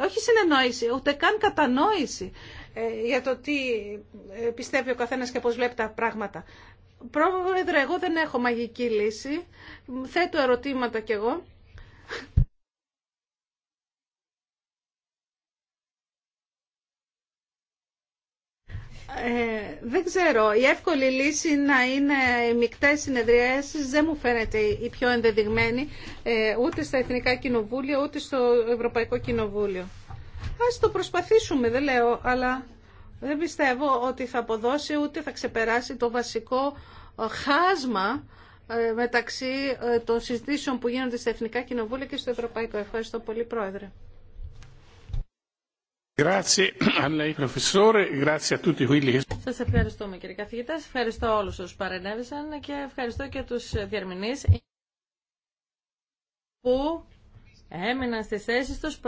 ε, όχι συνεννόηση, ούτε καν κατανόηση ε, για το τι πιστεύει ο καθένας και πώς βλέπει τα πράγματα. Πρόεδρε, εγώ δεν έχω μαγική λύση. Θέτω ερωτήματα κι εγώ. Ε, δεν ξέρω. Η εύκολη λύση να είναι οι μεικτές συνεδριάσεις δεν μου φαίνεται η πιο ενδεδειγμένη ε, ούτε στα Εθνικά Κοινοβούλια ούτε στο Ευρωπαϊκό Κοινοβούλιο. Ας το προσπαθήσουμε, δεν λέω, αλλά δεν πιστεύω ότι θα αποδώσει ούτε θα ξεπεράσει το βασικό ε, χάσμα ε, μεταξύ ε, των συζητήσεων που γίνονται στα Εθνικά Κοινοβούλια και στο Ευρωπαϊκό. Ευχαριστώ πολύ, Πρόεδρε. Σας ευχαριστούμε κύριε καθηγητά, ευχαριστώ όλους όσους παρενέβησαν και ευχαριστώ και τους διερμηνείς που έμειναν στις θέσεις τους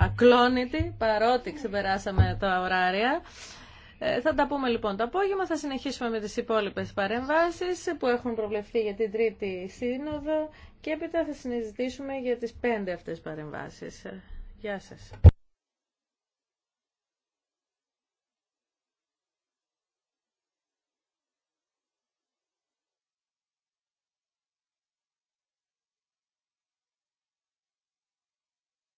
ακλόνητοι παρότι ξεπεράσαμε τα ωράρια. Ε, θα τα πούμε λοιπόν το απόγευμα, θα συνεχίσουμε με τις υπόλοιπες παρεμβάσεις που έχουν προβλεφθεί για την τρίτη σύνοδο και έπειτα θα συζητήσουμε για τις πέντε αυτές παρεμβάσεις. Γεια σας.